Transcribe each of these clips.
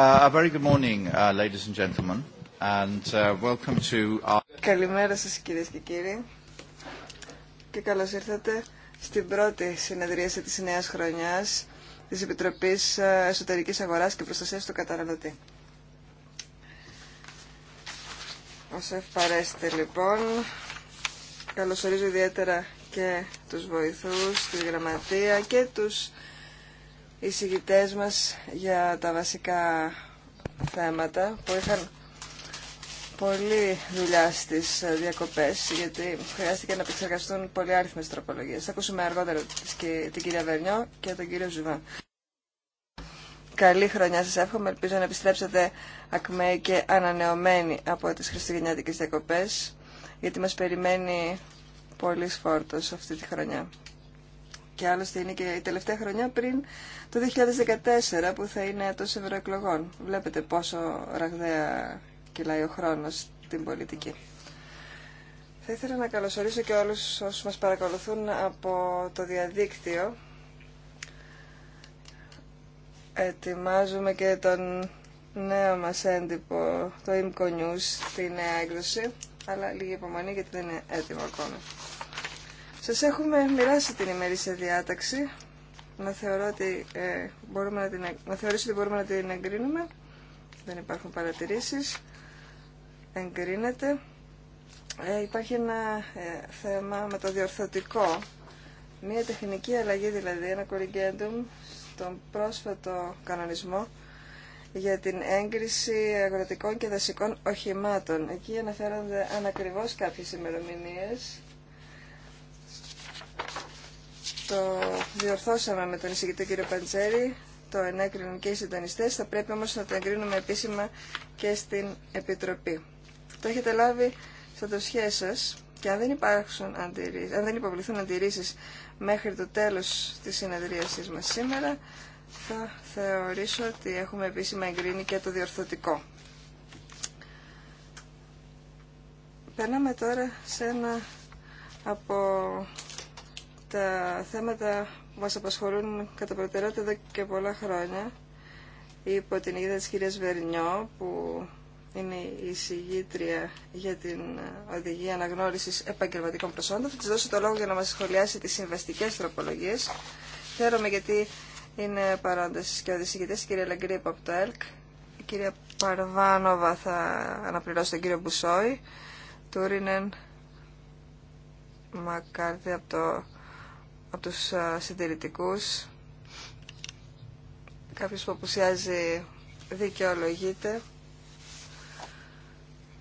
Uh, morning, uh, ladies and gentlemen, uh, welcome Καλημέρα σας κυρίες και κύριοι και καλώς ήρθατε στην πρώτη συνεδρίαση της νέας χρονιάς της Επιτροπής ε, Εσωτερικής Αγοράς και Προστασίας του Καταναλωτή. Ο Σεφ λοιπόν, καλωσορίζω ιδιαίτερα και τους βοηθούς, τη γραμματεία και τους εισηγητές μας για τα βασικά θέματα που είχαν πολλή δουλειά στις διακοπές γιατί χρειάστηκε να επεξεργαστούν πολλοί άριθμες τροπολογίες. Θα ακούσουμε αργότερα την κυρία Βερνιό και τον κύριο Ζουβά. Καλή χρονιά σας εύχομαι. Ελπίζω να επιστρέψετε ακμαίοι και ανανεωμένοι από τις χριστουγεννιάτικες διακοπές γιατί μας περιμένει πολύ φόρτος αυτή τη χρονιά. Και άλλωστε είναι και η τελευταία χρονιά πριν το 2014 που θα είναι έτος ευρωεκλογών. Βλέπετε πόσο ραγδαία κυλάει ο χρόνος στην πολιτική. Θα ήθελα να καλωσορίσω και όλους όσους μας παρακολουθούν από το διαδίκτυο. Ετοιμάζουμε και τον νέο μας έντυπο, το IMCO News, τη νέα έκδοση, αλλά λίγη υπομονή γιατί δεν είναι έτοιμο ακόμα. Σας έχουμε μοιράσει την ημερήσια διάταξη. Να, θεωρώ ότι, ε, μπορούμε να, την, ε, να θεωρήσω ότι μπορούμε να την εγκρίνουμε. Δεν υπάρχουν παρατηρήσεις. Εγκρίνεται. Ε, υπάρχει ένα ε, θέμα με το διορθωτικό. Μία τεχνική αλλαγή δηλαδή, ένα κορυγκέντουμ στον πρόσφατο κανονισμό για την έγκριση αγροτικών και δασικών οχημάτων. Εκεί αναφέρονται ανακριβώς κάποιες ημερομηνίες το διορθώσαμε με τον εισηγητή κύριο Παντζέρη, το ενέκριναν και οι συντονιστέ. Θα πρέπει όμω να το εγκρίνουμε επίσημα και στην Επιτροπή. Το έχετε λάβει στα δοσιέ σα και αν δεν, υπάρξουν αντιρρήσεις, αν δεν υποβληθούν αντιρρήσει μέχρι το τέλο τη συνεδρίασής μα σήμερα, θα θεωρήσω ότι έχουμε επίσημα εγκρίνει και το διορθωτικό. Περνάμε τώρα σε ένα από τα θέματα που μας απασχολούν κατά προτεραιότητα εδώ και πολλά χρόνια υπό την ηγίδα της κυρίας Βερνιό που είναι η συγγήτρια για την οδηγία αναγνώρισης επαγγελματικών προσόντων. Θα της δώσω το λόγο για να μας σχολιάσει τις συμβαστικές τροπολογίες. Χαίρομαι γιατί είναι παρόντες και οδησηγητές, η κυρία Λαγκρίπ από το ΕΛΚ, η κυρία Παρβάνοβα θα αναπληρώσει τον κύριο Μπουσόη, Τούρινεν από το από τους συντηρητικούς. Κάποιος που απουσιάζει δικαιολογείται.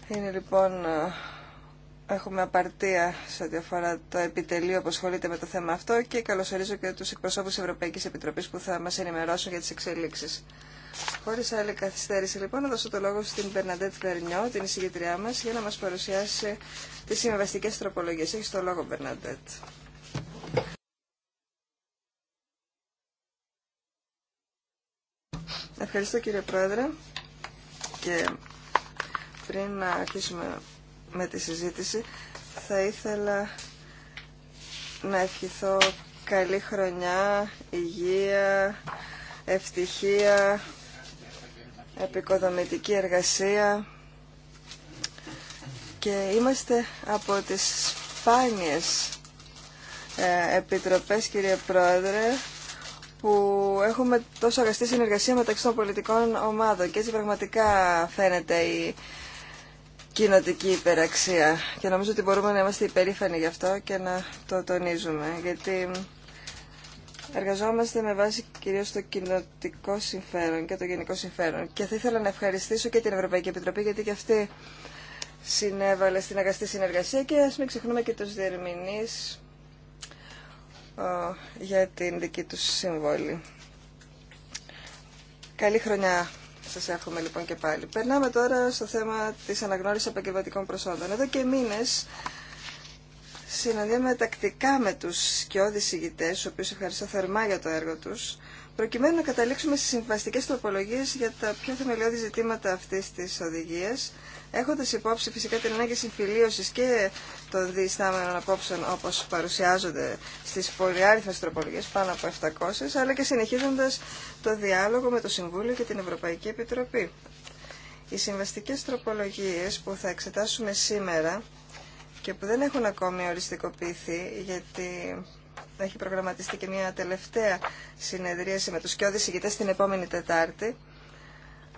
Είναι λοιπόν, έχουμε απαρτία σε ό,τι αφορά το επιτελείο που ασχολείται με το θέμα αυτό και καλωσορίζω και τους εκπροσώπους της Ευρωπαϊκής Επιτροπής που θα μας ενημερώσουν για τις εξελίξεις. Χωρίς άλλη καθυστέρηση λοιπόν, να δώσω το λόγο στην Περναντέτ Βερνιό, την εισηγητριά μας, για να μας παρουσιάσει τις συμβαστικές τροπολογίες. Έχεις το λόγο, Περναντέτ. Ευχαριστώ κύριε Πρόεδρε και πριν να αρχίσουμε με τη συζήτηση θα ήθελα να ευχηθώ καλή χρονιά, υγεία, ευτυχία, επικοδομητική εργασία και είμαστε από τις σπάνιες ε, επιτροπές κύριε Πρόεδρε που έχουμε τόσο αγαστή συνεργασία μεταξύ των πολιτικών ομάδων και έτσι πραγματικά φαίνεται η κοινοτική υπεραξία και νομίζω ότι μπορούμε να είμαστε υπερήφανοι γι' αυτό και να το τονίζουμε γιατί εργαζόμαστε με βάση κυρίως το κοινοτικό συμφέρον και το γενικό συμφέρον και θα ήθελα να ευχαριστήσω και την Ευρωπαϊκή Επιτροπή γιατί και αυτή συνέβαλε στην αγαστή συνεργασία και ας μην ξεχνούμε και τους διερμηνείς για την δική τους συμβόλη. Καλή χρονιά σας έχουμε λοιπόν και πάλι. Περνάμε τώρα στο θέμα της αναγνώρισης επαγγελματικών προσόντων. Εδώ και μήνες συναντιέμαι τακτικά με τους σκιώδεις ηγητές, τους οποίους ευχαριστώ θερμά για το έργο τους, προκειμένου να καταλήξουμε στις συμβαστικές τροπολογίες για τα πιο θεμελιώδη ζητήματα αυτής της οδηγίας, Έχοντα υπόψη φυσικά την ανάγκη συμφιλίωση και των διστάμενων απόψεων όπω παρουσιάζονται στι πολυάριθμε τροπολογίε, πάνω από 700, αλλά και συνεχίζοντα το διάλογο με το Συμβούλιο και την Ευρωπαϊκή Επιτροπή. Οι συμβαστικέ τροπολογίε που θα εξετάσουμε σήμερα και που δεν έχουν ακόμη οριστικοποιηθεί, γιατί έχει προγραμματιστεί και μια τελευταία συνεδρίαση με του κοιόδη ηγητέ την επόμενη Τετάρτη,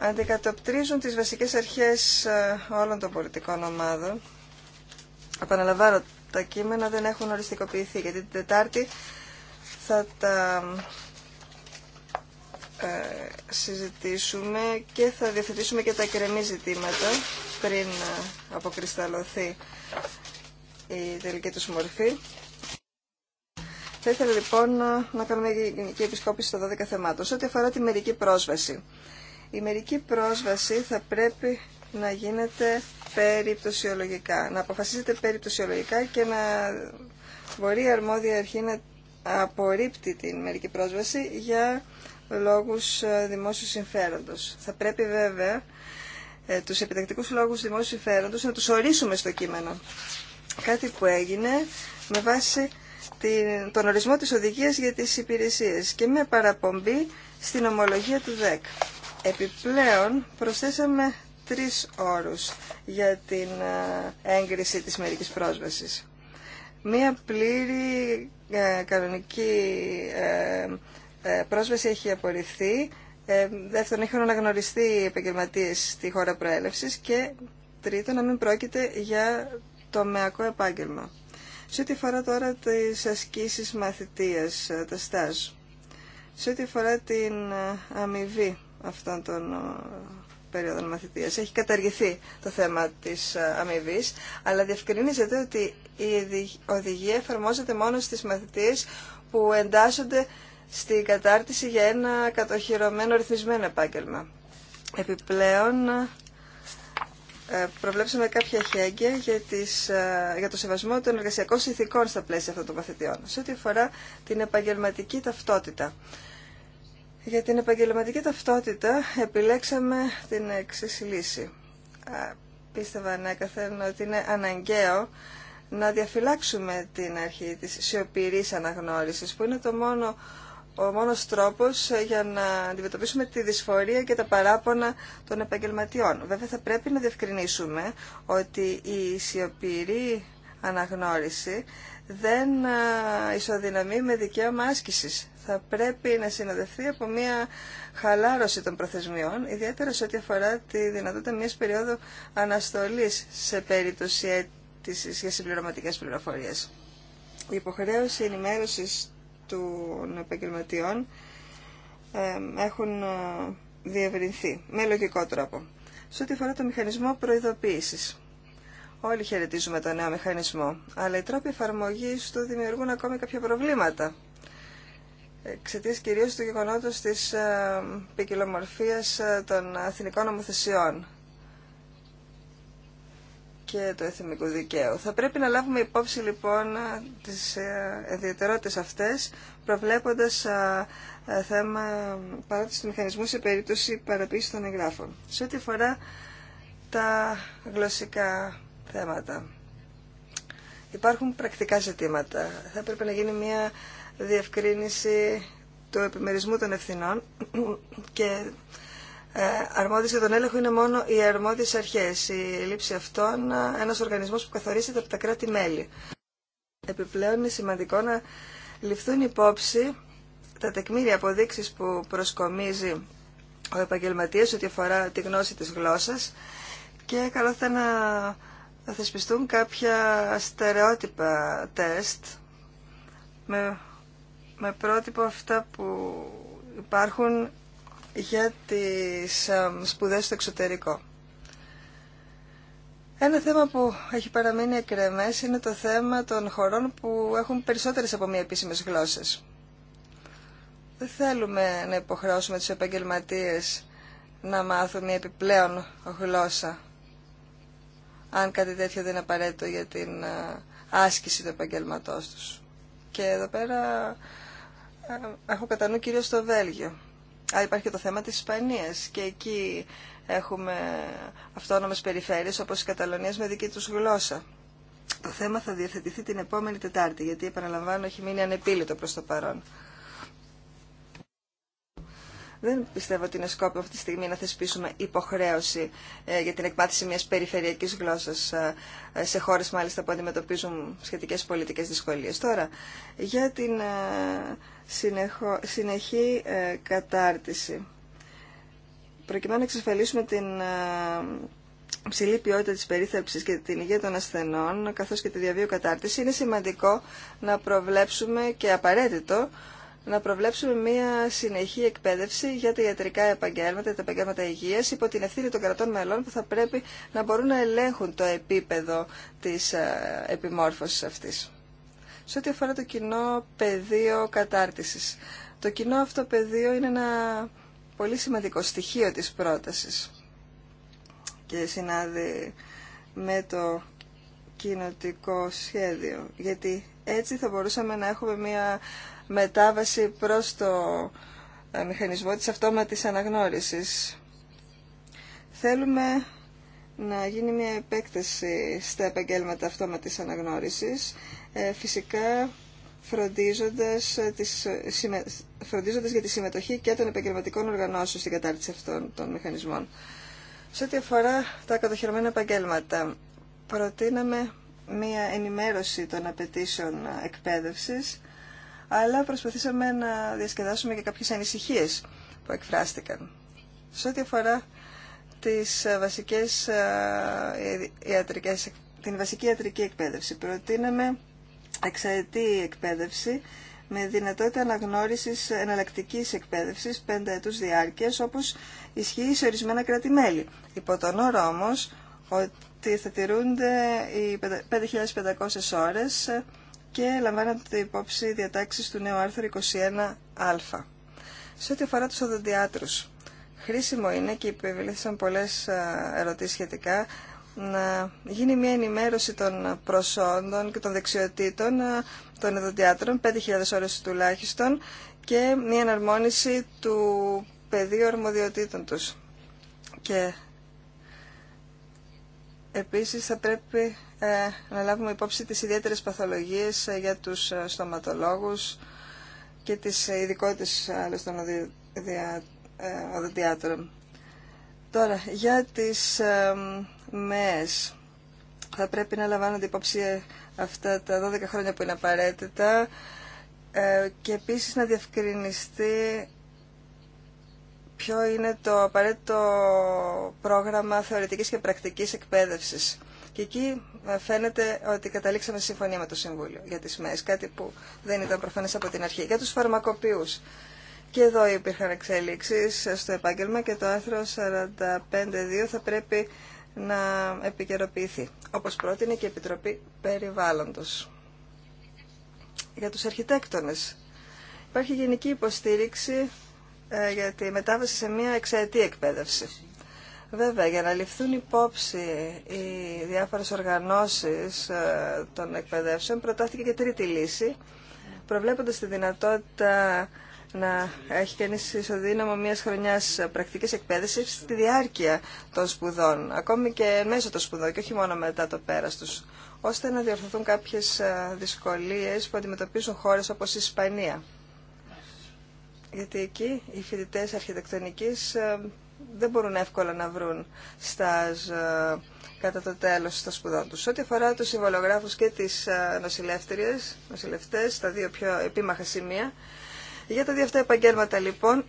αντικατοπτρίζουν τις βασικές αρχές ε, όλων των πολιτικών ομάδων. Απαναλαμβάνω, τα κείμενα δεν έχουν οριστικοποιηθεί, γιατί την Τετάρτη θα τα ε, συζητήσουμε και θα διευθετήσουμε και τα εκκρεμή ζητήματα πριν ε, αποκρισταλωθεί η τελική του μορφή. Θα ήθελα λοιπόν να κάνουμε γενική επισκόπηση στα 12 θεμάτων. Σε ό,τι αφορά τη μερική πρόσβαση. Η μερική πρόσβαση θα πρέπει να γίνεται περιπτωσιολογικά, να αποφασίζεται περιπτωσιολογικά και να μπορεί η αρμόδια αρχή να απορρίπτει την μερική πρόσβαση για λόγους ε, δημόσιου συμφέροντος. Θα πρέπει βέβαια ε, τους επιτακτικούς λόγους δημόσιου συμφέροντος να τους ορίσουμε στο κείμενο. Κάτι που έγινε με βάση την, τον ορισμό της οδηγίας για τις υπηρεσίες και με παραπομπή στην ομολογία του ΔΕΚ. Επιπλέον προσθέσαμε τρεις όρους για την ε, έγκριση της μερικής πρόσβασης. Μία πλήρη ε, κανονική ε, πρόσβαση έχει απορριφθεί. Δεύτερον, έχουν αναγνωριστεί οι επαγγελματίες στη χώρα προέλευσης και τρίτον, να μην πρόκειται για το μεακό επάγγελμα. Σε ό,τι αφορά τώρα τις ασκήσεις μαθητείας, τα στάζ, σε ό,τι αφορά την αμοιβή αυτών των ε, περίοδων μαθητείας. Έχει καταργηθεί το θέμα της ε, αμοιβή, αλλά διευκρινίζεται ότι η οδηγία εφαρμόζεται μόνο στις μαθητείες που εντάσσονται στη κατάρτιση για ένα κατοχυρωμένο ρυθμισμένο επάγγελμα. Επιπλέον, ε, προβλέψαμε κάποια χέγγια για, τις, για το σεβασμό των εργασιακών συνθηκών στα πλαίσια αυτών των μαθητιών. Σε ό,τι αφορά την επαγγελματική ταυτότητα. Για την επαγγελματική ταυτότητα επιλέξαμε την εξή λύση. Πίστευα ανέκαθεν ναι, ότι είναι αναγκαίο να διαφυλάξουμε την αρχή της σιωπηρής αναγνώρισης, που είναι το μόνο, ο μόνος τρόπος ε, για να αντιμετωπίσουμε τη δυσφορία και τα παράπονα των επαγγελματιών. Βέβαια θα πρέπει να διευκρινίσουμε ότι η σιωπηρή αναγνώριση δεν ισοδυναμεί με δικαίωμα άσκησης θα πρέπει να συνοδευτεί από μια χαλάρωση των προθεσμιών, ιδιαίτερα σε ό,τι αφορά τη δυνατότητα μιας περίοδου αναστολής σε περίπτωση αίτησης για συμπληρωματικές πληροφορίες. Η υποχρέωση ενημέρωσης των επαγγελματιών έχουν ε, διευρυνθεί με λογικό τρόπο. Σε ό,τι αφορά το μηχανισμό προειδοποίησης. Όλοι χαιρετίζουμε τον νέο μηχανισμό, αλλά οι τρόποι εφαρμογή του δημιουργούν ακόμη κάποια προβλήματα εξαιτίας κυρίως του γεγονότος της ε, ποικιλομορφίας ε, των αθηνικών νομοθεσιών και του εθνικού δικαίου. Θα πρέπει να λάβουμε υπόψη λοιπόν ε, τις ιδιαιτερότητες αυτές προβλέποντας θέμα παρά του μηχανισμού σε περίπτωση παραποίηση των εγγράφων. Σε ό,τι αφορά τα γλωσσικά θέματα. Υπάρχουν πρακτικά ζητήματα. Θα πρέπει να γίνει μια διευκρίνηση του επιμερισμού των ευθυνών και ε, για τον έλεγχο είναι μόνο οι αρμόδιες αρχές, η λήψη αυτών, ε, ένας οργανισμός που καθορίζεται από τα κράτη-μέλη. Επιπλέον είναι σημαντικό να ληφθούν υπόψη τα τεκμήρια αποδείξεις που προσκομίζει ο επαγγελματίας ότι αφορά τη γνώση της γλώσσας και καλό θα να θεσπιστούν κάποια στερεότυπα τεστ με πρότυπο αυτά που υπάρχουν για τις σπουδές στο εξωτερικό. Ένα θέμα που έχει παραμείνει εκρεμές είναι το θέμα των χωρών που έχουν περισσότερες από μία επίσημες γλώσσες. Δεν θέλουμε να υποχρεώσουμε τους επαγγελματίες να μάθουν μια επιπλέον γλώσσα, αν κάτι τέτοιο δεν είναι απαραίτητο για την ε, άσκηση του επαγγελματός τους. Και εδώ πέρα έχω κατά νου κυρίως στο Βέλγιο. υπάρχει και το θέμα της Ισπανίας και εκεί έχουμε αυτόνομες περιφέρειες όπως η Καταλωνία με δική τους γλώσσα. Το θέμα θα διαθετηθεί την επόμενη Τετάρτη, γιατί επαναλαμβάνω έχει μείνει ανεπίλητο προς το παρόν. Δεν πιστεύω ότι είναι σκόπιμο αυτή τη στιγμή να θεσπίσουμε υποχρέωση ε, για την εκμάθηση μιας περιφερειακής γλώσσας ε, ε, σε χώρες μάλιστα που αντιμετωπίζουν σχετικές πολιτικές δυσκολίε. Τώρα, για την συνεχή ε, κατάρτιση προκειμένου να εξασφαλίσουμε την ε, ψηλή ποιότητα της περίθαλψης και την υγεία των ασθενών, καθώς και τη διαβίου κατάρτιση, είναι σημαντικό να προβλέψουμε και απαραίτητο να προβλέψουμε μια συνεχή εκπαίδευση για τα ιατρικά επαγγέλματα, τα επαγγέλματα υγείας, υπό την ευθύνη των κρατών μελών που θα πρέπει να μπορούν να ελέγχουν το επίπεδο της ε, επιμόρφωσης αυτής σε ό,τι αφορά το κοινό πεδίο κατάρτισης. Το κοινό αυτό πεδίο είναι ένα πολύ σημαντικό στοιχείο της πρότασης και συνάδει με το κοινοτικό σχέδιο, γιατί έτσι θα μπορούσαμε να έχουμε μια μετάβαση προς το ε, μηχανισμό της αυτόματης αναγνώρισης. Θέλουμε να γίνει μια επέκταση στα επαγγέλματα αυτόματης αναγνώρισης ε, φυσικά φροντίζοντας, ε, τις, ε, φροντίζοντας για τη συμμετοχή και των επαγγελματικών οργανώσεων στην κατάρτιση αυτών των μηχανισμών. Σε ό,τι αφορά τα κατοχυρωμένα επαγγέλματα, προτείναμε μία ενημέρωση των απαιτήσεων εκπαίδευσης, αλλά προσπαθήσαμε να διασκεδάσουμε και κάποιες ανησυχίες που εκφράστηκαν. Σε ό,τι αφορά τις βασικές ιατρικές, την βασική ιατρική εκπαίδευση, προτείναμε εξαετή εκπαίδευση με δυνατότητα αναγνώριση εναλλακτική εκπαίδευση πέντε ετού διάρκεια, όπως ισχύει σε ορισμένα κράτη-μέλη. Υπό τον όρο όμως ότι θα τηρούνται οι 5.500 ώρες και λαμβάνονται υπόψη διατάξει του νέου άρθρου 21α. Σε ό,τι αφορά τους οδοντιάτρους, χρήσιμο είναι και υπευλήθησαν πολλές ε, ερωτήσεις σχετικά να γίνει μια ενημέρωση των προσόντων και των δεξιοτήτων ε, των εδοντιάτρων, 5.000 ώρες τουλάχιστον, και μια εναρμόνιση του πεδίου αρμοδιοτήτων τους. Και επίσης θα πρέπει ε, να λάβουμε υπόψη τις ιδιαίτερες παθολογίες ε, για τους στοματολόγους και τις ειδικότητες άλλες των οδοντιάτρων. Τώρα, για τις ΜΕΣ Θα πρέπει να λαμβάνονται υπόψη αυτά τα 12 χρόνια που είναι απαραίτητα ε, και επίσης να διευκρινιστεί ποιο είναι το απαραίτητο πρόγραμμα θεωρητικής και πρακτικής εκπαίδευσης. Και εκεί ε, φαίνεται ότι καταλήξαμε συμφωνία με το Συμβούλιο για τις ΜΕΣ, κάτι που δεν ήταν προφανές από την αρχή. Για τους φαρμακοποιούς. Και εδώ υπήρχαν εξέλιξεις στο επάγγελμα και το άρθρο 45.2 θα πρέπει να επικαιροποιηθεί, όπως πρότεινε και η Επιτροπή Περιβάλλοντος. Για τους αρχιτέκτονες υπάρχει γενική υποστήριξη ε, για τη μετάβαση σε μια εξαιτή εκπαίδευση. Βέβαια, για να ληφθούν υπόψη οι διάφορες οργανώσεις ε, των εκπαιδεύσεων, προτάθηκε και τρίτη λύση, προβλέποντας τη δυνατότητα να έχει κανεί ισοδύναμο μια χρονιά πρακτική εκπαίδευση στη διάρκεια των σπουδών, ακόμη και μέσα των σπουδών και όχι μόνο μετά το πέρα του, ώστε να διορθωθούν κάποιε δυσκολίε που αντιμετωπίζουν χώρε όπω η Ισπανία. Γιατί εκεί οι φοιτητέ αρχιτεκτονική ε, δεν μπορούν εύκολα να βρουν στάζ ε, κατά το τέλο των σπουδών του. Ό,τι αφορά του συμβολογράφου και τι ε, νοσηλεύτριε νοσηλευτέ, τα δύο πιο επίμαχα σημεία, για τα δύο επαγγέλματα λοιπόν,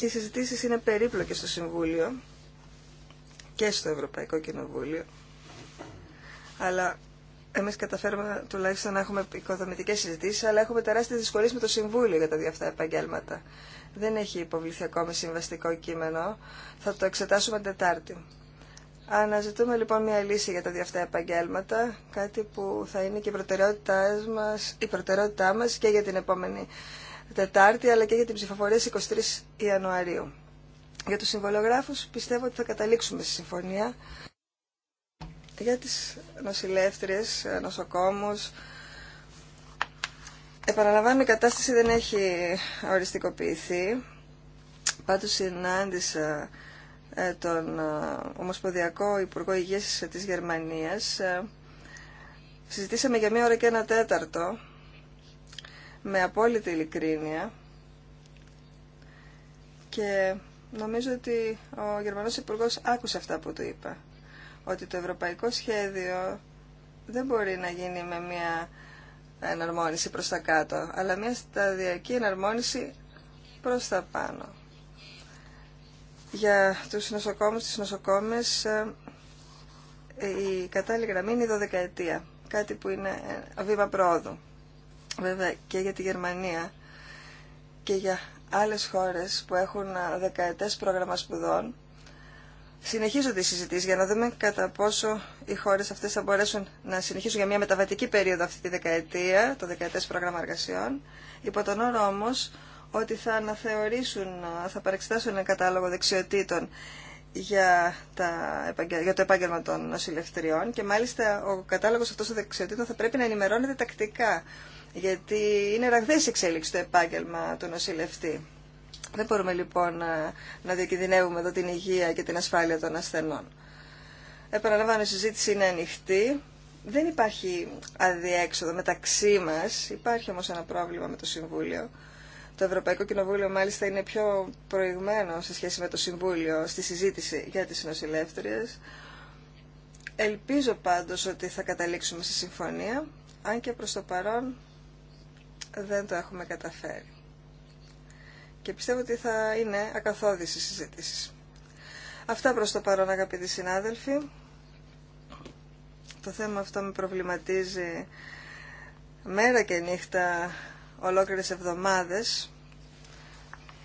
οι συζητήσεις είναι περίπλοκες στο Συμβούλιο και στο Ευρωπαϊκό Κοινοβούλιο. Αλλά εμείς καταφέρουμε τουλάχιστον να έχουμε οικοδομητικές συζητήσεις, αλλά έχουμε τεράστιες δυσκολίες με το Συμβούλιο για τα δύο αυτά επαγγέλματα. Δεν έχει υποβληθεί ακόμη συμβαστικό κείμενο. Θα το εξετάσουμε Τετάρτη. Αναζητούμε λοιπόν μια λύση για τα δύο αυτά επαγγέλματα, κάτι που θα είναι και η προτεραιότητά μα η και για την επόμενη Τετάρτη, αλλά και για την ψηφοφορία στις 23 Ιανουαρίου. Για τους συμβολογράφους πιστεύω ότι θα καταλήξουμε στη συμφωνία. Για τις νοσηλεύτριες, νοσοκόμους, επαναλαμβάνω η κατάσταση δεν έχει οριστικοποιηθεί. Πάντως συνάντησα ε, τον ε, Ομοσπονδιακό Υπουργό Υγείας της Γερμανίας. Ε, συζητήσαμε για μία ώρα και ένα τέταρτο με απόλυτη ειλικρίνεια και νομίζω ότι ο Γερμανός υπουργό άκουσε αυτά που του είπα. Ότι το ευρωπαϊκό σχέδιο δεν μπορεί να γίνει με μια εναρμόνιση προς τα κάτω, αλλά μια σταδιακή εναρμόνιση προς τα πάνω. Για τους νοσοκόμους, τις νοσοκόμες, ε, η κατάλληλη γραμμή είναι η 12 κάτι που είναι ε, βήμα πρόοδου βέβαια και για τη Γερμανία και για άλλες χώρες που έχουν δεκαετές πρόγραμμα σπουδών, συνεχίζονται οι συζητήσεις για να δούμε κατά πόσο οι χώρες αυτές θα μπορέσουν να συνεχίσουν για μια μεταβατική περίοδο αυτή τη δεκαετία, το δεκαετές πρόγραμμα εργασιών, υπό τον όρο όμως ότι θα αναθεωρήσουν, θα παρεξετάσουν ένα κατάλογο δεξιοτήτων για, τα, για το επάγγελμα των νοσηλευτριών και μάλιστα ο κατάλογος αυτός των δεξιοτήτων θα πρέπει να ενημερώνεται τακτικά γιατί είναι ραγδαίες εξέλιξη το επάγγελμα του νοσηλευτή. Δεν μπορούμε λοιπόν ε, να, διακινδυνεύουμε εδώ την υγεία και την ασφάλεια των ασθενών. Επαναλαμβάνω, η συζήτηση είναι ανοιχτή. Δεν υπάρχει αδιέξοδο μεταξύ μας. Υπάρχει όμως ένα πρόβλημα με το Συμβούλιο. Το Ευρωπαϊκό Κοινοβούλιο μάλιστα είναι πιο προηγμένο σε σχέση με το Συμβούλιο στη συζήτηση για τις νοσηλεύτριες. Ελπίζω πάντως ότι θα καταλήξουμε σε συμφωνία, αν και προς το παρόν δεν το έχουμε καταφέρει. Και πιστεύω ότι θα είναι ακαθόδηση συζήτηση. Αυτά προς το παρόν αγαπητοί συνάδελφοι. Το θέμα αυτό με προβληματίζει μέρα και νύχτα ολόκληρες εβδομάδες.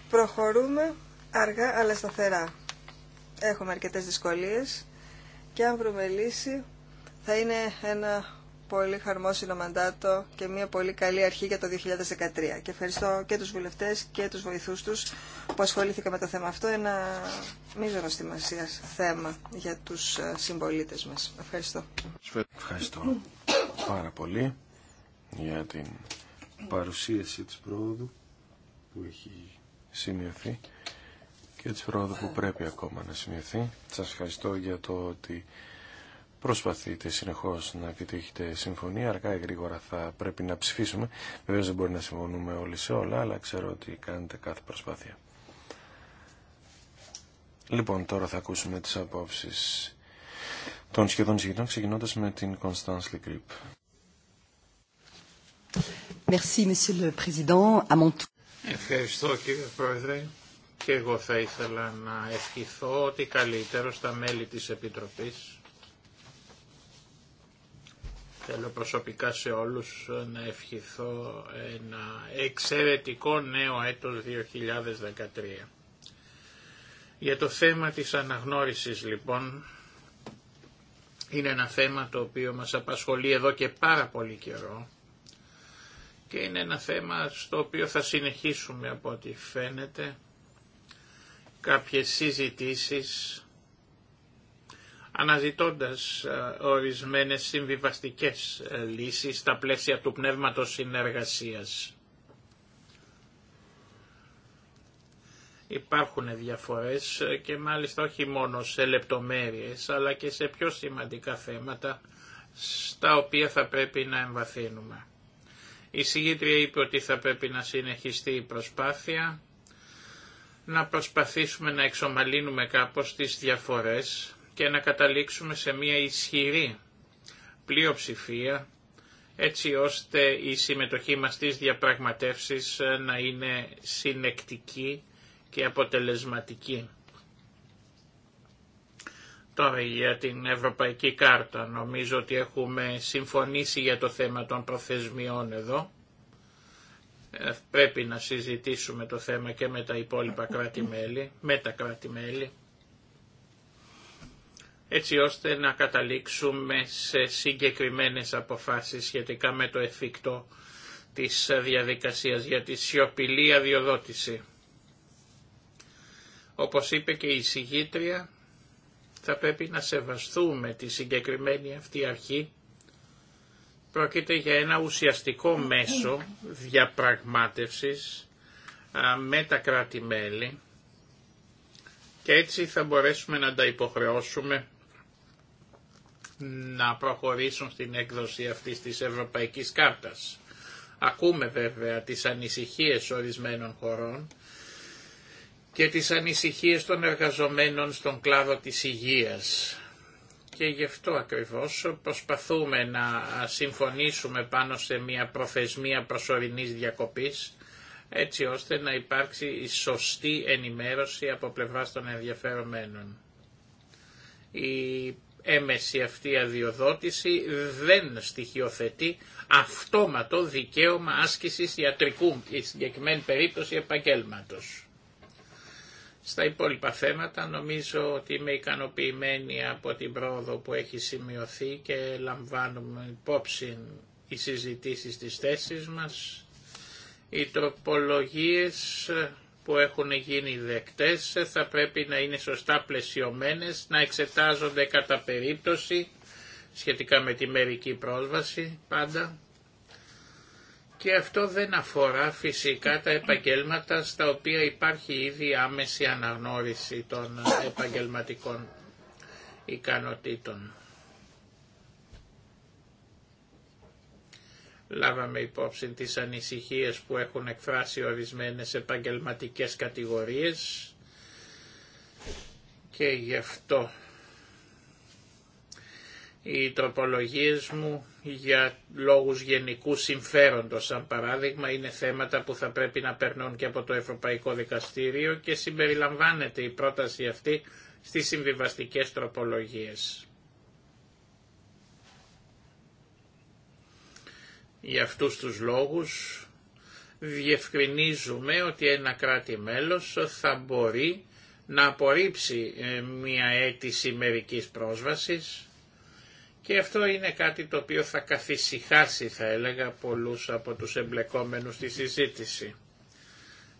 Προχωρούμε αργά αλλά σταθερά. Έχουμε αρκετές δυσκολίες και αν βρούμε λύση θα είναι ένα πολύ χαρμόσυνο μαντάτο και μια πολύ καλή αρχή για το 2013. Και ευχαριστώ και τους βουλευτές και τους βοηθούς τους που ασχολήθηκαν με το θέμα αυτό. Ένα μείζωνο σημασία θέμα για τους ε, συμπολίτε μας. Ευχαριστώ. Ευχαριστώ πάρα πολύ για την παρουσίαση της πρόοδου που έχει σημειωθεί και της πρόοδου που πρέπει ακόμα να σημειωθεί. Σας ευχαριστώ για το ότι Προσπαθείτε συνεχώς να επιτύχετε συμφωνία, αρκά ή γρήγορα θα πρέπει να ψηφίσουμε. Βεβαίω, δεν μπορεί να συμφωνούμε όλοι σε όλα, αλλά ξέρω ότι κάνετε κάθε προσπάθεια. Λοιπόν, τώρα θα ακούσουμε τις απόψει των σχεδόν συγγενών, ξεκινώντα με την Constance Λικρύπ. Ευχαριστώ κύριε Πρόεδρε και εγώ θα ήθελα να ευχηθώ ότι καλύτερο στα μέλη της Επιτροπής Θέλω προσωπικά σε όλους να ευχηθώ ένα εξαιρετικό νέο έτος 2013. Για το θέμα της αναγνώρισης λοιπόν, είναι ένα θέμα το οποίο μας απασχολεί εδώ και πάρα πολύ καιρό και είναι ένα θέμα στο οποίο θα συνεχίσουμε από ό,τι φαίνεται κάποιες συζητήσεις αναζητώντας ε, ορισμένες συμβιβαστικές ε, λύσεις στα πλαίσια του πνεύματος συνεργασίας. Υπάρχουν διαφορές ε, και μάλιστα όχι μόνο σε λεπτομέρειες αλλά και σε πιο σημαντικά θέματα στα οποία θα πρέπει να εμβαθύνουμε. Η συγγήτρια είπε ότι θα πρέπει να συνεχιστεί η προσπάθεια, να προσπαθήσουμε να εξομαλύνουμε κάπως τις διαφορές και να καταλήξουμε σε μια ισχυρή πλειοψηφία έτσι ώστε η συμμετοχή μας στις διαπραγματεύσεις ε, να είναι συνεκτική και αποτελεσματική. Τώρα για την Ευρωπαϊκή Κάρτα νομίζω ότι έχουμε συμφωνήσει για το θέμα των προθεσμιών εδώ. Ε, πρέπει να συζητήσουμε το θέμα και με τα υπόλοιπα κράτη-μέλη, με τα κράτη-μέλη έτσι ώστε να καταλήξουμε σε συγκεκριμένες αποφάσεις σχετικά με το εφικτό της διαδικασίας για τη σιωπηλή αδειοδότηση. Όπως είπε και η συγγήτρια, θα πρέπει να σεβαστούμε τη συγκεκριμένη αυτή αρχή. Πρόκειται για ένα ουσιαστικό μέσο διαπραγμάτευσης με τα κράτη-μέλη και έτσι θα μπορέσουμε να τα υποχρεώσουμε να προχωρήσουν στην έκδοση αυτής της Ευρωπαϊκής Κάρτας. Ακούμε βέβαια τις ανησυχίες ορισμένων χωρών και τις ανησυχίες των εργαζομένων στον κλάδο της υγείας. Και γι' αυτό ακριβώς προσπαθούμε να συμφωνήσουμε πάνω σε μια προθεσμία προσωρινής διακοπής έτσι ώστε να υπάρξει η σωστή ενημέρωση από πλευράς των ενδιαφερομένων. Η έμεση αυτή αδειοδότηση δεν στοιχειοθετεί αυτόματο δικαίωμα άσκησης ιατρικού, η συγκεκριμένη περίπτωση επαγγέλματος. Στα υπόλοιπα θέματα νομίζω ότι είμαι ικανοποιημένη από την πρόοδο που έχει σημειωθεί και λαμβάνουμε υπόψη οι συζητήσεις της θέσης μας. Οι τροπολογίες που έχουν γίνει δεκτές θα πρέπει να είναι σωστά πλαισιωμένες, να εξετάζονται κατά περίπτωση σχετικά με τη μερική πρόσβαση πάντα. Και αυτό δεν αφορά φυσικά τα επαγγέλματα στα οποία υπάρχει ήδη άμεση αναγνώριση των επαγγελματικών ικανοτήτων. Λάβαμε υπόψη τις ανησυχίες που έχουν εκφράσει ορισμένες επαγγελματικές κατηγορίες και γι' αυτό οι τροπολογίες μου για λόγους γενικού συμφέροντος, σαν παράδειγμα, είναι θέματα που θα πρέπει να περνούν και από το Ευρωπαϊκό Δικαστήριο και συμπεριλαμβάνεται η πρόταση αυτή στις συμβιβαστικές τροπολογίες. Για αυτούς τους λόγους διευκρινίζουμε ότι ένα κράτη μέλος θα μπορεί να απορρίψει ε, μια αίτηση μερικής πρόσβασης και αυτό είναι κάτι το οποίο θα καθησυχάσει θα έλεγα πολλούς από τους εμπλεκόμενους στη συζήτηση.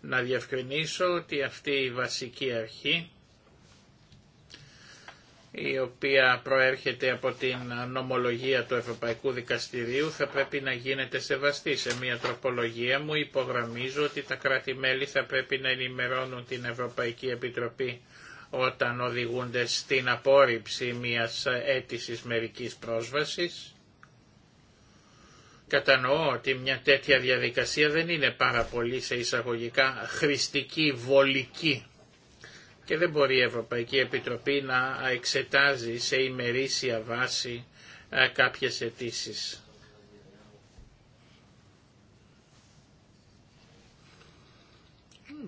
Να διευκρινίσω ότι αυτή η βασική αρχή η οποία προέρχεται από την νομολογία του Ευρωπαϊκού Δικαστηρίου θα πρέπει να γίνεται σεβαστή. Σε μια τροπολογία μου υπογραμμίζω ότι τα κράτη-μέλη θα πρέπει να ενημερώνουν την Ευρωπαϊκή Επιτροπή όταν οδηγούνται στην απόρριψη μιας αίτησης μερικής πρόσβασης. Κατανοώ ότι μια τέτοια διαδικασία δεν είναι πάρα πολύ σε εισαγωγικά χρηστική, βολική και δεν μπορεί η Ευρωπαϊκή Επιτροπή να εξετάζει σε ημερήσια βάση ε, κάποιες αιτήσει.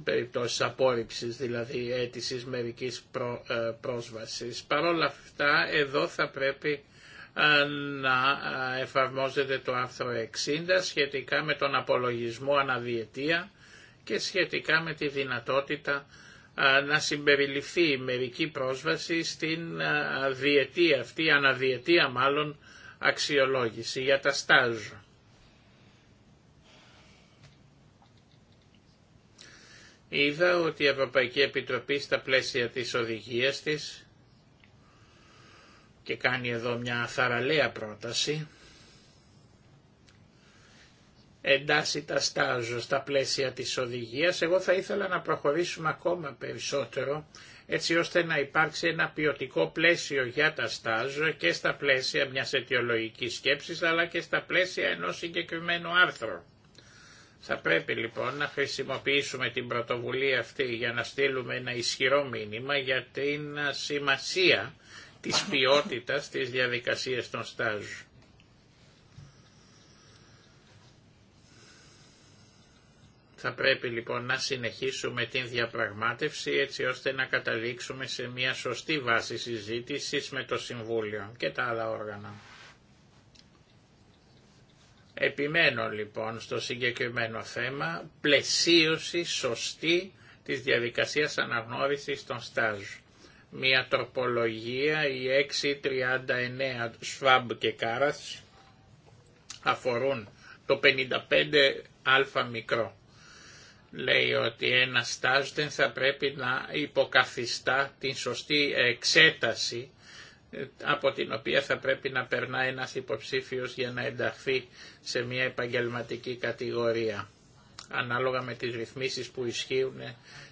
περιπτώσει απόρριψη δηλαδή αίτηση μερική πρό, ε, πρόσβασης. Παρ' όλα αυτά, εδώ θα πρέπει ε, να ε, εφαρμόζεται το άρθρο 60 σχετικά με τον απολογισμό αναδιετία και σχετικά με τη δυνατότητα να συμπεριληφθεί η μερική πρόσβαση στην διετή αυτή, αναδιετία μάλλον, αξιολόγηση για τα στάζ. Είδα ότι η Ευρωπαϊκή Επιτροπή στα πλαίσια της οδηγίας της και κάνει εδώ μια θαραλέα πρόταση, εντάσσει τα στάζω στα πλαίσια της οδηγίας, εγώ θα ήθελα να προχωρήσουμε ακόμα περισσότερο έτσι ώστε να υπάρξει ένα ποιοτικό πλαίσιο για τα στάζου και στα πλαίσια μιας αιτιολογικής σκέψης αλλά και στα πλαίσια ενός συγκεκριμένου άρθρου. Θα πρέπει λοιπόν να χρησιμοποιήσουμε την πρωτοβουλία αυτή για να στείλουμε ένα ισχυρό μήνυμα για την σημασία της ποιότητας της διαδικασίας των στάζων. Θα πρέπει λοιπόν να συνεχίσουμε την διαπραγμάτευση έτσι ώστε να καταλήξουμε σε μια σωστή βάση συζήτησης με το Συμβούλιο και τα άλλα όργανα. Επιμένω λοιπόν στο συγκεκριμένο θέμα πλαισίωση σωστή της διαδικασίας αναγνώρισης των στάζ. Μια τροπολογία, η 639 Σφάμπ και Κάρας αφορούν το 55α μικρό λέει ότι ένα στάζ δεν θα πρέπει να υποκαθιστά την σωστή εξέταση ε, από την οποία θα πρέπει να περνά ένας υποψήφιος για να ενταχθεί σε μια επαγγελματική κατηγορία ανάλογα με τις ρυθμίσεις που ισχύουν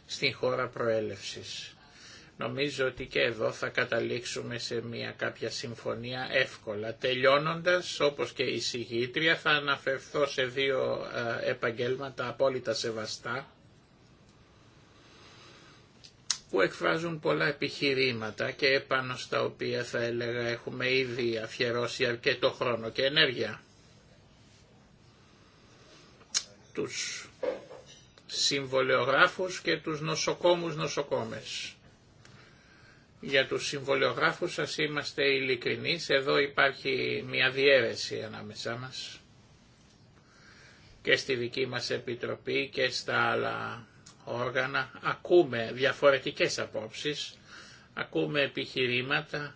στην χώρα προέλευσης. Νομίζω ότι και εδώ θα καταλήξουμε σε μια κάποια συμφωνία εύκολα. Τελειώνοντας, όπως και η συγγήτρια, θα αναφερθώ σε δύο ε, επαγγέλματα απόλυτα σεβαστά που εκφράζουν πολλά επιχειρήματα και επάνω στα οποία θα έλεγα έχουμε ήδη αφιερώσει αρκετό χρόνο και ενέργεια. Τους συμβολεογράφους και τους νοσοκόμους νοσοκόμες. Για τους συμβολιογράφους σας είμαστε ειλικρινεί. Εδώ υπάρχει μια διέρεση ανάμεσά μας και στη δική μας επιτροπή και στα άλλα όργανα. Ακούμε διαφορετικές απόψεις, ακούμε επιχειρήματα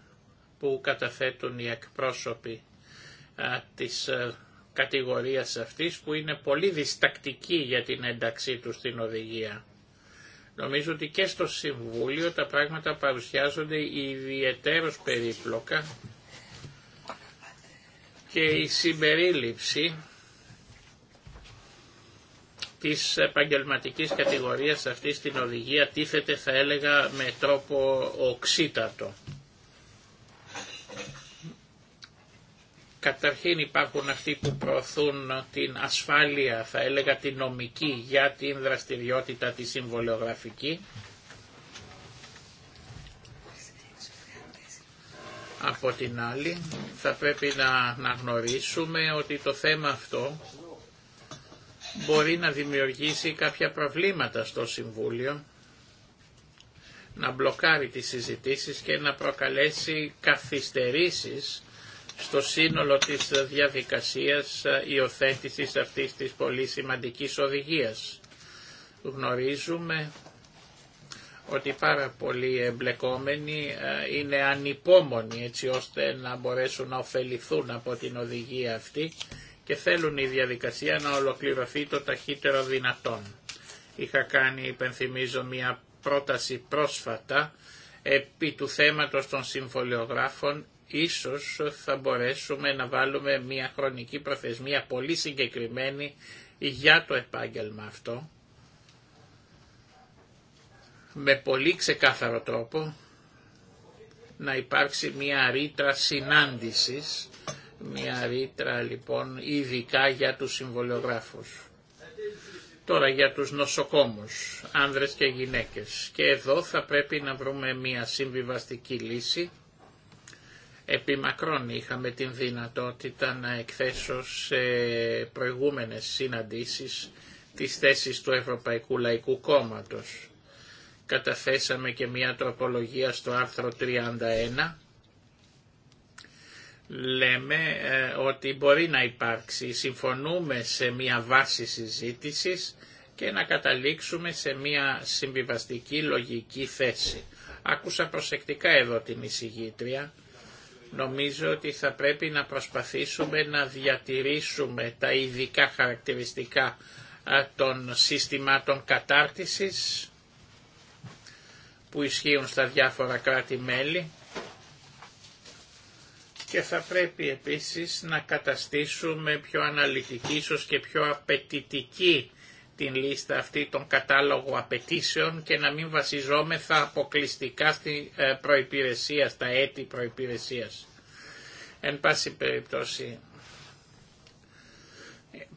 που καταθέτουν οι εκπρόσωποι της ε, κατηγορίας αυτής που είναι πολύ διστακτική για την ένταξή του στην οδηγία. Νομίζω ότι και στο Συμβούλιο τα πράγματα παρουσιάζονται ιδιαίτερως περίπλοκα και η συμπερίληψη της επαγγελματικής κατηγορίας αυτή στην οδηγία τίθεται θα έλεγα με τρόπο οξύτατο. Καταρχήν υπάρχουν αυτοί που προωθούν την ασφάλεια, θα έλεγα την νομική, για την δραστηριότητα τη συμβολιογραφική. Από την άλλη θα πρέπει να, να γνωρίσουμε ότι το θέμα αυτό μπορεί να δημιουργήσει κάποια προβλήματα στο Συμβούλιο, να μπλοκάρει τις συζητήσεις και να προκαλέσει καθυστερήσεις στο σύνολο της διαδικασίας υιοθέτηση αυτής της πολύ σημαντικής οδηγίας. Γνωρίζουμε ότι πάρα πολλοί εμπλεκόμενοι ε, είναι ανυπόμονοι έτσι ώστε να μπορέσουν να ωφεληθούν από την οδηγία αυτή και θέλουν η διαδικασία να ολοκληρωθεί το ταχύτερο δυνατόν. Είχα κάνει, υπενθυμίζω, μια πρόταση πρόσφατα επί του θέματος των συμβολιογράφων ίσως θα μπορέσουμε να βάλουμε μια χρονική προθεσμία πολύ συγκεκριμένη για το επάγγελμα αυτό με πολύ ξεκάθαρο τρόπο να υπάρξει μια ρήτρα συνάντησης, μια ρήτρα λοιπόν ειδικά για τους συμβολιογράφους. Τώρα για τους νοσοκόμους, άνδρες και γυναίκες. Και εδώ θα πρέπει να βρούμε μια συμβιβαστική λύση Επί μακρόν είχαμε την δυνατότητα να εκθέσω σε προηγούμενες συναντήσεις τις θέσεις του Ευρωπαϊκού Λαϊκού Κόμματος. Καταθέσαμε και μια τροπολογία στο άρθρο 31. Λέμε ε, ότι μπορεί να υπάρξει, συμφωνούμε σε μια βάση συζήτησης και να καταλήξουμε σε μια συμβιβαστική λογική θέση. Άκουσα προσεκτικά εδώ την εισηγήτρια Νομίζω ότι θα πρέπει να προσπαθήσουμε να διατηρήσουμε τα ειδικά χαρακτηριστικά των συστημάτων κατάρτισης που ισχύουν στα διάφορα κράτη-μέλη και θα πρέπει επίσης να καταστήσουμε πιο αναλυτική ίσως και πιο απαιτητική την λίστα αυτή των κατάλογο απαιτήσεων και να μην βασιζόμεθα αποκλειστικά στην ε, προϋπηρεσία, στα έτη προϋπηρεσίας. Εν πάση περιπτώσει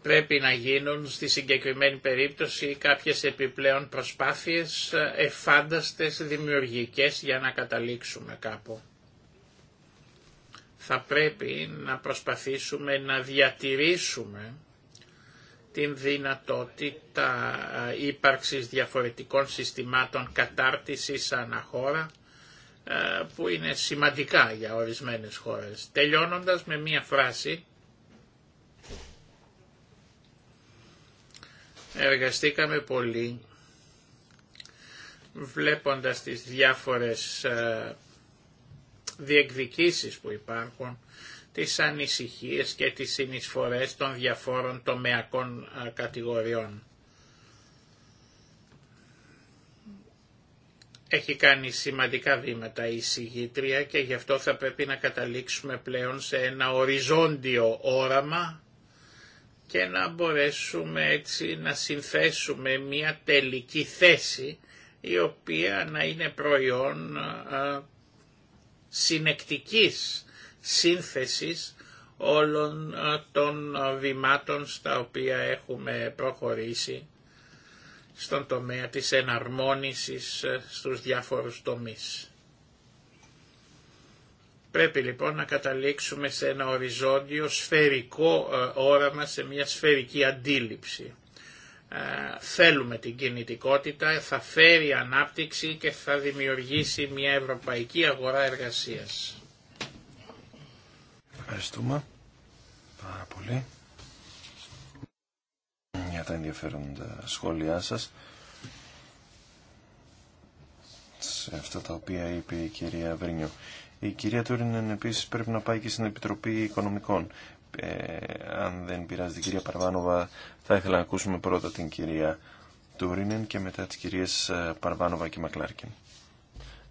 πρέπει να γίνουν στη συγκεκριμένη περίπτωση κάποιες επιπλέον προσπάθειες ε, εφάνταστες, δημιουργικές για να καταλήξουμε κάπου. Θα πρέπει να προσπαθήσουμε να διατηρήσουμε την δυνατότητα ύπαρξης διαφορετικών συστημάτων κατάρτισης χώρα που είναι σημαντικά για ορισμένες χώρες. Τελειώνοντας με μία φράση, εργαστήκαμε πολύ βλέποντας τις διάφορες διεκδικήσεις που υπάρχουν τις ανησυχίες και τις συνεισφορές των διαφόρων τομεακών κατηγοριών. Έχει κάνει σημαντικά βήματα η συγγήτρια και γι' αυτό θα πρέπει να καταλήξουμε πλέον σε ένα οριζόντιο όραμα και να μπορέσουμε έτσι να συνθέσουμε μια τελική θέση η οποία να είναι προϊόν συνεκτικής σύνθεσης όλων των βημάτων στα οποία έχουμε προχωρήσει στον τομέα της εναρμόνισης ε, στους διάφορους τομείς. Πρέπει λοιπόν να καταλήξουμε σε ένα οριζόντιο σφαιρικό ε, όραμα, σε μια σφαιρική αντίληψη. Ε, θέλουμε την κινητικότητα, θα φέρει ανάπτυξη και θα δημιουργήσει μια ευρωπαϊκή αγορά εργασίας. Ευχαριστούμε πάρα πολύ για τα ενδιαφέροντα σχόλιά σας σε αυτά τα οποία είπε η κυρία Βρίνιο. Η κυρία Τούρινεν επίσης πρέπει να πάει και στην Επιτροπή Οικονομικών. Ε, αν δεν πειράζει την κυρία Παρβάνοβα θα ήθελα να ακούσουμε πρώτα την κυρία Τούρινεν και μετά τις κυρίες ε, Παρβάνοβα και Μακλάρκιν.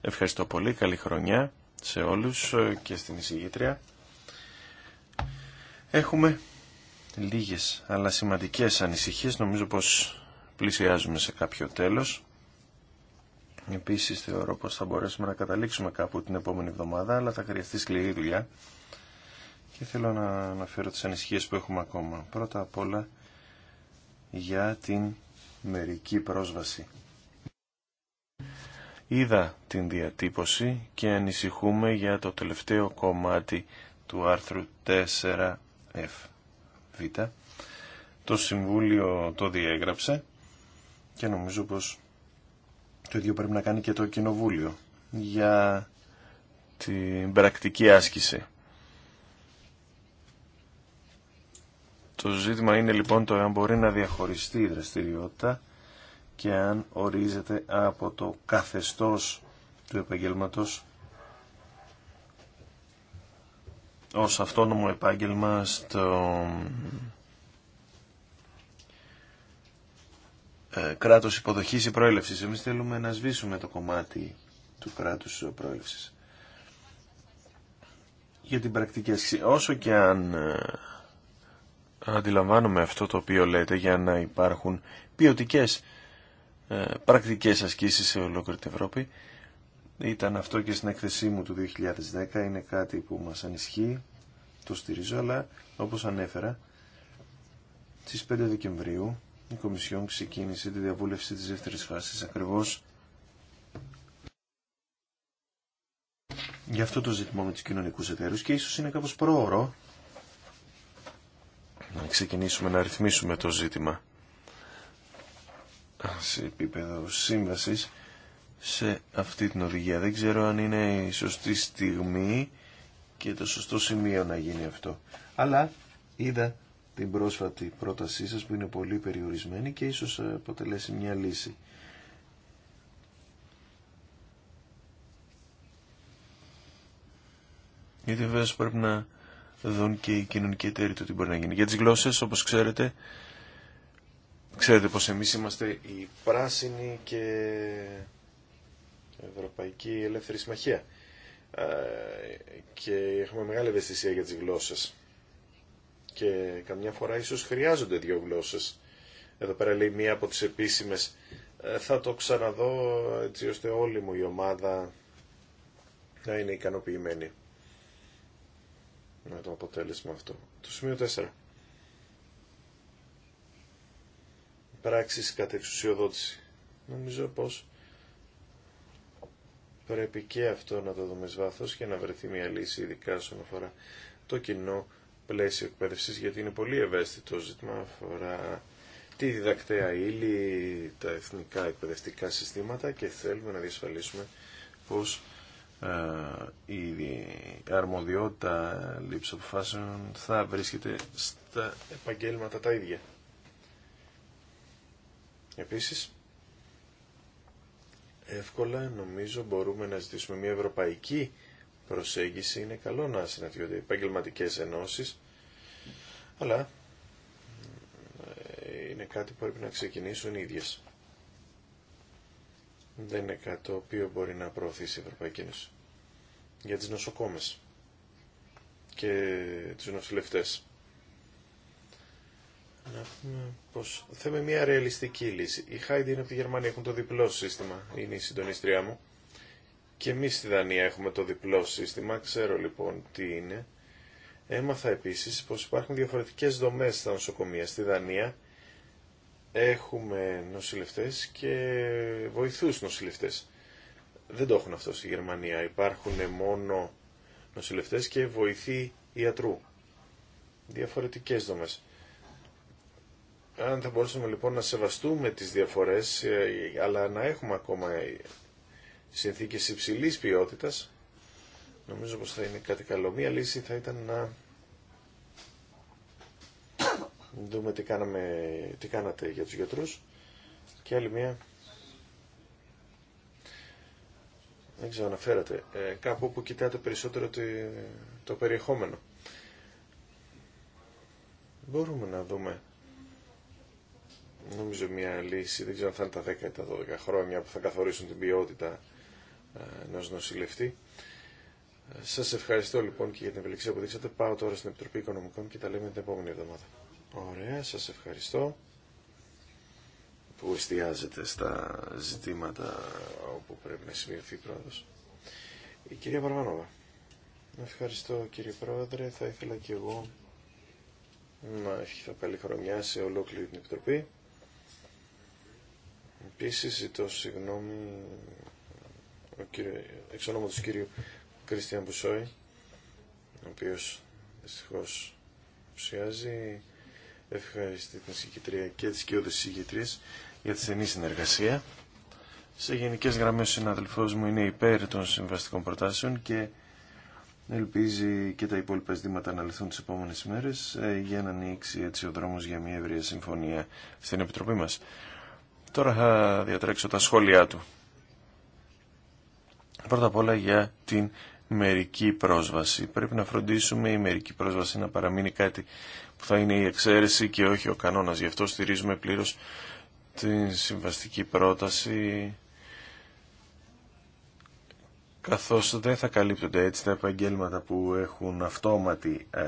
Ευχαριστώ πολύ, καλή χρονιά σε όλους ε, και στην εισηγήτρια. Έχουμε λίγες αλλά σημαντικές ανησυχίες. Νομίζω πως πλησιάζουμε σε κάποιο τέλος. Επίσης θεωρώ πως θα μπορέσουμε να καταλήξουμε κάπου την επόμενη εβδομάδα, αλλά θα χρειαστεί σκληρή δουλειά. Και θέλω να αναφέρω τις ανησυχίες που έχουμε ακόμα. Πρώτα απ' όλα για την μερική πρόσβαση. Είδα την διατύπωση και ανησυχούμε για το τελευταίο κομμάτι του άρθρου 4 το Συμβούλιο το διέγραψε και νομίζω πως το ίδιο πρέπει να κάνει και το Κοινοβούλιο για την πρακτική άσκηση. Το ζήτημα είναι λοιπόν το αν μπορεί να διαχωριστεί η δραστηριότητα και αν ορίζεται από το καθεστώς του επαγγελματός ως αυτόνομο επάγγελμα στο ε, κράτος υποδοχής ή προέλευσης. Εμείς θέλουμε να σβήσουμε το κομμάτι του κράτους προέλευσης. Για την πρακτική ασκή, όσο και αν ε, αντιλαμβάνομαι αυτό το οποίο λέτε για να υπάρχουν ποιοτικές ε, πρακτικές ασκήσεις σε ολόκληρη την Ευρώπη, ήταν αυτό και στην έκθεσή μου του 2010, είναι κάτι που μας ανισχύει, το στηρίζω, αλλά όπως ανέφερα, στις 5 Δεκεμβρίου η Κομισιόν ξεκίνησε τη διαβούλευση της δεύτερης φάσης ακριβώς για αυτό το ζήτημα με τους κοινωνικούς εταίρους και ίσως είναι κάπως πρόωρο να ξεκινήσουμε να ρυθμίσουμε το ζήτημα σε επίπεδο σύμβασης σε αυτή την οδηγία. Δεν ξέρω αν είναι η σωστή στιγμή και το σωστό σημείο να γίνει αυτό. Αλλά είδα την πρόσφατη πρότασή σας που είναι πολύ περιορισμένη και ίσως αποτελέσει μια λύση. Γιατί βέβαια πρέπει να δουν και οι κοινωνικοί εταίροι το τι μπορεί να γίνει. Για τις γλώσσες, όπως ξέρετε, ξέρετε πως εμείς είμαστε οι πράσινοι και Ευρωπαϊκή Ελεύθερη Συμμαχία ε, και έχουμε μεγάλη ευαισθησία για τις γλώσσες και καμιά φορά ίσως χρειάζονται δύο γλώσσες εδώ πέρα λέει μία από τις επίσημες ε, θα το ξαναδώ έτσι ώστε όλη μου η ομάδα να είναι ικανοποιημένη με το αποτέλεσμα αυτό. Το σημείο 4. Πράξεις κατεξουσιοδότηση. Νομίζω πως Πρέπει και αυτό να το δούμε βάθος και να βρεθεί μια λύση ειδικά όσον αφορά το κοινό πλαίσιο εκπαίδευση γιατί είναι πολύ ευαίσθητο ζήτημα αφορά τη διδακτέα ύλη, τα εθνικά εκπαιδευτικά συστήματα και θέλουμε να διασφαλίσουμε πως η αρμοδιότητα λήψη αποφάσεων θα βρίσκεται στα επαγγέλματα τα ίδια. Επίσης, εύκολα. Νομίζω μπορούμε να ζητήσουμε μια ευρωπαϊκή προσέγγιση. Είναι καλό να συναντιόνται επαγγελματικέ ενώσει, αλλά ε, είναι κάτι που πρέπει να ξεκινήσουν οι ίδιες. Δεν είναι κάτι το οποίο μπορεί να προωθήσει η Ευρωπαϊκή Ένωση. Για τις νοσοκόμες και τους νοσηλευτές. Θέλουμε πως θέμε μια ρεαλιστική λύση. Η Χάιντι είναι από τη Γερμανία, έχουν το διπλό σύστημα, είναι η συντονίστριά μου. Και εμεί στη Δανία έχουμε το διπλό σύστημα, ξέρω λοιπόν τι είναι. Έμαθα επίσης πως υπάρχουν διαφορετικές δομές στα νοσοκομεία. Στη Δανία έχουμε νοσηλευτές και βοηθούς νοσηλευτές. Δεν το έχουν αυτό στη Γερμανία. Υπάρχουν μόνο νοσηλευτέ και βοηθοί ιατρού. Διαφορετικέ δομέ. Αν θα μπορούσαμε λοιπόν να σεβαστούμε τις διαφορές, ε, αλλά να έχουμε ακόμα συνθήκες υψηλής ποιότητας, νομίζω πως θα είναι κάτι καλό. Μία λύση θα ήταν να δούμε τι, κάναμε, τι κάνατε για τους γιατρούς και άλλη μία δεν ξέρω αναφέρατε ε, κάπου που κοιτάτε περισσότερο το περιεχόμενο μπορούμε να δούμε νομίζω μια λύση, δεν ξέρω αν θα είναι τα 10 ή τα 12 χρόνια που θα καθορίσουν την ποιότητα ε, ενό νοσηλευτή. Ε, σα ευχαριστώ λοιπόν και για την ευελιξία που δείξατε. Πάω τώρα στην Επιτροπή Οικονομικών και τα λέμε την επόμενη εβδομάδα. Ωραία, σα ευχαριστώ που εστιάζετε στα ζητήματα όπου πρέπει να σημειωθεί πρόοδος. Η κυρία Παρβανόβα. Ευχαριστώ κύριε Πρόεδρε. Θα ήθελα και εγώ να ευχηθώ καλή χρονιά σε ολόκληρη την Επιτροπή. Επίση ζητώ συγγνώμη ο κύριο, εξ κύριου Κριστιαν Μπουσόη ο οποίο δυστυχώ ουσιάζει. ευχαριστή την συγκεκριά και τις κοιόδε συγκεκρίες για τη στενή συνεργασία σε γενικέ γραμμέ, ο συναδελφό μου είναι υπέρ των συμβαστικών προτάσεων και ελπίζει και τα υπόλοιπα ζητήματα να λυθούν τι επόμενε μέρε, ε, για να ανοίξει έτσι ο δρόμο για μια ευρεία συμφωνία στην Επιτροπή μα. Τώρα θα διατρέξω τα σχόλιά του. Πρώτα απ' όλα για την μερική πρόσβαση. Πρέπει να φροντίσουμε η μερική πρόσβαση να παραμείνει κάτι που θα είναι η εξαίρεση και όχι ο κανόνας. Γι' αυτό στηρίζουμε πλήρως την συμβαστική πρόταση καθώς δεν θα καλύπτονται έτσι τα επαγγέλματα που έχουν αυτόματη ε,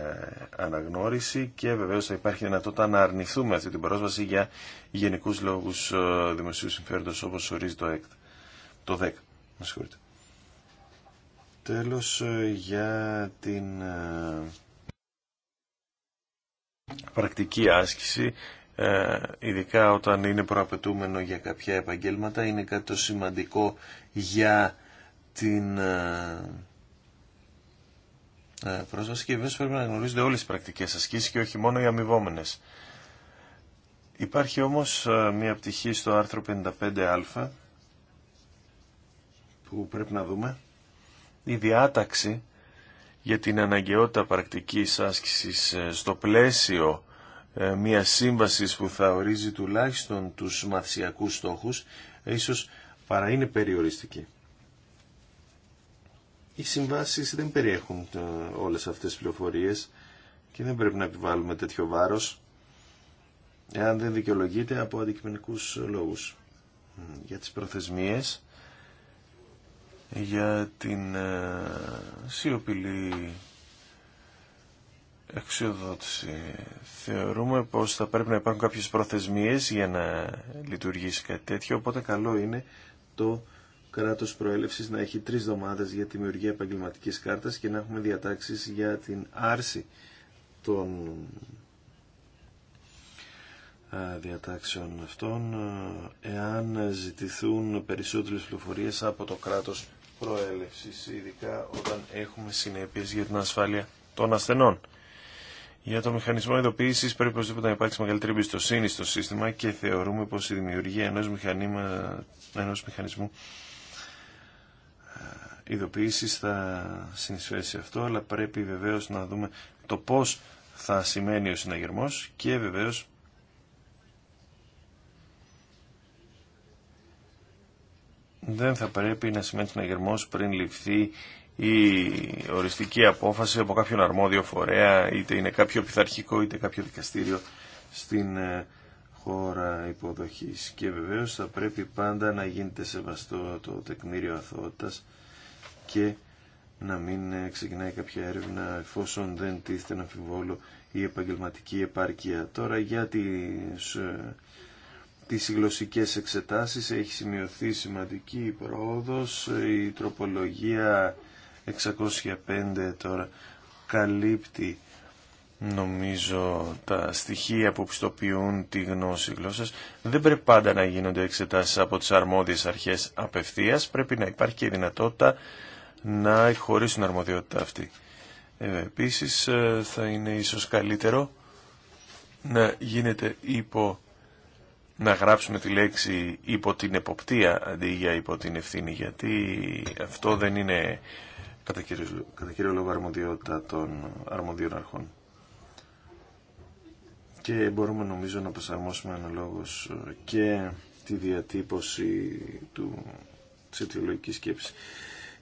αναγνώριση και βεβαίως θα υπάρχει δυνατότητα να αρνηθούμε αυτή την πρόσβαση για γενικούς λόγους ε, δημοσίου συμφέροντος όπως ορίζει το, 10. το Τέλος ε, για την πρακτική άσκηση ειδικά όταν είναι προαπαιτούμενο για κάποια επαγγέλματα είναι κάτι το σημαντικό για την ε, ε, πρόσβαση και βέβαια πρέπει να γνωρίζονται όλες οι πρακτικές ασκήσεις και όχι μόνο οι αμοιβόμενε. Υπάρχει όμως ε, μια πτυχή στο άρθρο 55α που πρέπει να δούμε. Η διάταξη για την αναγκαιότητα πρακτικής άσκησης στο πλαίσιο μια σύμβαση που θα ορίζει τουλάχιστον τους μαθησιακούς στόχους ίσως παρά είναι περιοριστική. Οι συμβάσεις δεν περιέχουν ε, όλες αυτές τις πληροφορίες και δεν πρέπει να επιβάλλουμε τέτοιο βάρος εάν δεν δικαιολογείται από αντικειμενικούς λόγους. Για τις προθεσμίες, για την ε, σιωπηλή εξοδότηση. Θεωρούμε πως θα πρέπει να υπάρχουν κάποιες προθεσμίες για να λειτουργήσει κάτι τέτοιο, οπότε καλό είναι το κράτος προέλευση να έχει τρεις εβδομάδε για τη δημιουργία επαγγελματική κάρτας και να έχουμε διατάξεις για την άρση των διατάξεων αυτών εάν ζητηθούν περισσότερες πληροφορίες από το κράτος προέλευσης, ειδικά όταν έχουμε συνέπειες για την ασφάλεια των ασθενών. Για το μηχανισμό ειδοποίησης πρέπει οπωσδήποτε να υπάρξει μεγαλύτερη εμπιστοσύνη στο σύστημα και θεωρούμε πω η δημιουργία ενό μηχανισμού ε, ειδοποιήσεις θα συνεισφέρει αυτό, αλλά πρέπει βεβαίως να δούμε το πώς θα σημαίνει ο συναγερμός και βεβαίως δεν θα πρέπει να σημαίνει ο συναγερμός πριν ληφθεί η οριστική απόφαση από κάποιον αρμόδιο φορέα, είτε είναι κάποιο πειθαρχικό είτε κάποιο δικαστήριο στην ε, χώρα υποδοχής και βεβαίως θα πρέπει πάντα να γίνεται σεβαστό το τεκμήριο αθωότητας και να μην ε, ξεκινάει κάποια έρευνα εφόσον δεν τίθεται να αμφιβόλω η επαγγελματική επάρκεια. Τώρα για τις, ε, τις γλωσσικές εξετάσεις έχει σημειωθεί σημαντική πρόοδος, η τροπολογία 605 τώρα καλύπτει νομίζω τα στοιχεία που πιστοποιούν τη γνώση γλώσσας δεν πρέπει πάντα να γίνονται εξετάσεις από τις αρμόδιες αρχές απευθείας πρέπει να υπάρχει και η δυνατότητα να χωρίσουν αρμοδιότητα αυτή ε, επίσης ε, θα είναι ίσως καλύτερο να γίνεται υπό να γράψουμε τη λέξη υπό την εποπτεία αντί για υπό την ευθύνη γιατί αυτό δεν είναι κατά κατά κύριο λόγο αρμοδιότητα των αρμοδίων αρχών και μπορούμε νομίζω να προσαρμόσουμε αναλόγως ε, και τη διατύπωση του, της αιτιολογικής σκέψης.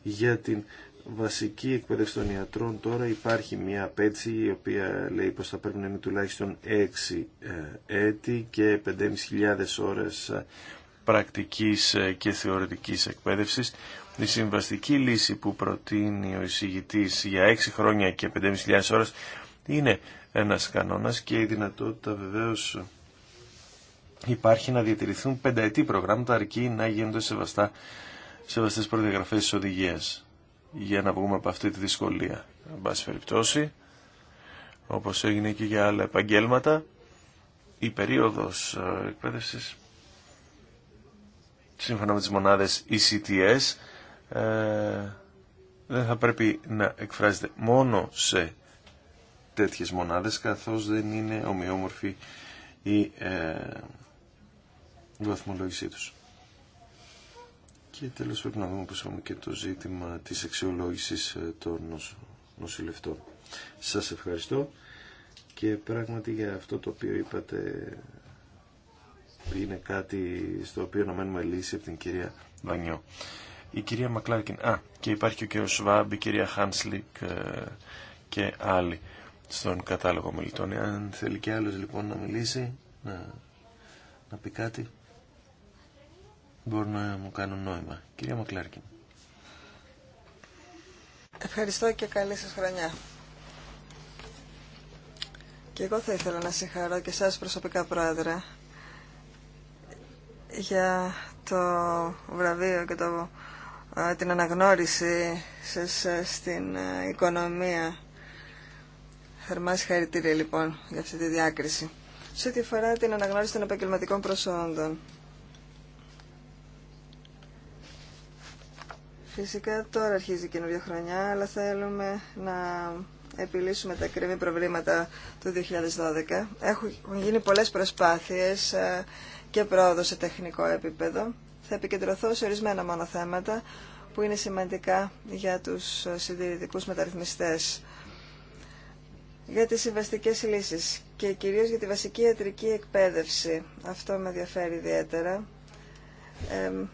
Για την βασική εκπαίδευση των ιατρών τώρα υπάρχει μια απέτηση η οποία λέει πως θα πρέπει να είναι τουλάχιστον 6 ε, έτη και 5.500 ώρες ε, πρακτικής και θεωρητικής εκπαίδευσης. Η συμβαστική λύση που προτείνει ο εισηγητής για 6 χρόνια και 5.500 ώρες είναι ένας κανόνας και η δυνατότητα βεβαίως υπάρχει να διατηρηθούν πενταετή προγράμματα αρκεί να γίνονται σεβαστά, σεβαστές προδιαγραφές της οδηγίας για να βγούμε από αυτή τη δυσκολία. Εν πάση περιπτώσει, όπως έγινε και για άλλα επαγγέλματα, η περίοδος ε, εκπαίδευσης σύμφωνα με τις μονάδες ECTS ε, δεν θα πρέπει να εκφράζεται μόνο σε τέτοιες μονάδες καθώς δεν είναι ομοιόμορφη ε, η βαθμολόγησή τους. Και τέλος πρέπει να δούμε πως έχουμε και το ζήτημα της αξιολόγησης ε, των νοσηλευτών. Σας ευχαριστώ και πράγματι για αυτό το οποίο είπατε είναι κάτι στο οποίο αναμένουμε λύση από την κυρία Βανιό. Η κυρία Μακλάρκιν, α, και υπάρχει και ο κύριος η κυρία Χάνσλικ ε, και άλλοι στον κατάλογο μιλητών. Αν θέλει και άλλος λοιπόν να μιλήσει, να, να πει κάτι, μπορεί να μου κάνουν νόημα. Κυρία Μακλάρκιν. Ευχαριστώ και καλή σας χρονιά. Και εγώ θα ήθελα να συγχαρώ και σας προσωπικά πρόεδρε για το βραβείο και το, ε, την αναγνώριση σας ε, στην ε, οικονομία Θερμά συγχαρητήρια λοιπόν για αυτή τη διάκριση. Σε ό,τι αφορά την αναγνώριση των επαγγελματικών προσόντων. Φυσικά τώρα αρχίζει η καινούργια χρονιά, αλλά θέλουμε να επιλύσουμε τα ακριβή προβλήματα του 2012. Έχουν γίνει πολλές προσπάθειες ε, και πρόοδο σε τεχνικό επίπεδο. Θα επικεντρωθώ σε ορισμένα μόνο θέματα που είναι σημαντικά για τους συντηρητικούς μεταρρυθμιστές για τις συμβαστικές λύσεις και κυρίως για τη βασική ιατρική εκπαίδευση. Αυτό με ενδιαφέρει ιδιαίτερα.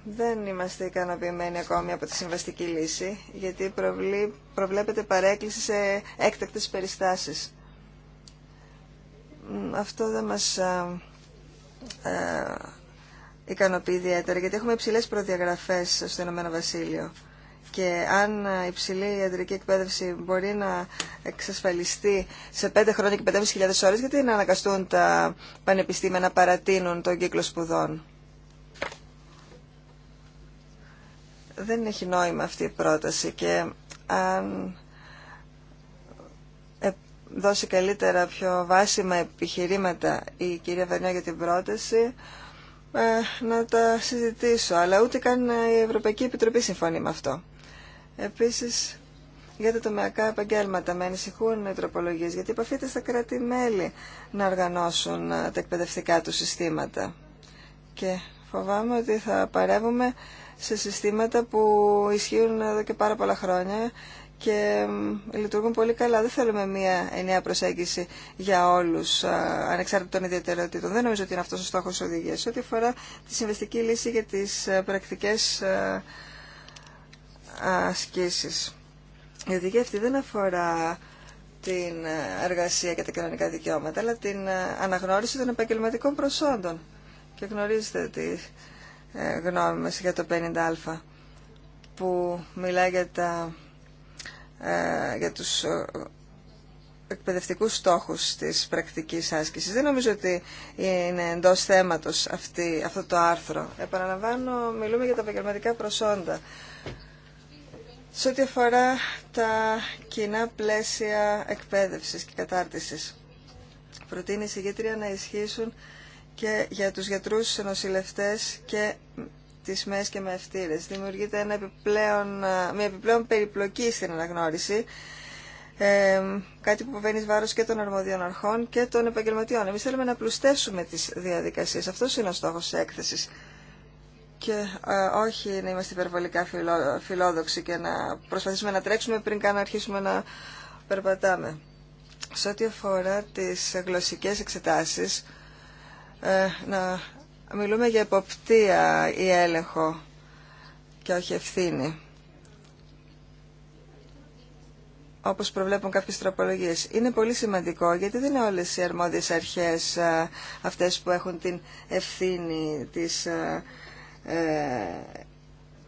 δεν είμαστε ικανοποιημένοι ακόμη από τη συμβαστική λύση, γιατί προβλή, προβλέπεται παρέκκληση σε έκτακτες περιστάσεις. Αυτό δεν μας ικανοποιεί ιδιαίτερα, γιατί έχουμε υψηλές προδιαγραφές στο Ηνωμένο Βασίλειο και αν υψηλή ιατρική εκπαίδευση μπορεί να εξασφαλιστεί σε 5 χρόνια και 5.500 ώρες, γιατί να αναγκαστούν τα πανεπιστήμια να παρατείνουν τον κύκλο σπουδών. Δεν έχει νόημα αυτή η πρόταση και αν ε, δώσει καλύτερα πιο βάσιμα επιχειρήματα η κυρία Βερνιά για την πρόταση, ε, να τα συζητήσω, αλλά ούτε καν η Ευρωπαϊκή Επιτροπή συμφωνεί με αυτό. Επίση, για τα τομεακά επαγγέλματα με ανησυχούν οι τροπολογίε, γιατί επαφείται στα κράτη-μέλη να οργανώσουν ε, τα εκπαιδευτικά του συστήματα. Και φοβάμαι ότι θα παρεύουμε σε συστήματα που ισχύουν εδώ και πάρα πολλά χρόνια και λειτουργούν πολύ καλά. Δεν θέλουμε μία ενιαία προσέγγιση για όλου, ε, ανεξάρτητα των ιδιαιτερότητων. Δεν νομίζω ότι είναι αυτό ο στόχο τη οδηγία. ό,τι αφορά τη συμβεστική λύση για τι ε, πρακτικέ ασκήσεις. Η οδηγία αυτή δεν αφορά την εργασία και τα κοινωνικά δικαιώματα, αλλά την αναγνώριση των επαγγελματικών προσόντων. Και γνωρίζετε τη ε, γνώμη μας για το 50α, που μιλά για, τα, ε, για τους ε, εκπαιδευτικούς στόχους της πρακτικής άσκησης. Δεν νομίζω ότι είναι εντός θέματος αυτή, αυτό το άρθρο. Επαναλαμβάνω, μιλούμε για τα επαγγελματικά προσόντα σε ό,τι αφορά τα κοινά πλαίσια εκπαίδευσης και κατάρτισης. Προτείνει η να ισχύσουν και για τους γιατρούς, νοσηλευτές και τις ΜΕΣ και ΜΕΦΤΗΡΕΣ. Δημιουργείται ένα επιπλέον, μια επιπλέον περιπλοκή στην αναγνώριση, ε, κάτι που βαίνει βάρος και των αρμοδίων αρχών και των επαγγελματιών. Εμείς θέλουμε να πλουστεύσουμε τις διαδικασίες. Αυτός είναι ο στόχος έκθεσης και ε, όχι να είμαστε υπερβολικά φιλόδοξοι και να προσπαθήσουμε να τρέξουμε πριν καν να αρχίσουμε να περπατάμε. Σε ό,τι αφορά τις γλωσσικές εξετάσεις, ε, να μιλούμε για υποπτία ή έλεγχο και όχι ευθύνη. όπως προβλέπουν κάποιες τροπολογίες. Είναι πολύ σημαντικό γιατί δεν είναι όλες οι αρμόδιες αρχές ε, αυτές που έχουν την ευθύνη της ε,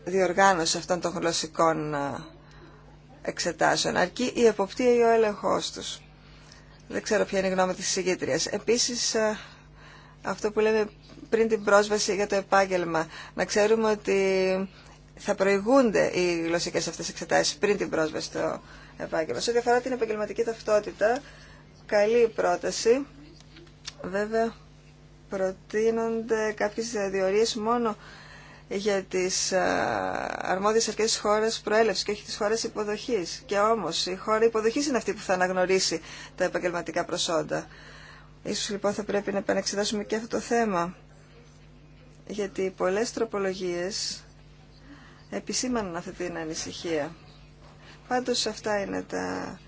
διοργάνωση αυτών των γλωσσικών ε, εξετάσεων, αρκεί η εποπτεία ή ο έλεγχός τους. Δεν ξέρω ποια είναι η γνώμη της συγκήτριας. Επίσης, ε, αυτό που λέμε πριν την πρόσβαση για το επάγγελμα, να ξέρουμε ότι θα προηγούνται οι γλωσσικές αυτές εξετάσεις πριν την πρόσβαση στο επάγγελμα. Σε ό,τι αφορά την επαγγελματική ταυτότητα, καλή πρόταση. Βέβαια, προτείνονται κάποιες διορίες μόνο για τις αρμόδιες αρχές της χώρας προέλευσης και όχι της χώρας υποδοχής. Και όμως η χώρα υποδοχής είναι αυτή που θα αναγνωρίσει τα επαγγελματικά προσόντα. Ίσως λοιπόν θα πρέπει να επανεξετάσουμε και αυτό το θέμα. Γιατί πολλές τροπολογίες επισήμαναν αυτή την ανησυχία. Πάντως αυτά είναι τα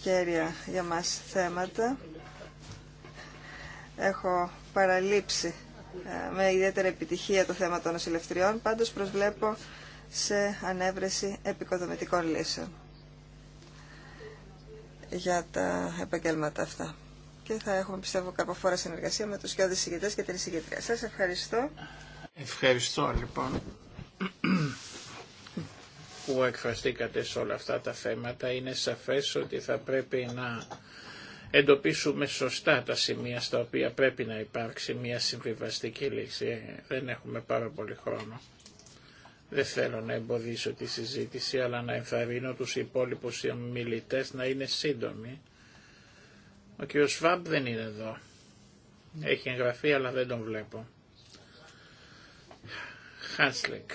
χέρια για μας θέματα. Έχω παραλείψει ε, με ιδιαίτερη επιτυχία το θέμα των νοσηλευτριών, πάντως προσβλέπω σε ανέβρεση επικοδομητικών λύσεων για τα επαγγέλματα αυτά. Και θα έχουμε πιστεύω κάποια φορά συνεργασία με τους κοιόδης συγκεκριτές και την συγκεκριτές. Σας ευχαριστώ. Ευχαριστώ λοιπόν που εκφραστήκατε σε όλα αυτά τα θέματα. Είναι σαφές ότι θα πρέπει να εντοπίσουμε σωστά τα σημεία στα οποία πρέπει να υπάρξει μια συμβιβαστική λύση. Δεν έχουμε πάρα πολύ χρόνο. Δεν θέλω να εμποδίσω τη συζήτηση, αλλά να ενθαρρύνω τους υπόλοιπους ομιλητές να είναι σύντομοι. Ο κ. Σφάμπ δεν είναι εδώ. Έχει εγγραφεί, αλλά δεν τον βλέπω. Χάσλεκ.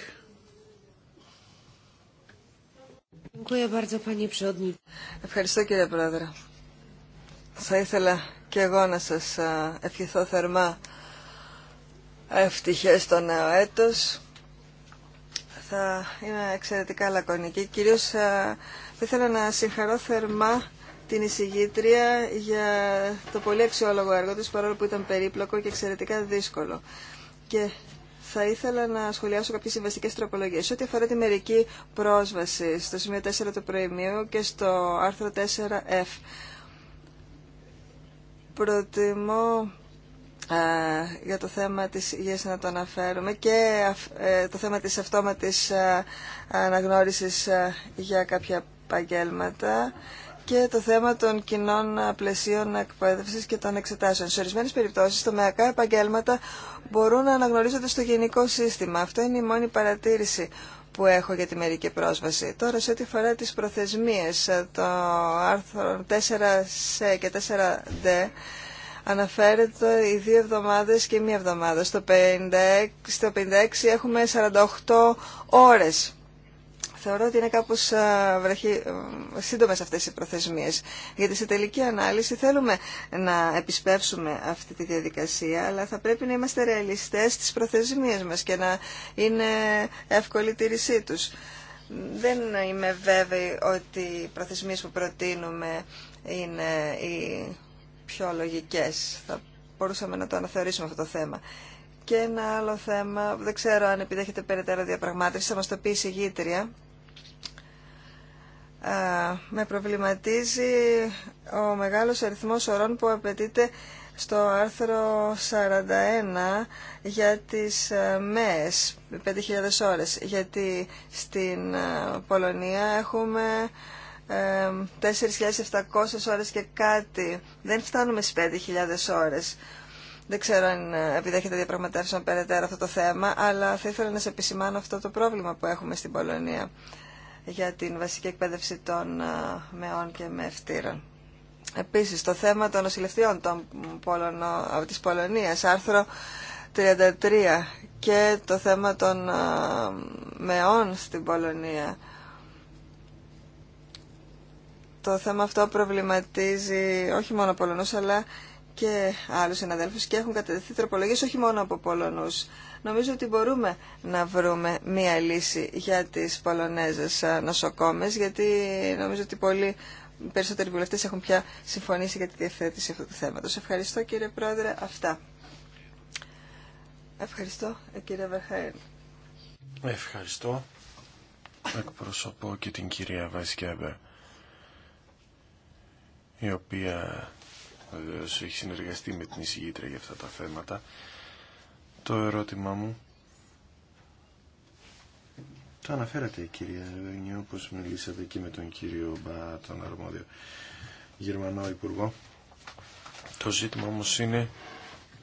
Ευχαριστώ κύριε Πρόεδρε. Θα ήθελα και εγώ να σας ευχηθώ θερμά ευτυχές στο νέο έτος. Θα είμαι εξαιρετικά λακωνική. Κυρίως θα ήθελα να συγχαρώ θερμά την εισηγήτρια για το πολύ αξιόλογο έργο της, παρόλο που ήταν περίπλοκο και εξαιρετικά δύσκολο. Και θα ήθελα να σχολιάσω κάποιες συμβαστικές τροπολογίες. Ό,τι αφορά τη μερική πρόσβαση στο σημείο 4 του προημίου και στο άρθρο 4F προτιμώ για το θέμα της υγείας να το αναφέρουμε και ε, το θέμα της αυτόματης αναγνώρισης για κάποια επαγγέλματα και το θέμα των κοινών πλαισίων εκπαίδευση και των εξετάσεων. Σε ορισμένε περιπτώσει, τομεακά επαγγέλματα μπορούν να αναγνωρίζονται στο γενικό σύστημα. Αυτό είναι η μόνη παρατήρηση που έχω για τη μερική πρόσβαση. Τώρα, σε ό,τι αφορά τις προθεσμίες, ε, το άρθρο 4C και 4D αναφέρεται οι δύο εβδομάδες και μία εβδομάδα. Στο 56, στο 56 έχουμε 48 ώρες θεωρώ ότι είναι κάπως ε, σύντομες αυτές οι προθεσμίες. Γιατί σε τελική ανάλυση θέλουμε να επισπεύσουμε αυτή τη διαδικασία, αλλά θα πρέπει να είμαστε ρεαλιστές στις προθεσμίες μας και να είναι εύκολη η τήρησή τους. Δεν είμαι βέβαιη ότι οι προθεσμίες που προτείνουμε είναι οι πιο λογικές. Θα μπορούσαμε να το αναθεωρήσουμε αυτό το θέμα. Και ένα άλλο θέμα, δεν ξέρω αν επιδέχεται περαιτέρω διαπραγμάτευση, θα μας το πει η συγγήτρια, με προβληματίζει ο μεγάλος αριθμός ορών που απαιτείται στο άρθρο 41 για τις ε, ΜΕΕΣ, 5.000 ώρες, γιατί στην ε, Πολωνία έχουμε 4.700 ε, ώρες και κάτι. Δεν φτάνουμε στις 5.000 ώρες. Δεν ξέρω αν επιδέχεται να περαιτέρω αυτό το θέμα, αλλά θα ήθελα να σε επισημάνω αυτό το πρόβλημα που έχουμε στην Πολωνία για την βασική εκπαίδευση των μεών και μευτήρων. Επίσης, το θέμα των νοσηλευτιών των Πολωνο, της Πολωνίας, άρθρο 33 και το θέμα των μεών στην Πολωνία. Το θέμα αυτό προβληματίζει όχι μόνο Πολωνούς αλλά και άλλους συναδέλφους και έχουν κατατεθεί τροπολογίες όχι μόνο από Πολωνούς νομίζω ότι μπορούμε να βρούμε μία λύση για τις πολωνέζες ε, νοσοκόμες, γιατί νομίζω ότι πολλοί περισσότεροι βουλευτές έχουν πια συμφωνήσει για τη διευθέτηση αυτού του θέματος. Ευχαριστώ κύριε Πρόεδρε. Αυτά. Ευχαριστώ ε, κύριε Βερχαήλ. Ευχαριστώ. Εκπροσωπώ και την κυρία Βασκέμπε, η οποία βεβαίω έχει συνεργαστεί με την εισηγήτρια για αυτά τα θέματα το ερώτημά μου το αναφέρατε κυρία Ρεβενιού όπως μιλήσατε και με τον κύριο Μπα, τον αρμόδιο Γερμανό Υπουργό. Το ζήτημα όμως είναι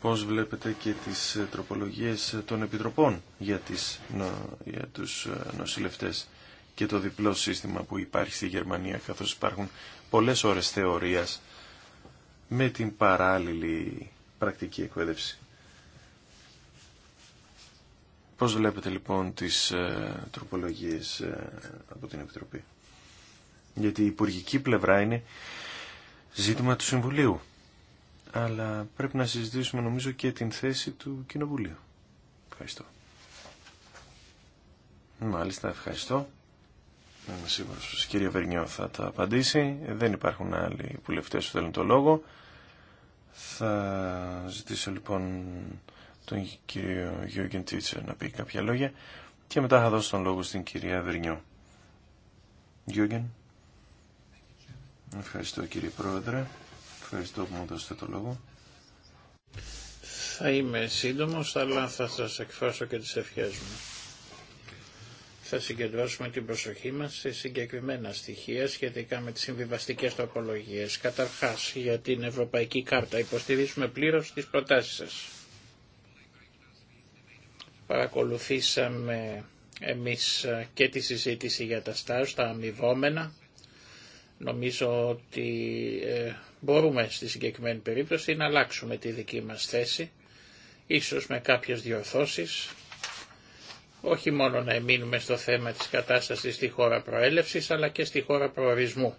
πώς βλέπετε και τις ε, τροπολογίες ε, των επιτροπών για, τις, για τους ε, νοσηλευτές και το διπλό σύστημα που υπάρχει στη Γερμανία καθώς υπάρχουν πολλές ώρες θεωρίας με την παράλληλη πρακτική εκπαίδευση. Πώς βλέπετε λοιπόν τις ε, τροπολογίες ε, από την Επιτροπή. Γιατί η υπουργική πλευρά είναι ζήτημα του Συμβουλίου. Αλλά πρέπει να συζητήσουμε νομίζω και την θέση του Κοινοβουλίου. Ευχαριστώ. Μάλιστα, ευχαριστώ. Είμαι σίγουρος πως η κυρία Βερνιό θα τα απαντήσει. Δεν υπάρχουν άλλοι βουλευτές που θέλουν το λόγο. Θα ζητήσω λοιπόν τον κύριο Γιώργεν Τίτσερ να πει κάποια λόγια και μετά θα δώσω τον λόγο στην κυρία Βερνιό. Γιώργεν. Ευχαριστώ κύριε Πρόεδρε. Ευχαριστώ που μου δώσετε το λόγο. Θα είμαι σύντομος, αλλά θα σας εκφράσω και τις ευχές μου. Θα συγκεντρώσουμε την προσοχή μας σε συγκεκριμένα στοιχεία σχετικά με τις συμβιβαστικές τοπολογίες. Καταρχάς, για την Ευρωπαϊκή Κάρτα υποστηρίζουμε πλήρως τις προτάσεις σας. Παρακολουθήσαμε εμείς και τη συζήτηση για τα στάζ, τα αμοιβόμενα. Νομίζω ότι ε, μπορούμε στη συγκεκριμένη περίπτωση να αλλάξουμε τη δική μας θέση, ίσως με κάποιες διορθώσεις, όχι μόνο να εμείνουμε στο θέμα της κατάστασης στη χώρα προέλευσης, αλλά και στη χώρα προορισμού.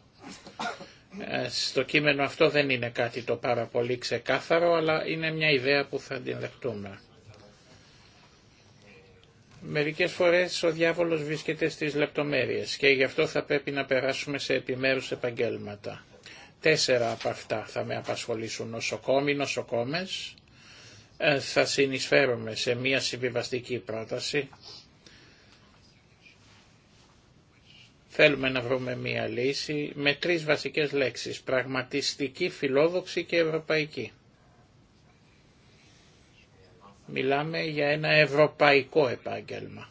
Ε, στο κείμενο αυτό δεν είναι κάτι το πάρα πολύ ξεκάθαρο, αλλά είναι μια ιδέα που θα την δεχτούμε. Μερικές φορές ο διάβολος βρίσκεται στις λεπτομέρειες και γι' αυτό θα πρέπει να περάσουμε σε επιμέρους επαγγέλματα. Τέσσερα από αυτά θα με απασχολήσουν νοσοκόμοι, νοσοκόμες. Ε, θα συνεισφέρομαι σε μία συμβιβαστική πρόταση. Θέλουμε να βρούμε μία λύση με τρεις βασικές λέξεις. Πραγματιστική, φιλόδοξη και ευρωπαϊκή. Μιλάμε για ένα ευρωπαϊκό επάγγελμα.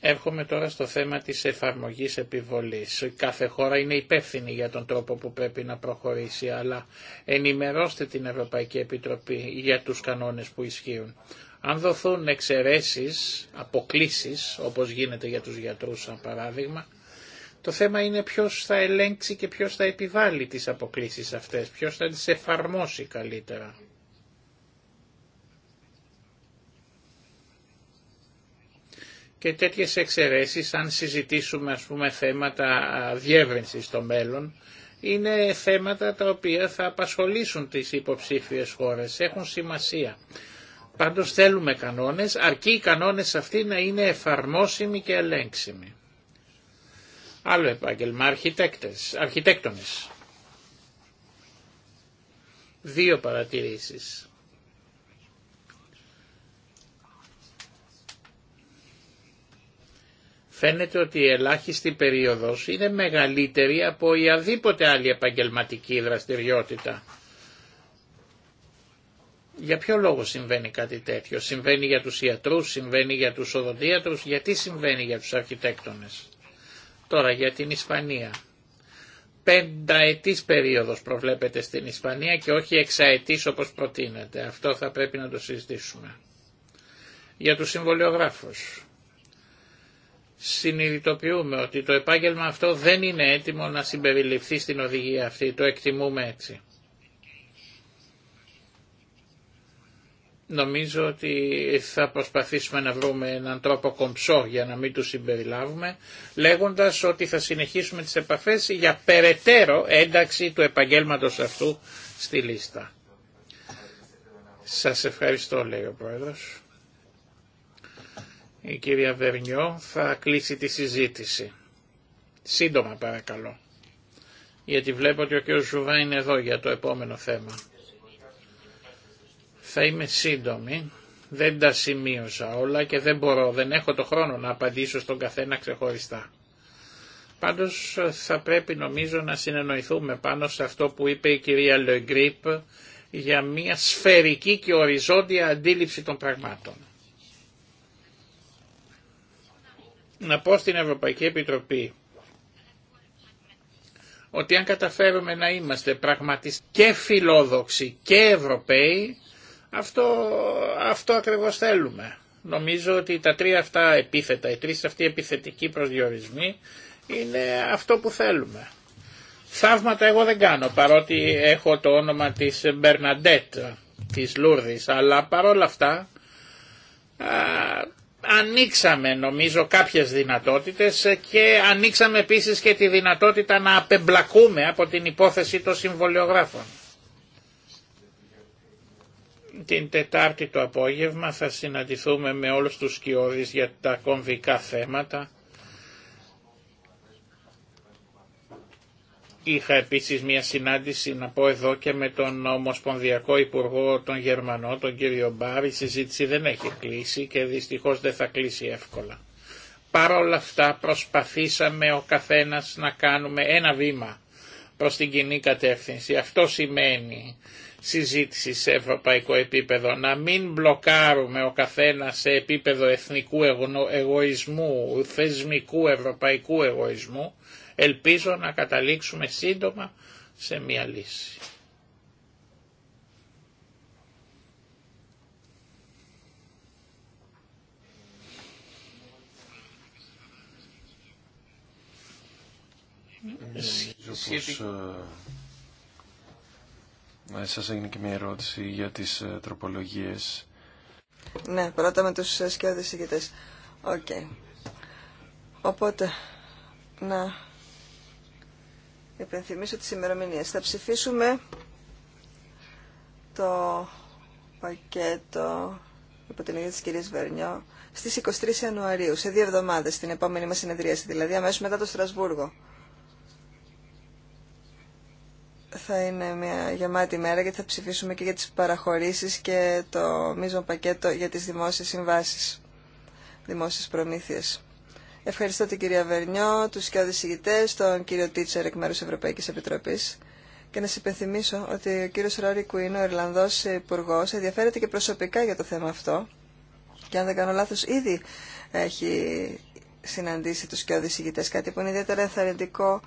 Έρχομαι τώρα στο θέμα της εφαρμογής επιβολής. κάθε χώρα είναι υπεύθυνη για τον τρόπο που πρέπει να προχωρήσει, αλλά ενημερώστε την Ευρωπαϊκή Επιτροπή για τους κανόνες που ισχύουν. Αν δοθούν εξαιρέσει, αποκλήσεις, όπως γίνεται για τους γιατρούς σαν παράδειγμα, το θέμα είναι ποιος θα ελέγξει και ποιος θα επιβάλλει τις αποκλήσεις αυτές, ποιος θα τις εφαρμόσει καλύτερα. και τέτοιες εξαιρέσεις αν συζητήσουμε ας πούμε θέματα διεύρυνσης στο μέλλον είναι θέματα τα οποία θα απασχολήσουν τις υποψήφιες χώρες, έχουν σημασία. Πάντως θέλουμε κανόνες, αρκεί οι κανόνες αυτοί να είναι εφαρμόσιμοι και ελέγξιμοι. Άλλο επάγγελμα, αρχιτέκτες, αρχιτέκτονες. Δύο παρατηρήσεις. φαίνεται ότι η ελάχιστη περίοδος είναι μεγαλύτερη από η αδίποτε άλλη επαγγελματική δραστηριότητα. Για ποιο λόγο συμβαίνει κάτι τέτοιο. Συμβαίνει για τους ιατρούς, συμβαίνει για τους οδοντίατρους, γιατί συμβαίνει για τους αρχιτέκτονες. Τώρα για την Ισπανία. Πενταετής περίοδος προβλέπεται στην Ισπανία και όχι εξαετής όπως προτείνεται. Αυτό θα πρέπει να το συζητήσουμε. Για τους συμβολιογράφους συνειδητοποιούμε ότι το επάγγελμα αυτό δεν είναι έτοιμο να συμπεριληφθεί στην οδηγία αυτή, το εκτιμούμε έτσι. Νομίζω ότι θα προσπαθήσουμε να βρούμε έναν τρόπο κομψό για να μην του συμπεριλάβουμε, λέγοντας ότι θα συνεχίσουμε τις επαφές για περαιτέρω ένταξη του επαγγέλματος αυτού στη λίστα. Σας ευχαριστώ λέει ο Πρόεδρος η κυρία Βερνιό θα κλείσει τη συζήτηση. Σύντομα παρακαλώ. Γιατί βλέπω ότι ο κύριος Ζουβά είναι εδώ για το επόμενο θέμα. Θα είμαι σύντομη. Δεν τα σημείωσα όλα και δεν μπορώ, δεν έχω το χρόνο να απαντήσω στον καθένα ξεχωριστά. Πάντως θα πρέπει νομίζω να συνεννοηθούμε πάνω σε αυτό που είπε η κυρία Λεγκρίπ για μια σφαιρική και οριζόντια αντίληψη των πραγμάτων. να πω στην Ευρωπαϊκή Επιτροπή ότι αν καταφέρουμε να είμαστε πραγματικοί και φιλόδοξοι και Ευρωπαίοι, αυτό, αυτό ακριβώς θέλουμε. Νομίζω ότι τα τρία αυτά επίθετα, οι τρεις αυτοί επιθετικοί προσδιορισμοί είναι αυτό που θέλουμε. Θαύματα εγώ δεν κάνω παρότι έχω το όνομα της Μπερναντέτ, της Λούρδης, αλλά παρόλα αυτά ανοίξαμε νομίζω κάποιες δυνατότητες και ανοίξαμε επίσης και τη δυνατότητα να απεμπλακούμε από την υπόθεση των συμβολιογράφων. Την Τετάρτη το απόγευμα θα συναντηθούμε με όλους τους σκιώδεις για τα κομβικά θέματα Είχα επίσης μια συνάντηση να πω εδώ και με τον Ομοσπονδιακό Υπουργό των Γερμανών, τον κύριο Μπάρ. Η συζήτηση δεν έχει κλείσει και δυστυχώς δεν θα κλείσει εύκολα. Παρ' όλα αυτά προσπαθήσαμε ο καθένας να κάνουμε ένα βήμα προς την κοινή κατεύθυνση. Αυτό σημαίνει συζήτηση σε ευρωπαϊκό επίπεδο. Να μην μπλοκάρουμε ο καθένας σε επίπεδο εθνικού εγωισμού, θεσμικού ευρωπαϊκού εγωισμού, Ελπίζω να καταλήξουμε σύντομα σε μια λύση. Σχετικά. Ε, ε, σας έγινε και μια ερώτηση για τις ε, τροπολογίες. Ναι, πρώτα με τους σκιώδες ηγητέ. Οκ. Οπότε, να υπενθυμίσω τις ημερομηνίες. Θα ψηφίσουμε το πακέτο υπό την ίδια της κυρίας Βερνιό στις 23 Ιανουαρίου, σε δύο εβδομάδες, στην επόμενη μας συνεδρίαση, δηλαδή αμέσως μετά το Στρασβούργο. Θα είναι μια γεμάτη μέρα γιατί θα ψηφίσουμε και για τις παραχωρήσεις και το μείζον πακέτο για τις δημόσιες συμβάσεις, δημόσιες προμήθειες. Ευχαριστώ την κυρία Βερνιό, τους σκιώδη ηγητές, τον κύριο Τίτσερ εκ μέρους Ευρωπαϊκής Επιτροπής. Και να σα υπενθυμίσω ότι ο κύριος Ρόρι Κουίν, ο Ιρλανδός υπουργό, ενδιαφέρεται και προσωπικά για το θέμα αυτό. Και αν δεν κάνω λάθος, ήδη έχει συναντήσει τους σκιώδη ηγητές, κάτι που είναι ιδιαίτερα ενθαρρυντικό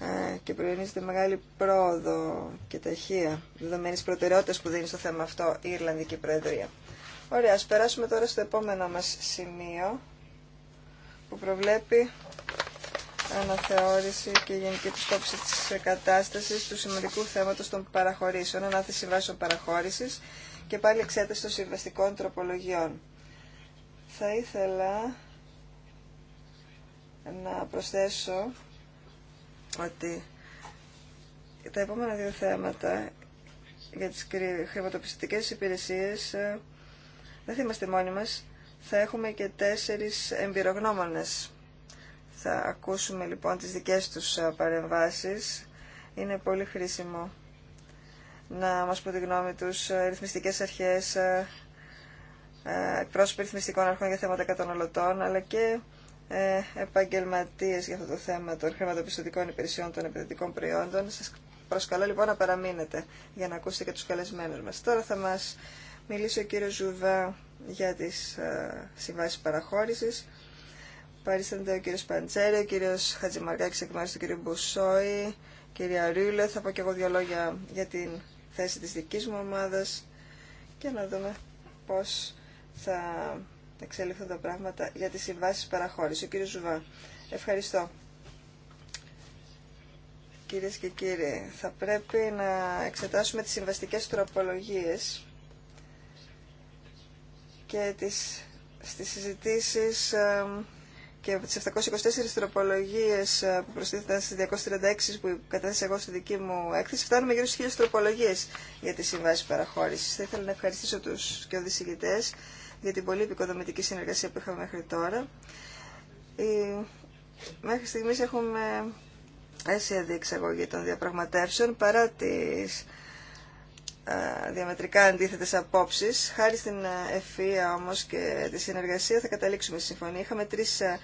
ε, και προϊονίζεται μεγάλη πρόοδο και ταχεία δεδομένης προτεραιότητας που δίνει στο θέμα αυτό η Ιρλανδική Προεδρία. Ωραία, ας περάσουμε τώρα στο επόμενο μας σημείο που προβλέπει αναθεώρηση και γενική επισκόπηση της κατάσταση του σημαντικού θέματος των παραχωρήσεων, ανάθεση βάσεων παραχώρηση και πάλι εξέταση των συμβαστικών τροπολογιών. Θα ήθελα να προσθέσω ότι τα επόμενα δύο θέματα για τις χρηματοπιστωτικές υπηρεσίες ε, δεν θα είμαστε μόνοι μας, θα έχουμε και τέσσερις εμπειρογνώμονες. Θα ακούσουμε λοιπόν τις δικές τους παρεμβάσεις. Είναι πολύ χρήσιμο να μας πω τη γνώμη τους ρυθμιστικές αρχές, εκπρόσωποι ρυθμιστικών αρχών για θέματα καταναλωτών, αλλά και ε, επαγγελματίες για αυτό το θέμα των χρηματοπιστωτικών υπηρεσιών των επενδυτικών προϊόντων. Σας προσκαλώ λοιπόν να παραμείνετε για να ακούσετε και τους καλεσμένους μας. Τώρα θα μας μιλήσει ο κύριος Ζουβά για τις ε, συμβάσεις παραχώρησης. Παρίστανται ο κύριος Παντσέρη, ο κύριος Χατζημαρκάκης εκ μέρους του κύριου Μπουσόη, κυρία Ρίλε, θα πω και εγώ δύο λόγια για την θέση της δικής μου ομάδας και να δούμε πώς θα εξελιχθούν τα πράγματα για τις συμβάσεις παραχώρησης. Ο κύριος Ζουβά, ευχαριστώ. Κυρίες και κύριοι, θα πρέπει να εξετάσουμε τις συμβαστικές τροπολογίες και τις, στις συζητήσεις ε, και τις 724 τροπολογίες ε, που προσθέθηκαν στις 236 που κατέθεσα εγώ στη δική μου έκθεση φτάνουμε γύρω στις 1000 τροπολογίες για τις συμβάσεις παραχώρησης. Θα ήθελα να ευχαριστήσω τους και οδησηγητές για την πολύ επικοδομητική συνεργασία που είχαμε μέχρι τώρα. Μέχρι στιγμής έχουμε αίσια διεξαγωγή των διαπραγματεύσεων παρά τις ε, διαμετρικά αντίθετες απόψεις. Χάρη στην ε, ευφία όμω και τη συνεργασία θα καταλήξουμε στη συμφωνία. Είχαμε τρεις ε,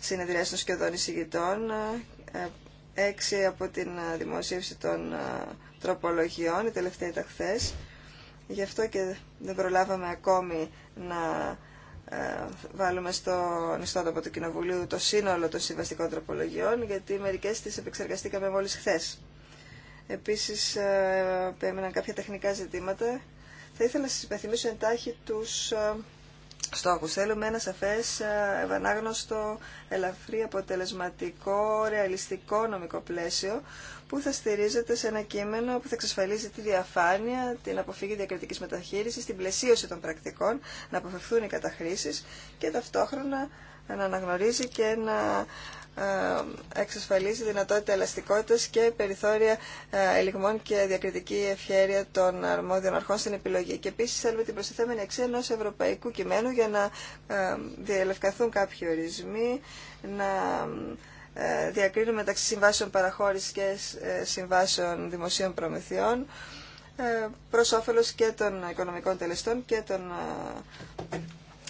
συνεδριάσεις των σχεδόν εισηγητών, έξι από την δημοσίευση των τροπολογιών, η τελευταία ήταν χθε. Γι' αυτό και δεν προλάβαμε ακόμη να βάλουμε στο νηστότοπο του Κοινοβουλίου το σύνολο των συμβαστικών τροπολογιών, γιατί μερικές τι επεξεργαστήκαμε μόλις χθες. Επίσης, έμειναν ε, κάποια τεχνικά ζητήματα. Θα ήθελα να σας υπενθυμίσω εντάχει τους ε, στόχους. Θέλουμε ένα σαφές, ε, ευανάγνωστο, ελαφρύ, αποτελεσματικό, ρεαλιστικό νομικό πλαίσιο που θα στηρίζεται σε ένα κείμενο που θα εξασφαλίζει τη διαφάνεια, την αποφύγη διακριτικής μεταχείρισης, την πλαισίωση των πρακτικών, να αποφευθούν οι καταχρήσεις και ταυτόχρονα να αναγνωρίζει και να ε, εξασφαλίσει δυνατότητα ελαστικότητας και περιθώρια ε, ελιγμών και διακριτική ευχέρεια των αρμόδιων αρχών στην επιλογή. Και επίσης θέλουμε την προστιθέμενη αξία ενός ευρωπαϊκού κειμένου για να ε, διελευκαθούν κάποιοι ορισμοί, να διακρίνουμε μεταξύ συμβάσεων παραχώρησης και συμβάσεων δημοσίων προμηθειών προς όφελος και των οικονομικών τελεστών και των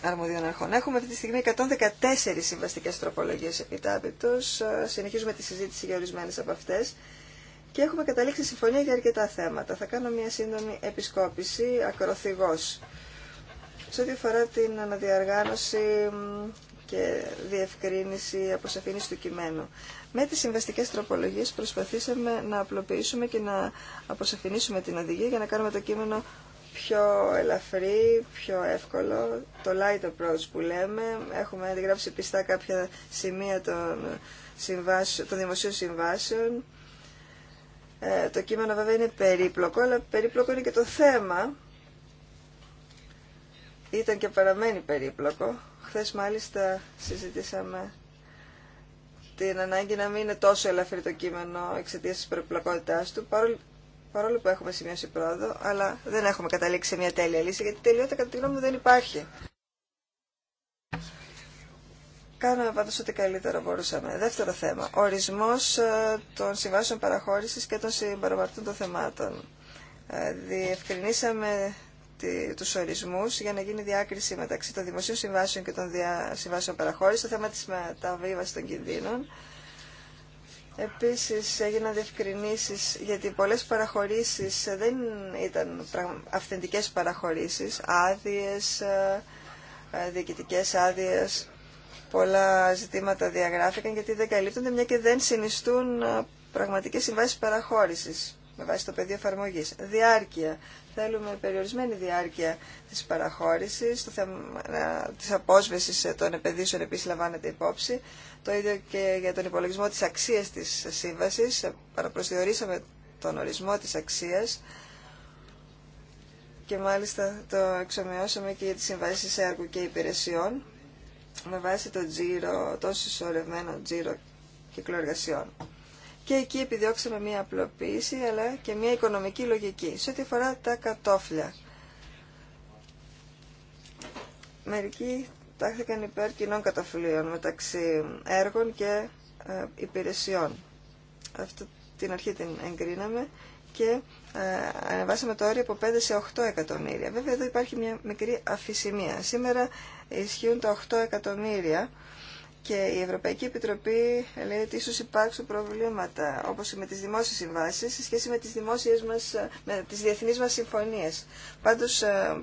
αρμοδίων αρχών. Έχουμε αυτή τη στιγμή 114 συμβαστικέ τροπολογίε επιτάπητος. Ε, συνεχίζουμε τη συζήτηση για ορισμένε από αυτέ. Και έχουμε καταλήξει συμφωνία για αρκετά θέματα. Θα κάνω μια σύντομη επισκόπηση ακροθυγός. Σε ό,τι αφορά την αναδιαργάνωση και διευκρίνηση, αποσαφήνιση του κειμένου. Με τις συμβαστικές τροπολογίες προσπαθήσαμε να απλοποιήσουμε και να αποσαφηνίσουμε την οδηγία για να κάνουμε το κείμενο πιο ελαφρύ, πιο εύκολο, το light approach που λέμε. Έχουμε αντιγράψει πιστά κάποια σημεία των, των δημοσίων συμβάσεων. Ε, το κείμενο βέβαια είναι περίπλοκο, αλλά περίπλοκο είναι και το θέμα. Ήταν και παραμένει περίπλοκο. Χθες μάλιστα συζητήσαμε την ανάγκη να μην είναι τόσο ελαφρύ το κείμενο εξαιτία τη περιπλοκότητά του. Παρόλο παρόλο που έχουμε σημειώσει πρόοδο, αλλά δεν έχουμε καταλήξει σε μια τέλεια λύση, γιατί τελειότητα κατά τη γνώμη μου δεν υπάρχει. Κάναμε πάντως ό,τι καλύτερο μπορούσαμε. Δεύτερο θέμα, ορισμός ε, των συμβάσεων παραχώρησης και των συμπαρομαρτών των θεμάτων. Ε, διευκρινίσαμε του ορισμού για να γίνει διάκριση μεταξύ των δημοσίων συμβάσεων και των δια... συμβάσεων παραχώρησης, το θέμα της μεταβίβασης των κινδύνων Επίσης έγιναν διευκρινήσεις γιατί πολλές παραχωρήσεις δεν ήταν αυθεντικές παραχωρήσεις, άδειες, ε, ε, διοικητικές άδειες. Πολλά ζητήματα διαγράφηκαν γιατί δεν καλύπτονται μια και δεν συνιστούν ε, πραγματικές συμβάσεις παραχώρησης με βάση το πεδίο εφαρμογή. Διάρκεια θέλουμε περιορισμένη διάρκεια της παραχώρησης, το θέμα της απόσβεσης ε, των επενδύσεων επίσης λαμβάνεται υπόψη, το ίδιο και για τον υπολογισμό της αξίας της σύμβασης, ε, παραπροσδιορίσαμε τον ορισμό της αξίας και μάλιστα το εξομοιώσαμε και για τις συμβάσεις έργου και υπηρεσιών με βάση το τζίρο, το συσσωρευμένο τζίρο κυκλοεργασιών. Και εκεί επιδιώξαμε μία απλοποίηση αλλά και μία οικονομική λογική. Σε ό,τι αφορά τα κατόφλια. Μερικοί τάχθηκαν υπέρ κοινών κατοφλίων μεταξύ έργων και ε, υπηρεσιών. Αυτή την αρχή την εγκρίναμε και ε, ανεβάσαμε το όριο από 5 σε 8 εκατομμύρια. Βέβαια εδώ υπάρχει μια μικρή αφησημία. Σήμερα ισχύουν τα 8 εκατομμύρια και η Ευρωπαϊκή Επιτροπή λέει ότι ίσως υπάρξουν προβλήματα, όπως με τις δημόσιες συμβάσεις, σε σχέση με τις, δημόσιες μας, με τις διεθνείς συμφωνίες. Πάντως, ε,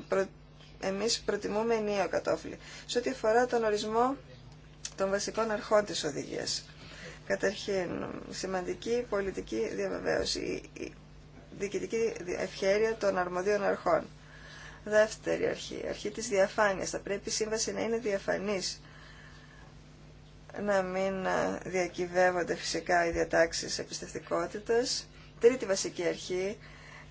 εμείς προτιμούμε ενίο κατόφλι. Σε ό,τι αφορά τον ορισμό των βασικών αρχών της οδηγίας. Καταρχήν, σημαντική πολιτική διαβεβαίωση, η διοικητική ευχέρεια των αρμοδίων αρχών. Δεύτερη αρχή, αρχή της διαφάνειας. Θα πρέπει η σύμβαση να είναι διαφανής να μην ε, διακυβεύονται φυσικά οι διατάξεις εμπιστευτικότητας. Τρίτη βασική αρχή,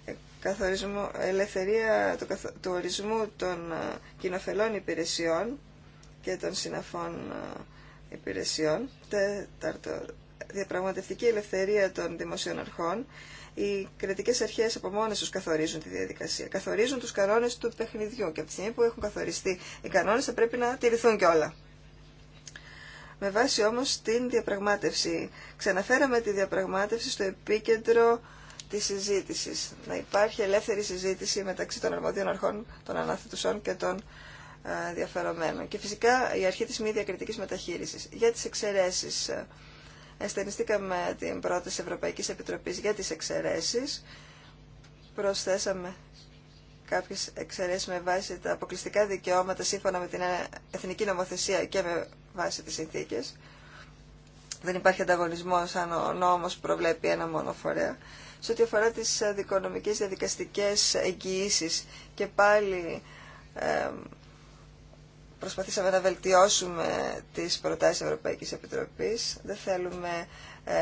ε, καθορισμό, ελευθερία του, του ορισμού των ε, κοινοφελών υπηρεσιών και των συναφών υπηρεσιών. Τέταρτο, διαπραγματευτική ελευθερία των δημοσίων αρχών. Οι κρατικέ αρχέ από μόνε του καθορίζουν τη διαδικασία. Καθορίζουν του κανόνε του παιχνιδιού. Και από τη στιγμή που έχουν καθοριστεί οι κανόνε, θα πρέπει να τηρηθούν κιόλα με βάση όμως την διαπραγμάτευση. Ξαναφέραμε τη διαπραγμάτευση στο επίκεντρο της συζήτησης. Να υπάρχει ελεύθερη συζήτηση μεταξύ των αρμοδίων αρχών, των αναθετουσών και των ε, διαφερομένων. Και φυσικά η αρχή της μη διακριτικής μεταχείρισης. Για τις εξαιρέσεις, αισθενιστήκαμε ε, την πρόταση Ευρωπαϊκής Επιτροπής για τις εξαιρέσεις. Προσθέσαμε κάποιες εξαιρέσεις με βάση τα αποκλειστικά δικαιώματα σύμφωνα με την εθνική νομοθεσία και με βάσει της συνθήκες. Δεν υπάρχει ανταγωνισμός αν ο νόμος προβλέπει ένα μόνο φορέα. Σε ό,τι αφορά τις ε, δικονομικές διαδικαστικές εγγυήσεις και πάλι προσπαθήσαμε να βελτιώσουμε τις προτάσεις Ευρωπαϊκής Επιτροπής. Δεν θέλουμε ε,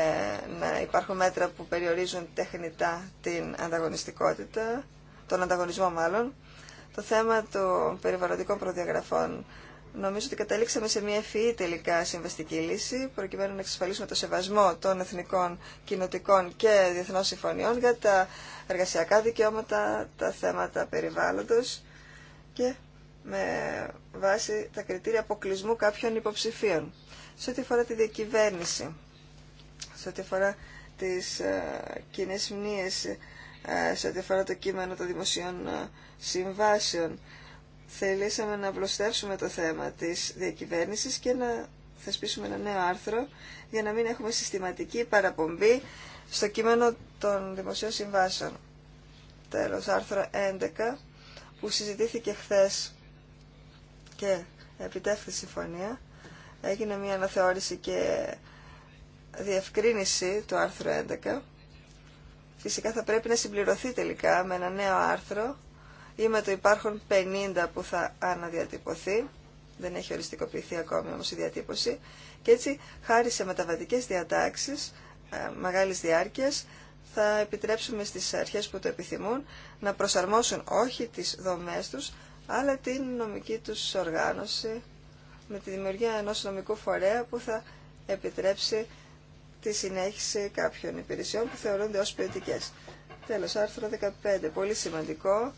να υπάρχουν μέτρα που περιορίζουν τεχνητά την ανταγωνιστικότητα, τον ανταγωνισμό μάλλον. Το θέμα των περιβαλλοντικών προδιαγραφών Νομίζω ότι καταλήξαμε σε μια ευφυή τελικά συμβαστική λύση, προκειμένου να εξασφαλίσουμε το σεβασμό των εθνικών, κοινοτικών και διεθνών συμφωνιών για τα εργασιακά δικαιώματα, τα θέματα περιβάλλοντος και με βάση τα κριτήρια αποκλεισμού κάποιων υποψηφίων. Σε ό,τι αφορά τη διακυβέρνηση, σε ό,τι αφορά τις ε, κοινέ μνήες, ε, σε ό,τι αφορά το κείμενο των δημοσίων ε, συμβάσεων, θελήσαμε να απλωστεύσουμε το θέμα της διακυβέρνησης και να θεσπίσουμε ένα νέο άρθρο για να μην έχουμε συστηματική παραπομπή στο κείμενο των δημοσίων συμβάσεων. Τέλος, άρθρο 11 που συζητήθηκε χθες και επιτεύχθη συμφωνία έγινε μια αναθεώρηση και διευκρίνηση του άρθρου 11 φυσικά θα πρέπει να συμπληρωθεί τελικά με ένα νέο άρθρο ή με το υπάρχουν 50 που θα αναδιατυπωθεί. Δεν έχει οριστικοποιηθεί ακόμη όμως η διατύπωση. Και έτσι, χάρη σε μεταβατικές διατάξεις ε, μεγάλης διάρκειας, θα επιτρέψουμε στις αρχές που το επιθυμούν να προσαρμόσουν όχι τις δομές τους, αλλά την νομική τους οργάνωση με τη δημιουργία ενός νομικού φορέα που θα επιτρέψει τη συνέχιση κάποιων υπηρεσιών που θεωρούνται ως ποιοτικές. Τέλος, άρθρο 15, πολύ σημαντικό,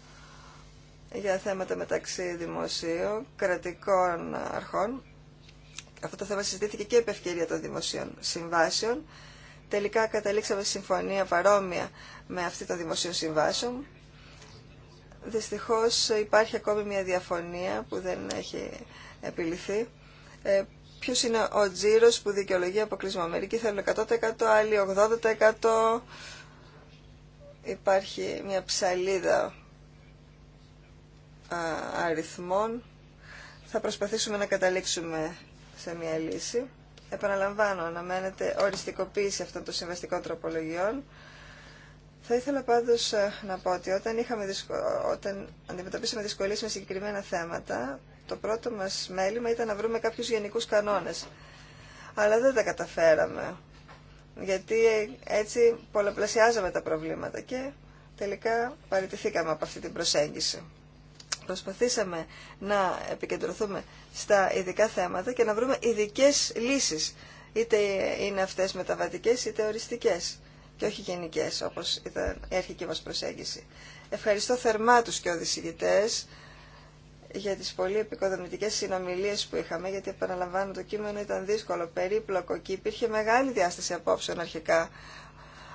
για θέματα μεταξύ δημοσίου, κρατικών αρχών. Αυτό το θέμα συζητήθηκε και επ' ευκαιρία των δημοσίων συμβάσεων. Τελικά καταλήξαμε συμφωνία παρόμοια με αυτή των δημοσίων συμβάσεων. Δυστυχώς υπάρχει ακόμη μια διαφωνία που δεν έχει επιληθεί. Ε, ποιος είναι ο τζίρος που δικαιολογεί αποκλεισμό. Μερικοί θέλουν 100%, άλλοι 80%. Υπάρχει μια ψαλίδα αριθμών θα προσπαθήσουμε να καταλήξουμε σε μια λύση. Επαναλαμβάνω, αναμένεται οριστικοποίηση αυτών των συμβαστικών τροπολογιών. Θα ήθελα πάντως να πω ότι όταν, είχαμε δυσκο... όταν αντιμετωπίσαμε δυσκολίες με συγκεκριμένα θέματα, το πρώτο μας μέλημα ήταν να βρούμε κάποιους γενικούς κανόνες. Αλλά δεν τα καταφέραμε, γιατί ε, έτσι πολλαπλασιάζαμε τα προβλήματα και τελικά παραιτηθήκαμε από αυτή την προσέγγιση προσπαθήσαμε να επικεντρωθούμε στα ειδικά θέματα και να βρούμε ειδικέ λύσεις, είτε είναι αυτές μεταβατικές είτε οριστικές και όχι γενικές όπως ήταν η αρχική μας προσέγγιση. Ευχαριστώ θερμά τους και οδησηγητές για τις πολύ επικοδομητικές συνομιλίες που είχαμε, γιατί επαναλαμβάνω το κείμενο ήταν δύσκολο, περίπλοκο και υπήρχε μεγάλη διάσταση απόψεων αρχικά,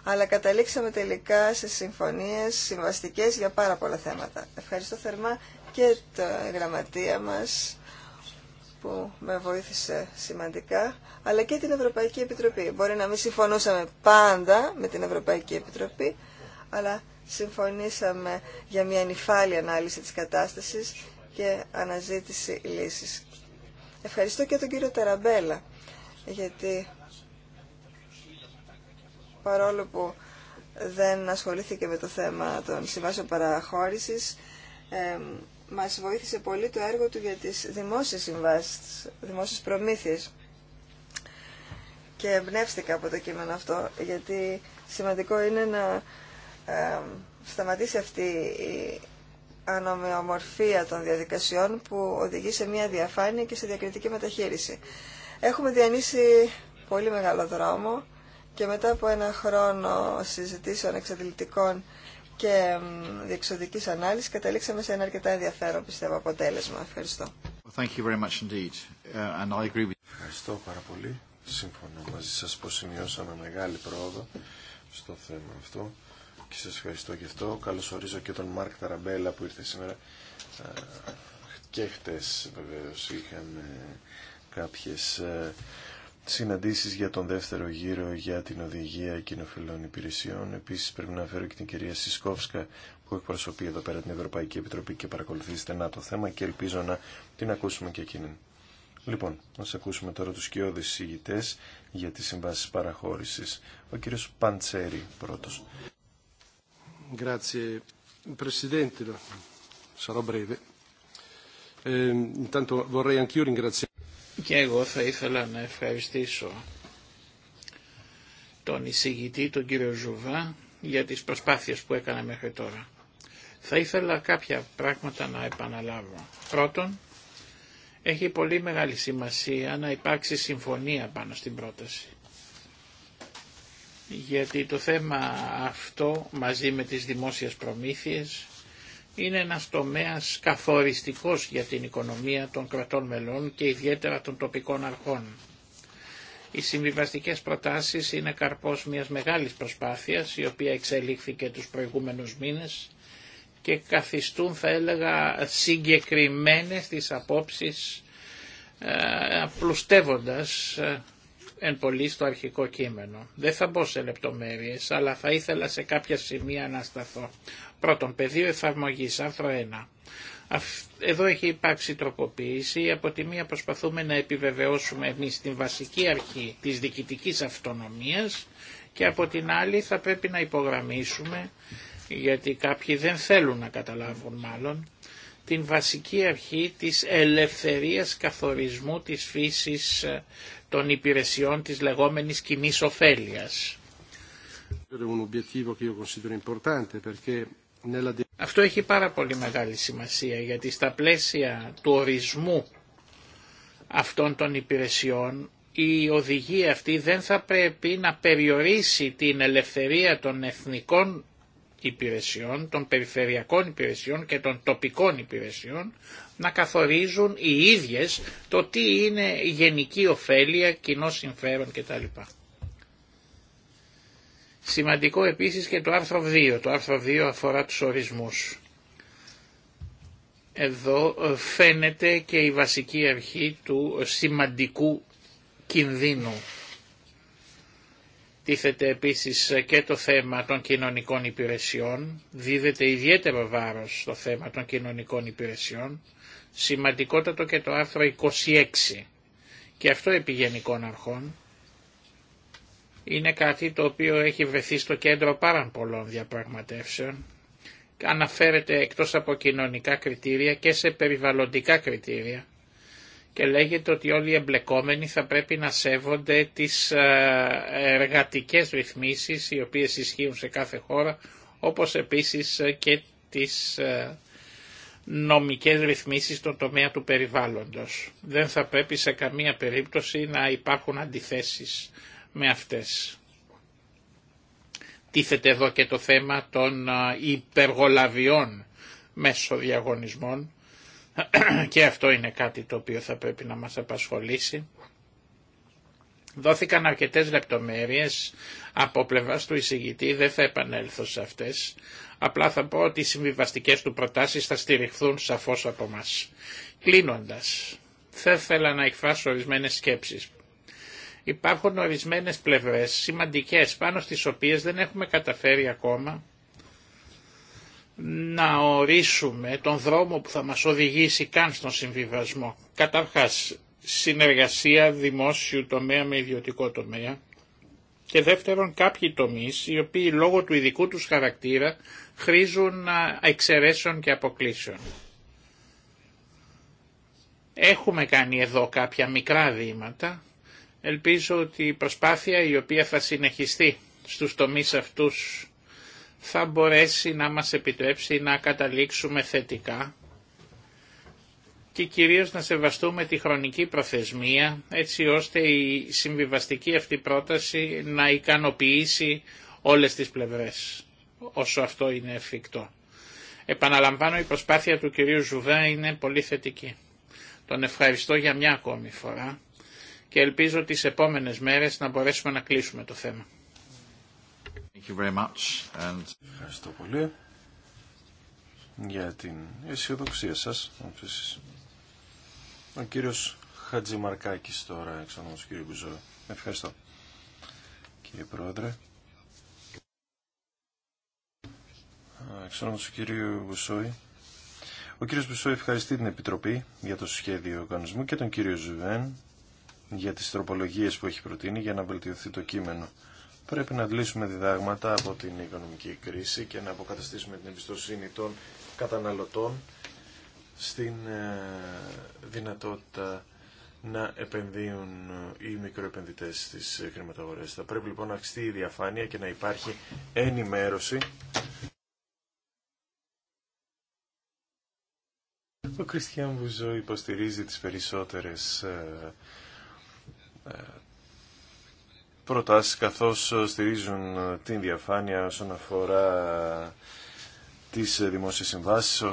αλλά καταλήξαμε τελικά σε συμφωνίες συμβαστικές για πάρα πολλά θέματα. Ευχαριστώ θερμά και τα γραμματεία μας που με βοήθησε σημαντικά, αλλά και την Ευρωπαϊκή Επιτροπή. Μπορεί να μην συμφωνούσαμε πάντα με την Ευρωπαϊκή Επιτροπή, αλλά συμφωνήσαμε για μια νυφάλια ανάλυση της κατάστασης και αναζήτηση λύσης. Ευχαριστώ και τον κύριο Ταραμπέλα, γιατί παρόλο που δεν ασχολήθηκε με το θέμα των συμβάσεων παραχώρησης, μας βοήθησε πολύ το έργο του για τις δημόσιες συμβάσεις, τις δημόσιες προμήθειες. Και εμπνεύστηκα από το κείμενο αυτό, γιατί σημαντικό είναι να σταματήσει αυτή η ανομοιομορφία των διαδικασιών που οδηγεί σε μια διαφάνεια και σε διακριτική μεταχείριση. Έχουμε διανύσει πολύ μεγάλο δρόμο και μετά από ένα χρόνο συζητήσεων εξαντλητικών και διεξοδική ανάλυση καταλήξαμε σε ένα αρκετά ενδιαφέρον πιστεύω αποτέλεσμα. Ευχαριστώ. Ευχαριστώ πάρα πολύ. Σύμφωνα μαζί σα που σημειώσαμε μεγάλη πρόοδο στο θέμα αυτό και σα ευχαριστώ γι' αυτό. Καλώς ορίζω και τον Μάρκ Ταραμπέλα που ήρθε σήμερα uh, και χτες βεβαίω είχαν κάποιε. Uh, συναντήσεις για τον δεύτερο γύρο για την οδηγία κοινοφιλών υπηρεσιών. Επίσης πρέπει να αναφέρω και την κυρία Σισκόφσκα που εκπροσωπεί εδώ πέρα την Ευρωπαϊκή Επιτροπή και παρακολουθεί στενά το θέμα και ελπίζω να την ακούσουμε και εκείνη. Λοιπόν, ας ακούσουμε τώρα τους κοιόδης συγητές για τις συμβάσεις παραχώρησης. Ο κύριος Παντσέρη πρώτος. Grazie Presidente, sarò breve. Ehm, intanto vorrei anch'io ringraziare και εγώ θα ήθελα να ευχαριστήσω τον εισηγητή, τον κύριο Ζουβά, για τις προσπάθειες που έκανα μέχρι τώρα. Θα ήθελα κάποια πράγματα να επαναλάβω. Πρώτον, έχει πολύ μεγάλη σημασία να υπάρξει συμφωνία πάνω στην πρόταση. Γιατί το θέμα αυτό μαζί με τις δημόσιες προμήθειες είναι ένας τομέας καθοριστικός για την οικονομία των κρατών μελών και ιδιαίτερα των τοπικών αρχών. Οι συμβιβαστικές προτάσεις είναι καρπός μιας μεγάλης προσπάθειας, η οποία εξελίχθηκε τους προηγούμενους μήνες και καθιστούν, θα έλεγα, συγκεκριμένες τις απόψεις, ε, απλουστεύοντας ε, εν πολύ στο αρχικό κείμενο. Δεν θα μπω σε λεπτομέρειες, αλλά θα ήθελα σε κάποια σημεία να σταθώ. Πρώτον, πεδίο εφαρμογής, άρθρο 1. Εδώ έχει υπάρξει τροποποίηση. Από τη μία προσπαθούμε να επιβεβαιώσουμε εμείς την βασική αρχή της διοικητικής αυτονομίας και από την άλλη θα πρέπει να υπογραμμίσουμε, γιατί κάποιοι δεν θέλουν να καταλάβουν μάλλον, την βασική αρχή της ελευθερίας καθορισμού της φύσης ε, των υπηρεσιών της λεγόμενης κοινή ωφέλεια. Αυτό έχει πάρα πολύ μεγάλη σημασία γιατί στα πλαίσια του ορισμού αυτών των υπηρεσιών η οδηγία αυτή δεν θα πρέπει να περιορίσει την ελευθερία των εθνικών υπηρεσιών, των περιφερειακών υπηρεσιών και των τοπικών υπηρεσιών να καθορίζουν οι ίδιες το τι είναι γενική ωφέλεια, κοινό συμφέρον κτλ. Σημαντικό επίσης και το άρθρο 2. Το άρθρο 2 αφορά τους ορισμούς. Εδώ ε, φαίνεται και η βασική αρχή του σημαντικού κινδύνου Τίθεται επίσης και το θέμα των κοινωνικών υπηρεσιών, δίδεται ιδιαίτερο βάρος στο θέμα των κοινωνικών υπηρεσιών, σημαντικότατο και το άρθρο 26 και αυτό γενικών αρχών είναι κάτι το οποίο έχει βρεθεί στο κέντρο πάρα πολλών διαπραγματεύσεων αναφέρεται εκτός από κοινωνικά κριτήρια και σε περιβαλλοντικά κριτήρια και λέγεται ότι όλοι οι εμπλεκόμενοι θα πρέπει να σέβονται τις ε, εργατικές ρυθμίσεις οι οποίες ισχύουν σε κάθε χώρα, όπως επίσης και τις ε, νομικές ρυθμίσεις στον τομέα του περιβάλλοντος. Δεν θα πρέπει σε καμία περίπτωση να υπάρχουν αντιθέσεις με αυτές. Τίθεται εδώ και το θέμα των ε, υπεργολαβιών μέσω διαγωνισμών και αυτό είναι κάτι το οποίο θα πρέπει να μας απασχολήσει. Δόθηκαν αρκετές λεπτομέρειες από πλευράς του εισηγητή, δεν θα επανέλθω σε αυτές. Απλά θα πω ότι οι συμβιβαστικές του προτάσεις θα στηριχθούν σαφώς από μας. Κλείνοντας, θα ήθελα να εκφράσω ορισμένες σκέψεις. Υπάρχουν ορισμένες πλευρές σημαντικές πάνω στις οποίες δεν έχουμε καταφέρει ακόμα να ορίσουμε τον δρόμο που θα μας οδηγήσει καν στον συμβιβασμό. Καταρχάς, συνεργασία δημόσιου τομέα με ιδιωτικό τομέα και δεύτερον κάποιοι τομείς οι οποίοι λόγω του ειδικού τους χαρακτήρα χρήζουν εξαιρέσεων και αποκλήσεων. Έχουμε κάνει εδώ κάποια μικρά βήματα. Ελπίζω ότι η προσπάθεια η οποία θα συνεχιστεί στους τομείς αυτούς θα μπορέσει να μας επιτρέψει να καταλήξουμε θετικά και κυρίως να σεβαστούμε τη χρονική προθεσμία έτσι ώστε η συμβιβαστική αυτή πρόταση να ικανοποιήσει όλες τις πλευρές όσο αυτό είναι εφικτό. Επαναλαμβάνω η προσπάθεια του κυρίου Ζουβά είναι πολύ θετική. Τον ευχαριστώ για μια ακόμη φορά και ελπίζω τις επόμενες μέρες να μπορέσουμε να κλείσουμε το θέμα. Ευχαριστώ πολύ για την αισιοδοξία σας. Ο κύριος Χατζημαρκάκης τώρα, εξ του κύριου Ευχαριστώ. Κύριε Πρόεδρε. Εξ του κύριου Μπουσόη. Ο κύριος Μπουσόη ευχαριστεί την Επιτροπή για το σχέδιο οργανισμού και τον κύριο Ζουβέν για τις τροπολογίες που έχει προτείνει για να βελτιωθεί το κείμενο. Πρέπει να αντλήσουμε διδάγματα από την οικονομική κρίση και να αποκαταστήσουμε την εμπιστοσύνη των καταναλωτών στην ε, δυνατότητα να επενδύουν οι μικροεπενδυτές στις χρηματαγορές. Θα πρέπει λοιπόν να αξιστεί η διαφάνεια και να υπάρχει ενημέρωση. Ο Κριστιαν Βουζό υποστηρίζει τις περισσότερες ε, ε, προτάσεις καθώς ε, στηρίζουν ε, την διαφάνεια όσον αφορά ε, τις δημόσιες συμβάσεις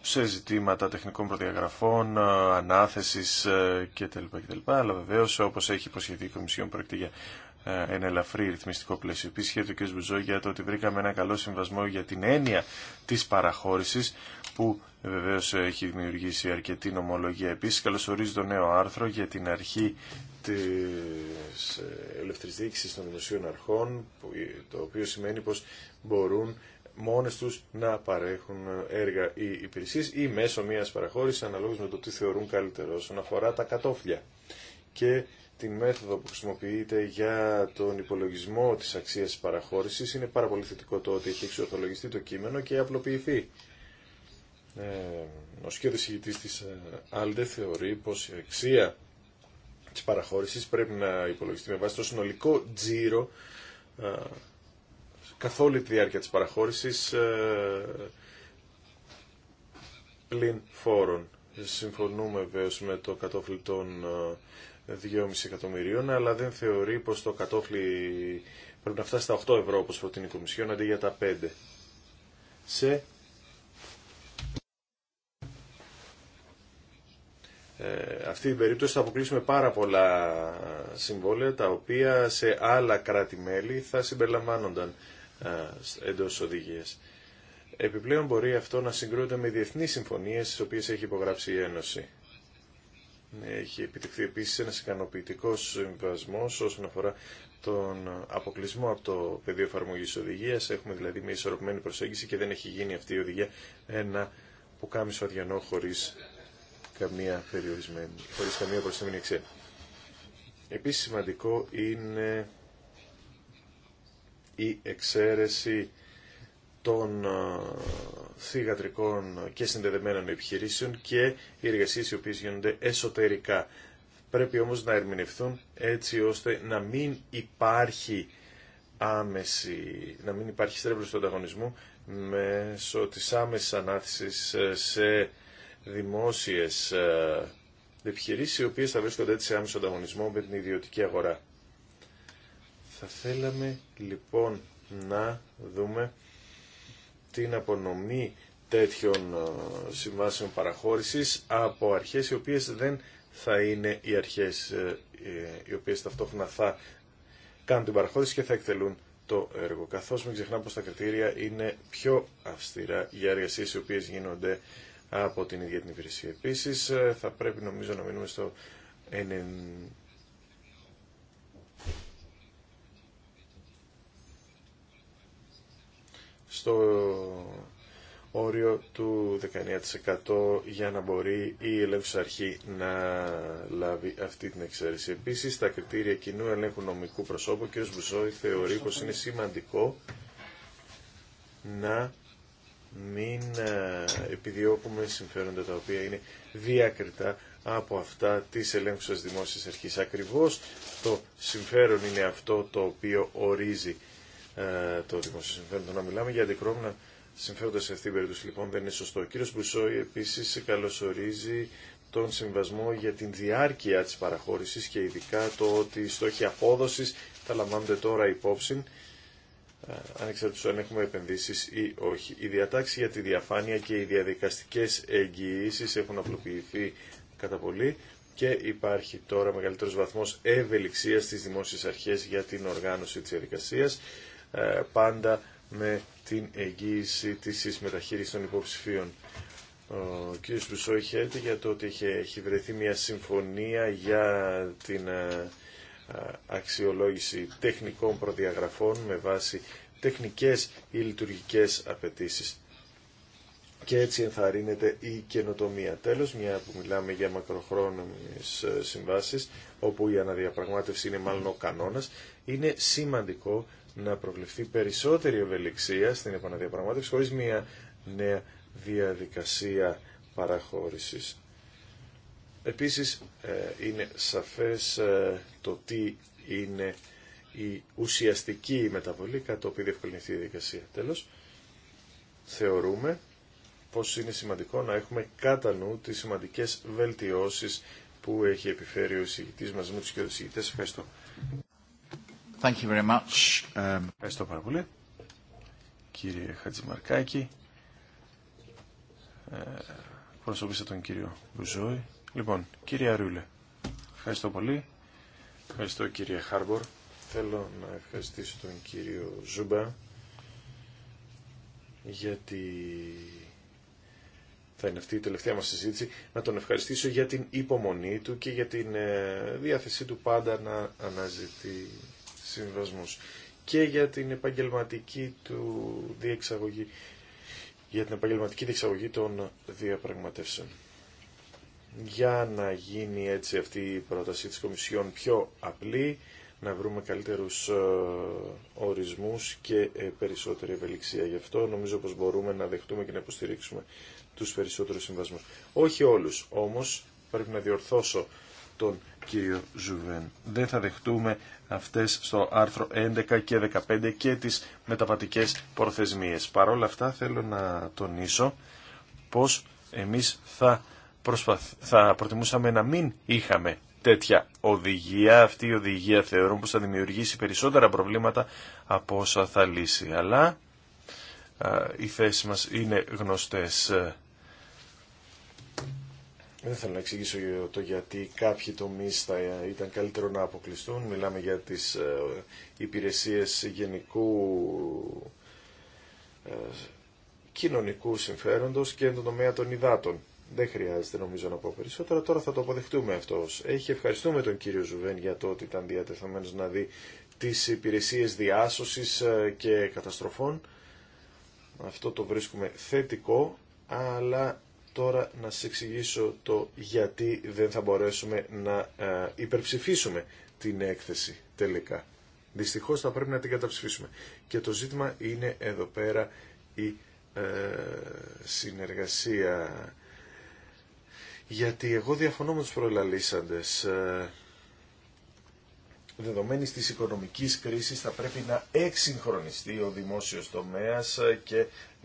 σε ζητήματα τεχνικών προδιαγραφών, ανάθεσης κτλ. Αλλά βεβαίως όπως έχει υποσχεθεί η Κομισιόν Προεκτή για ένα ελαφρύ ρυθμιστικό πλαίσιο. Επίση, χαίρεται ο κ. για το ότι βρήκαμε ένα καλό συμβασμό για την έννοια τη παραχώρηση, που βεβαίω έχει δημιουργήσει αρκετή νομολογία. Επίση, καλωσορίζει το νέο άρθρο για την αρχή τη ελεύθερη διοίκηση των δημοσίων αρχών, το οποίο σημαίνει πω μπορούν μόνε του να παρέχουν έργα ή υπηρεσίε ή μέσω μια παραχώρηση αναλόγω με το τι θεωρούν καλύτερο όσον αφορά τα κατόφλια. Και την μέθοδο που χρησιμοποιείται για τον υπολογισμό της αξίας της παραχώρησης είναι πάρα πολύ θετικό το ότι έχει εξορθολογιστεί το κείμενο και απλοποιηθεί. Ε, ο σχέδιος ηγητής της ε, Άλντε θεωρεί πως η αξία της παραχώρησης πρέπει να υπολογιστεί με βάση το συνολικό τζίρο ε, καθ' όλη τη διάρκεια της παραχώρησης ε, πλην φόρων. Συμφωνούμε βέβαια με το κατόφλι των ε, 2,5 εκατομμυρίων, αλλά δεν θεωρεί πως το κατόφλι πρέπει να φτάσει στα 8 ευρώ όπως προτείνει η Κομισιόν αντί για τα 5. Σε ε, αυτή την περίπτωση θα αποκλείσουμε πάρα πολλά συμβόλαια τα οποία σε άλλα κράτη-μέλη θα συμπεριλαμβάνονταν ε, εντός οδηγίας. Επιπλέον μπορεί αυτό να συγκρούεται με διεθνείς συμφωνίες τις οποίες έχει υπογράψει η Ένωση. Έχει επιτυχθεί επίσης ένας ικανοποιητικός συμβασμός όσον αφορά τον αποκλεισμό από το πεδίο εφαρμογή οδηγία. Έχουμε δηλαδή μια ισορροπημένη προσέγγιση και δεν έχει γίνει αυτή η οδηγία ένα που κάμισο αδιανό χωρί καμία περιορισμένη, χωρί καμία προσθέμενη αξία. Επίση σημαντικό είναι η εξαίρεση των ε, θηγατρικών και συνδεδεμένων επιχειρήσεων και οι εργασίες οι οποίες γίνονται εσωτερικά. Πρέπει όμως να ερμηνευθούν έτσι ώστε να μην υπάρχει άμεση, να μην υπάρχει στρέβλος του ανταγωνισμού μέσω της άμεσης ανάθεσης ε, σε δημόσιες ε, επιχειρήσεις οι οποίες θα βρίσκονται έτσι σε άμεσο ανταγωνισμό με την ιδιωτική αγορά. Θα θέλαμε λοιπόν να δούμε την απονομή τέτοιων ε, συμβάσεων παραχώρησης από αρχές οι οποίες δεν θα είναι οι αρχές ε, ε, οι οποίες ταυτόχρονα θα κάνουν την παραχώρηση και θα εκτελούν το έργο. Καθώς μην ξεχνάμε πως τα κριτήρια είναι πιο αυστηρά για εργασίες οι οποίες γίνονται από την ίδια την υπηρεσία. Επίσης θα πρέπει νομίζω να μείνουμε στο στο όριο του 19% για να μπορεί η ελεύθερη αρχή να λάβει αυτή την εξαίρεση. Επίσης, τα κριτήρια κοινού ελέγχου νομικού προσώπου, κ. Μπουζόη θεωρεί πω είναι σημαντικό να μην ε, επιδιώκουμε συμφέροντα τα οποία είναι διακριτά από αυτά της ελέγχουσας δημόσιας αρχής. Ακριβώς το συμφέρον είναι αυτό το οποίο ορίζει ε, το δημόσιο συμφέρον. να μιλάμε για αντικρώμενα συμφέροντα σε αυτήν την περίπτωση λοιπόν δεν είναι σωστό. Ο κύριο Μπουσόη επίση καλωσορίζει τον συμβασμό για την διάρκεια τη παραχώρηση και ειδικά το ότι οι στόχοι απόδοση θα λαμβάνονται τώρα υπόψη ε, αν αν έχουμε επενδύσεις ή όχι. Η διατάξη για τη διαφάνεια και οι διαδικαστικές εγγυήσεις έχουν απλοποιηθεί κατά πολύ και υπάρχει τώρα μεγαλύτερος βαθμός ευελιξίας στις δημόσιες αρχές για την οργάνωση της διαδικασίας. Ε, πάντα με την εγγύηση της συμμεταχείρισης των υποψηφίων. Ο κ. είχε χαίρεται για το ότι είχε, έχει βρεθεί μια συμφωνία για την ε, ε, αξιολόγηση τεχνικών προδιαγραφών με βάση τεχνικές ή λειτουργικές απαιτήσεις. Και έτσι ενθαρρύνεται η καινοτομία. Τέλος, μια που μιλάμε για μακροχρόνιες συμβάσεις, όπου η αναδιαπραγμάτευση είναι μάλλον ο κανόνας, είναι σημαντικό να προβληθεί περισσότερη ευελιξία στην επαναδιαπραγμάτευση χωρίς μια νέα διαδικασία παραχώρησης. Επίσης ε, είναι σαφές ε, το τι είναι η ουσιαστική μεταβολή κατά οποία διευκολυνθεί η διαδικασία. Τέλος, θεωρούμε πως είναι σημαντικό να έχουμε κατά νου τις σημαντικές βελτιώσεις που έχει επιφέρει ο εισηγητής μαζί με τους και εισηγητές. Ευχαριστώ. Um, ευχαριστώ πάρα πολύ. Κύριε Χατζημαρκάκη, ε, προσωπήσα τον κύριο Μπουζόη. Λοιπόν, κύριε Αρούλε, ευχαριστώ πολύ. Ευχαριστώ κύριε Χάρμπορ. Θέλω να ευχαριστήσω τον κύριο Ζούμπα γιατί θα είναι αυτή η τελευταία μας συζήτηση, να τον ευχαριστήσω για την υπομονή του και για την ε, διάθεσή του πάντα να αναζητεί συμβασμούς και για την επαγγελματική του διεξαγωγή για την επαγγελματική διεξαγωγή των διαπραγματεύσεων. Για να γίνει έτσι αυτή η πρόταση της Κομισιόν πιο απλή, να βρούμε καλύτερους ε, ορισμούς και ε, περισσότερη ευελιξία. Γι' αυτό νομίζω πως μπορούμε να δεχτούμε και να υποστηρίξουμε τους περισσότερους συμβασμούς. Όχι όλους, όμως πρέπει να διορθώσω τον κύριο Ζουβέν. Δεν θα δεχτούμε αυτές στο άρθρο 11 και 15 και τις μεταβατικές προθεσμίες. Παρ' όλα αυτά θέλω να τονίσω πως εμείς θα, προσπαθ... θα προτιμούσαμε να μην είχαμε τέτοια οδηγία. Αυτή η οδηγία θεωρούν πως θα δημιουργήσει περισσότερα προβλήματα από όσα θα λύσει. Αλλά οι θέσεις μας είναι γνωστές δεν θέλω να εξηγήσω το γιατί κάποιοι τομείς θα ήταν καλύτερο να αποκλειστούν. Μιλάμε για τις ε, υπηρεσίες γενικού ε, κοινωνικού συμφέροντος και τον τομέα των υδάτων. Δεν χρειάζεται νομίζω να πω περισσότερα. Τώρα θα το αποδεχτούμε αυτό. Έχει ευχαριστούμε τον κύριο Ζουβέν για το ότι ήταν διατεθειμένος να δει τι υπηρεσίε διάσωση ε, και καταστροφών. Αυτό το βρίσκουμε θετικό, αλλά τώρα να σας εξηγήσω το γιατί δεν θα μπορέσουμε να ε, υπερψηφίσουμε την έκθεση τελικά. Δυστυχώς θα πρέπει να την καταψηφίσουμε. Και το ζήτημα είναι εδώ πέρα η ε, συνεργασία. Γιατί εγώ διαφωνώ με τους προλαλήσαντες. Ε, δεδομένης της οικονομικής κρίσης θα πρέπει να εξυγχρονιστεί ο δημόσιος τομέας και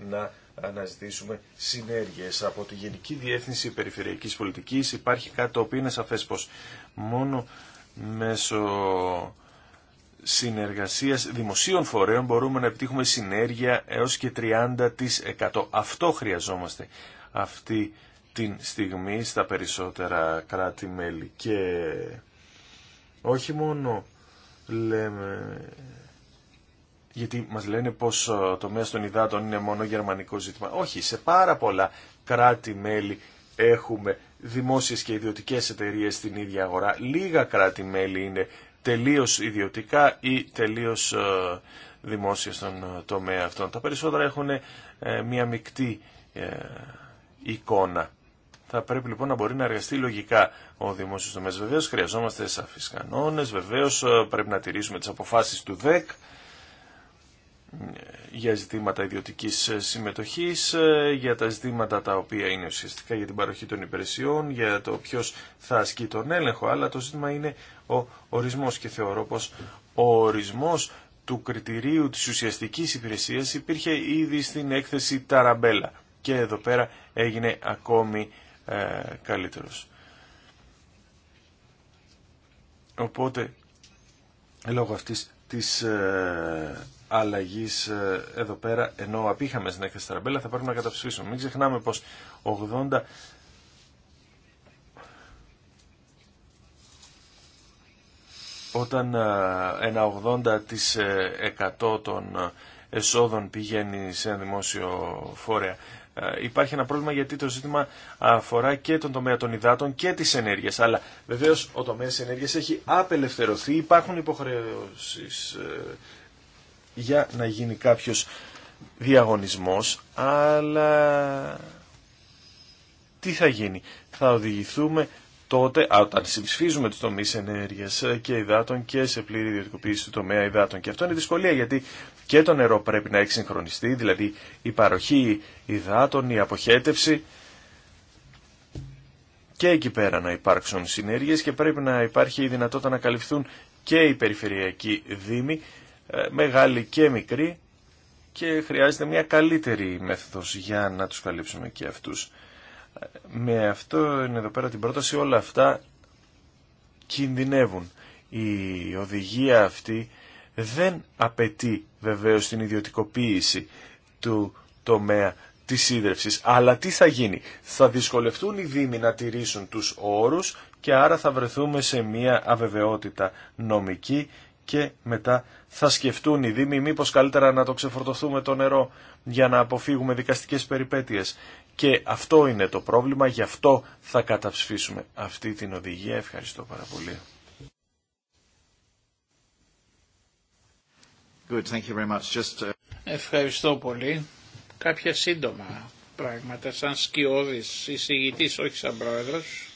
να αναζητήσουμε συνέργειες. Από τη Γενική Διεύθυνση Περιφερειακής Πολιτικής υπάρχει κάτι το οποίο είναι σαφές πως μόνο μέσω συνεργασίας δημοσίων φορέων μπορούμε να επιτύχουμε συνέργεια έως και 30%. Αυτό χρειαζόμαστε αυτή τη στιγμή στα περισσότερα κράτη-μέλη και όχι μόνο λέμε γιατί μας λένε πως ε, το μέσο των υδάτων είναι μόνο γερμανικό ζήτημα. Όχι, σε πάρα πολλά κράτη-μέλη έχουμε δημόσιες και ιδιωτικές εταιρείες στην ίδια αγορά. Λίγα κράτη-μέλη είναι τελείως ιδιωτικά ή τελείως ε, δημόσια στον ε, τομέα αυτών. Τα περισσότερα έχουν μια μεικτή εικόνα. Θα πρέπει λοιπόν να μπορεί να εργαστεί λογικά ο δημόσιος τομέας. Βεβαίως χρειαζόμαστε σαφείς κανόνες, βεβαίως πρέπει να τηρήσουμε τις αποφάσεις του ΔΕΚ, για ζητήματα ιδιωτικής συμμετοχής, ε, για τα ζητήματα τα οποία είναι ουσιαστικά για την παροχή των υπηρεσιών, για το ποιος θα ασκεί τον έλεγχο, αλλά το ζήτημα είναι ο ορισμός και θεωρώ πως ο ορισμός του κριτηρίου της ουσιαστικής υπηρεσίας υπήρχε ήδη στην έκθεση Ταραμπέλα και εδώ πέρα έγινε ακόμη ε, καλύτερος. Οπότε, λόγω αυτής της ε, αλλαγής ε, εδώ πέρα, ενώ απήχαμε στην έκθεση Τραμπέλα θα πρέπει να καταψηφίσουμε. Μην ξεχνάμε πως 80... Όταν ε, ένα 80% των ε, εσόδων πηγαίνει σε ένα δημόσιο φόρεα, υπάρχει ένα πρόβλημα γιατί το ζήτημα αφορά και τον τομέα των υδάτων και τη ενέργεια. Αλλά βεβαίως ο τομέας τη ενέργειας έχει απελευθερωθεί, υπάρχουν υποχρεώσει για να γίνει κάποιος διαγωνισμός, αλλά τι θα γίνει. Θα οδηγηθούμε τότε, όταν συμψηφίζουμε τους τομείς ενέργειας και υδάτων και σε πλήρη ιδιωτικοποίηση του τομέα υδάτων. Και αυτό είναι δυσκολία γιατί και το νερό πρέπει να έχει συγχρονιστεί, δηλαδή η παροχή υδάτων, η αποχέτευση και εκεί πέρα να υπάρξουν συνέργειες και πρέπει να υπάρχει η δυνατότητα να καλυφθούν και οι περιφερειακοί δήμοι ε, μεγάλη και μικρή και χρειάζεται μια καλύτερη μέθοδος για να τους καλύψουμε και αυτούς. Ε, με αυτό είναι εδώ πέρα την πρόταση όλα αυτά κινδυνεύουν. Η οδηγία αυτή δεν απαιτεί βεβαίως την ιδιωτικοποίηση του τομέα της ίδρυψης. Αλλά τι θα γίνει. Θα δυσκολευτούν οι Δήμοι να τηρήσουν τους όρους και άρα θα βρεθούμε σε μια αβεβαιότητα νομική και μετά θα σκεφτούν οι Δήμοι μήπως καλύτερα να το ξεφορτωθούμε το νερό για να αποφύγουμε δικαστικές περιπέτειες. Και αυτό είναι το πρόβλημα, γι' αυτό θα καταψηφίσουμε αυτή την οδηγία. Ευχαριστώ πάρα πολύ. Good, thank you very much. Just... Uh, Ευχαριστώ πολύ. Κάποια σύντομα πράγματα σαν σκιώδης εισηγητής, όχι σαν πρόεδρος.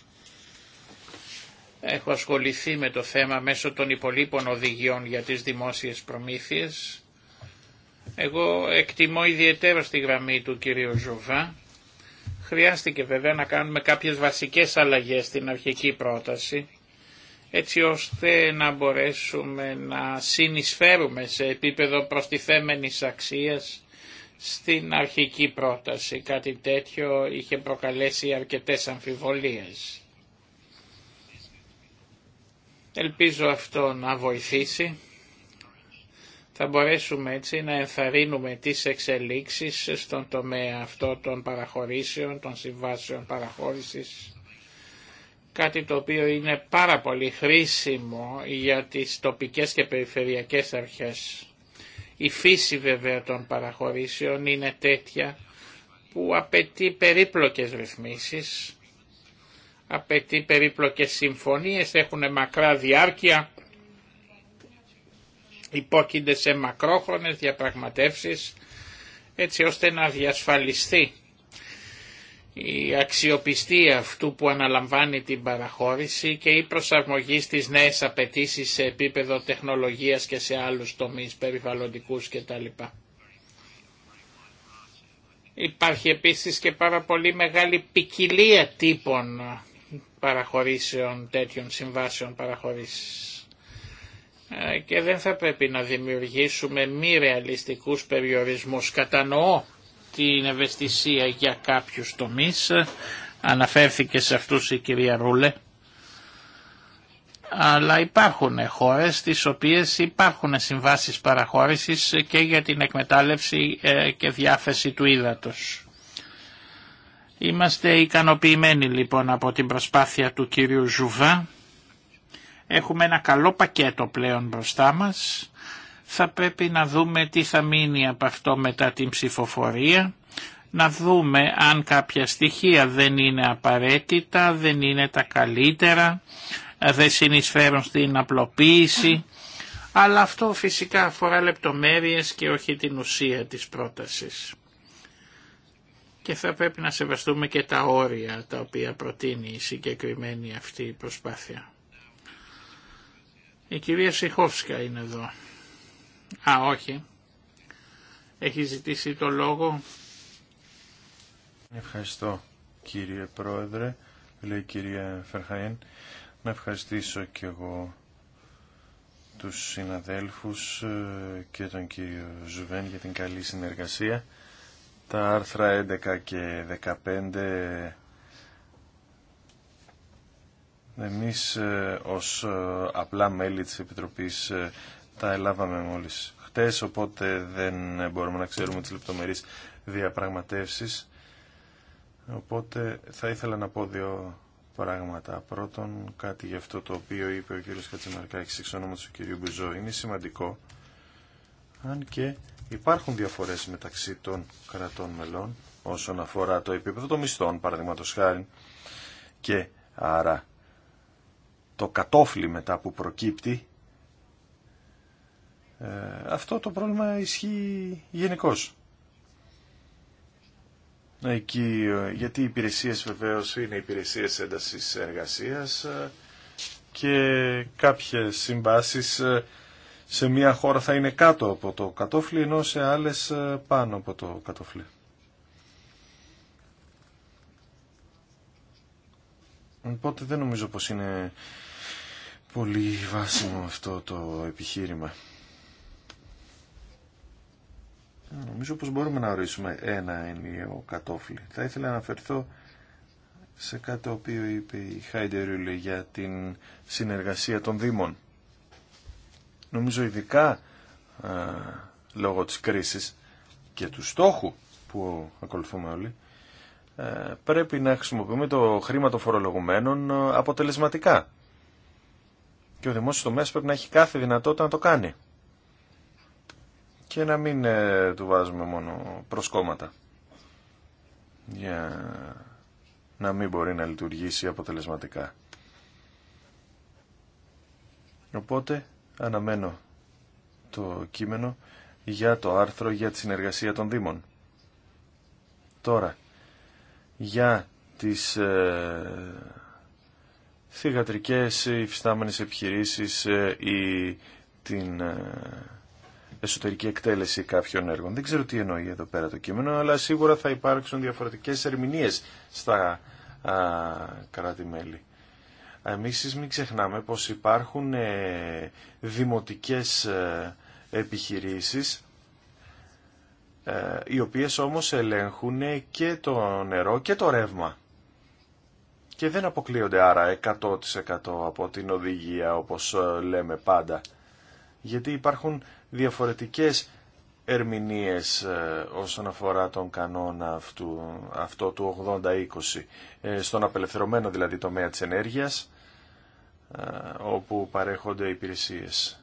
Έχω ασχοληθεί με το θέμα μέσω των υπολείπων οδηγιών για τις δημόσιες προμήθειες. Εγώ εκτιμώ ιδιαίτερα στη γραμμή του κυρίου Ζουβά. Χρειάστηκε βέβαια να κάνουμε κάποιες βασικές αλλαγές στην αρχική πρόταση, έτσι ώστε να μπορέσουμε να συνεισφέρουμε σε επίπεδο προστιθέμενης αξίας στην αρχική πρόταση. Κάτι τέτοιο είχε προκαλέσει αρκετές αμφιβολίες. Ελπίζω αυτό να βοηθήσει. Θα μπορέσουμε έτσι να ενθαρρύνουμε τις εξελίξεις στον τομέα αυτό των παραχωρήσεων, των συμβάσεων παραχώρησης. Κάτι το οποίο είναι πάρα πολύ χρήσιμο για τις τοπικές και περιφερειακές αρχές. Η φύση βέβαια των παραχωρήσεων είναι τέτοια που απαιτεί περίπλοκες ρυθμίσεις απαιτεί περίπλοκες συμφωνίες, έχουν μακρά διάρκεια, υπόκεινται σε μακρόχρονες διαπραγματεύσεις, έτσι ώστε να διασφαλιστεί η αξιοπιστία αυτού που αναλαμβάνει την παραχώρηση και η προσαρμογή στις νέες απαιτήσεις σε επίπεδο τεχνολογίας και σε άλλους τομείς περιβαλλοντικούς κτλ. Υπάρχει επίσης και πάρα πολύ μεγάλη ποικιλία τύπων παραχωρήσεων τέτοιων συμβάσεων παραχωρήσεις. Και δεν θα πρέπει να δημιουργήσουμε μη ρεαλιστικούς περιορισμούς. Κατανοώ την ευαισθησία για κάποιους τομείς, αναφέρθηκε σε αυτούς η κυρία Ρούλε, αλλά υπάρχουν χώρες τις οποίες υπάρχουν συμβάσεις παραχώρησης και για την εκμετάλλευση ε, και διάθεση του ύδατος. Είμαστε ικανοποιημένοι λοιπόν από την προσπάθεια του κυρίου Ζουβά. Έχουμε ένα καλό πακέτο πλέον μπροστά μας. Θα πρέπει να δούμε τι θα μείνει από αυτό μετά την ψηφοφορία. Να δούμε αν κάποια στοιχεία δεν είναι απαραίτητα, δεν είναι τα καλύτερα, δεν συνεισφέρουν στην απλοποίηση. Αλλά αυτό φυσικά αφορά λεπτομέρειες και όχι την ουσία της πρότασης και θα πρέπει να σεβαστούμε και τα όρια τα οποία προτείνει η συγκεκριμένη αυτή προσπάθεια. Η κυρία Σιχόφσκα είναι εδώ. Α, όχι. Έχει ζητήσει το λόγο. Ευχαριστώ κύριε Πρόεδρε, λέει η κυρία Φερχαέν. Να ευχαριστήσω και εγώ τους συναδέλφους ε, και τον κύριο Ζουβέν για την καλή συνεργασία. Τα άρθρα 11 και 15 εμείς ε, ως ε, απλά μέλη της Επιτροπής ε, τα ελάβαμε μόλις χτες, οπότε δεν μπορούμε να ξέρουμε τις λεπτομερείς διαπραγματεύσεις. Οπότε θα ήθελα να πω δύο πράγματα. Πρώτον, κάτι γι' αυτό το οποίο είπε ο κύριος Κατσιμαρκάκης εξ ονόματος του κ. Μπουζό. Είναι σημαντικό, αν και Υπάρχουν διαφορές μεταξύ των κρατών μελών όσον αφορά το επίπεδο των μισθών, παραδείγματο χάρη, και άρα το κατόφλι μετά που προκύπτει, ε, αυτό το πρόβλημα ισχύει γενικώ. Εκεί, ε, γιατί οι υπηρεσίες βεβαίως είναι υπηρεσίες έντασης εργασίας ε, και κάποιες συμβάσεις σε μια χώρα θα είναι κάτω από το κατόφλι, ενώ σε άλλες ε, πάνω από το κατόφλι. Οπότε δεν νομίζω πως είναι πολύ βάσιμο αυτό το επιχείρημα. Νομίζω πως μπορούμε να ορίσουμε ένα ενιαίο κατόφλι. Θα ήθελα να αναφερθώ σε κάτι το οποίο είπε η Χάιντερ για την συνεργασία των Δήμων. Νομίζω ειδικά ε, λόγω της κρίσης και του στόχου που ακολουθούμε όλοι, ε, πρέπει να χρησιμοποιούμε το χρήμα των φορολογουμένων ε, αποτελεσματικά. Και ο δημόσιος τομέας πρέπει να έχει κάθε δυνατότητα να το κάνει. Και να μην του βάζουμε μόνο προσκόμματα. Για να μην μπορεί να λειτουργήσει αποτελεσματικά. Οπότε αναμένω το κείμενο για το άρθρο για τη συνεργασία των Δήμων. Τώρα, για τις ε, θηγατρικές υφιστάμενες επιχειρήσεις ε, ή την ε, εσωτερική εκτέλεση κάποιων έργων. Δεν ξέρω τι εννοεί εδώ πέρα το κείμενο, αλλά σίγουρα θα υπάρξουν διαφορετικές ερμηνείες στα κράτη-μέλη. Εμείς μην ξεχνάμε πως υπάρχουν ε, δημοτικές ε, επιχειρήσεις ε, οι οποίες όμως ελέγχουν και το νερό και το ρεύμα και δεν αποκλείονται άρα 100% από την οδηγία όπως λέμε πάντα γιατί υπάρχουν διαφορετικές ερμηνείες όσον αφορά τον κανόνα αυτού, αυτό του 80-20 στον απελευθερωμένο δηλαδή τομέα της ενέργειας ε, όπου παρέχονται υπηρεσίες.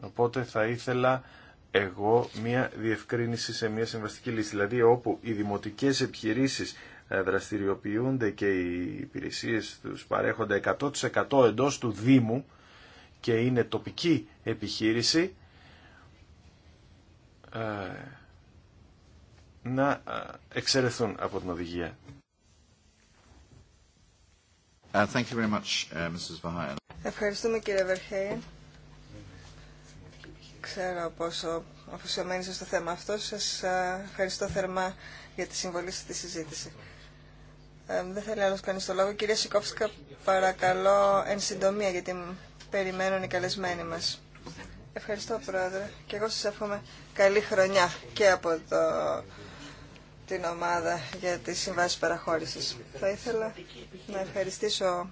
Οπότε θα ήθελα εγώ μία διευκρίνηση σε μία συμβαστική λύση, δηλαδή όπου οι δημοτικές επιχειρήσεις ε, δραστηριοποιούνται και οι υπηρεσίες τους παρέχονται 100% εντός του Δήμου και είναι τοπική επιχείρηση, ε, να εξαιρεθούν από την οδηγία. Uh, uh, Ευχαριστούμε κύριε Βερχέιν. Ξέρω πόσο αφοσιωμένοι είστε στο θέμα αυτό. Σας ε, ευχαριστώ θερμά για τη συμβολή στη συζήτηση. Ε, δεν θέλει άλλος κανείς το λόγο. Κυρία Σικόφσκα, παρακαλώ εν συντομία γιατί περιμένουν οι καλεσμένοι μας. Ευχαριστώ Πρόεδρε και εγώ σας εύχομαι καλή χρονιά και από το την ομάδα για τις συμβάσεις παραχώρησης. Θα ήθελα να ευχαριστήσω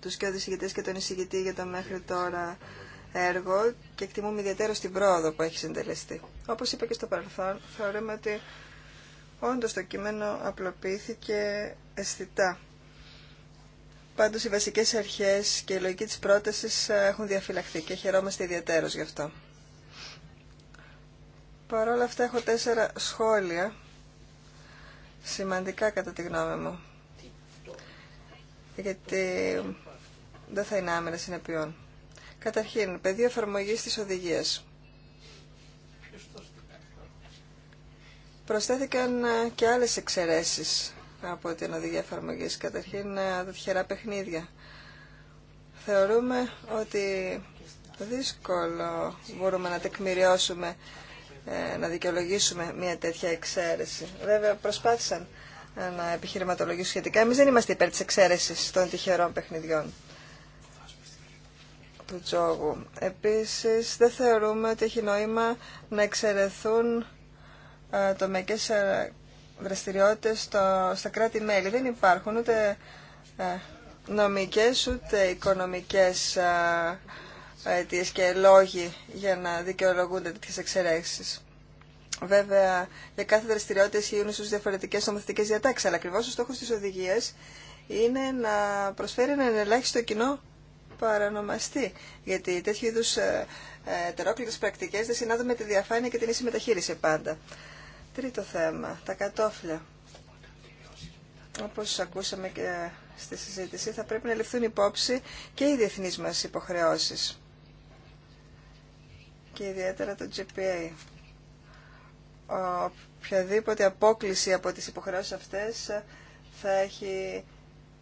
τους και και τον εισηγητή για το μέχρι τώρα έργο και εκτιμούμε ιδιαίτερα την πρόοδο που έχει συντελεστεί. Όπως είπα και στο παρελθόν, θεωρούμε ότι όντως το κείμενο απλοποιήθηκε αισθητά. Πάντως οι βασικές αρχές και η λογική της πρότασης έχουν διαφυλαχθεί και χαιρόμαστε ιδιαίτερως γι' αυτό. Παρ' όλα αυτά έχω τέσσερα σχόλια σημαντικά κατά τη γνώμη μου. Γιατί δεν θα είναι άμερα συνεπειών. Καταρχήν, πεδίο εφαρμογή τη οδηγία. Προσθέθηκαν ε, και άλλες εξαιρεσει από την οδηγία εφαρμογή. Καταρχήν, τα ε, τυχερά παιχνίδια. Θεωρούμε ότι δύσκολο μπορούμε να τεκμηριώσουμε ε, να δικαιολογήσουμε μια τέτοια εξαίρεση. Βέβαια προσπάθησαν ε, να επιχειρηματολογήσουν σχετικά. Εμείς δεν είμαστε υπέρ της εξαίρεσης των τυχερών παιχνιδιών του τζόγου. Επίσης δεν θεωρούμε ότι έχει νόημα να εξαιρεθούν ε, το δραστηριότητες στο, στα κράτη-μέλη. Δεν υπάρχουν ούτε νομικές ούτε οικονομικές αιτίε και λόγοι για να δικαιολογούνται τέτοιε εξαιρέσει. Βέβαια, για κάθε δραστηριότητα ισχύουν στου διαφορετικέ νομοθετικέ διατάξει, αλλά ακριβώ ο στόχο τη οδηγία είναι να προσφέρει έναν ελάχιστο κοινό παρανομαστή. Γιατί τέτοιου είδου ε, ε, ετερόκλητε πρακτικέ δεν συνάδουν με τη διαφάνεια και την ίση μεταχείριση πάντα. Τρίτο θέμα, τα κατόφλια. Όπω ακούσαμε και στη συζήτηση, θα πρέπει να ληφθούν υπόψη και οι διεθνεί μα υποχρεώσει και ιδιαίτερα το GPA. Οποιαδήποτε απόκληση από τις υποχρεώσεις αυτές θα έχει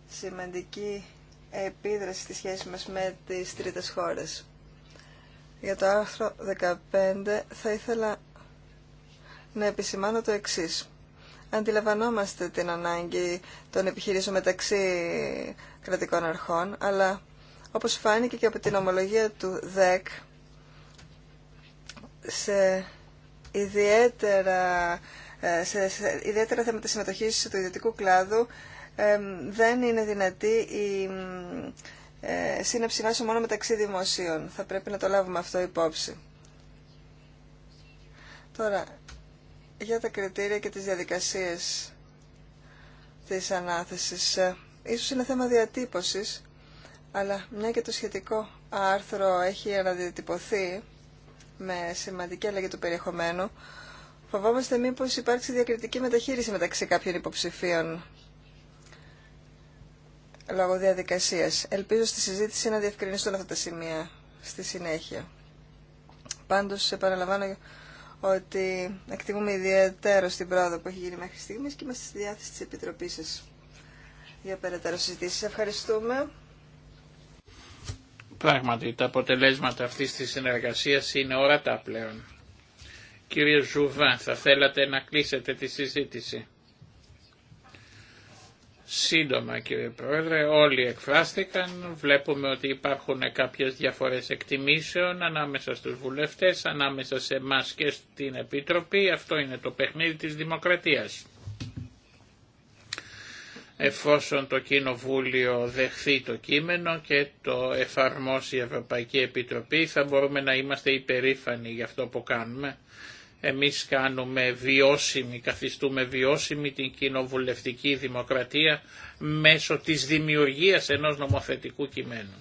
σημαντική επίδραση στη σχέση μας με τις τρίτες χώρες. Για το άρθρο 15 θα ήθελα να επισημάνω το εξής. Αντιλαμβανόμαστε την ανάγκη των επιχειρήσεων μεταξύ κρατικών αρχών, αλλά όπως φάνηκε και από την ομολογία του ΔΕΚ, σε ιδιαίτερα, ε, σε, ιδιαίτερα θέματα συμμετοχής του ιδιωτικού κλάδου ε, δεν είναι δυνατή η ε, σύναψη μόνο μεταξύ δημοσίων. Θα πρέπει να το λάβουμε αυτό υπόψη. Τώρα, για τα κριτήρια και τις διαδικασίες της ανάθεσης. Ε, ίσως είναι θέμα διατύπωσης, αλλά μια και το σχετικό άρθρο έχει αναδιατυπωθεί, με σημαντική αλλαγή του περιεχομένου, φοβόμαστε μήπως υπάρξει διακριτική μεταχείριση μεταξύ κάποιων υποψηφίων λόγω διαδικασίας. Ελπίζω στη συζήτηση να διευκρινιστούν αυτά τα σημεία στη συνέχεια. Πάντως, επαναλαμβάνω ότι εκτιμούμε ιδιαίτερο στην πρόοδο που έχει γίνει μέχρι στιγμής και είμαστε στη διάθεση της Επιτροπής σα για περαιτέρω συζητήσεις. Ευχαριστούμε. Πράγματι, τα αποτελέσματα αυτής της συνεργασίας είναι ορατά πλέον. Κύριε Ζουβά, θα θέλατε να κλείσετε τη συζήτηση. Σύντομα κύριε Πρόεδρε, όλοι εκφράστηκαν, βλέπουμε ότι υπάρχουν κάποιες διαφορές εκτιμήσεων ανάμεσα στους βουλευτές, ανάμεσα σε εμά και στην Επίτροπη, αυτό είναι το παιχνίδι της δημοκρατίας εφόσον το Κοινοβούλιο δεχθεί το κείμενο και το εφαρμόσει η Ευρωπαϊκή Επιτροπή θα μπορούμε να είμαστε υπερήφανοι για αυτό που κάνουμε. Εμείς κάνουμε βιώσιμη, καθιστούμε βιώσιμη την κοινοβουλευτική δημοκρατία μέσω της δημιουργίας ενός νομοθετικού κειμένου.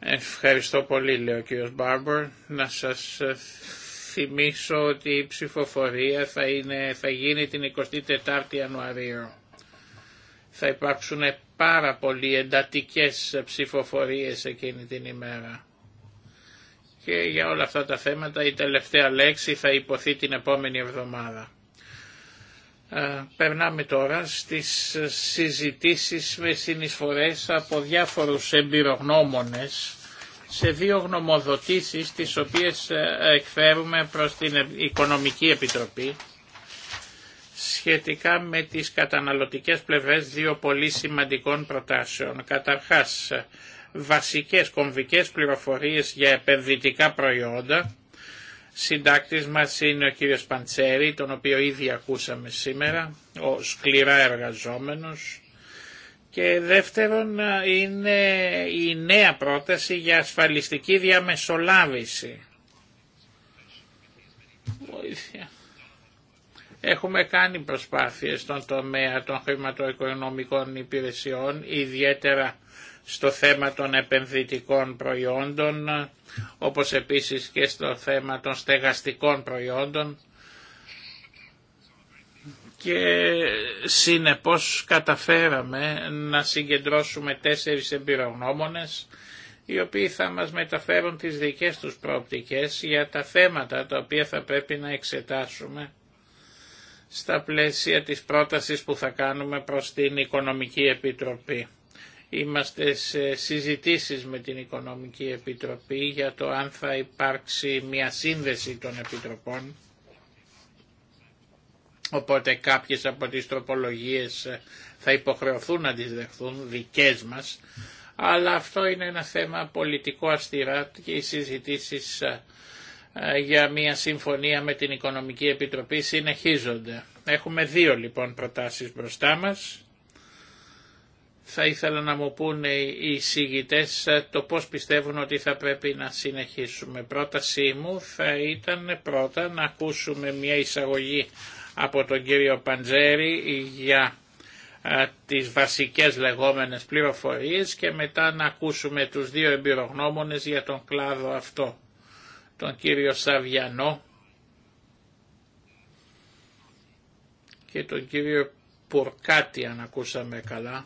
Ευχαριστώ πολύ, λέει ο κ. Μπάρμπορ. Να σας θυμίσω ότι η ψηφοφορία θα, είναι, θα γίνει την 24η Ιανουαρίου. Θα υπάρξουν πάρα πολύ εντατικές ψηφοφορίες εκείνη την ημέρα. Και για όλα αυτά τα θέματα η τελευταία λέξη θα υποθεί την επόμενη εβδομάδα. Περνάμε τώρα στις συζητήσεις με συνεισφορές από διάφορους εμπειρογνώμονες σε δύο γνωμοδοτήσεις τις οποίες ε, εκφέρουμε προς την Οικονομική Επιτροπή σχετικά με τις καταναλωτικές πλευρές δύο πολύ σημαντικών προτάσεων. Καταρχάς, βασικές κομβικές πληροφορίες για επενδυτικά προϊόντα. Συντάκτης μας είναι ο κύριος Παντσέρη, τον οποίο ήδη ακούσαμε σήμερα, ο σκληρά εργαζόμενος. Και δεύτερον είναι η νέα πρόταση για ασφαλιστική διαμεσολάβηση. Έχουμε κάνει προσπάθειες στον τομέα των χρηματοοικονομικών υπηρεσιών, ιδιαίτερα στο θέμα των επενδυτικών προϊόντων, όπως επίσης και στο θέμα των στεγαστικών προϊόντων και συνεπώς καταφέραμε να συγκεντρώσουμε τέσσερις εμπειρογνώμονες οι οποίοι θα μας μεταφέρουν τις δικές τους προοπτικές για τα θέματα τα οποία θα πρέπει να εξετάσουμε στα πλαίσια της πρότασης που θα κάνουμε προς την Οικονομική Επιτροπή. Είμαστε σε συζητήσεις με την Οικονομική Επιτροπή για το αν θα υπάρξει μια σύνδεση των Επιτροπών Οπότε κάποιες από τις τροπολογίες ε, θα υποχρεωθούν να τις δεχθούν δικές μας, αλλά αυτό είναι ένα θέμα πολιτικό αστηρά και οι συζητήσεις ε, ε, για μια συμφωνία με την Οικονομική Επιτροπή συνεχίζονται. Έχουμε δύο λοιπόν προτάσεις μπροστά μας. Θα ήθελα να μου πούνε οι συγητές το πώς πιστεύουν ότι θα πρέπει να συνεχίσουμε. Πρότασή μου θα ήταν πρώτα να ακούσουμε μια εισαγωγή από τον κύριο Παντζέρη για ε, τις βασικές λεγόμενες πληροφορίες και μετά να ακούσουμε τους δύο εμπειρογνώμονες για τον κλάδο αυτό, τον κύριο Σαβιανό και τον κύριο Πουρκάτη αν ακούσαμε καλά,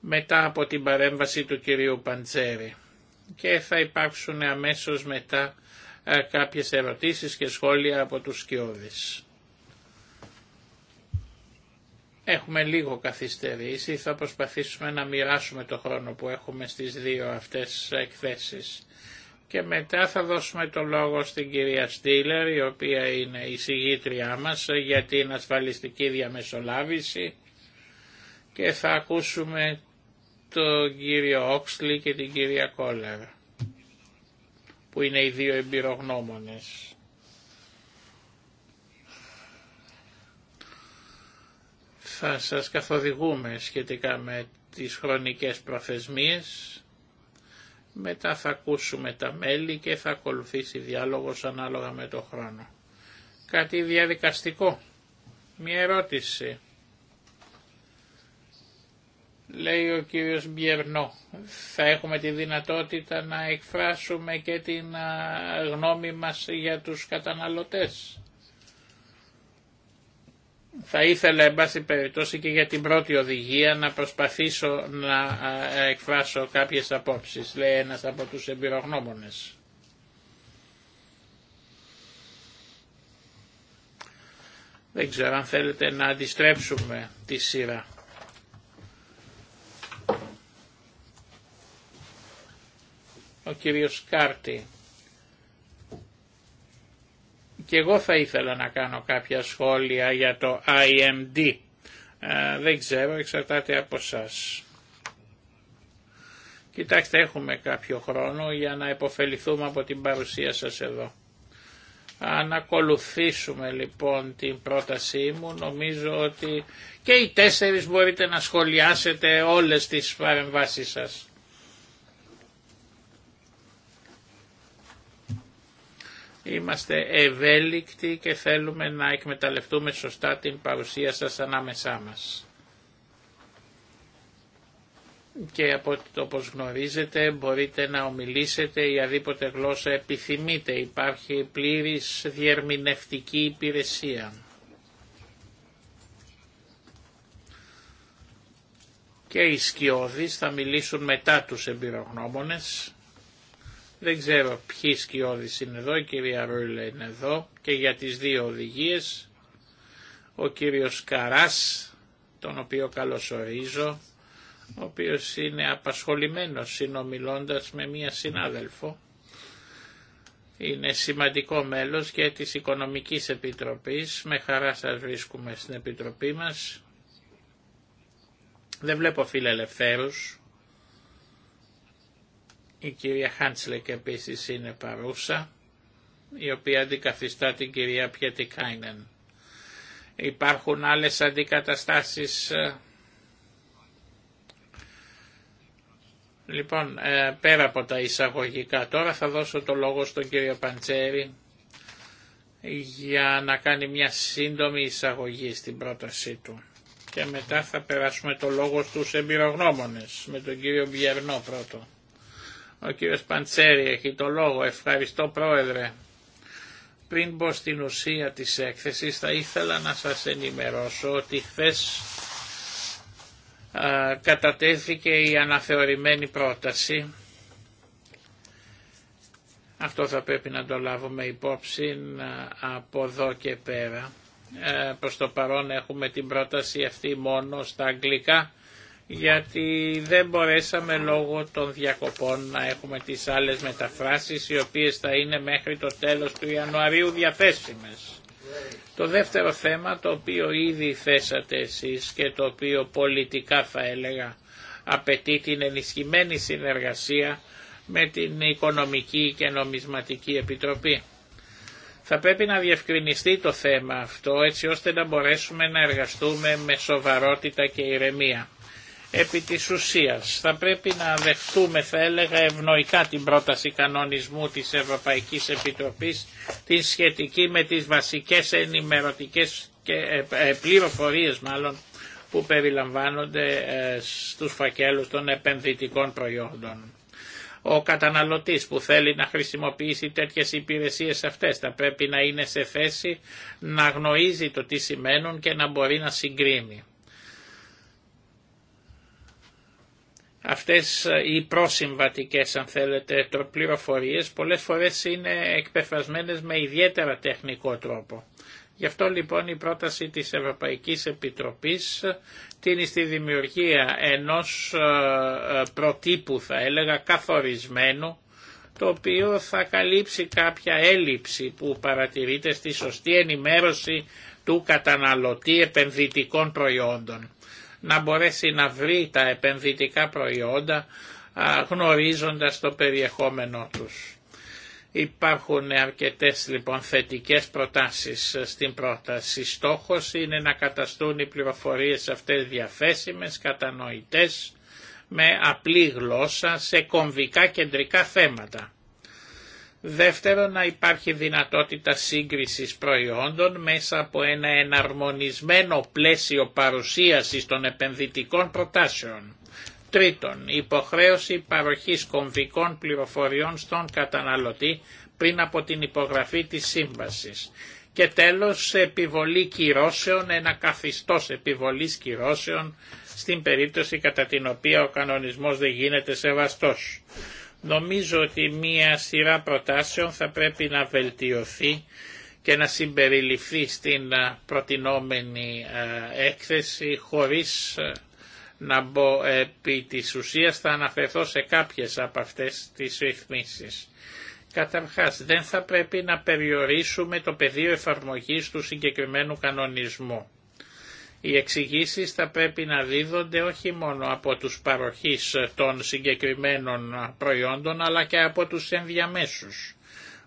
μετά από την παρέμβαση του κυρίου Παντζέρη και θα υπάρξουν αμέσως μετά κάποιες ερωτήσεις και σχόλια από τους Σκιώδης. Έχουμε λίγο καθυστερήσει, θα προσπαθήσουμε να μοιράσουμε το χρόνο που έχουμε στις δύο αυτές εκθέσεις. Και μετά θα δώσουμε το λόγο στην κυρία Στήλερ, η οποία είναι η συγγήτριά μας για την ασφαλιστική διαμεσολάβηση και θα ακούσουμε τον κύριο Όξλι και την κυρία Κόλερα που είναι οι δύο εμπειρογνώμονες. Θα σας καθοδηγούμε σχετικά με τις χρονικές προθεσμίες. Μετά θα ακούσουμε τα μέλη και θα ακολουθήσει διάλογος ανάλογα με το χρόνο. Κάτι διαδικαστικό. Μια ερώτηση λέει ο κύριος Μπιερνό. Θα έχουμε τη δυνατότητα να εκφράσουμε και την γνώμη μας για τους καταναλωτές. Θα ήθελα, εν πάση περιπτώσει, και για την πρώτη οδηγία να προσπαθήσω να εκφράσω κάποιες απόψεις, λέει ένας από τους εμπειρογνώμονες. Δεν ξέρω αν θέλετε να αντιστρέψουμε τη σειρά. ο κύριος Κάρτη. Και εγώ θα ήθελα να κάνω κάποια σχόλια για το IMD. Ε, δεν ξέρω, εξαρτάται από σας. Κοιτάξτε, έχουμε κάποιο χρόνο για να επωφεληθούμε από την παρουσία σας εδώ. Αν ακολουθήσουμε λοιπόν την πρότασή μου, νομίζω ότι και οι τέσσερις μπορείτε να σχολιάσετε όλες τις παρεμβάσεις σας. Είμαστε ευέλικτοι και θέλουμε να εκμεταλλευτούμε σωστά την παρουσία σας ανάμεσά μας. Και από, το όπως γνωρίζετε μπορείτε να ομιλήσετε ή αδίποτε γλώσσα επιθυμείτε. Υπάρχει πλήρης διερμηνευτική υπηρεσία. Και οι σκιώδεις θα μιλήσουν μετά τους εμπειρογνώμονες. Δεν ξέρω ποιοι σκιώδεις είναι εδώ, η κυρία Ρούλε είναι εδώ και για τις δύο οδηγίες ο κύριος Καράς, τον οποίο καλωσορίζω, ο οποίος είναι απασχολημένος συνομιλώντας με μία συνάδελφο. Είναι σημαντικό μέλος και της Οικονομικής Επιτροπής. Με χαρά σας βρίσκουμε στην Επιτροπή μας. Δεν βλέπω ελευθέρους. Η κυρία Χάντσλεκ επίσης είναι παρούσα, η οποία αντικαθιστά την κυρία Πιετικάινεν. Υπάρχουν άλλες αντικαταστάσεις. Ε, λοιπόν, ε, πέρα από τα εισαγωγικά, τώρα θα δώσω το λόγο στον κύριο Παντσέρη για να κάνει μια σύντομη εισαγωγή στην πρότασή του. Και μετά θα περάσουμε το λόγο στους εμπειρογνώμονες, με τον κύριο Μπιερνό πρώτο. Ο κύριος Παντσέρη έχει το λόγο. Ευχαριστώ πρόεδρε. Πριν μπω στην ουσία της έκθεσης θα ήθελα να σας ενημερώσω ότι χθε κατατέθηκε η αναθεωρημένη πρόταση. Αυτό θα πρέπει να το λάβουμε υπόψη από εδώ και πέρα. Ε, προς το παρόν έχουμε την πρόταση αυτή μόνο στα αγγλικά γιατί δεν μπορέσαμε λόγω των διακοπών να έχουμε τις άλλες μεταφράσεις οι οποίες θα είναι μέχρι το τέλος του Ιανουαρίου διαθέσιμες. Το δεύτερο θέμα το οποίο ήδη θέσατε εσείς και το οποίο πολιτικά θα έλεγα απαιτεί την ενισχυμένη συνεργασία με την Οικονομική και Νομισματική Επιτροπή. Θα πρέπει να διευκρινιστεί το θέμα αυτό έτσι ώστε να μπορέσουμε να εργαστούμε με σοβαρότητα και ηρεμία. Επί της ουσίας θα πρέπει να δεχτούμε θα έλεγα ευνοϊκά την πρόταση κανονισμού της Ευρωπαϊκής Επιτροπής την σχετική με τις βασικές ενημερωτικές και ε, ε, πληροφορίες μάλλον που περιλαμβάνονται ε, στους φακέλους των επενδυτικών προϊόντων. Ο καταναλωτής που θέλει να χρησιμοποιήσει τέτοιες υπηρεσίες αυτές θα πρέπει να είναι σε θέση να γνωρίζει το τι σημαίνουν και να μπορεί να συγκρίνει. Αυτές ε, οι προσυμβατικές αν θέλετε πληροφορίες πολλές φορές είναι εκπεφασμένες με ιδιαίτερα τεχνικό τρόπο. Γι' αυτό λοιπόν η πρόταση της Ευρωπαϊκής Επιτροπής ε, τίνει στη δημιουργία ενός ε, προτύπου θα έλεγα καθορισμένου το οποίο θα καλύψει κάποια έλλειψη που παρατηρείται στη σωστή ενημέρωση του καταναλωτή επενδυτικών προϊόντων να μπορέσει να βρει τα επενδυτικά προϊόντα γνωρίζοντας το περιεχόμενό τους. Υπάρχουν αρκετές λοιπόν θετικές προτάσεις ε, στην πρόταση. Στόχος είναι να καταστούν οι πληροφορίες αυτές διαθέσιμες, κατανοητές, με απλή γλώσσα σε κομβικά κεντρικά θέματα. Δεύτερον, να υπάρχει δυνατότητα σύγκρισης προϊόντων μέσα από ένα εναρμονισμένο πλαίσιο παρουσίασης των επενδυτικών προτάσεων. Τρίτον, υποχρέωση παροχής κομβικών πληροφοριών στον καταναλωτή πριν από την υπογραφή της σύμβασης. Και τέλος, επιβολή κυρώσεων, ένα καθιστός επιβολής κυρώσεων στην περίπτωση κατά την οποία ο κανονισμός δεν γίνεται σεβαστός. Νομίζω ότι μία σειρά προτάσεων θα πρέπει να βελτιωθεί και να συμπεριληφθεί στην προτινόμενη έκθεση χωρίς να μπω επί της ουσίας θα αναφερθώ σε κάποιες από αυτές τις ρυθμίσεις. Καταρχάς δεν θα πρέπει να περιορίσουμε το πεδίο εφαρμογής του συγκεκριμένου κανονισμού. Οι εξηγήσει θα πρέπει να δίδονται όχι μόνο από τους παροχείς των συγκεκριμένων προϊόντων αλλά και από τους ενδιαμέσους.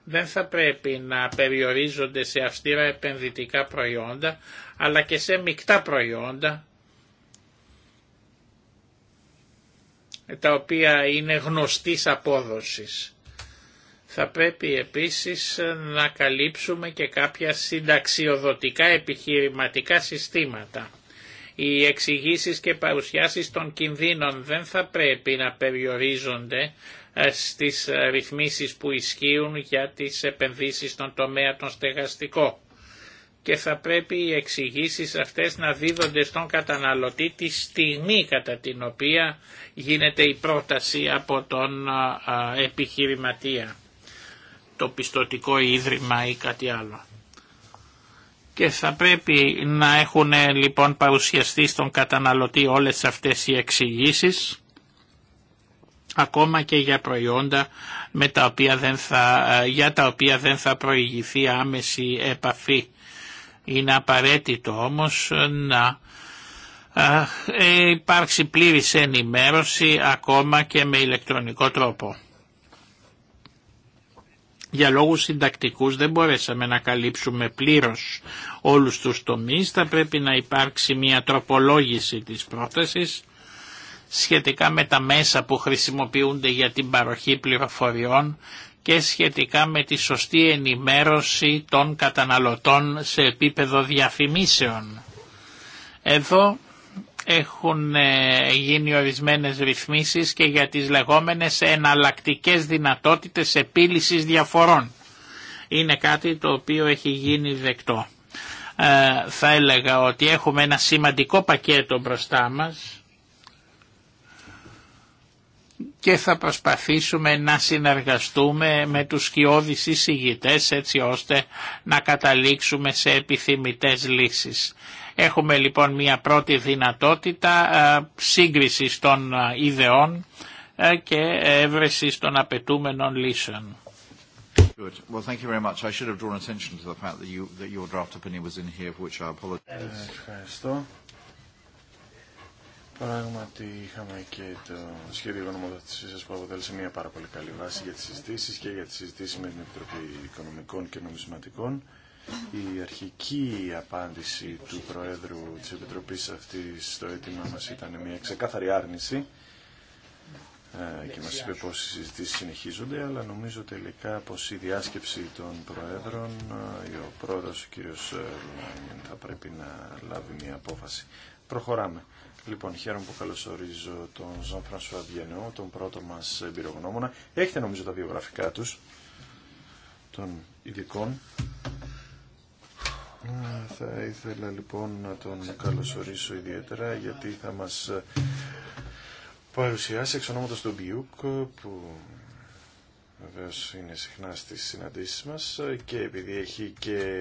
Δεν θα πρέπει να περιορίζονται σε αυστήρα επενδυτικά προϊόντα αλλά και σε μεικτά προϊόντα τα οποία είναι γνωστής απόδοσης θα πρέπει επίσης να καλύψουμε και κάποια συνταξιοδοτικά επιχειρηματικά συστήματα. Οι εξηγήσει και παρουσιάσεις των κινδύνων δεν θα πρέπει να περιορίζονται ε, στις ε, ρυθμίσεις που ισχύουν για τις επενδύσεις στον τομέα των στεγαστικών και θα πρέπει οι εξηγήσει αυτές να δίδονται στον καταναλωτή τη στιγμή κατά την οποία γίνεται η πρόταση από τον ε, επιχειρηματία το πιστοτικό ίδρυμα ή κάτι άλλο. Και θα πρέπει να έχουν ε, λοιπόν παρουσιαστεί στον καταναλωτή όλες αυτές οι εξηγήσει ακόμα και για προϊόντα με τα οποία δεν θα, ε, για τα οποία δεν θα προηγηθεί άμεση επαφή. Είναι απαραίτητο όμως να ε, υπάρξει πλήρης ενημέρωση ακόμα και με ηλεκτρονικό τρόπο. Για λόγους συντακτικούς δεν μπορέσαμε να καλύψουμε πλήρως όλους τους τομείς, θα πρέπει να υπάρξει μια τροπολόγηση της πρότασης σχετικά με τα μέσα που χρησιμοποιούνται για την παροχή πληροφοριών και σχετικά με τη σωστή ενημέρωση των καταναλωτών σε επίπεδο διαφημίσεων. Εδώ έχουν ε, γίνει ορισμένες ρυθμίσεις και για τις λεγόμενες εναλλακτικές δυνατότητες επίλυσης διαφορών. Είναι κάτι το οποίο έχει γίνει δεκτό. Ε, θα έλεγα ότι έχουμε ένα σημαντικό πακέτο μπροστά μας και θα προσπαθήσουμε να συνεργαστούμε με τους σκιώδεις εισηγητές έτσι ώστε να καταλήξουμε σε επιθυμητές λύσεις. Έχουμε λοιπόν μια πρώτη δυνατότητα ε, σύγκρισης των ε, ιδεών ε, και έβρεσης των απαιτούμενων λύσεων. Ευχαριστώ. Πράγματι είχαμε και το σχέδιο γνωμοδότησή σα που αποτέλεσε μια πάρα πολύ καλή βάση για τις συζητήσεις και για τις συζητήσεις με την Επιτροπή Οικονομικών και Νομισματικών. Η αρχική απάντηση του Προέδρου της Επιτροπής αυτής στο αίτημα μας ήταν μια ξεκάθαρη άρνηση ε, και μας είπε πως οι συζητήσεις συνεχίζονται, αλλά νομίζω τελικά πως η διάσκεψη των Προέδρων, ε, ο Πρόεδρος, ο κύριος ε, θα πρέπει να λάβει μια απόφαση. Προχωράμε. Λοιπόν, χαίρομαι που καλωσορίζω τον Ζαν Φρανσουά τον πρώτο μας εμπειρογνώμονα. Έχετε νομίζω τα βιογραφικά τους, των ειδικών. Θα ήθελα λοιπόν να τον καλωσορίσω ιδιαίτερα γιατί θα μας παρουσιάσει εξ ονόματος του Μπιούκ που βεβαίω είναι συχνά στις συναντήσεις μας και επειδή έχει και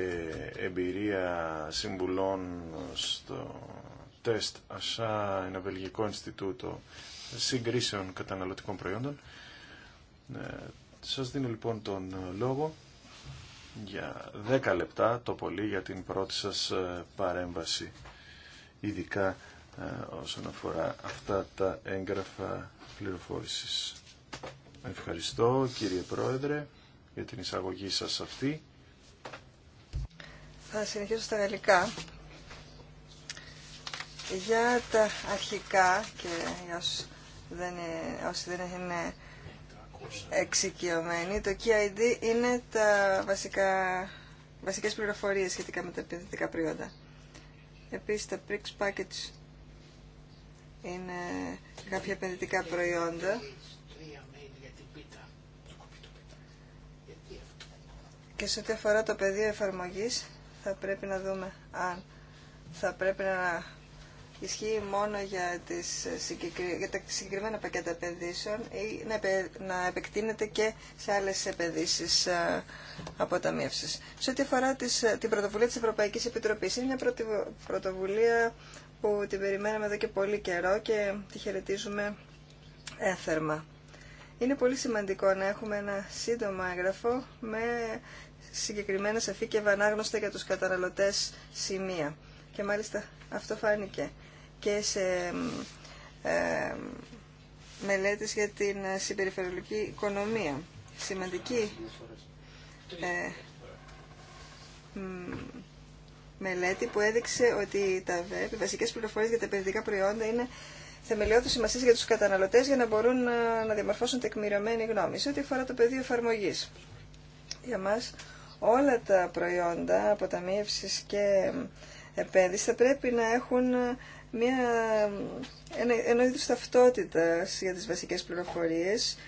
εμπειρία συμβουλών στο τεστ ΑΣΑ, ένα βελγικό Ινστιτούτο Συγκρίσεων Καταναλωτικών Προϊόντων. Ε, σας δίνω λοιπόν τον λόγο για 10 λεπτά το πολύ για την πρώτη σας ε, παρέμβαση, ειδικά ε, όσον αφορά αυτά τα έγγραφα πληροφόρησης. Ευχαριστώ κύριε Πρόεδρε για την εισαγωγή σας αυτή. Θα συνεχίσω στα γαλλικά. Για τα αρχικά και για δεν είναι, όσοι δεν είναι εξοικειωμένη. Το KID είναι τα βασικά, βασικές πληροφορίες σχετικά με τα επενδυτικά προϊόντα. Επίσης τα PRIX Package είναι κάποια επενδυτικά προϊόντα. Και σε ό,τι αφορά το πεδίο εφαρμογής θα πρέπει να δούμε αν θα πρέπει να ισχύει μόνο για, τις τα συγκεκριμένα πακέτα επενδύσεων ή να, επεκτείνεται και σε άλλες επενδύσεις ε, αποταμίευσης. Σε ό,τι αφορά την πρωτοβουλία της Ευρωπαϊκής Επιτροπής, είναι μια πρωτοβουλία που την περιμέναμε εδώ και πολύ καιρό και τη χαιρετίζουμε έθερμα. Είναι πολύ σημαντικό να έχουμε ένα σύντομο έγγραφο με συγκεκριμένα σαφή και ευανάγνωστα για τους καταναλωτές σημεία. Και μάλιστα αυτό φάνηκε και σε ε, μελέτες για την συμπεριφερολογική οικονομία. Σημαντική ε, μελέτη που έδειξε ότι τα ΒΕΠ, οι βασικές πληροφορίες για τα περιοδικά προϊόντα είναι θεμελιώδη σημασία για του καταναλωτέ για να μπορούν να, ε, να διαμορφώσουν τεκμηριωμένη γνώμη σε ό,τι αφορά το πεδίο εφαρμογή. Για μας όλα τα προϊόντα αποταμιεύση και επένδυση θα πρέπει να έχουν μια, ένα, ένα είδους για τις βασικές πληροφορίες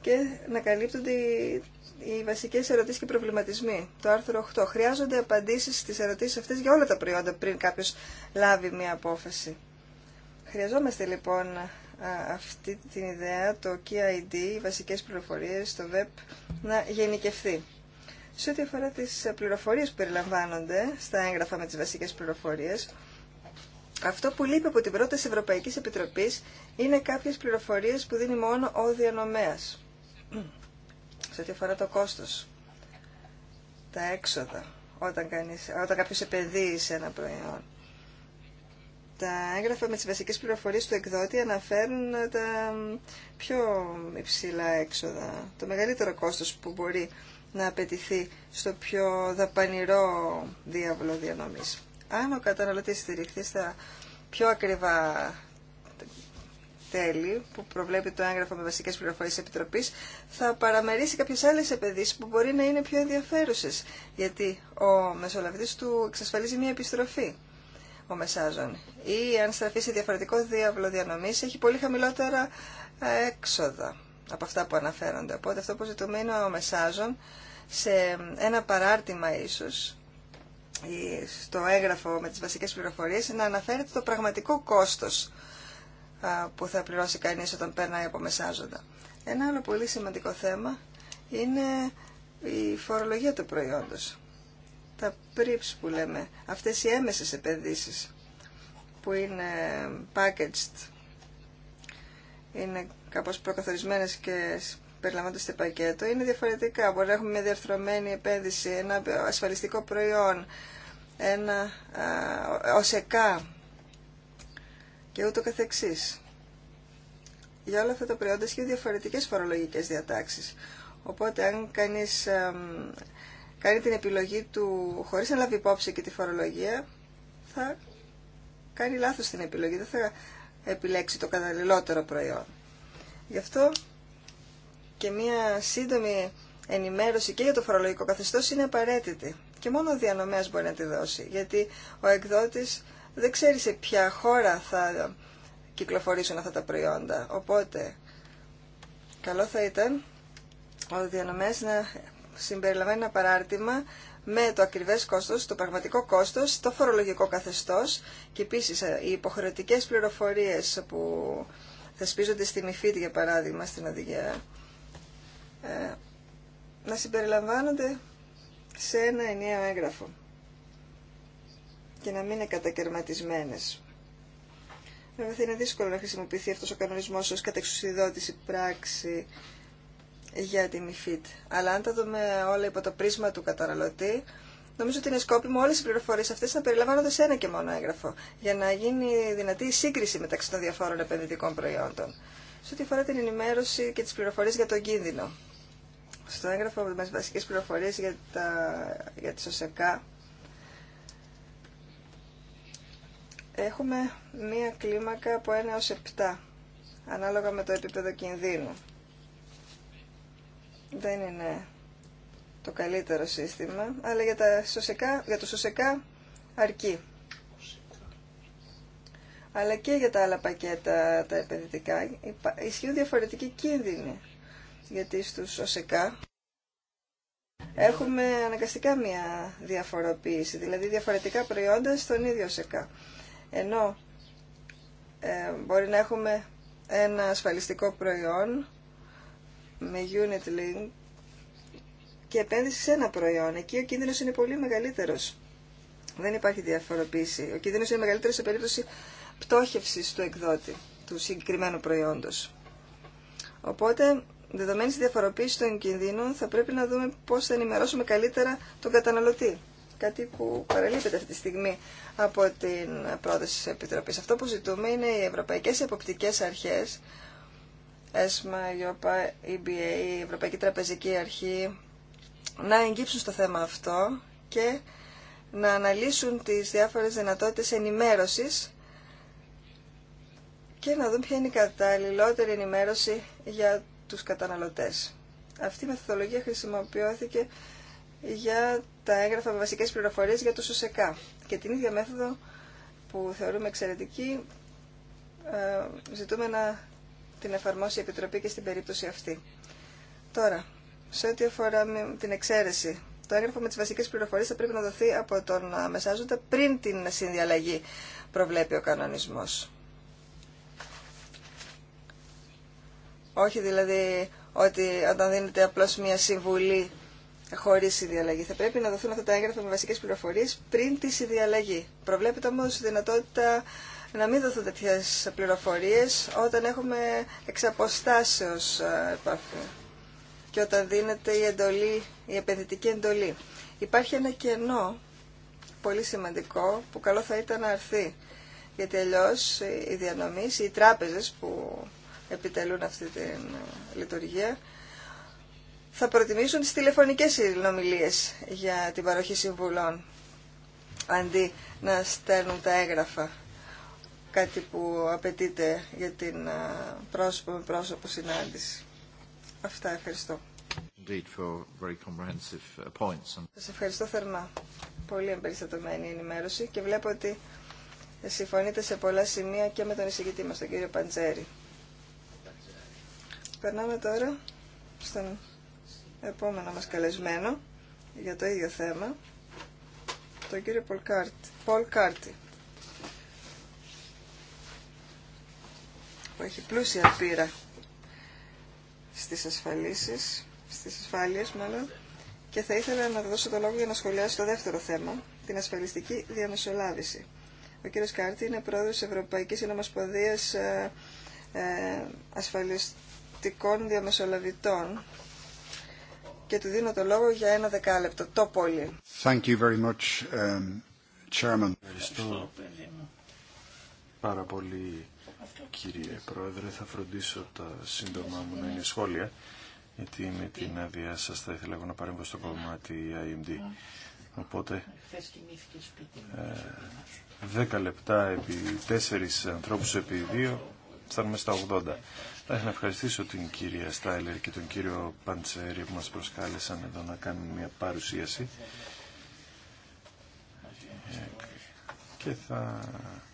και να καλύπτονται οι, οι βασικές ερωτήσεις και προβληματισμοί. Το άρθρο 8. Χρειάζονται απαντήσεις στις ερωτήσεις αυτές για όλα τα προϊόντα πριν κάποιος λάβει μια απόφαση. Χρειαζόμαστε λοιπόν αυτή την ιδέα, το KID, οι βασικές πληροφορίες, το web, να γενικευθεί. Σε ό,τι αφορά τις πληροφορίες που περιλαμβάνονται στα έγγραφα με τις βασικές πληροφορίες, αυτό που λείπει από την πρόταση Ευρωπαϊκής Επιτροπής είναι κάποιες πληροφορίες που δίνει μόνο ο διανομέας. Σε ό,τι αφορά το κόστος, τα έξοδα, όταν, κανείς, όταν κάποιος επενδύει σε ένα προϊόν. Τα έγγραφα με τις βασικές πληροφορίες του εκδότη αναφέρουν τα πιο υψηλά έξοδα, το μεγαλύτερο κόστος που μπορεί να απαιτηθεί στο πιο δαπανηρό διάβολο διανομής. Αν ο καταναλωτή στηριχθεί στα πιο ακριβά τέλη που προβλέπει το έγγραφο με βασικές πληροφορίες τη Επιτροπής θα παραμερίσει κάποιε άλλες επενδύσεις που μπορεί να είναι πιο ενδιαφέρουσε. γιατί ο μεσολαβητή του εξασφαλίζει μια επιστροφή ο μεσάζων ή αν στραφεί σε διαφορετικό διάβλο διανομή, έχει πολύ χαμηλότερα ε, έξοδα από αυτά που αναφέρονται. Οπότε αυτό που ζητούμε είναι ο μεσάζων σε ένα παράρτημα ίσως ε, στο έγγραφο με τις βασικές πληροφορίες να αναφέρεται το πραγματικό κόστος που θα πληρώσει κανείς όταν περνάει από μεσάζοντα. Ένα άλλο πολύ σημαντικό θέμα είναι η φορολογία του προϊόντος. Τα πρίψ που λέμε, αυτές οι έμεσες επενδύσεις που είναι packaged, είναι κάπως προκαθορισμένες και περιλαμβάνονται στο πακέτο είναι διαφορετικά. Μπορεί να έχουμε μια διαρθρωμένη επένδυση, ένα ασφαλιστικό προϊόν, ένα οσεκά και ούτω καθεξής. Για όλα αυτά τα προϊόντα έχει διαφορετικές φορολογικές διατάξεις. Οπότε αν κανείς κάνει την επιλογή του χωρίς να λάβει υπόψη και τη φορολογία, θα κάνει λάθος την επιλογή, δεν θα επιλέξει το καταλληλότερο προϊόν. Γι' αυτό και μια σύντομη ενημέρωση και για το φορολογικό καθεστώς είναι απαραίτητη. Και μόνο ο διανομέας μπορεί να τη δώσει, γιατί ο εκδότης δεν ξέρει σε ποια χώρα θα κυκλοφορήσουν αυτά τα προϊόντα. Οπότε, καλό θα ήταν ο διανομέας να συμπεριλαμβάνει ένα παράρτημα με το ακριβές κόστος, το πραγματικό κόστος, το φορολογικό καθεστώς και επίσης ε, οι υποχρεωτικές πληροφορίες που θεσπίζονται στη Μηφίτη, για παράδειγμα στην οδηγία ε, να συμπεριλαμβάνονται σε ένα ενιαίο έγγραφο και να μην είναι κατακαιρματισμένες. Βέβαια θα είναι δύσκολο να χρησιμοποιηθεί αυτός ο κανονισμός ως κατεξουσιδότηση πράξη για τη ΜΥΦΙΤ. Αλλά αν τα δούμε όλα υπό το πρίσμα του καταναλωτή, νομίζω ότι είναι σκόπιμο όλες οι πληροφορίες αυτές να περιλαμβάνονται σε ένα και μόνο έγγραφο, για να γίνει δυνατή η σύγκριση μεταξύ των διαφόρων επενδυτικών προϊόντων. Σε ό,τι αφορά την ενημέρωση και τις πληροφορίες για τον κίνδυνο στο έγγραφο με τις βασικές πληροφορίες για, τα, για τις ΟΣΕΚΑ έχουμε μία κλίμακα από 1 έως 7 ανάλογα με το επίπεδο κινδύνου. Δεν είναι το καλύτερο σύστημα, αλλά για, τα για το σωσικά αρκεί. Αλλά και για τα άλλα πακέτα τα επενδυτικά ισχύουν διαφορετικοί κίνδυνοι γιατί στους ΟΣΕΚΑ έχουμε αναγκαστικά μια διαφοροποίηση, δηλαδή διαφορετικά προϊόντα στον ίδιο ΟΣΕΚΑ. Ενώ ε, μπορεί να έχουμε ένα ασφαλιστικό προϊόν με unit link και επένδυση σε ένα προϊόν. Εκεί ο κίνδυνος είναι πολύ μεγαλύτερος. Δεν υπάρχει διαφοροποίηση. Ο κίνδυνος είναι μεγαλύτερος σε περίπτωση πτώχευσης του εκδότη, του συγκεκριμένου προϊόντος. Οπότε δεδομένη τη διαφοροποίηση των κινδύνων, θα πρέπει να δούμε πώ θα ενημερώσουμε καλύτερα τον καταναλωτή. Κάτι που παραλείπεται αυτή τη στιγμή από την πρόταση τη Επιτροπή. Αυτό που ζητούμε είναι οι ευρωπαϊκέ εποπτικέ αρχέ, ΕΣΜΑ, ΙΟΠΑ, EBA, η Ευρωπαϊκή Τραπεζική Αρχή, να εγγύψουν στο θέμα αυτό και να αναλύσουν τις διάφορες δυνατότητες ενημέρωσης και να δουν ποια είναι η καταλληλότερη ενημέρωση για τους καταναλωτές. Αυτή η μεθοδολογία χρησιμοποιώθηκε για τα έγγραφα με βασικές πληροφορίες για το ΣΟΣΕΚΑ και την ίδια μέθοδο που θεωρούμε εξαιρετική ε, ζητούμε να την εφαρμόσει η Επιτροπή και στην περίπτωση αυτή. Τώρα, σε ό,τι αφορά την εξαίρεση, το έγγραφο με τις βασικές πληροφορίες θα πρέπει να δοθεί από τον ε, μεσάζοντα πριν την συνδιαλλαγή προβλέπει ο κανονισμός. Όχι δηλαδή ότι όταν δίνεται απλώς μια συμβουλή χωρίς διαλλαγή. Θα πρέπει να δοθούν αυτά τα έγγραφα με βασικές πληροφορίες πριν τη συνδιαλλαγή. Προβλέπεται όμως η δυνατότητα να μην δοθούν τέτοιε πληροφορίες όταν έχουμε εξ αποστάσεως ε, επαφή και όταν δίνεται η, εντολή, η επενδυτική εντολή. Υπάρχει ένα κενό πολύ σημαντικό που καλό θα ήταν να έρθει γιατί αλλιώ οι διανομή, οι τράπεζε. που επιτελούν αυτή τη ε, λειτουργία, θα προτιμήσουν τις τηλεφωνικές συνομιλίες για την παροχή συμβουλών, αντί να στέλνουν τα έγγραφα, κάτι που απαιτείται για την ε, πρόσωπο με πρόσωπο συνάντηση. Αυτά ευχαριστώ. Uh, Σας ευχαριστώ θερμά. Πολύ εμπεριστατωμένη η ενημέρωση και βλέπω ότι συμφωνείτε σε πολλά σημεία και με τον εισηγητή μας, τον κύριο Παντζέρη. Περνάμε τώρα στον επόμενο μας καλεσμένο για το ίδιο θέμα, τον κύριο Πολ Κάρτη, που έχει πλούσια πείρα στις ασφαλίσεις, στις ασφάλειες μάλλον, και θα ήθελα να δώσω το λόγο για να σχολιάσω το δεύτερο θέμα, την ασφαλιστική διαμεσολάβηση. Ο κύριος Κάρτη είναι πρόεδρος Ευρωπαϊκής Συνομοσπονδίας ε, ε πολιτικών διαμεσολαβητών και του δίνω το λόγο για ένα δεκάλεπτο. Το πολύ. Thank you very much, um, chairman. Ευχαριστώ πάρα πολύ κύριε Πρόεδρε. Θα φροντίσω τα σύντομα μου να είναι σχόλια γιατί με την άδειά σα θα ήθελα εγώ να παρέμβω στο κομμάτι IMD. Οπότε, ε, δέκα λεπτά επί τέσσερις ανθρώπους επί θα φτάνουμε στα 80. Θα ήθελα να ευχαριστήσω την κυρία Στάιλερ και τον κύριο Παντσέρη που μας προσκάλεσαν εδώ να κάνουν μια παρουσίαση και θα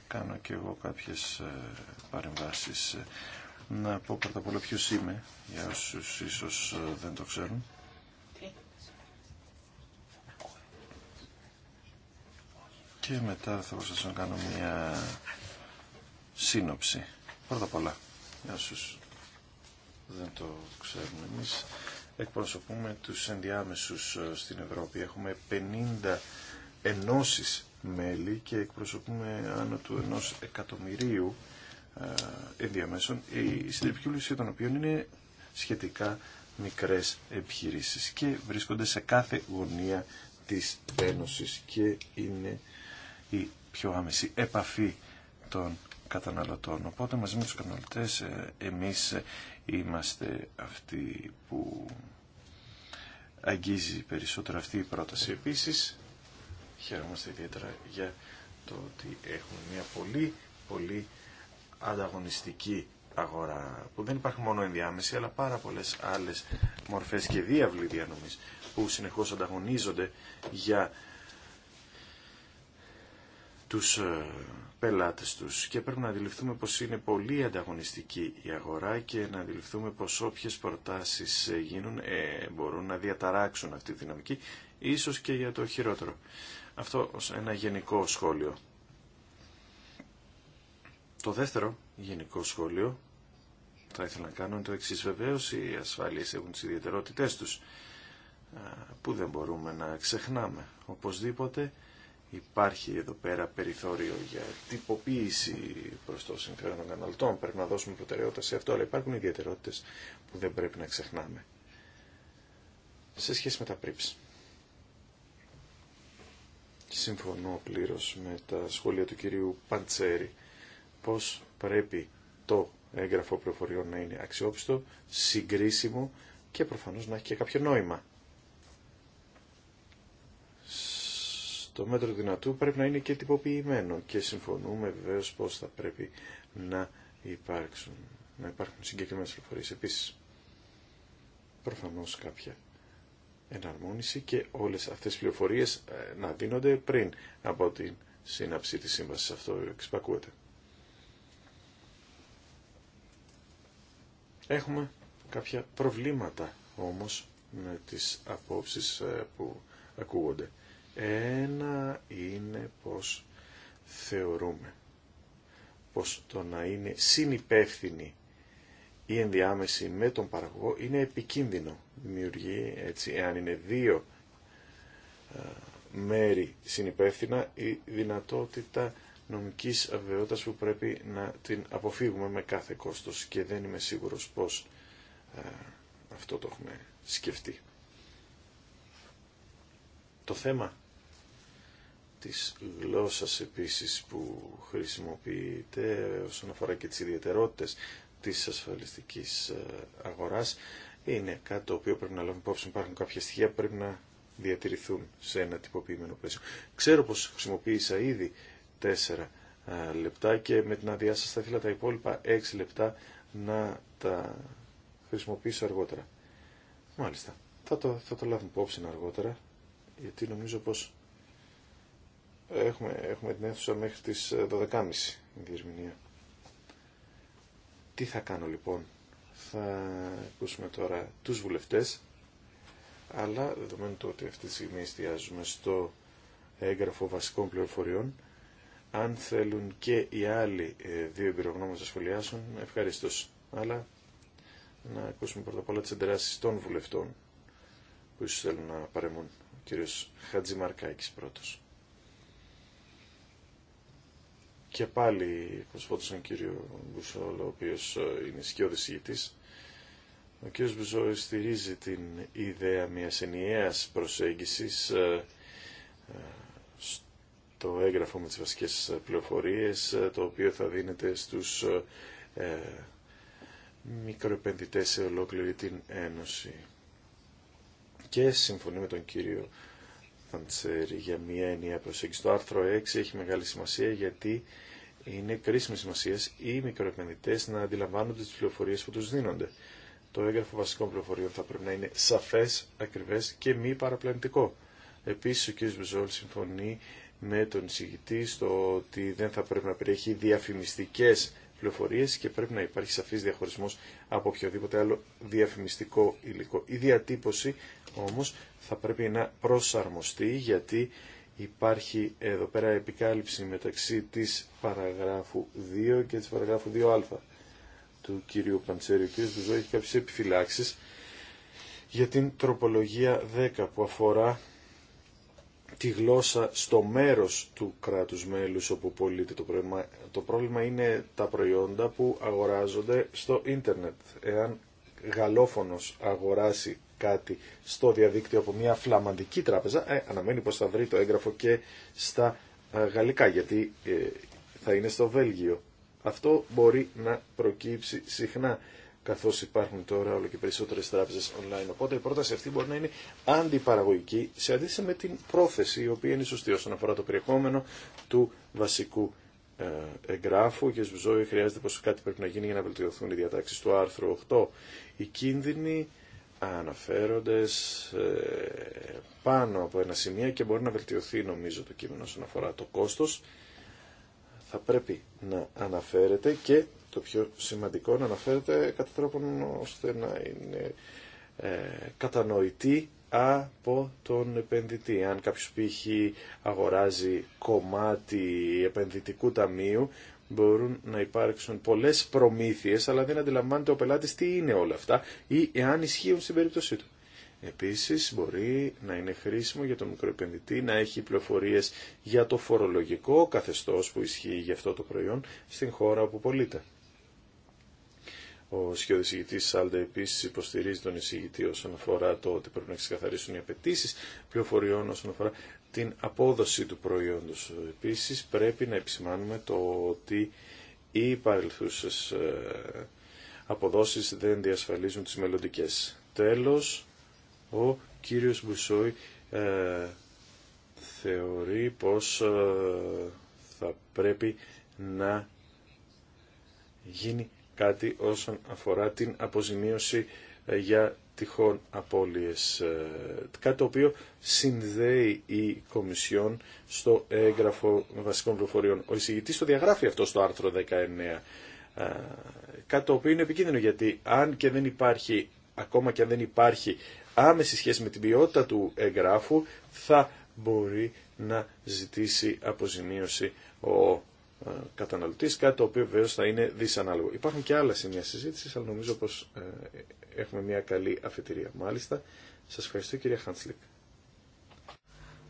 κάνω και εγώ κάποιες ε, παρεμβάσεις. Να πω πρώτα απ' όλα ποιος είμαι, για όσους ίσως ε, δεν το ξέρουν. Και μετά θα προσπαθήσω να κάνω μια σύνοψη. Πρώτα απ' όλα, για όσους δεν το ξέρουμε εμείς, εκπροσωπούμε τους ενδιάμεσους ε, στην Ευρώπη. Έχουμε 50 ενώσεις μέλη και εκπροσωπούμε άνω του ενός εκατομμυρίου ε, ενδιαμέσων, η συντριπτική των οποίων είναι σχετικά μικρές επιχειρήσεις και βρίσκονται σε κάθε γωνία της Ένωσης και είναι η πιο άμεση επαφή των καταναλωτών. Οπότε μαζί με τους καταναλωτές ε, εμείς είμαστε αυτοί που αγγίζει περισσότερο αυτή η πρόταση. Επίσης, χαιρόμαστε ιδιαίτερα για το ότι έχουμε μια πολύ, πολύ ανταγωνιστική αγορά, που δεν υπάρχει μόνο ενδιάμεση, αλλά πάρα πολλές άλλες μορφές και διάβλη διανομής, που συνεχώς ανταγωνίζονται για τους ε, πελάτες τους και πρέπει να αντιληφθούμε πως είναι πολύ ανταγωνιστική η αγορά και να αντιληφθούμε πως όποιες προτάσεις γίνουν ε, μπορούν να διαταράξουν αυτή τη δυναμική ίσως και για το χειρότερο. Αυτό ως ένα γενικό σχόλιο. Το δεύτερο γενικό σχόλιο θα ήθελα να κάνω το εξής βεβαίως οι ασφαλείς έχουν τις ιδιαιτερότητές τους που δεν μπορούμε να ξεχνάμε. Οπωσδήποτε υπάρχει εδώ πέρα περιθώριο για τυποποίηση προς το συμφέρον των καναλτών. Πρέπει να δώσουμε προτεραιότητα σε αυτό, αλλά υπάρχουν ιδιαιτερότητες που δεν πρέπει να ξεχνάμε. Σε σχέση με τα πρίψη. Συμφωνώ πλήρως με τα σχόλια του κυρίου Παντσέρη πως πρέπει το έγγραφο πληροφοριών να είναι αξιόπιστο, συγκρίσιμο και προφανώ να έχει και κάποιο νόημα. Το μέτρο δυνατού πρέπει να είναι και τυποποιημένο και συμφωνούμε βεβαίως πώς θα πρέπει να να υπάρχουν συγκεκριμένες πληροφορίες. Επίσης, προφανώς κάποια εναρμόνιση και όλες αυτές τις πληροφορίες ε, να δίνονται πριν από την σύναψη της σύμβασης. Αυτό εξυπακούεται. Έχουμε κάποια προβλήματα όμως με τις απόψεις ε, που ακούγονται. Ένα είναι πως θεωρούμε πως το να είναι συνυπεύθυνοι η ενδιάμεση με τον παραγωγό είναι επικίνδυνο. Δημιουργεί έτσι, εάν είναι δύο ε, μέρη συνυπεύθυνα, η δυνατότητα νομικής αβεβαιότητας που πρέπει να την αποφύγουμε με κάθε κόστος και δεν είμαι σίγουρος πως ε, αυτό το έχουμε σκεφτεί. Το θέμα της γλώσσας επίσης που χρησιμοποιείται όσον αφορά και τις ιδιαιτερότητες της ασφαλιστικής ε, αγοράς είναι κάτι το οποίο πρέπει να λάβουμε υπόψη. Υπάρχουν κάποια στοιχεία που πρέπει να διατηρηθούν σε ένα τυποποιημένο πλαίσιο. Ξέρω πως χρησιμοποίησα ήδη τέσσερα ε, λεπτά και με την αδειά σας θα ήθελα τα υπόλοιπα έξι λεπτά να τα χρησιμοποιήσω αργότερα. Μάλιστα. Θα το, θα λάβουμε υπόψη αργότερα, γιατί νομίζω πως Έχουμε, έχουμε την αίθουσα μέχρι τις 12.30 ε, η διερμηνία. Τι θα κάνω λοιπόν. Θα ακούσουμε τώρα τους βουλευτές, αλλά δεδομένου το ότι αυτή τη στιγμή εστιάζουμε στο έγγραφο βασικών πληροφοριών, αν θέλουν και οι άλλοι ε, δύο εμπειρογνώμες να σχολιάσουν, ευχαριστώ. Αλλά να ακούσουμε πρώτα απ' όλα τις εντεράσεις των βουλευτών που ίσως θέλουν να παρεμούν. Ο κύριος Χατζημαρκάκης πρώτος. και πάλι προσφώτω τον κύριο Μπουσόλο, ο οποίο ε, είναι σκιώδη ηγητή. Ο κύριο Μπουσόλο στηρίζει την ιδέα μια ενιαία προσέγγιση ε, ε, στο έγγραφο με τις βασικές πληροφορίες, το οποίο θα δίνεται στους μικροεπενδυτές σε ολόκληρη την Ένωση. Και συμφωνεί με τον κύριο για μια ενιαία προσέγγιση. Το άρθρο 6 έχει μεγάλη σημασία γιατί είναι κρίσιμη σημασία οι μικροεπενδυτέ να αντιλαμβάνονται τι πληροφορίε που του δίνονται. Το έγγραφο βασικών πληροφοριών θα πρέπει να είναι σαφέ, ακριβέ και μη παραπλανητικό. Επίση, ο κ. Μπεζόλ συμφωνεί με τον εισηγητή στο ότι δεν θα πρέπει να περιέχει διαφημιστικές και πρέπει να υπάρχει σαφής διαχωρισμός από οποιοδήποτε άλλο διαφημιστικό υλικό. Η διατύπωση όμως θα πρέπει να προσαρμοστεί γιατί υπάρχει εδώ πέρα επικάλυψη μεταξύ της παραγράφου 2 και της παραγράφου 2α του κυρίου Παντσέρη. Ο κ. Ζωή έχει κάποιε επιφυλάξει για την τροπολογία 10 που αφορά τη γλώσσα στο μέρος του κράτους μέλους όπου πωλείται το πρόβλημα. Το πρόβλημα είναι τα προϊόντα που αγοράζονται στο ίντερνετ. Εάν γαλλόφωνος αγοράσει κάτι στο διαδίκτυο από μια φλαμανδική τράπεζα, ε, αναμένει πως θα βρει το έγγραφο και στα ε, γαλλικά, γιατί ε, θα είναι στο Βέλγιο. Αυτό μπορεί να προκύψει συχνά καθώς υπάρχουν τώρα όλο και περισσότερε τράπεζε online. Οπότε η πρόταση αυτή μπορεί να είναι αντιπαραγωγική σε αντίθεση με την πρόθεση η οποία είναι σωστή όσον αφορά το περιεχόμενο του βασικού ε, εγγράφου και ζωή χρειάζεται πω κάτι πρέπει να γίνει για να βελτιωθούν οι διατάξει του άρθρου 8. Οι κίνδυνοι αναφέρονται πάνω από ένα σημείο και μπορεί να βελτιωθεί νομίζω το κείμενο όσον αφορά το κόστο. Θα πρέπει να αναφέρεται και το πιο σημαντικό να αναφέρεται κατά τρόπον ώστε να είναι ε, κατανοητή από τον επενδυτή. Αν κάποιος π.χ. αγοράζει κομμάτι επενδυτικού ταμείου, μπορούν να υπάρξουν πολλές προμήθειες, αλλά δεν αντιλαμβάνεται ο πελάτης τι είναι όλα αυτά ή εάν ισχύουν στην περίπτωσή του. Επίσης μπορεί να είναι χρήσιμο για τον μικροεπενδυτή να έχει πληροφορίες για το φορολογικό καθεστώς που ισχύει για αυτό το προϊόν στην χώρα όπου πωλείται. Ο σχεδόν εισηγητή επίση υποστηρίζει τον εισηγητή όσον αφορά το ότι πρέπει να ξεκαθαρίσουν οι απαιτήσει πληροφοριών όσον αφορά την απόδοση του προϊόντος. Επίσης πρέπει να επισημάνουμε το ότι οι παρελθούσε ε, αποδόσει δεν διασφαλίζουν τις μελλοντικέ. Τέλος, ο κύριος Μπουσόη ε, θεωρεί πως ε, θα πρέπει να γίνει κάτι όσον αφορά την αποζημίωση ε, για τυχόν απώλειες. Ε, κάτι το οποίο συνδέει η Κομισιόν στο έγγραφο βασικών πληροφοριών. Ο εισηγητής το διαγράφει αυτό στο άρθρο 19. Ε, κάτι το οποίο είναι επικίνδυνο γιατί αν και δεν υπάρχει, ακόμα και αν δεν υπάρχει άμεση σχέση με την ποιότητα του εγγράφου θα μπορεί να ζητήσει αποζημίωση ο ε, καταναλωτής, κάτι το οποίο βεβαίω θα είναι δυσανάλογο. Υπάρχουν και άλλα σημεία συζήτηση, αλλά νομίζω πως ε, έχουμε μια καλή αφετηρία. Μάλιστα, Σα ευχαριστώ κυρία Χάντσλικ.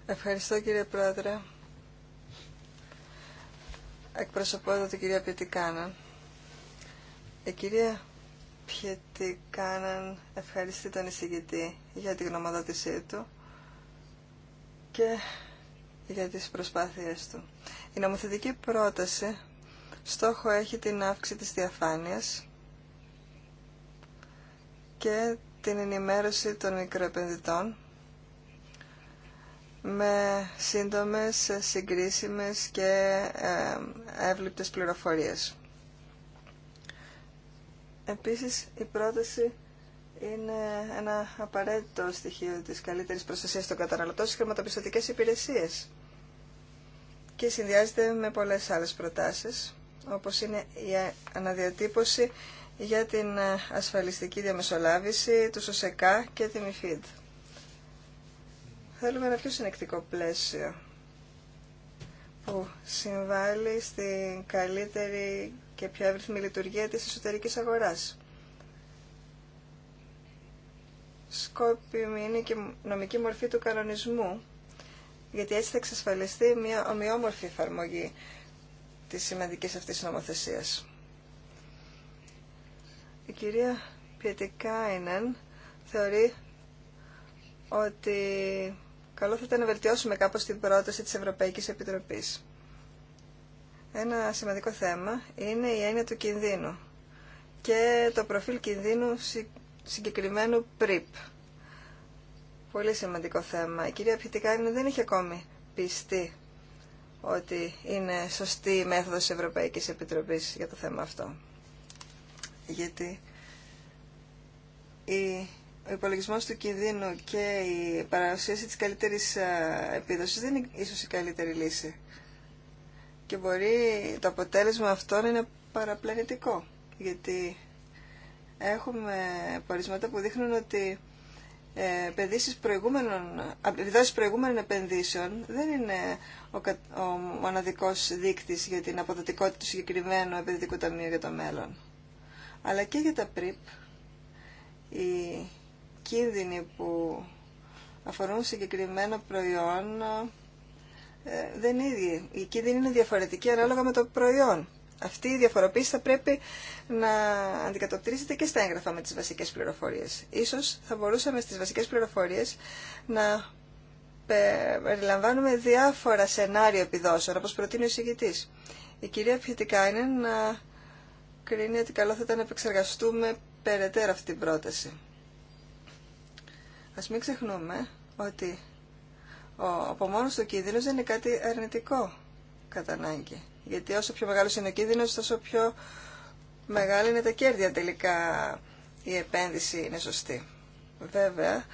Ευχαριστώ κύριε Πρόεδρε. Εκπροσωπώ εδώ την κυρία Πιετικάναν. Η ε, κυρία Πιετικάναν ευχαριστεί τον εισηγητή για την γνωμοδότησή του και για τις προσπάθειές του. Η νομοθετική πρόταση στόχο έχει την αύξηση της διαφάνειας και την ενημέρωση των μικροεπενδυτών με σύντομες, συγκρίσιμες και ε, εύληπτες πληροφορίες. Επίσης, η πρόταση είναι ένα απαραίτητο στοιχείο της καλύτερης προστασίας των καταναλωτών στις χρηματοπιστωτικές υπηρεσίες και συνδυάζεται με πολλές άλλες προτάσεις, όπως είναι η αναδιατύπωση για την ασφαλιστική διαμεσολάβηση του ΣΟΣΕΚΑ και τη ΜΙΦΙΔ. Θέλουμε ένα πιο συνεκτικό πλαίσιο που συμβάλλει στην καλύτερη και πιο εύρυθμη λειτουργία της εσωτερικής αγοράς. σκόπιμη είναι και νομική μορφή του κανονισμού, γιατί έτσι θα εξασφαλιστεί μια ομοιόμορφη εφαρμογή της σημαντικής αυτής νομοθεσίας. Η κυρία Πιετικάινεν θεωρεί ότι καλό θα ήταν να βελτιώσουμε κάπως την πρόταση της Ευρωπαϊκής Επιτροπής. Ένα σημαντικό θέμα είναι η έννοια του κινδύνου και το προφίλ κινδύνου συγκεκριμένου ΠΡΙΠ. Πολύ σημαντικό θέμα. Η κυρία Πιετικάριν δεν έχει ακόμη πιστεί ότι είναι σωστή η μέθοδος της Ευρωπαϊκής Επιτροπής για το θέμα αυτό. Γιατί η, ο υπολογισμό του κινδύνου και η παρουσίαση της καλύτερης επίδοσης δεν είναι ίσως η καλύτερη λύση. Και μπορεί το αποτέλεσμα αυτό να είναι παραπλανητικό. Γιατί έχουμε πορίσματα που δείχνουν ότι ε, επενδύσεις προηγούμενων, επιδόσεις προηγούμενων επενδύσεων δεν είναι ο, ο μοναδικός δείκτης για την αποδοτικότητα του συγκεκριμένου επενδυτικού ταμείου για το μέλλον. Αλλά και για τα ΠΡΙΠ, οι κίνδυνοι που αφορούν συγκεκριμένο προϊόν ε, δεν είναι ίδιοι. Οι κίνδυνοι είναι διαφορετικοί ανάλογα με το προϊόν. Αυτή η διαφοροποίηση θα πρέπει να αντικατοπτρίζεται και στα έγγραφα με τις βασικές πληροφορίες. Ίσως θα μπορούσαμε στις βασικές πληροφορίες να περιλαμβάνουμε διάφορα σενάρια επιδόσεων, όπως προτείνει ο εισηγητής. Η κυρία Πιετικά είναι να κρίνει ότι καλό θα ήταν να επεξεργαστούμε περαιτέρω αυτή την πρόταση. Ας μην ξεχνούμε ότι ο απομόνος του κίνδυνος δεν είναι κάτι αρνητικό κατά ανάγκη. Γιατί όσο πιο μεγάλο είναι ο κίνδυνο, τόσο πιο μεγάλη είναι τα κέρδη. Τελικά η επένδυση είναι σωστή. Βέβαια,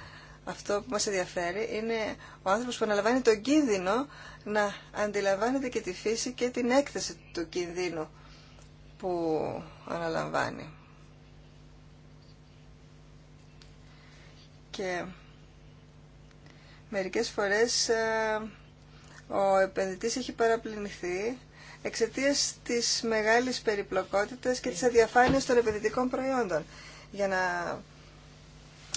αυτό που μας ενδιαφέρει είναι ο άνθρωπος που αναλαμβάνει τον κίνδυνο να αντιλαμβάνεται και τη φύση και την έκθεση του κινδύνου που αναλαμβάνει. Και μερικές φορές ε, ο επενδυτής έχει παραπληνηθεί Εξαιτία της μεγάλη περιπλοκότητα και τη αδιαφάνεια των επενδυτικών προϊόντων. Για να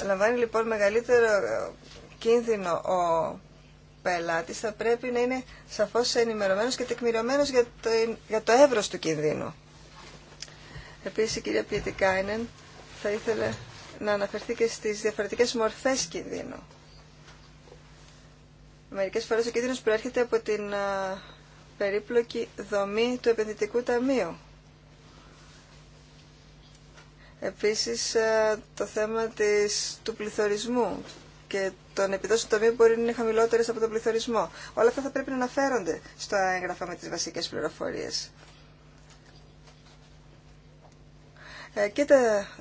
λαμβάνει λοιπόν μεγαλύτερο ε, κίνδυνο ο πελάτης θα πρέπει να είναι σαφώς ενημερωμένος και τεκμηριωμένος για το, για το εύρος του κινδύνου. Επίση, η κυρία Πιετικάινεν θα ήθελε να αναφερθεί και στις διαφορετικέ μορφές κινδύνου. Μερικέ φορέ ο κίνδυνος προέρχεται από την ε, περίπλοκη δομή του επενδυτικού ταμείου. Επίσης ε, το θέμα της, του πληθωρισμού και των επιδόσεων του ταμείου μπορεί να είναι χαμηλότερες από τον πληθωρισμό. Όλα αυτά θα πρέπει να αναφέρονται στο έγγραφα με τις βασικές πληροφορίες. Ε, και το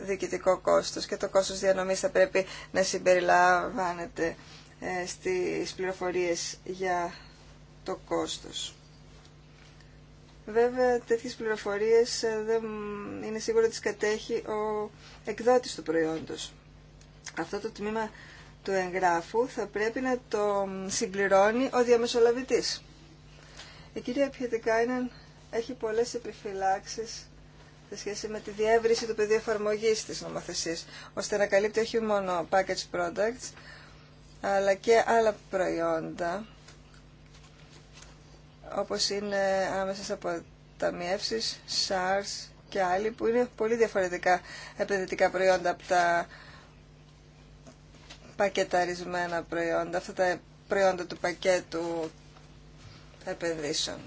διοικητικό κόστος και το κόστος διανομής θα πρέπει να συμπεριλαμβάνεται ε, στις πληροφορίες για το κόστος. Βέβαια, τέτοιε πληροφορίες ε, δεν είναι σίγουρο ότι τις κατέχει ο εκδότης του προϊόντος. Αυτό το τμήμα του εγγράφου θα πρέπει να το συμπληρώνει ο διαμεσολαβητής. Η κυρία Πιετικάινεν έχει πολλές επιφυλάξεις σε σχέση με τη διεύρυνση του πεδίου εφαρμογή της νομοθεσίας, ώστε να καλύπτει όχι μόνο package products, αλλά και άλλα προϊόντα όπως είναι άμεσες αποταμιεύσεις, SARS και άλλοι που είναι πολύ διαφορετικά επενδυτικά προϊόντα από τα πακεταρισμένα προϊόντα, αυτά τα προϊόντα του πακέτου επενδύσεων.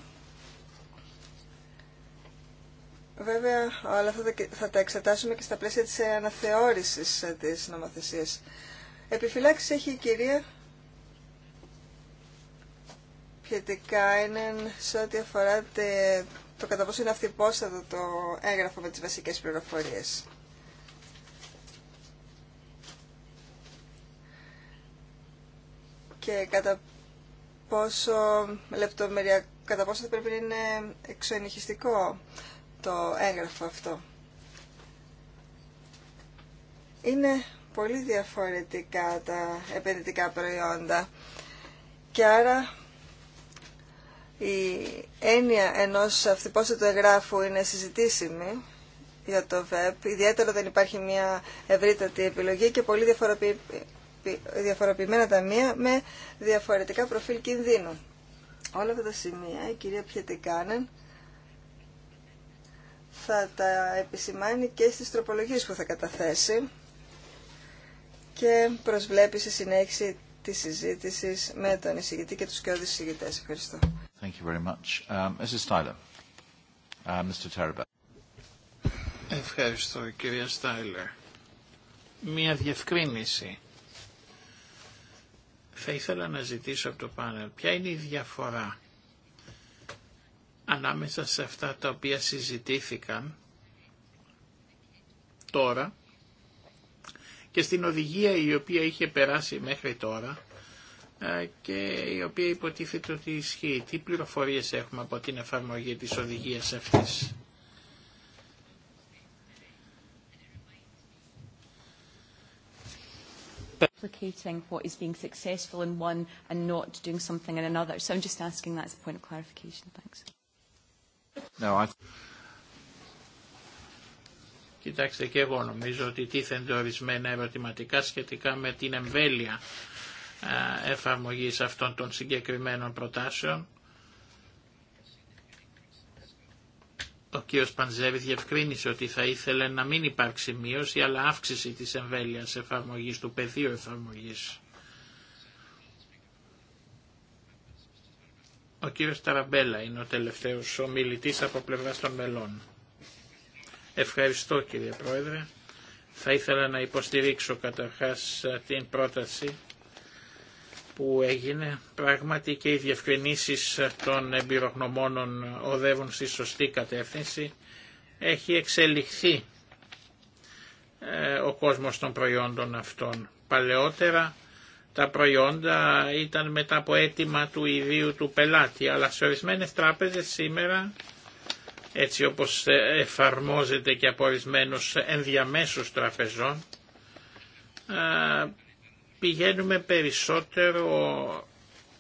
Βέβαια, όλα αυτά θα τα εξετάσουμε και στα πλαίσια της αναθεώρησης της νομοθεσίας. Επιφυλάξεις έχει η κυρία σχετικά είναι σε ό,τι αφορά το κατά πόσο είναι πόσα το έγγραφο με τις βασικές πληροφορίες. Και κατά πόσο λεπτομεριακό, κατά πόσο θα πρέπει να είναι εξονυχιστικό το έγγραφο αυτό. Είναι πολύ διαφορετικά τα επενδυτικά προϊόντα και άρα η έννοια ενός το εγγράφου είναι συζητήσιμη για το ΒΕΠ, ιδιαίτερα δεν υπάρχει μια ευρύτατη επιλογή και πολύ διαφοροποιη... διαφοροποιημένα ταμεία με διαφορετικά προφίλ κινδύνου. Όλα αυτά τα σημεία η κυρία Πιετικάνεν θα τα επισημάνει και στις τροπολογίες που θα καταθέσει και προσβλέπει σε συνέχιση της συζήτηση με τον εισηγητή και τους και Ευχαριστώ. Thank you very um, uh, Ευχαριστώ κυρία Στάιλερ. Μία διευκρίνηση. Θα ήθελα να ζητήσω από το πάνελ ποια είναι η διαφορά ανάμεσα σε αυτά τα οποία συζητήθηκαν τώρα και στην οδηγία η οποία είχε περάσει μέχρι τώρα ε, και η οποία υποτίθεται ότι ισχύει. Τι πληροφορίες έχουμε από την εφαρμογή της οδηγίας αυτής. replicating what is being successful in one and not doing something in another. So I'm just asking that's a point of clarification. Thanks. No, I... Κοιτάξτε και εγώ νομίζω ότι τίθενται ορισμένα ερωτηματικά σχετικά με την εμβέλεια εφαρμογής αυτών των συγκεκριμένων προτάσεων. Ο κ. Παντζέβη διευκρίνησε ότι θα ήθελε να μην υπάρξει μείωση αλλά αύξηση της εμβέλειας εφαρμογής, του πεδίου εφαρμογής. Ο κ. Ταραμπέλα είναι ο τελευταίος ομιλητής από πλευρά των μελών. Ευχαριστώ κύριε Πρόεδρε. Θα ήθελα να υποστηρίξω καταρχάς την πρόταση που έγινε. Πράγματι και οι διευκρινήσεις των εμπειρογνωμόνων οδεύουν στη σωστή κατεύθυνση. Έχει εξελιχθεί ε, ο κόσμος των προϊόντων αυτών. Παλαιότερα τα προϊόντα ήταν μετά από αίτημα του ιδίου του πελάτη, αλλά σε ορισμένες τράπεζες σήμερα, έτσι όπως εφαρμόζεται και από ορισμένου ενδιαμέσους τραπεζών, ε, πηγαίνουμε περισσότερο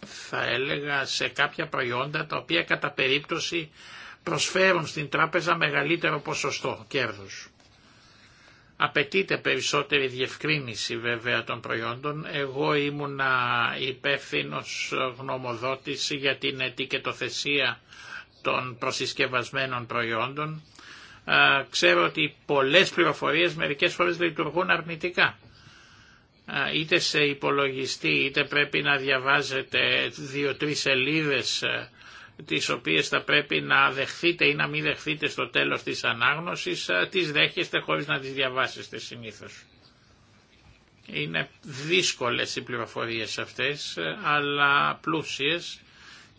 θα έλεγα σε κάποια προϊόντα τα οποία κατά περίπτωση προσφέρουν στην τράπεζα μεγαλύτερο ποσοστό κέρδους. Απαιτείται περισσότερη διευκρίνηση βέβαια των προϊόντων. Εγώ ήμουνα υπεύθυνο γνωμοδότηση για την ετικετοθεσία των προσυσκευασμένων προϊόντων. Ξέρω ότι πολλές πληροφορίες μερικές φορές λειτουργούν αρνητικά είτε σε υπολογιστή είτε πρέπει να διαβάζετε δύο-τρεις σελίδες ε, τις οποίες θα πρέπει να δεχθείτε ή να μην δεχθείτε στο τέλος της ανάγνωσης, ε, τις δέχεστε χωρίς να τις διαβάσετε συνήθως. Είναι δύσκολες οι πληροφορίες αυτές, ε, αλλά πλούσιες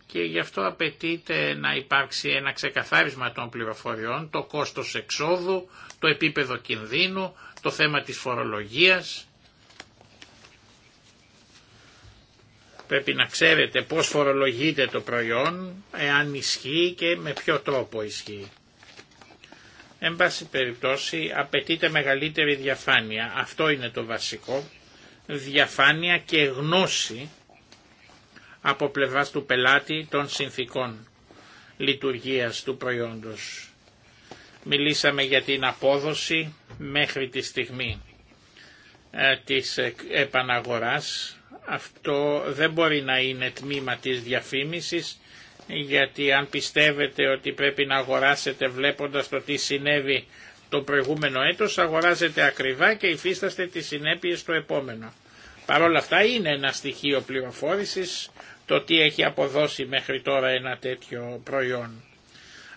και γι' αυτό απαιτείται να υπάρξει ένα ξεκαθάρισμα των πληροφοριών, το κόστος εξόδου, το επίπεδο κινδύνου, το θέμα της φορολογίας, Πρέπει να ξέρετε πώς φορολογείται το προϊόν, εάν ισχύει και με ποιο τρόπο ισχύει. Εν πάση περιπτώσει απαιτείται μεγαλύτερη διαφάνεια. Αυτό είναι το βασικό. Διαφάνεια και γνώση από πλευράς του πελάτη των συνθήκων λειτουργίας του προϊόντος. Μιλήσαμε για την απόδοση μέχρι τη στιγμή ε, της επαναγοράς αυτό δεν μπορεί να είναι τμήμα της διαφήμισης γιατί αν πιστεύετε ότι πρέπει να αγοράσετε βλέποντας το τι συνέβη το προηγούμενο έτος αγοράζετε ακριβά και υφίσταστε τις συνέπειες το επόμενο. Παρ' όλα αυτά είναι ένα στοιχείο πληροφόρησης το τι έχει αποδώσει μέχρι τώρα ένα τέτοιο προϊόν.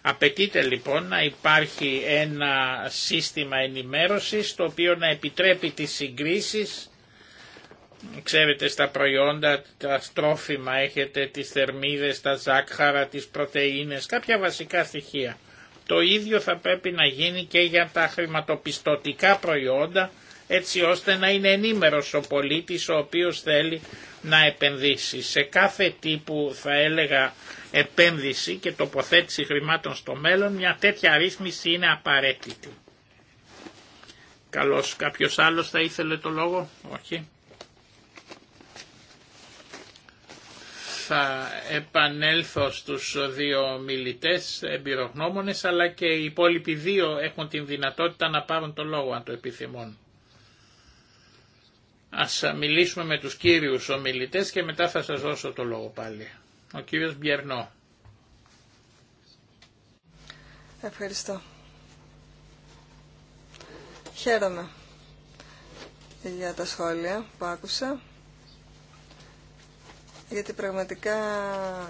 Απαιτείται λοιπόν να υπάρχει ένα σύστημα ενημέρωσης το οποίο να επιτρέπει τις συγκρίσεις Ξέρετε στα προϊόντα, τα στρόφιμα έχετε, τις θερμίδες, τα ζάχαρα, τις πρωτεΐνες, κάποια βασικά στοιχεία. Το ίδιο θα πρέπει να γίνει και για τα χρηματοπιστωτικά προϊόντα έτσι ώστε να είναι ενήμερος ο πολίτης ο οποίος θέλει να επενδύσει. Σε κάθε τύπου θα έλεγα επένδυση και τοποθέτηση χρημάτων στο μέλλον μια τέτοια ρύθμιση είναι απαραίτητη. Καλώς κάποιος άλλος θα ήθελε το λόγο, όχι. θα επανέλθω στους δύο μιλητές εμπειρογνώμονες αλλά και οι υπόλοιποι δύο έχουν την δυνατότητα να πάρουν το λόγο αν το επιθυμούν. Ας μιλήσουμε με τους κύριους ομιλητές και μετά θα σας δώσω το λόγο πάλι. Ο κύριος Μπιερνό. Ευχαριστώ. Χαίρομαι για τα σχόλια που άκουσα γιατί πραγματικά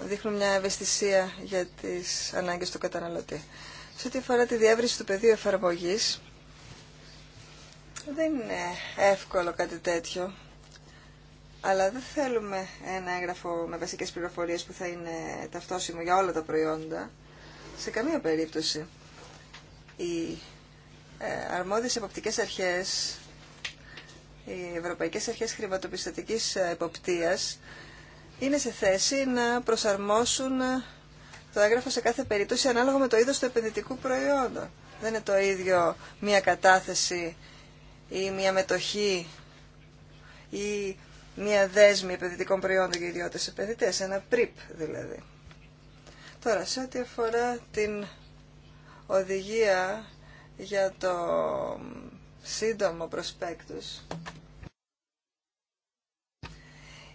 δείχνουν μια ευαισθησία για τις ανάγκες του καταναλωτή. Σε ό,τι αφορά τη διεύρυνση του πεδίου εφαρμογής, δεν είναι εύκολο κάτι τέτοιο, αλλά δεν θέλουμε ένα έγγραφο με βασικές πληροφορίες που θα είναι ταυτόσιμο για όλα τα προϊόντα. Σε καμία περίπτωση. Οι ε, αρμόδιες εποπτικές αρχές, οι ευρωπαϊκές αρχές χρηματοπιστωτικής ε, εποπτείας, είναι σε θέση να προσαρμόσουν το έγγραφο σε κάθε περίπτωση ανάλογα με το είδος του επενδυτικού προϊόντος. Δεν είναι το ίδιο μία κατάθεση ή μία μετοχή ή μία δέσμη επενδυτικών προϊόντων για ιδιώτες επενδυτές, ένα πρίπ δηλαδή. Τώρα, σε ό,τι αφορά την οδηγία για το σύντομο προσπέκτους,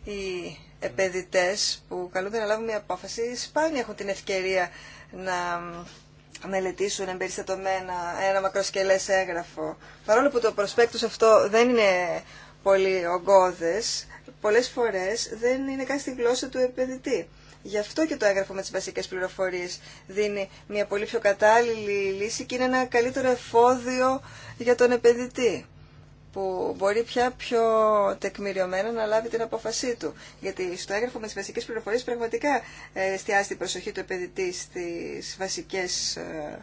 η επενδυτέ που καλούνται να λάβουν μια απόφαση σπάνια έχουν την ευκαιρία να μελετήσουν εμπεριστατωμένα ένα μακροσκελές έγγραφο. Παρόλο που το προσπέκτο αυτό δεν είναι πολύ ογκώδες, πολλές φορές δεν είναι καν στη γλώσσα του επενδυτή. Γι' αυτό και το έγγραφο με τις βασικές πληροφορίες δίνει μια πολύ πιο κατάλληλη λύση και είναι ένα καλύτερο εφόδιο για τον επενδυτή που μπορεί πια πιο τεκμηριωμένα να λάβει την απόφασή του. Γιατί στο έγγραφο με τις βασικές πληροφορίες πραγματικά ε, εστιάζει την προσοχή του επενδυτή στι βασικέ ε,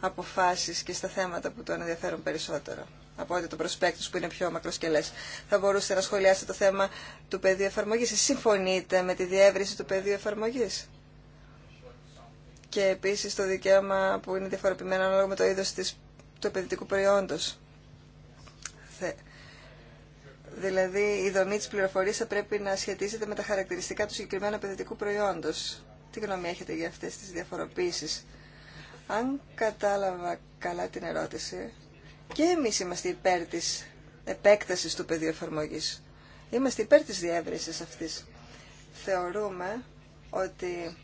αποφάσει και στα θέματα που τον ενδιαφέρουν περισσότερο από ότι το προσπέκτο που είναι πιο μακροσκελές. Θα μπορούσατε να σχολιάσετε το θέμα του πεδίου εφαρμογή, Συμφωνείτε με τη διεύρυνση του πεδίου εφαρμογή. και επίση το δικαίωμα που είναι διαφοροποιημένο ανάλογα με το είδο του επενδυτικού προϊόντος. Δηλαδή, η δομή τη πληροφορίας θα πρέπει να σχετίζεται με τα χαρακτηριστικά του συγκεκριμένου επενδυτικού προϊόντος. Τι γνώμη έχετε για αυτές τις διαφοροποίησεις. Αν κατάλαβα καλά την ερώτηση, και εμεί είμαστε υπέρ τη επέκτασης του πεδίου εφαρμογή. Είμαστε υπέρ τη διεύρυνση αυτή. Θεωρούμε ότι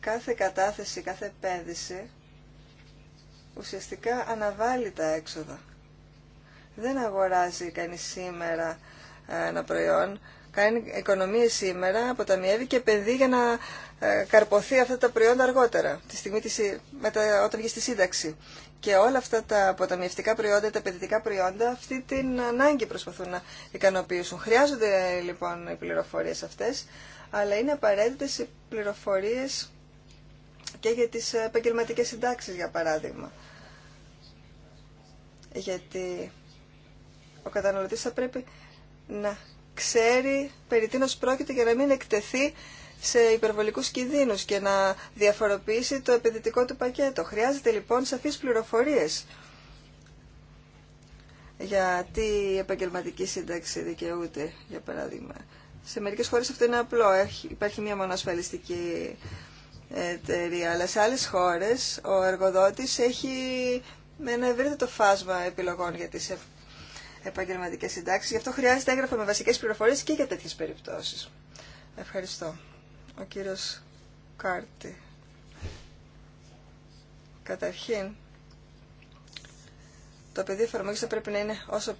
κάθε κατάθεση, κάθε επένδυση ουσιαστικά αναβάλει τα έξοδα. Δεν αγοράζει κανείς σήμερα ε, ένα προϊόν, κάνει οικονομίες σήμερα, αποταμιεύει και επενδύει για να ε, καρποθεί αυτά τα προϊόντα αργότερα, τη στιγμή της, μετά, όταν βγει στη σύνταξη. Και όλα αυτά τα αποταμιευτικά προϊόντα, τα επενδυτικά προϊόντα, αυτή την ανάγκη προσπαθούν να ικανοποιήσουν. Χρειάζονται λοιπόν οι πληροφορίες αυτές, αλλά είναι απαραίτητες οι πληροφορίες και για τις ε, επαγγελματικέ συντάξει, για παράδειγμα γιατί ο καταναλωτής θα πρέπει να ξέρει περί τίνος πρόκειται για να μην εκτεθεί σε υπερβολικούς κινδύνους και να διαφοροποιήσει το επενδυτικό του πακέτο. Χρειάζεται λοιπόν σαφείς πληροφορίες για τι επαγγελματική σύνταξη δικαιούται, για παράδειγμα. Σε μερικές χώρες αυτό είναι απλό. Υπάρχει μία ασφαλιστική εταιρεία, αλλά σε άλλες χώρες ο εργοδότης έχει με ένα ευρύτερο φάσμα επιλογών για τις επαγγελματικές συντάξεις. Γι' αυτό χρειάζεται έγγραφα με βασικές πληροφορίες και για τέτοιες περιπτώσεις. Ευχαριστώ. Ο κύριος Κάρτη. Καταρχήν, το παιδί εφαρμογή θα πρέπει να είναι όσο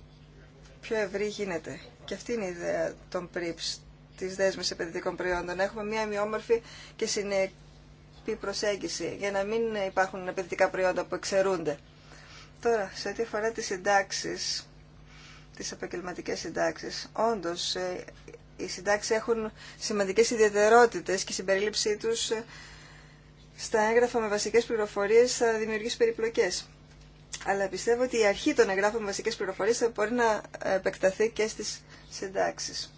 πιο ευρύ γίνεται. Και αυτή είναι η ιδέα των PRIPS, τη δέσμη επενδυτικών προϊόντων. Να έχουμε μια ομοιόμορφη και συνεπή προσέγγιση για να μην υπάρχουν επενδυτικά προϊόντα που εξαιρούνται. Τώρα, σε ό,τι αφορά τις συντάξεις, τις επαγγελματικέ συντάξεις, όντως ε, οι συντάξεις έχουν σημαντικές ιδιαιτερότητες και η συμπερίληψή τους ε, στα έγγραφα με βασικές πληροφορίες θα δημιουργήσει περιπλοκές. Αλλά πιστεύω ότι η αρχή των εγγράφων με βασικές πληροφορίες θα μπορεί να επεκταθεί και στις συντάξεις.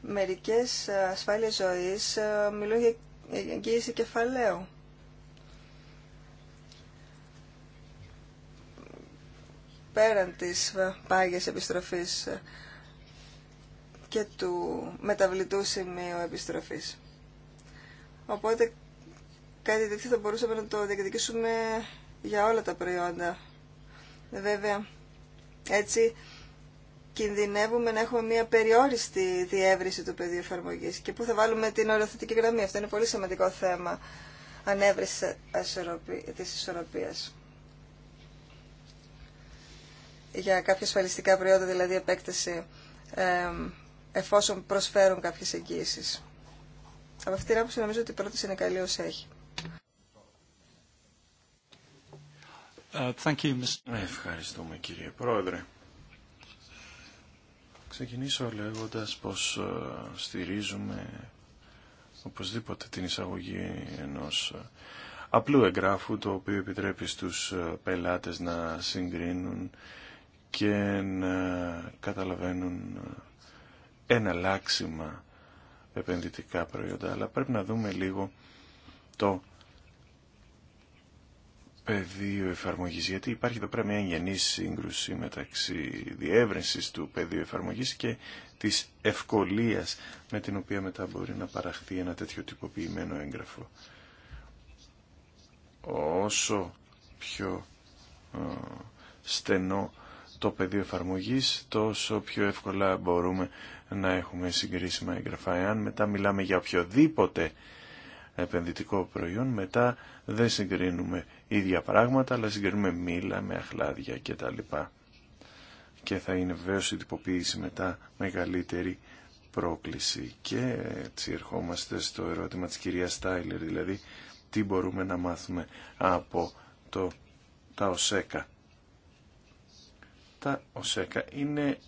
Μερικές ε, ασφάλειες ζωής μιλούν για εγγύηση κεφαλαίου πέραν της πάγιας επιστροφής και του μεταβλητού σημείου επιστροφής. Οπότε κάτι τέτοιο θα μπορούσαμε να το διεκδικήσουμε για όλα τα προϊόντα. Βέβαια, έτσι κινδυνεύουμε να έχουμε μια περιόριστη διεύρυνση του πεδίου εφαρμογή και πού θα βάλουμε την οριοθετική γραμμή. Αυτό είναι πολύ σημαντικό θέμα ανέβρεση της ισορροπίας για κάποια ασφαλιστικά προϊόντα, δηλαδή επέκταση, εφόσον προσφέρουν κάποιες εγγύησεις. Από αυτήν την άποψη νομίζω ότι η πρόταση είναι καλή όσο έχει. Ε, ε, ευχαριστούμε κύριε Πρόεδρε. Ξεκινήσω λέγοντας πως ε, στηρίζουμε οπωσδήποτε την εισαγωγή ενός απλού εγγράφου το οποίο επιτρέπει στους πελάτες να συγκρίνουν και να καταλαβαίνουν εναλλάξιμα επενδυτικά προϊόντα. Αλλά πρέπει να δούμε λίγο το πεδίο εφαρμογής, γιατί υπάρχει εδώ πέρα μια γενή σύγκρουση μεταξύ διεύρυνσης του πεδίου εφαρμογής και της ευκολίας με την οποία μετά μπορεί να παραχθεί ένα τέτοιο τυποποιημένο έγγραφο. Όσο πιο ε, στενό το πεδίο εφαρμογής, τόσο πιο εύκολα μπορούμε να έχουμε συγκρίσιμα εγγραφά. Εάν μετά μιλάμε για οποιοδήποτε επενδυτικό προϊόν, μετά δεν συγκρίνουμε ίδια πράγματα, αλλά συγκρίνουμε μήλα με αχλάδια κτλ. Και θα είναι βεβαίως η τυποποίηση μετά μεγαλύτερη πρόκληση. Και έτσι ερχόμαστε στο ερώτημα της κυρία Στάιλερ, δηλαδή τι μπορούμε να μάθουμε από το, τα ΟΣΕΚΑ τα ΟΣΕΚΑ είναι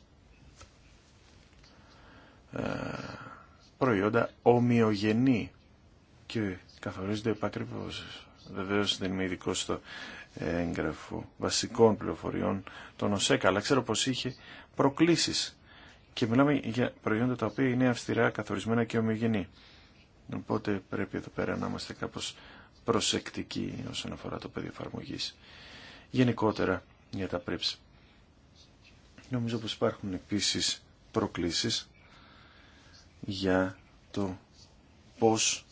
ε, προϊόντα ομοιογενή και καθορίζονται επακριβώς. Βεβαίω δεν είμαι ειδικό στο έγγραφο βασικών πληροφοριών των ΟΣΕΚΑ, αλλά ξέρω πως είχε προκλήσεις. Και μιλάμε για προϊόντα τα οποία είναι αυστηρά καθορισμένα και ομοιογενή. Οπότε πρέπει εδώ πέρα να είμαστε κάπως προσεκτικοί όσον αφορά το πεδίο εφαρμογή. Γενικότερα για τα πρίψη. Νομίζω πως υπάρχουν επίσης προκλήσεις για το πώς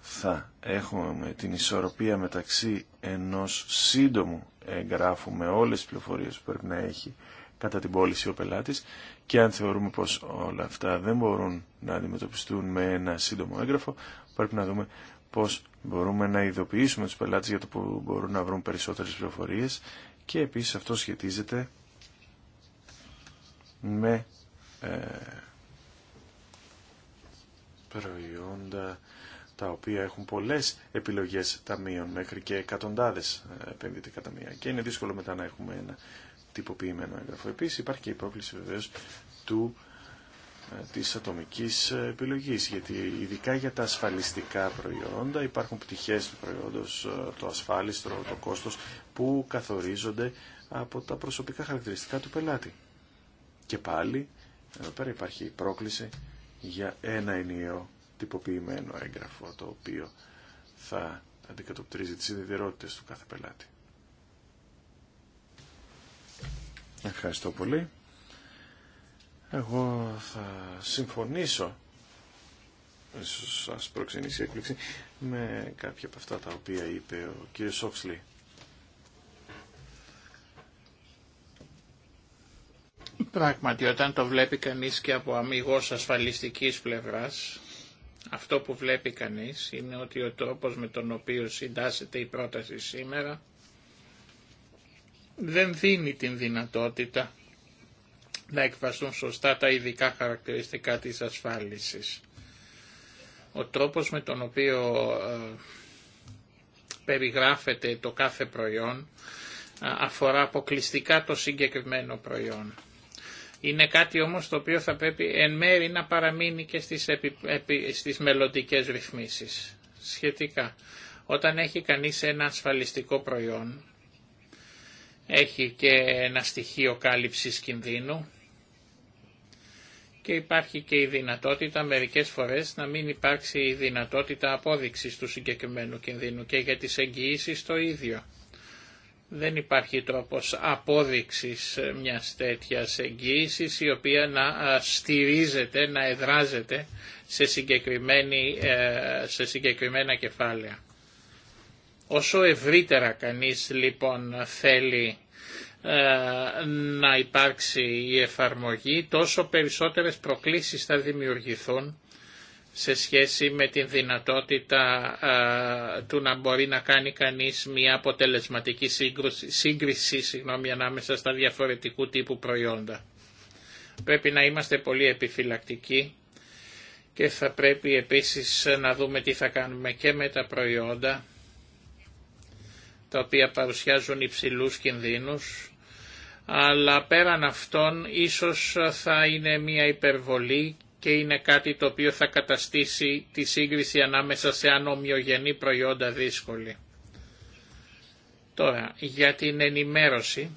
θα έχουμε την ισορροπία μεταξύ ενός σύντομου εγγράφου με όλες τις πληροφορίες που πρέπει να έχει κατά την πώληση ο πελάτης και αν θεωρούμε πως όλα αυτά δεν μπορούν να αντιμετωπιστούν με ένα σύντομο έγγραφο πρέπει να δούμε πως μπορούμε να ειδοποιήσουμε τους πελάτες για το που μπορούν να βρουν περισσότερες πληροφορίες και επίσης αυτό σχετίζεται με ε, προϊόντα τα οποία έχουν πολλές επιλογές ταμείων μέχρι και εκατοντάδες ε, κατά μία. και είναι δύσκολο μετά να έχουμε ένα τυποποιημένο έγγραφο. Επίσης υπάρχει και η πρόκληση βεβαίως του ε, της ατομικής ε, επιλογής γιατί ειδικά για τα ασφαλιστικά προϊόντα υπάρχουν πτυχές του προϊόντος ε, το ασφάλιστρο, το κόστος που καθορίζονται από τα προσωπικά χαρακτηριστικά του πελάτη και πάλι εδώ πέρα υπάρχει η πρόκληση για ένα ενιαίο τυποποιημένο έγγραφο το οποίο θα αντικατοπτρίζει τις ιδιαιτερότητες του κάθε πελάτη Ευχαριστώ πολύ εγώ θα συμφωνήσω ίσως σας προξενήσει έκπληξη με κάποια από αυτά τα οποία είπε ο κύριος Όξλη. Πράγματι, όταν το βλέπει κανείς και από αμυγός ασφαλιστικής πλευράς, αυτό που βλέπει κανείς είναι ότι ο τρόπος με τον οποίο συντάσσεται η πρόταση σήμερα δεν δίνει την δυνατότητα να εκφραστούν σωστά τα ειδικά χαρακτηριστικά της ασφάλισης. Ο τρόπος με τον οποίο ε, περιγράφεται το κάθε προϊόν ε, αφορά αποκλειστικά το συγκεκριμένο προϊόν. Είναι κάτι όμως το οποίο θα πρέπει εν μέρη να παραμείνει και στις, επι, επι, στις μελλοντικές ρυθμίσεις. Σχετικά, όταν έχει κανείς ένα ασφαλιστικό προϊόν, έχει και ένα στοιχείο κάλυψης κινδύνου και υπάρχει και η δυνατότητα μερικές φορές να μην υπάρξει η δυνατότητα απόδειξης του συγκεκριμένου κινδύνου και για τις εγγυήσεις το ίδιο. Δεν υπάρχει τρόπος απόδειξης μιας τέτοιας εγγύησης η οποία να στηρίζεται, να εδράζεται σε, ε, σε συγκεκριμένα κεφάλαια. Όσο ευρύτερα κανείς λοιπόν θέλει ε, να υπάρξει η εφαρμογή, τόσο περισσότερες προκλήσεις θα δημιουργηθούν σε σχέση με την δυνατότητα ε, του να μπορεί να κάνει κανείς μια αποτελεσματική σύγκριση ανάμεσα στα διαφορετικού τύπου προϊόντα. Πρέπει να είμαστε πολύ επιφυλακτικοί και θα πρέπει επίσης να δούμε τι θα κάνουμε και με τα προϊόντα τα οποία παρουσιάζουν υψηλούς κινδύνους, αλλά πέραν αυτών ίσως θα είναι μια υπερβολή και είναι κάτι το οποίο θα καταστήσει τη σύγκριση ανάμεσα σε ανομοιογενή προϊόντα δύσκολη. Τώρα, για την ενημέρωση,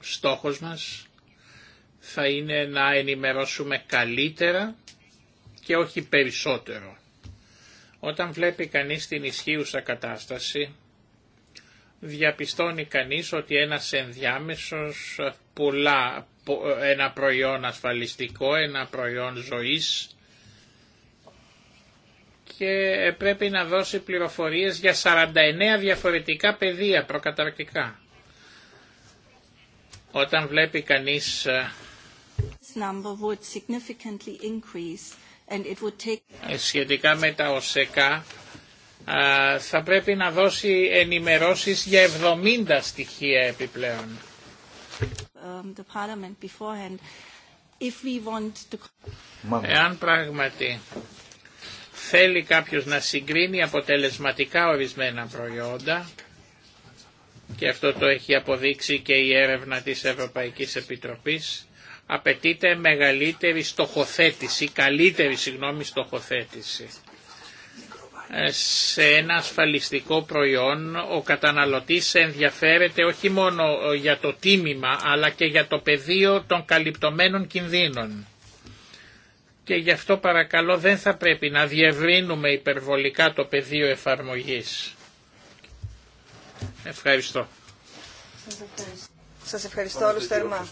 στόχος μας θα είναι να ενημερώσουμε καλύτερα και όχι περισσότερο. Όταν βλέπει κανείς την ισχύουσα κατάσταση, διαπιστώνει κανείς ότι ένας ενδιάμεσος πουλά ένα προϊόν ασφαλιστικό, ένα προϊόν ζωής και πρέπει να δώσει πληροφορίες για 49 διαφορετικά πεδία προκαταρκτικά. Όταν βλέπει κανείς ε, ε, σχετικά με τα ΟΣΕΚΑ θα πρέπει να δώσει ενημερώσεις για 70 στοιχεία επιπλέον. Um, Εάν πράγματι θέλει κάποιος να συγκρίνει αποτελεσματικά ορισμένα προϊόντα και αυτό το έχει αποδείξει και η έρευνα της Ευρωπαϊκής Επιτροπής απαιτείται μεγαλύτερη στοχοθέτηση, καλύτερη συγγνώμη στοχοθέτηση. Ε, σε ένα ασφαλιστικό προϊόν ο καταναλωτής ενδιαφέρεται όχι μόνο ε, για το τίμημα αλλά και για το πεδίο των καλυπτωμένων κινδύνων. Και γι' αυτό παρακαλώ δεν θα πρέπει να διευρύνουμε υπερβολικά το πεδίο εφαρμογής. Ευχαριστώ. Σας ευχαριστώ, Σας ευχαριστώ θερμά.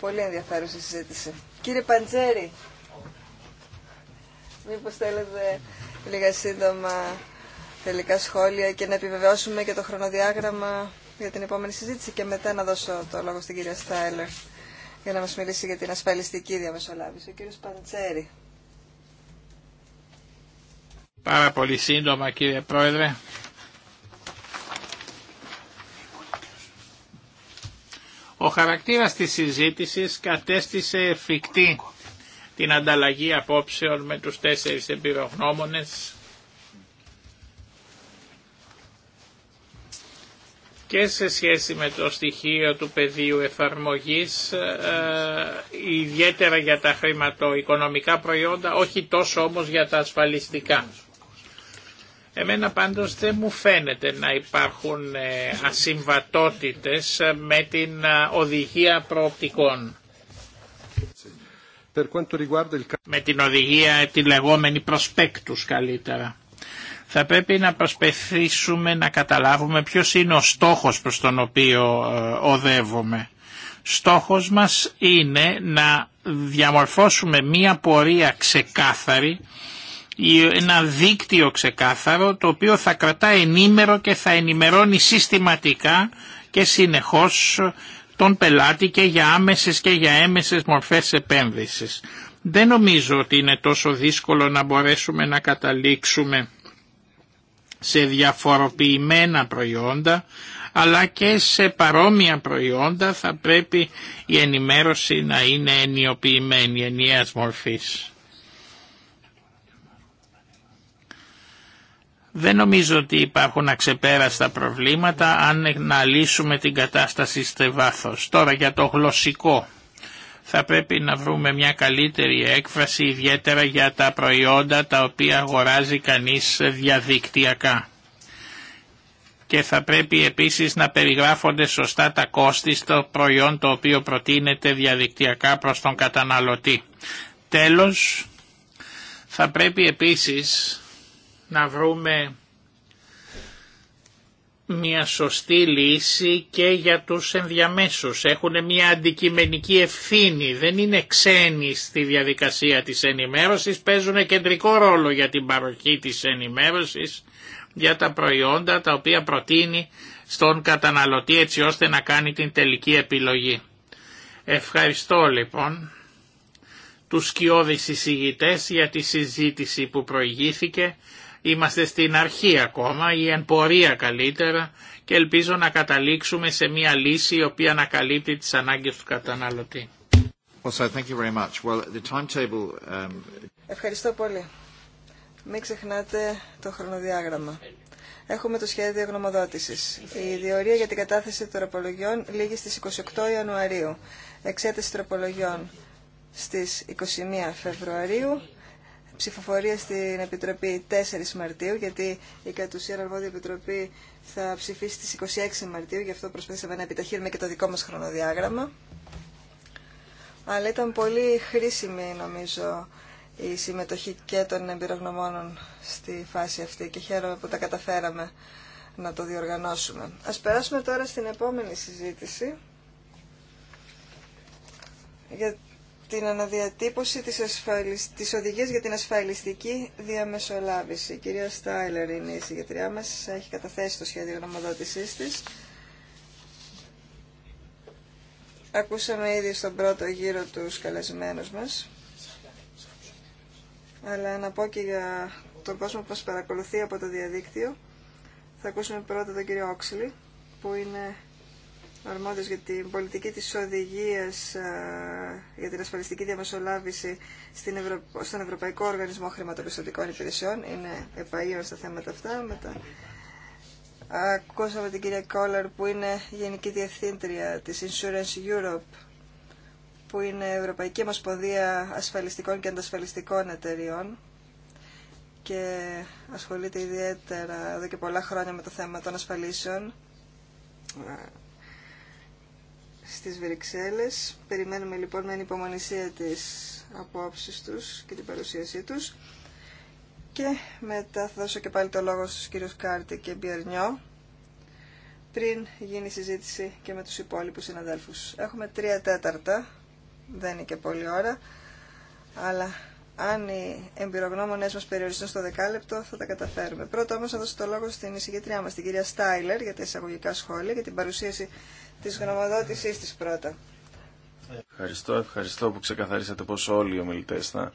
Πολύ ενδιαφέρουσα συζήτηση. Κύριε Παντζέρη, μήπως θέλετε λίγα σύντομα τελικά σχόλια και να επιβεβαιώσουμε και το χρονοδιάγραμμα για την επόμενη συζήτηση και μετά να δώσω το λόγο στην κυρία Στάιλερ για να μας μιλήσει για την ασφαλιστική διαμεσολάβηση. Ο κύριος Παντζέρη. Πάρα πολύ σύντομα κύριε Πρόεδρε. Ο χαρακτήρας της συζήτησης κατέστησε εφικτή την ανταλλαγή απόψεων με τους τέσσερις εμπειρογνώμονες και σε σχέση με το στοιχείο του πεδίου εφαρμογής, ε, ιδιαίτερα για τα χρηματοοικονομικά προϊόντα, όχι τόσο όμως για τα ασφαλιστικά. Εμένα πάντως δεν μου φαίνεται να υπάρχουν ε, ασυμβατότητες ε, με την ε, οδηγία προοπτικών. Με την οδηγία τη λεγόμενη προσπέκτους καλύτερα. Θα πρέπει να προσπεθήσουμε να καταλάβουμε ποιος είναι ο στόχος προς τον οποίο οδεύουμε. Στόχος μας είναι να διαμορφώσουμε μία πορεία ξεκάθαρη ένα δίκτυο ξεκάθαρο το οποίο θα κρατά ενήμερο και θα ενημερώνει συστηματικά και συνεχώς τον πελάτη και για άμεσες και για έμεσες μορφές επένδυσης. Δεν νομίζω ότι είναι τόσο δύσκολο να μπορέσουμε να καταλήξουμε σε διαφοροποιημένα προϊόντα, αλλά και σε παρόμοια προϊόντα θα πρέπει η ενημέρωση να είναι ενιοποιημένη, ενιαίας μορφής. Δεν νομίζω ότι υπάρχουν αξεπέραστα προβλήματα αν να λύσουμε την κατάσταση στε βάθος. Τώρα για το γλωσσικό. Θα πρέπει να βρούμε μια καλύτερη έκφραση ιδιαίτερα για τα προϊόντα τα οποία αγοράζει κανείς διαδικτυακά. Και θα πρέπει επίσης να περιγράφονται σωστά τα κόστη στο προϊόν το οποίο προτείνεται διαδικτυακά προς τον καταναλωτή. Τέλος, θα πρέπει επίσης να βρούμε μια σωστή λύση και για τους ενδιαμέσους. Έχουν μια αντικειμενική ευθύνη, δεν είναι ξένοι στη διαδικασία της ενημέρωσης, παίζουν κεντρικό ρόλο για την παροχή της ενημέρωσης, για τα προϊόντα τα οποία προτείνει στον καταναλωτή έτσι ώστε να κάνει την τελική επιλογή. Ευχαριστώ λοιπόν τους σκιώδεις εισηγητές για τη συζήτηση που προηγήθηκε. Είμαστε στην αρχή ακόμα ή εν πορεία καλύτερα και ελπίζω να καταλήξουμε σε μια λύση η οποία να καλύπτει τις ανάγκες του καταναλωτή. Ευχαριστώ πολύ. Μην ξεχνάτε το χρονοδιάγραμμα. Έχουμε το σχέδιο γνωμοδότηση. Η διορία για την κατάθεση των τροπολογιών λήγει στις 28 Ιανουαρίου. Εξέταση τροπολογιών στις 21 Φεβρουαρίου ψηφοφορία στην Επιτροπή 4 Μαρτίου, γιατί η κατ' ουσίαν αρμόδια Επιτροπή θα ψηφίσει στις 26 Μαρτίου, γι' αυτό προσπαθήσαμε να επιταχύρουμε και το δικό μας χρονοδιάγραμμα. Αλλά ήταν πολύ χρήσιμη, νομίζω, η συμμετοχή και των εμπειρογνωμόνων στη φάση αυτή και χαίρομαι που τα καταφέραμε να το διοργανώσουμε. Ας περάσουμε τώρα στην επόμενη συζήτηση την αναδιατύπωση της, ασφαλισ... οδηγίας για την ασφαλιστική διαμεσολάβηση. Η κυρία Στάιλερ είναι η συγκεκριά μας, έχει καταθέσει το σχέδιο γνωμοδότησής της. Ακούσαμε ήδη στον πρώτο γύρο τους καλεσμένους μας. Αλλά να πω και για τον κόσμο που μας παρακολουθεί από το διαδίκτυο. Θα ακούσουμε πρώτα τον κύριο Όξιλη, που είναι αρμόδιος για την πολιτική της οδηγίας για την ασφαλιστική διαμεσολάβηση στον Ευρωπαϊκό Οργανισμό Χρηματοπιστωτικών Υπηρεσιών. Είναι επαΐων στα θέματα αυτά. ακούσαμε την κυρία Κόλλαρ που είναι Γενική Διευθύντρια της Insurance Europe που είναι Ευρωπαϊκή Ομοσπονδία Ασφαλιστικών και Αντασφαλιστικών Εταιριών και ασχολείται ιδιαίτερα εδώ και πολλά χρόνια με το θέμα των ασφαλίσεων στις Βρυξέλλες. Περιμένουμε λοιπόν με ανυπομονησία τις απόψεις τους και την παρουσίασή τους. Και μετά θα δώσω και πάλι το λόγο στους κύριους Κάρτη και Μπιερνιό πριν γίνει η συζήτηση και με τους υπόλοιπους συναδέλφους. Έχουμε τρία τέταρτα, δεν είναι και πολλή ώρα, αλλά αν οι εμπειρογνώμονές μας περιοριστούν στο δεκάλεπτο, θα τα καταφέρουμε. Πρώτα όμως θα δώσω το λόγο στην εισηγήτριά μα, την κυρία Στάιλερ, για τα εισαγωγικά σχόλια, για την παρουσίαση της γνωμοδότησής της πρώτα. Ευχαριστώ, ευχαριστώ που ξεκαθαρίσατε πως όλοι οι ομιλητές θα,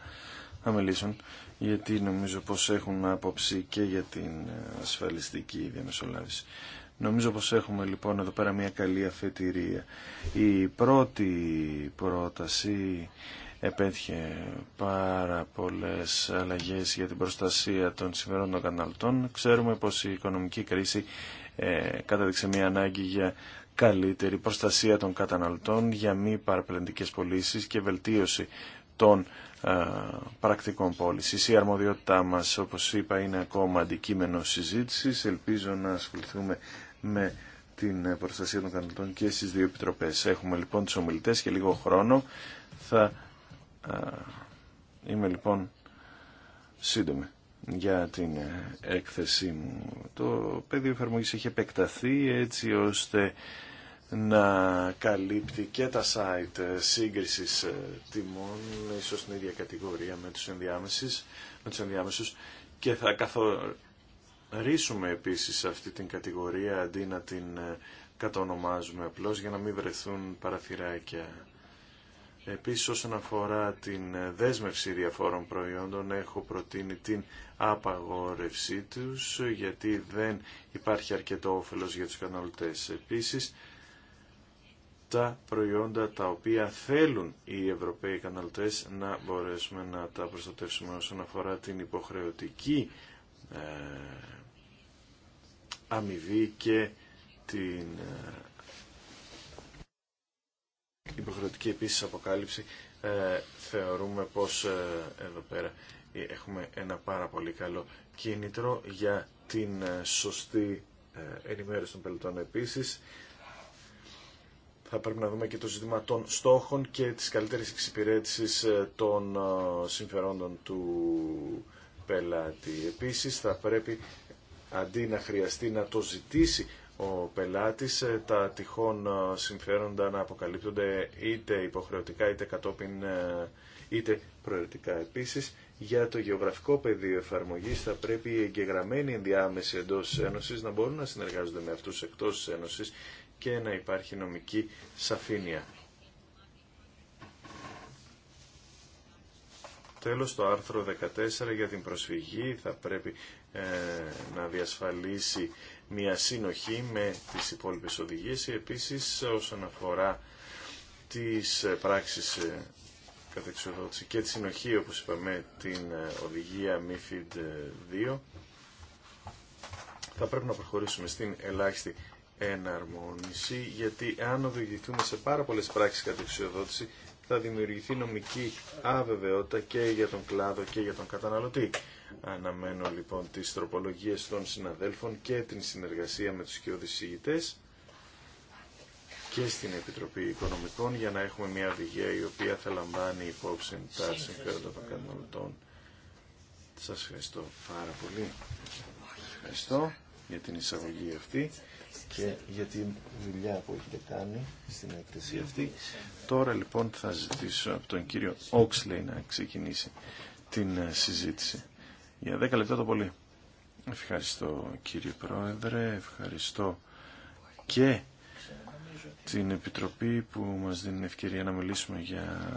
μιλήσουν γιατί νομίζω πως έχουν άποψη και για την ε, ασφαλιστική διαμεσολάβηση. Νομίζω πως έχουμε λοιπόν εδώ πέρα μια καλή αφετηρία. Η πρώτη πρόταση επέτυχε πάρα πολλές αλλαγές για την προστασία των σημερών των καταναλωτών. Ξέρουμε πως η οικονομική κρίση ε, μια ανάγκη για καλύτερη προστασία των καταναλωτών για μη παραπλαντικές πωλήσει και βελτίωση των ε, πρακτικών πώληση. Η αρμοδιότητά μας, όπως είπα, είναι ακόμα αντικείμενο συζήτησης. Ελπίζω να ασχοληθούμε με την προστασία των καταναλωτών και στις δύο επιτροπές. Έχουμε λοιπόν τους ομιλητές και λίγο χρόνο. Θα ε, είμαι λοιπόν σύντομη για την ε, έκθεσή μου. Το πεδίο εφαρμογής έχει επεκταθεί έτσι ώστε να καλύπτει και τα site σύγκρισης ε, τιμών, ίσως στην ίδια κατηγορία με τους, ενδιάμεσους, με τους ενδιάμεσους και θα καθορίσουμε επίσης αυτή την κατηγορία αντί να την ε, κατονομάζουμε απλώς για να μην βρεθούν παραθυράκια. Επίσης όσον αφορά την ε, δέσμευση διαφόρων προϊόντων έχω προτείνει την απαγόρευσή τους γιατί δεν υπάρχει αρκετό όφελος για τους καταναλωτές. Επίσης τα προϊόντα τα οποία θέλουν οι Ευρωπαίοι καταναλωτές να μπορέσουμε να τα προστατεύσουμε όσον αφορά την υποχρεωτική ε, αμοιβή και την ε, υποχρεωτική επίσης αποκάλυψη ε, θεωρούμε πως εδώ πέρα έχουμε ένα πάρα πολύ καλό κίνητρο για την σωστή ενημέρωση των πελτών επίσης θα πρέπει να δούμε και το ζήτημα των στόχων και της καλύτερης εξυπηρέτησης ε, των ε, συμφερόντων του πελάτη. Επίσης θα πρέπει αντί να χρειαστεί να το ζητήσει ο πελάτης ε, τα τυχόν συμφέροντα να αποκαλύπτονται είτε υποχρεωτικά είτε κατόπιν είτε προαιρετικά επίσης. Για το γεωγραφικό πεδίο εφαρμογή θα πρέπει οι εγγεγραμμένοι ενδιάμεση εντό Ένωση να μπορούν να συνεργάζονται με αυτού εκτό Ένωση και να υπάρχει νομική σαφήνεια. Τέλος, το άρθρο 14 για την προσφυγή θα πρέπει ε, να διασφαλίσει μια συνοχή με τις υπόλοιπες οδηγίες. Επίσης, όσον αφορά τις ε, πράξεις ε, κατεξοδότηση και τη συνοχή, όπως είπαμε, την οδηγία MIFID 2, θα πρέπει να προχωρήσουμε στην ελάχιστη εναρμόνιση, γιατί αν οδηγηθούμε σε πάρα πολλές πράξεις εξουσιοδότηση θα δημιουργηθεί νομική αβεβαιότητα και για τον κλάδο και για τον καταναλωτή. Αναμένω λοιπόν τις τροπολογίες των συναδέλφων και την συνεργασία με τους κοιόδης και στην Επιτροπή Οικονομικών για να έχουμε μια οδηγία η οποία θα λαμβάνει υπόψη τα συμφέροντα των καταναλωτών. Σας ευχαριστώ πάρα πολύ. Ευχαριστώ για την εισαγωγή αυτή και για την δουλειά που έχετε κάνει στην έκθεση αυτή. Τώρα λοιπόν θα ζητήσω από τον κύριο Όξλεϊ να ξεκινήσει την ε, συζήτηση. Για 10 λεπτά το πολύ. Ευχαριστώ κύριε Πρόεδρε, ευχαριστώ και την Επιτροπή που μας δίνει ευκαιρία να μιλήσουμε για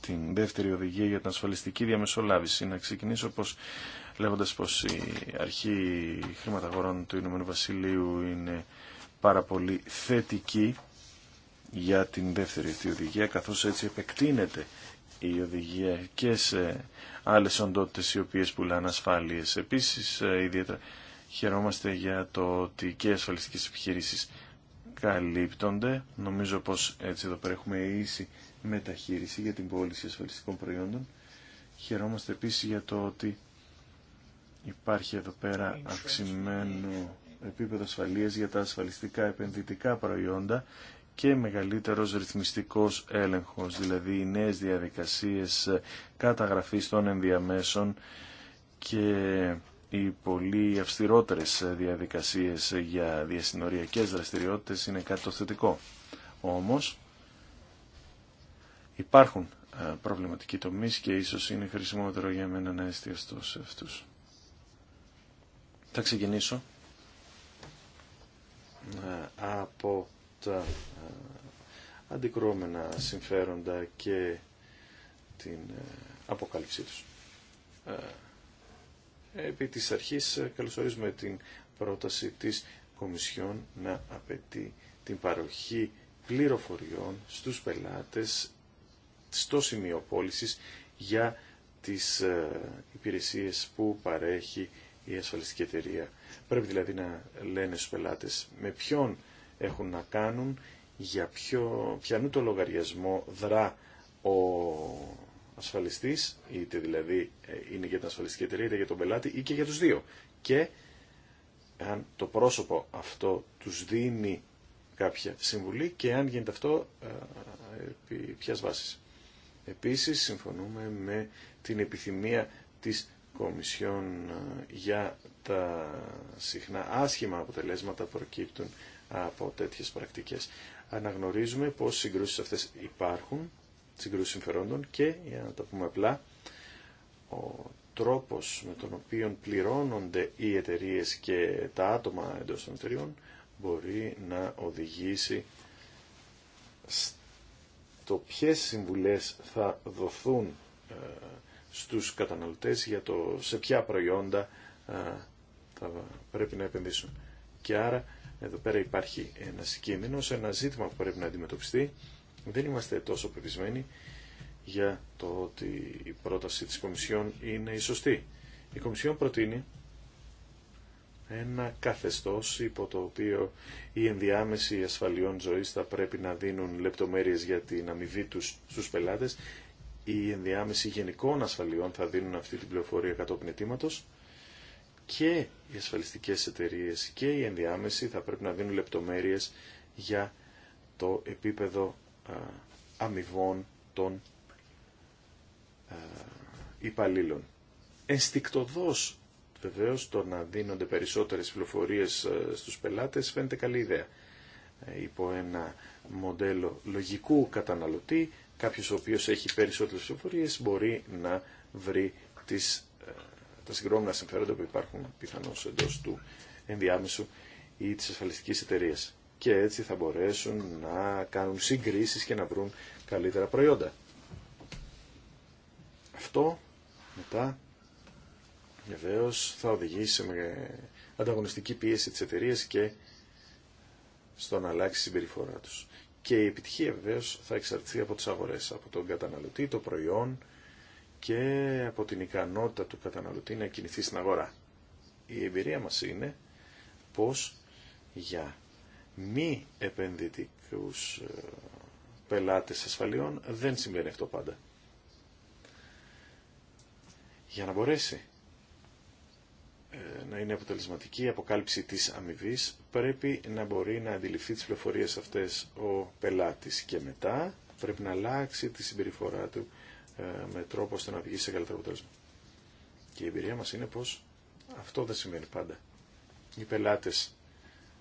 την δεύτερη οδηγία για την ασφαλιστική διαμεσολάβηση. Να ξεκινήσω λέγοντας πως η αρχή χρηματαγορών του Ηνωμένου Βασιλείου είναι πάρα πολύ θετική για την δεύτερη αυτή οδηγία, καθώς έτσι επεκτείνεται η οδηγία και σε άλλες οντότητες οι οποίες πουλάνε ασφάλειες. Επίσης, ε, ιδιαίτερα χαιρόμαστε για το ότι και ασφαλιστικές επιχειρήσεις καλύπτονται. Νομίζω πως έτσι εδώ πέρα έχουμε ίση μεταχείριση για την πώληση ασφαλιστικών προϊόντων. Χαιρόμαστε επίσης για το ότι υπάρχει εδώ πέρα αυξημένο επίπεδο ασφαλείας για τα ασφαλιστικά επενδυτικά προϊόντα και μεγαλύτερος ρυθμιστικός έλεγχος, δηλαδή οι νέες διαδικασίες καταγραφής των ενδιαμέσων και οι πολύ αυστηρότερες διαδικασίες για διασυνοριακές δραστηριότητες είναι κάτι το θετικό. Όμως υπάρχουν ε, προβληματικοί τομείς και ίσως είναι χρησιμότερο για μένα να εστιαστώ σε αυτούς. Θα ξεκινήσω ε, από τα ε, αντικρώμενα συμφέροντα και την ε, αποκάλυψή τους. Επί της αρχής καλωσορίζουμε την πρόταση της Κομισιόν να απαιτεί την παροχή πληροφοριών στους πελάτες στο σημείο πώλησης για τις υπηρεσίες που παρέχει η ασφαλιστική εταιρεία. Πρέπει δηλαδή να λένε στους πελάτες με ποιον έχουν να κάνουν, για ποιο, ποιανού το λογαριασμό δρά ο ασφαλιστής, είτε δηλαδή ε, είναι για την ασφαλιστική εταιρεία, είτε για τον πελάτη ή και για τους δύο. Και αν το πρόσωπο αυτό τους δίνει κάποια συμβουλή και αν γίνεται αυτό ε, επί ποιας βάσης. Επίσης συμφωνούμε με την επιθυμία της Κομισιόν ε, για τα συχνά άσχημα αποτελέσματα προκύπτουν από τέτοιες πρακτικές. Αναγνωρίζουμε πως συγκρούσεις αυτές υπάρχουν, συγκρούσεις συμφερόντων και, για να τα πούμε απλά, ο τρόπος με τον οποίο πληρώνονται οι εταιρείε και τα άτομα εντός των εταιρείων μπορεί να οδηγήσει στο ποιες συμβουλές θα δοθούν ε, στους καταναλωτές για το σε ποια προϊόντα θα πρέπει να επενδύσουν. Και άρα εδώ πέρα υπάρχει ένα κίνδυνο, ένα ζήτημα που πρέπει να αντιμετωπιστεί. Δεν είμαστε τόσο πεπισμένοι για το ότι η πρόταση της Κομισιόν είναι η σωστή. Η Κομισιόν προτείνει ένα καθεστώς υπό το οποίο οι ενδιάμεσοι ασφαλιών ζωής θα πρέπει να δίνουν λεπτομέρειες για την αμοιβή τους στους πελάτες οι ενδιάμεση γενικών ασφαλιών θα δίνουν αυτή την πληροφορία κατόπιν αιτήματος και οι ασφαλιστικές εταιρείες και οι ενδιάμεση θα πρέπει να δίνουν λεπτομέρειες για το επίπεδο αμοιβών των υπαλλήλων. Ενστικτοδός βεβαίως το να δίνονται περισσότερες πληροφορίες στους πελάτες φαίνεται καλή ιδέα. Ε, υπό ένα μοντέλο λογικού καταναλωτή κάποιος ο οποίος έχει περισσότερες πληροφορίες μπορεί να βρει τις, ε, τα συγκρόμενα συμφέροντα που υπάρχουν πιθανώς εντός του ενδιάμεσου ή της ασφαλιστικής εταιρεία. Και έτσι θα μπορέσουν να κάνουν συγκρίσεις και να βρουν καλύτερα προϊόντα. Αυτό μετά βεβαίω θα οδηγήσει σε ανταγωνιστική πίεση της εταιρεία και στο να αλλάξει συμπεριφορά τους. Και η επιτυχία βεβαίως θα εξαρτηθεί από τι αγορές, από τον καταναλωτή, το προϊόν και από την ικανότητα του καταναλωτή να κινηθεί στην αγορά. Η εμπειρία μας είναι πως για μη επενδυτικούς ε, πελάτες ασφαλιών δεν συμβαίνει αυτό πάντα. Για να μπορέσει ε, να είναι αποτελεσματική η αποκάλυψη της αμοιβή πρέπει να μπορεί να αντιληφθεί τις πληροφορίες αυτές ο πελάτης και μετά πρέπει να αλλάξει τη συμπεριφορά του ε, με τρόπο ώστε να βγει σε καλύτερο αποτέλεσμα. Και η εμπειρία μας είναι πως αυτό δεν σημαίνει πάντα. Οι πελάτες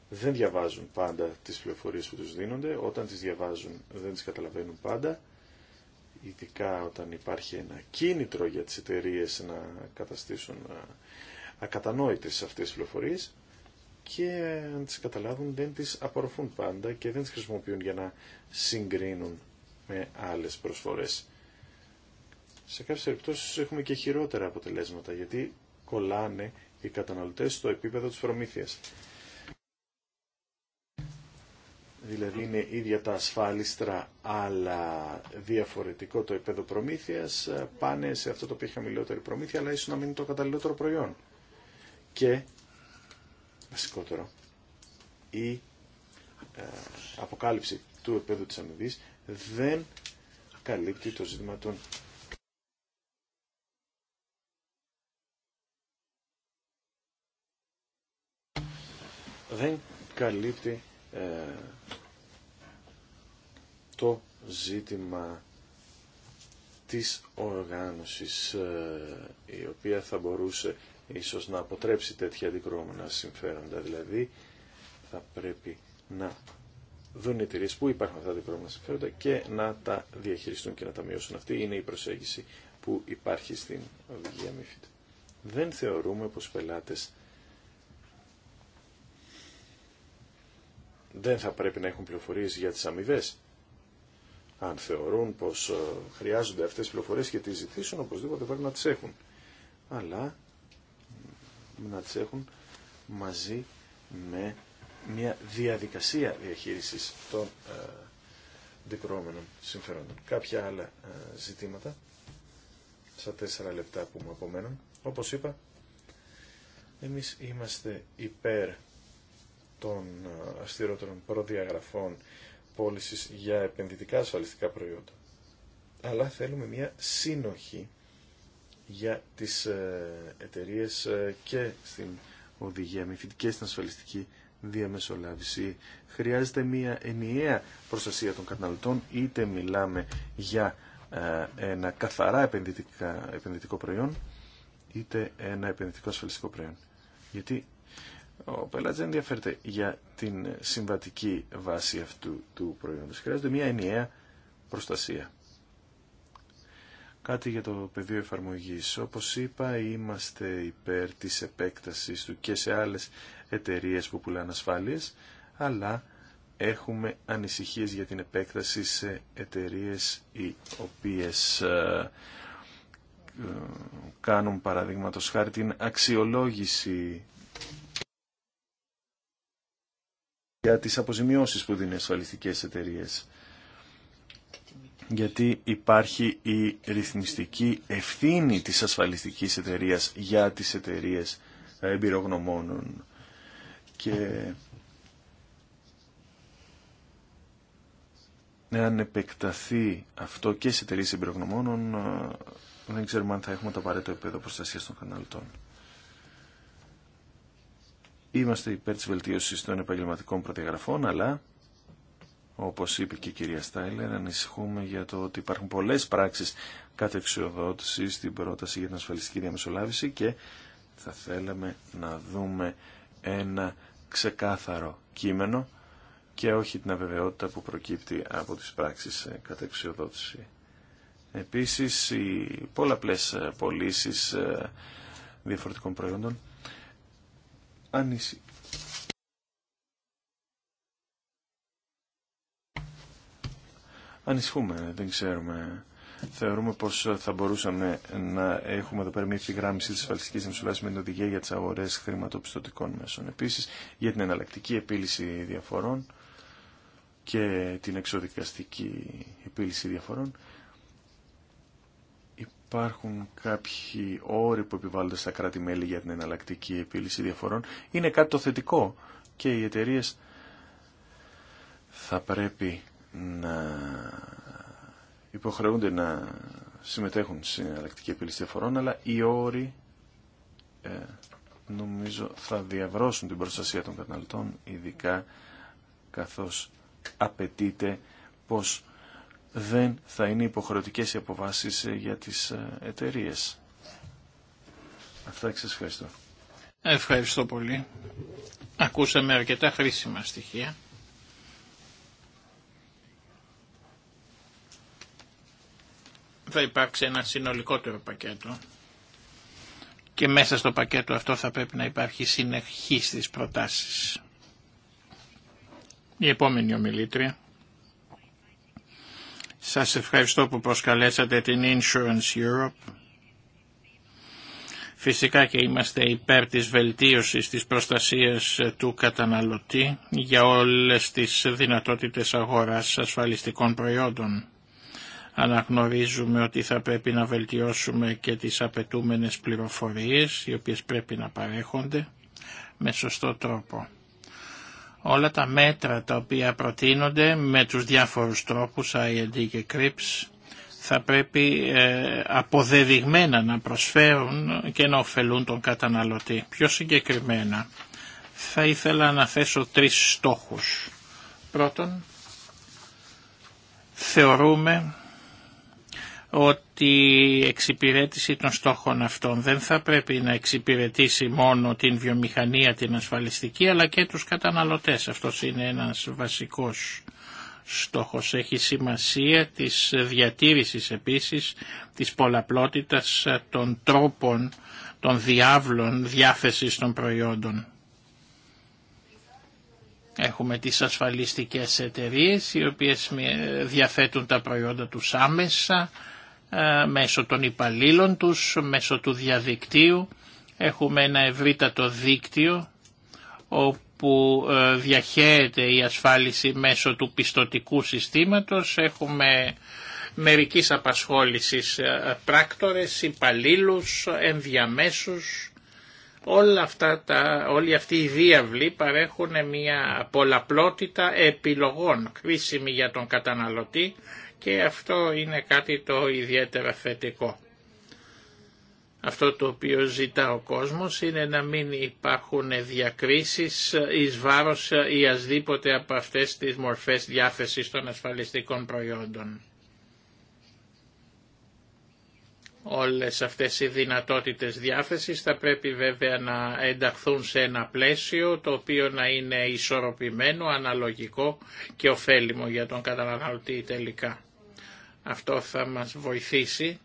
δεν διαβάζουν πάντα τις πληροφορίες που τους δίνονται, όταν τις διαβάζουν δεν τις καταλαβαίνουν πάντα, ειδικά όταν υπάρχει ένα κίνητρο για τις εταιρείε να καταστήσουν ε, ακατανόητες αυτές τις πληροφορίες και αν τις καταλάβουν δεν τις απορροφούν πάντα και δεν τις χρησιμοποιούν για να συγκρίνουν με άλλες προσφορές. Σε κάποιες περιπτώσεις έχουμε και χειρότερα αποτελέσματα γιατί κολλάνε οι καταναλωτές στο επίπεδο της προμήθειας. Δηλαδή είναι ίδια τα ασφάλιστρα αλλά διαφορετικό το επίπεδο προμήθειας πάνε σε αυτό το οποίο έχει χαμηλότερη προμήθεια αλλά ίσως να μην είναι το καταλληλότερο προϊόν και βασικότερο η ε, αποκάλυψη του επίπεδου της αμοιβή δεν καλύπτει το ζήτημα των δεν καλύπτει ε, το ζήτημα της οργάνωσης ε, η οποία θα μπορούσε ίσως να αποτρέψει τέτοια αντικρώμενα συμφέροντα. Δηλαδή θα πρέπει να δουν οι εταιρείε που υπάρχουν αυτά τα αντικρώμενα συμφέροντα και να τα διαχειριστούν και να τα μειώσουν. Αυτή είναι η προσέγγιση που υπάρχει στην οδηγία MIFID. Δεν θεωρούμε πως οι πελάτες δεν θα πρέπει να έχουν πληροφορίες για τις αμοιβέ. Αν θεωρούν πως ε, χρειάζονται αυτές τις πληροφορίες και τις ζητήσουν, οπωσδήποτε πρέπει να τις έχουν. Αλλά να τις έχουν μαζί με μια διαδικασία διαχείρισης των ε, δικρόμενων συμφερόντων. Κάποια άλλα ε, ζητήματα στα τέσσερα λεπτά που μου απομένουν. Όπως είπα, εμείς είμαστε υπέρ των ε, αυστηρότερων προδιαγραφών πώληση για επενδυτικά ασφαλιστικά προϊόντα. Αλλά θέλουμε μια σύνοχη για τις ε, εταιρείε ε, και στην οδηγία μη και στην ασφαλιστική διαμεσολάβηση. Χρειάζεται μια ενιαία προστασία των καταναλωτών, είτε μιλάμε για ε, ένα καθαρά επενδυτικό προϊόν, είτε ένα επενδυτικό ασφαλιστικό προϊόν. Γιατί ο πελάτης δεν ενδιαφέρεται για την συμβατική βάση αυτού του προϊόντος. Χρειάζεται μια ενιαία προστασία. Κάτι για το πεδίο εφαρμογής. Όπως είπα, είμαστε υπέρ της επέκτασης του και σε άλλες εταιρείες που πουλάνε ασφάλειες, αλλά έχουμε ανησυχίες για την επέκταση σε εταιρείες οι οποίες ε, ε, κάνουν παραδείγματος χάρη την αξιολόγηση για τις αποζημιώσεις που οι ασφαλιστικές εταιρείες γιατί υπάρχει η ρυθμιστική ευθύνη της ασφαλιστικής εταιρείας για τις εταιρείες ε, εμπειρογνωμόνων και αν επεκταθεί αυτό και σε εταιρείε εμπειρογνωμόνων ε, δεν ξέρουμε αν θα έχουμε το απαραίτητο επίπεδο προστασίας των καταναλωτών. Είμαστε υπέρ της βελτίωσης των επαγγελματικών προδιαγραφών αλλά όπως είπε και η κυρία Στάιλερ, ανησυχούμε για το ότι υπάρχουν πολλές πράξεις εξοδότηση στην πρόταση για την ασφαλιστική διαμεσολάβηση και θα θέλαμε να δούμε ένα ξεκάθαρο κείμενο και όχι την αβεβαιότητα που προκύπτει από τις πράξεις εξοδότηση. Επίσης, οι πολλαπλές πωλήσει ε, διαφορετικών προϊόντων ανισχούμε, δεν ξέρουμε. Θεωρούμε πως θα μπορούσαμε να έχουμε εδώ πέρα μια επιγράμμιση της ασφαλιστική ενσουλάσης με την οδηγία για τι αγορέ χρηματοπιστωτικών μέσων. Επίσης, για την εναλλακτική επίλυση διαφορών και την εξοδικαστική επίλυση διαφορών υπάρχουν κάποιοι όροι που επιβάλλονται στα κράτη-μέλη για την εναλλακτική επίλυση διαφορών. Είναι κάτι το θετικό και οι εταιρείε θα πρέπει να υποχρεούνται να συμμετέχουν στην εναλλακτική επίλυση διαφορών, αλλά οι όροι ε, νομίζω θα διαβρώσουν την προστασία των καταναλωτών, ειδικά καθώς απαιτείται πως δεν θα είναι υποχρεωτικές οι αποβάσεις ε, για τις ε, εταιρείε. Αυτά και σας ευχαριστώ. Ευχαριστώ πολύ. Ακούσαμε αρκετά χρήσιμα στοιχεία. θα υπάρξει ένα συνολικότερο πακέτο και μέσα στο πακέτο αυτό θα πρέπει να υπάρχει συνεχή στις προτάσεις. Η επόμενη ομιλήτρια. Σας ευχαριστώ που προσκαλέσατε την Insurance Europe. Φυσικά και είμαστε υπέρ της βελτίωσης της προστασίας του καταναλωτή για όλες τις δυνατότητες αγοράς ασφαλιστικών προϊόντων. Αναγνωρίζουμε ότι θα πρέπει να βελτιώσουμε και τις απαιτούμενες πληροφορίες, οι οποίες πρέπει να παρέχονται με σωστό τρόπο. Όλα τα μέτρα τα οποία προτείνονται με τους διάφορους τρόπους, IND και CRIPS, θα πρέπει ε, αποδεδειγμένα να προσφέρουν και να ωφελούν τον καταναλωτή. Πιο συγκεκριμένα, θα ήθελα να θέσω τρεις στόχους. Πρώτον, θεωρούμε ότι η εξυπηρέτηση των στόχων αυτών δεν θα πρέπει να εξυπηρετήσει μόνο την βιομηχανία, την ασφαλιστική, αλλά και τους καταναλωτές. Αυτός είναι ένας βασικός στόχος. Έχει σημασία της διατήρησης επίσης της πολλαπλότητας των τρόπων, των διάβλων διάθεσης των προϊόντων. Έχουμε τις ασφαλιστικές εταιρείες οι οποίες διαθέτουν τα προϊόντα τους άμεσα, ε, μέσω των υπαλλήλων τους, μέσω του διαδικτύου. Έχουμε ένα ευρύτατο δίκτυο όπου ε, διαχέεται η ασφάλιση μέσω του πιστοτικού συστήματος. Έχουμε μερικής απασχόλησης ε, πράκτορες, υπαλλήλου, ενδιαμέσους. Όλα αυτά τα, όλοι αυτοί οι διάβλοι παρέχουν μια πολλαπλότητα επιλογών κρίσιμη για τον καταναλωτή και αυτό είναι κάτι το ιδιαίτερα θετικό. Αυτό το οποίο ζητά ο κόσμος είναι να μην υπάρχουν διακρίσεις εις βάρος ή ασδήποτε από αυτές τις μορφές διάθεσης των ασφαλιστικών προϊόντων. Όλες αυτές οι δυνατότητες διάθεσης θα πρέπει βέβαια να ενταχθούν σε ένα πλαίσιο το οποίο να είναι ισορροπημένο, αναλογικό και ωφέλιμο για τον καταναλωτή τελικά. Αυτό θα μας βοηθήσει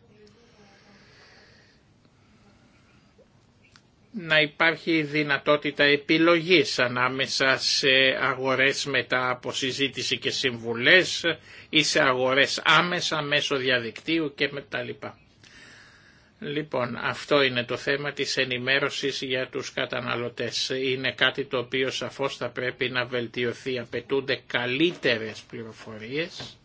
να υπάρχει δυνατότητα επιλογής ανάμεσα σε αγορές μετά από συζήτηση και συμβουλές ή σε αγορές άμεσα μέσω διαδικτύου και κτλ. Λοιπόν, αυτό είναι το θέμα της ενημέρωσης για τους καταναλωτές. Είναι κάτι το οποίο σαφώς θα πρέπει να βελτιωθεί. Απαιτούνται καλύτερες πληροφορίες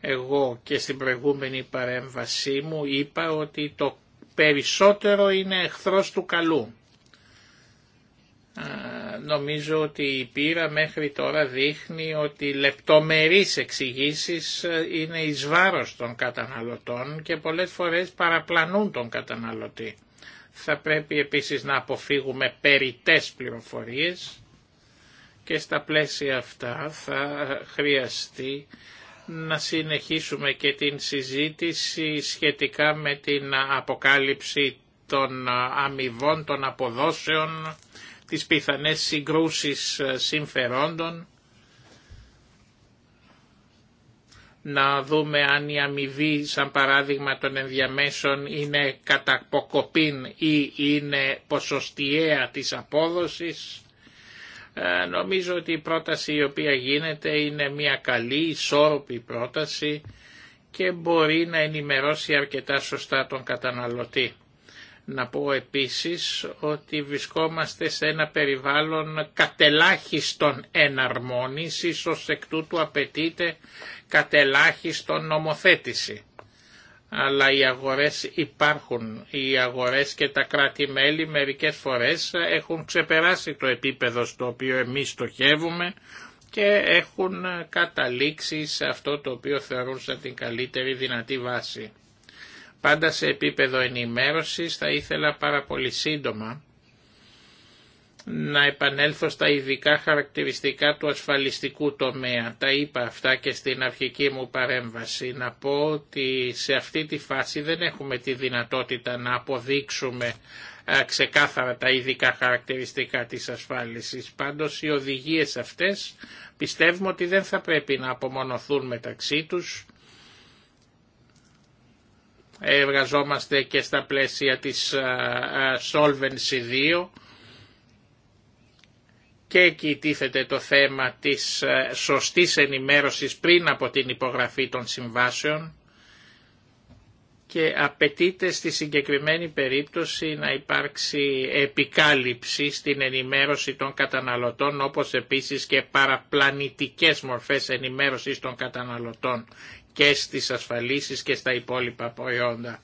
Εγώ και στην προηγούμενη παρέμβασή μου είπα ότι το περισσότερο είναι εχθρός του καλού. Νομίζω ότι η πείρα μέχρι τώρα δείχνει ότι λεπτομερείς εξηγήσει ε, είναι εις βάρος των καταναλωτών και πολλές φορές παραπλανούν τον καταναλωτή. Θα πρέπει επίσης να αποφύγουμε περιτές πληροφορίες και στα πλαίσια αυτά θα χρειαστεί να συνεχίσουμε και την συζήτηση σχετικά με την αποκάλυψη των αμοιβών, των αποδόσεων, τις πιθανές συγκρούσεις συμφερόντων. Να δούμε αν η αμοιβή, σαν παράδειγμα των ενδιαμέσων, είναι καταποκοπήν ή είναι ποσοστιαία της απόδοσης ε, νομίζω ότι η πρόταση η οποία γίνεται είναι μια καλή, ισόρροπη πρόταση και μπορεί να ενημερώσει αρκετά σωστά τον καταναλωτή. Να πω επίσης ότι βρισκόμαστε σε ένα περιβάλλον κατελάχιστον εναρμόνισης, ως εκ τούτου απαιτείται κατελάχιστον νομοθέτηση αλλά οι αγορές υπάρχουν. Οι αγορές και τα κράτη-μέλη μερικές φορές έχουν ξεπεράσει το επίπεδο στο οποίο εμείς στοχεύουμε και έχουν καταλήξει σε αυτό το οποίο θεωρούν σαν την καλύτερη δυνατή βάση. Πάντα σε επίπεδο ενημέρωσης θα ήθελα πάρα πολύ σύντομα να επανέλθω στα ειδικά χαρακτηριστικά του ασφαλιστικού τομέα. Τα είπα αυτά και στην αρχική μου παρέμβαση. Να πω ότι σε αυτή τη φάση δεν έχουμε τη δυνατότητα να αποδείξουμε ξεκάθαρα τα ειδικά χαρακτηριστικά της ασφάλισης. Πάντως οι οδηγίες αυτές πιστεύουμε ότι δεν θα πρέπει να απομονωθούν μεταξύ τους. Εργαζόμαστε και στα πλαίσια της Solvency 2 και εκεί τίθεται το θέμα της ε, σωστής ενημέρωσης πριν από την υπογραφή των συμβάσεων και απαιτείται στη συγκεκριμένη περίπτωση να υπάρξει επικάλυψη στην ενημέρωση των καταναλωτών όπως επίσης και παραπλανητικές μορφές ενημέρωσης των καταναλωτών και στις ασφαλίσεις και στα υπόλοιπα προϊόντα.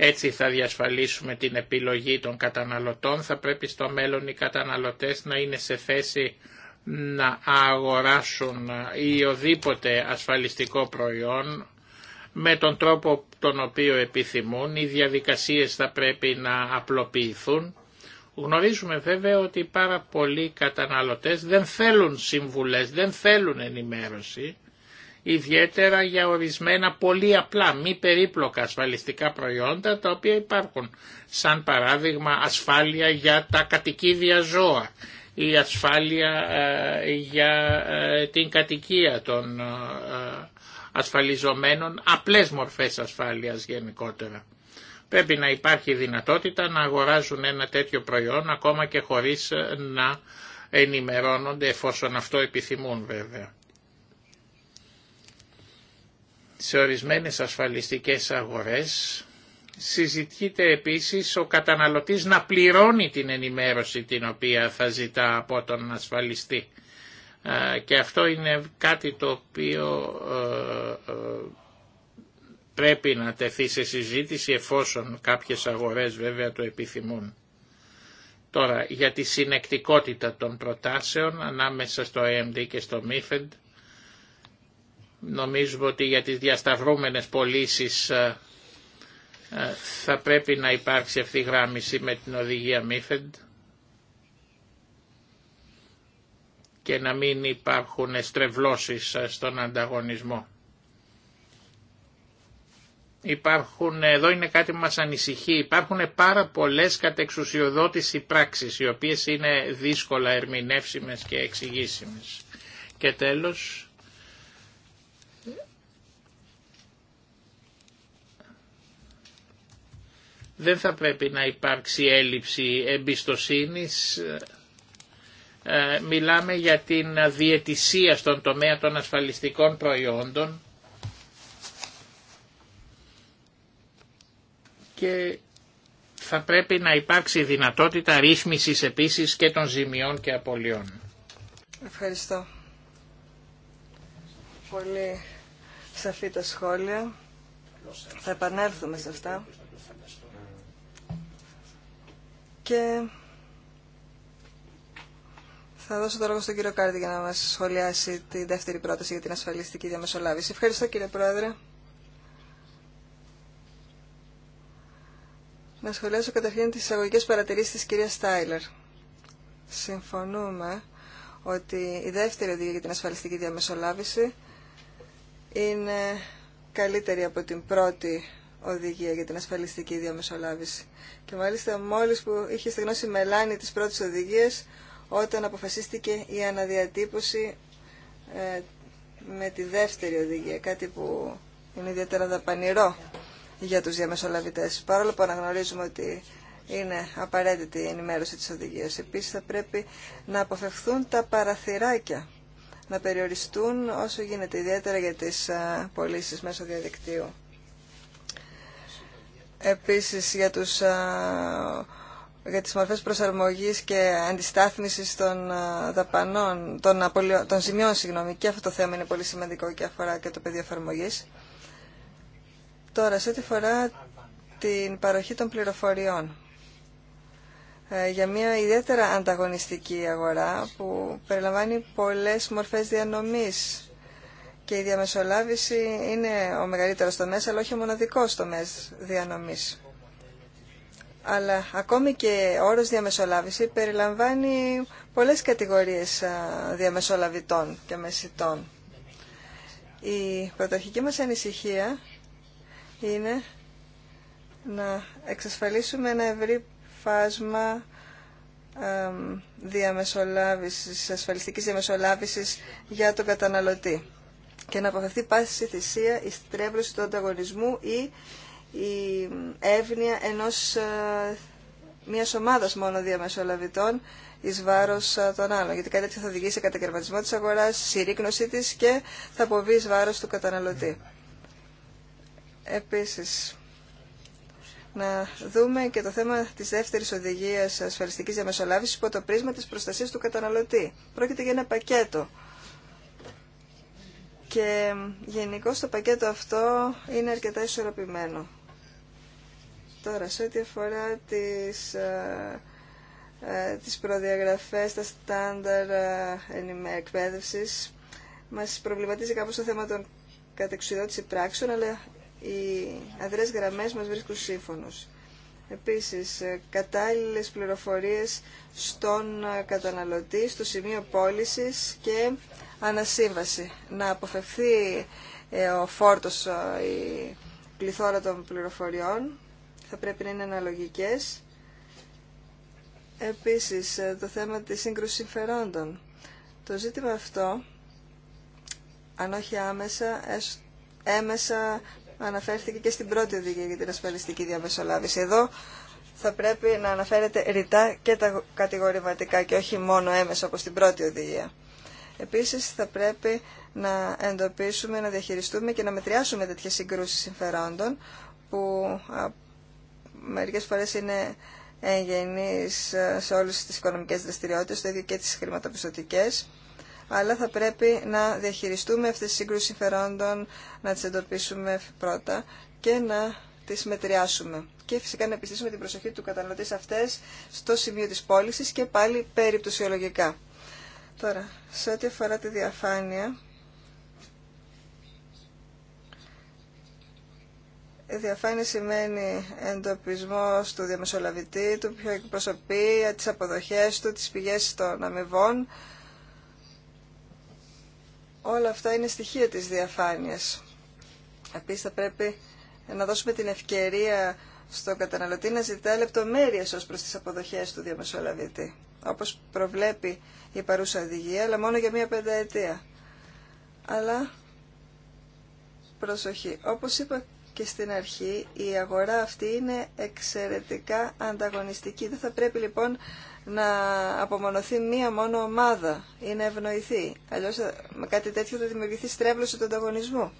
Έτσι θα διασφαλίσουμε την επιλογή των καταναλωτών. Θα πρέπει στο μέλλον οι καταναλωτές να είναι σε θέση να αγοράσουν ή οδήποτε ασφαλιστικό προϊόν με τον τρόπο τον οποίο επιθυμούν. Οι διαδικασίες θα πρέπει να απλοποιηθούν. Γνωρίζουμε βέβαια ότι πάρα πολλοί καταναλωτές δεν θέλουν συμβουλές, δεν θέλουν ενημέρωση ιδιαίτερα για ορισμένα πολύ απλά, μη περίπλοκα ασφαλιστικά προϊόντα τα οποία υπάρχουν. Σαν παράδειγμα ασφάλεια για τα κατοικίδια ζώα ή ασφάλεια ε, για ε, την κατοικία των ε, ασφαλιζομένων, απλές μορφές ασφάλειας γενικότερα. Πρέπει να υπάρχει δυνατότητα να αγοράζουν ένα τέτοιο προϊόν ακόμα και χωρίς να ενημερώνονται εφόσον αυτό επιθυμούν βέβαια σε ορισμένες ασφαλιστικές αγορές συζητείται επίσης ο καταναλωτής να πληρώνει την ενημέρωση την οποία θα ζητά από τον ασφαλιστή. Και αυτό είναι κάτι το οποίο ε, ε, πρέπει να τεθεί σε συζήτηση εφόσον κάποιες αγορές βέβαια το επιθυμούν. Τώρα για τη συνεκτικότητα των προτάσεων ανάμεσα στο AMD και στο MIFED Νομίζουμε ότι για τις διασταυρούμενες πωλήσει ε, ε, θα πρέπει να υπάρξει γράμμιση με την οδηγία MIFED και να μην υπάρχουν στρεβλώσεις ε, στον ανταγωνισμό. Υπάρχουν, εδώ είναι κάτι που μας ανησυχεί, υπάρχουν πάρα πολλές κατεξουσιοδότηση πράξεις οι οποίες είναι δύσκολα ερμηνεύσιμες και εξηγήσιμες. Και τέλος, Δεν θα πρέπει να υπάρξει έλλειψη εμπιστοσύνης. Ε, μιλάμε για την διαιτησία στον τομέα των ασφαλιστικών προϊόντων και θα πρέπει να υπάρξει δυνατότητα ρύθμισης επίσης και των ζημιών και απολειών. Ευχαριστώ. Πολύ σαφή τα σχόλια. Θα επανέλθουμε σε αυτά. Και θα δώσω το λόγο στον κύριο Κάρτη για να μας σχολιάσει τη δεύτερη πρόταση για την ασφαλιστική διαμεσολάβηση. Ευχαριστώ κύριε Πρόεδρε. Να σχολιάσω καταρχήν τις εισαγωγικές παρατηρήσεις της κυρίας Στάιλερ. Συμφωνούμε ότι η δεύτερη οδηγία για την ασφαλιστική διαμεσολάβηση είναι καλύτερη από την πρώτη οδηγία για την ασφαλιστική διαμεσολάβηση. Και μάλιστα μόλις που είχε στεγνώσει μελάνη τις πρώτες οδηγίες όταν αποφασίστηκε η αναδιατύπωση ε, με τη δεύτερη οδηγία, κάτι που είναι ιδιαίτερα δαπανηρό για τους διαμεσολαβητές. Παρόλο που αναγνωρίζουμε ότι είναι απαραίτητη η ενημέρωση της οδηγίας. Επίσης θα πρέπει να αποφευθούν τα παραθυράκια, να περιοριστούν όσο γίνεται ιδιαίτερα για τις ε, πωλήσει μέσω διαδικτύου. Επίσης για, τους, για τις μορφές προσαρμογής και αντιστάθμισης των δαπανών, των, απολυ... των ζημιών, συγγνώμη, και αυτό το θέμα είναι πολύ σημαντικό και αφορά και το πεδίο εφαρμογή. Τώρα, σε ό,τι φορά την παροχή των πληροφοριών ε, για μια ιδιαίτερα ανταγωνιστική αγορά που περιλαμβάνει πολλές μορφές διανομής και η διαμεσολάβηση είναι ο μεγαλύτερος τομέας, αλλά όχι ο μοναδικός τομέας διανομής. Αλλά ακόμη και ο όρος διαμεσολάβηση περιλαμβάνει πολλές κατηγορίες διαμεσολαβητών και μεσητών. Η πρωτορχική μας ανησυχία είναι να εξασφαλίσουμε ένα ευρύ φάσμα διαμεσολάβησης, ασφαλιστικής διαμεσολάβησης για τον καταναλωτή και να αποφευθεί πάση θυσία η στρέβλωση του ανταγωνισμού ή η εύνοια ενός ε, μια ομάδας μόνο διαμεσολαβητών ει βάρο ε, των άλλων. Γιατί κάτι τέτοιο θα οδηγήσει σε κατακαιρματισμό τη αγορά, συρρήκνωσή τη και θα αποβεί εις βάρος του καταναλωτή. Επίσης, να δούμε και το θέμα τη δεύτερη οδηγία ασφαλιστική διαμεσολάβηση υπό το πρίσμα τη προστασία του καταναλωτή. Πρόκειται για ένα πακέτο και γενικώ το πακέτο αυτό είναι αρκετά ισορροπημένο. Τώρα, σε ό,τι αφορά τις, προδιαγραφέ ε, ε, τις προδιαγραφές, τα στάνταρ ε, μας προβληματίζει κάπως το θέμα των κατεξουδότηση πράξεων, αλλά οι αδρές γραμμές μας βρίσκουν σύμφωνος. Επίσης, κατάλληλες πληροφορίες στον καταναλωτή, στο σημείο πώλησης και ανασύμβαση, να αποφευθεί ε, ο φόρτος, ε, η πληθώρα των πληροφοριών, θα πρέπει να είναι αναλογικές. Επίσης, ε, το θέμα της σύγκρουσης συμφερόντων. Το ζήτημα αυτό, αν όχι άμεσα, έμεσα αναφέρθηκε και στην πρώτη οδηγία για την ασφαλιστική διαμεσολάβηση. Εδώ θα πρέπει να αναφέρεται ρητά και τα κατηγορηματικά και όχι μόνο έμεσα όπως στην πρώτη οδηγία. Επίσης θα πρέπει να εντοπίσουμε, να διαχειριστούμε και να μετριάσουμε τέτοιες συγκρούσεις συμφερόντων που μερικές φορές είναι εγγενείς ε, σε όλες τις οικονομικές δραστηριότητες, το ίδιο και τις χρηματοπιστωτικές, αλλά θα πρέπει να διαχειριστούμε αυτές τις σύγκρουσεις συμφερόντων, να τις εντοπίσουμε πρώτα και να τις μετριάσουμε. Και φυσικά να επιστήσουμε την προσοχή του καταναλωτή σε αυτές στο σημείο της πώληση και πάλι περιπτωσιολογικά. Τώρα, σε ό,τι αφορά τη διαφάνεια, η διαφάνεια σημαίνει εντοπισμό του διαμεσολαβητή, του πιο εκπροσωπεί, τις αποδοχές του, τις πηγές των αμοιβών. Όλα αυτά είναι στοιχεία της διαφάνειας. Επίσης θα πρέπει να δώσουμε την ευκαιρία στον καταναλωτή να ζητά λεπτομέρειες ως προς τις αποδοχές του διαμεσολαβητή όπως προβλέπει η παρούσα οδηγία, αλλά μόνο για μία πενταετία. Αλλά προσοχή, όπως είπα και στην αρχή, η αγορά αυτή είναι εξαιρετικά ανταγωνιστική. Δεν θα πρέπει λοιπόν να απομονωθεί μία μόνο ομάδα ή να ευνοηθεί. Αλλιώς ε, με κάτι τέτοιο θα δημιουργηθεί στρέβλωση του ανταγωνισμού.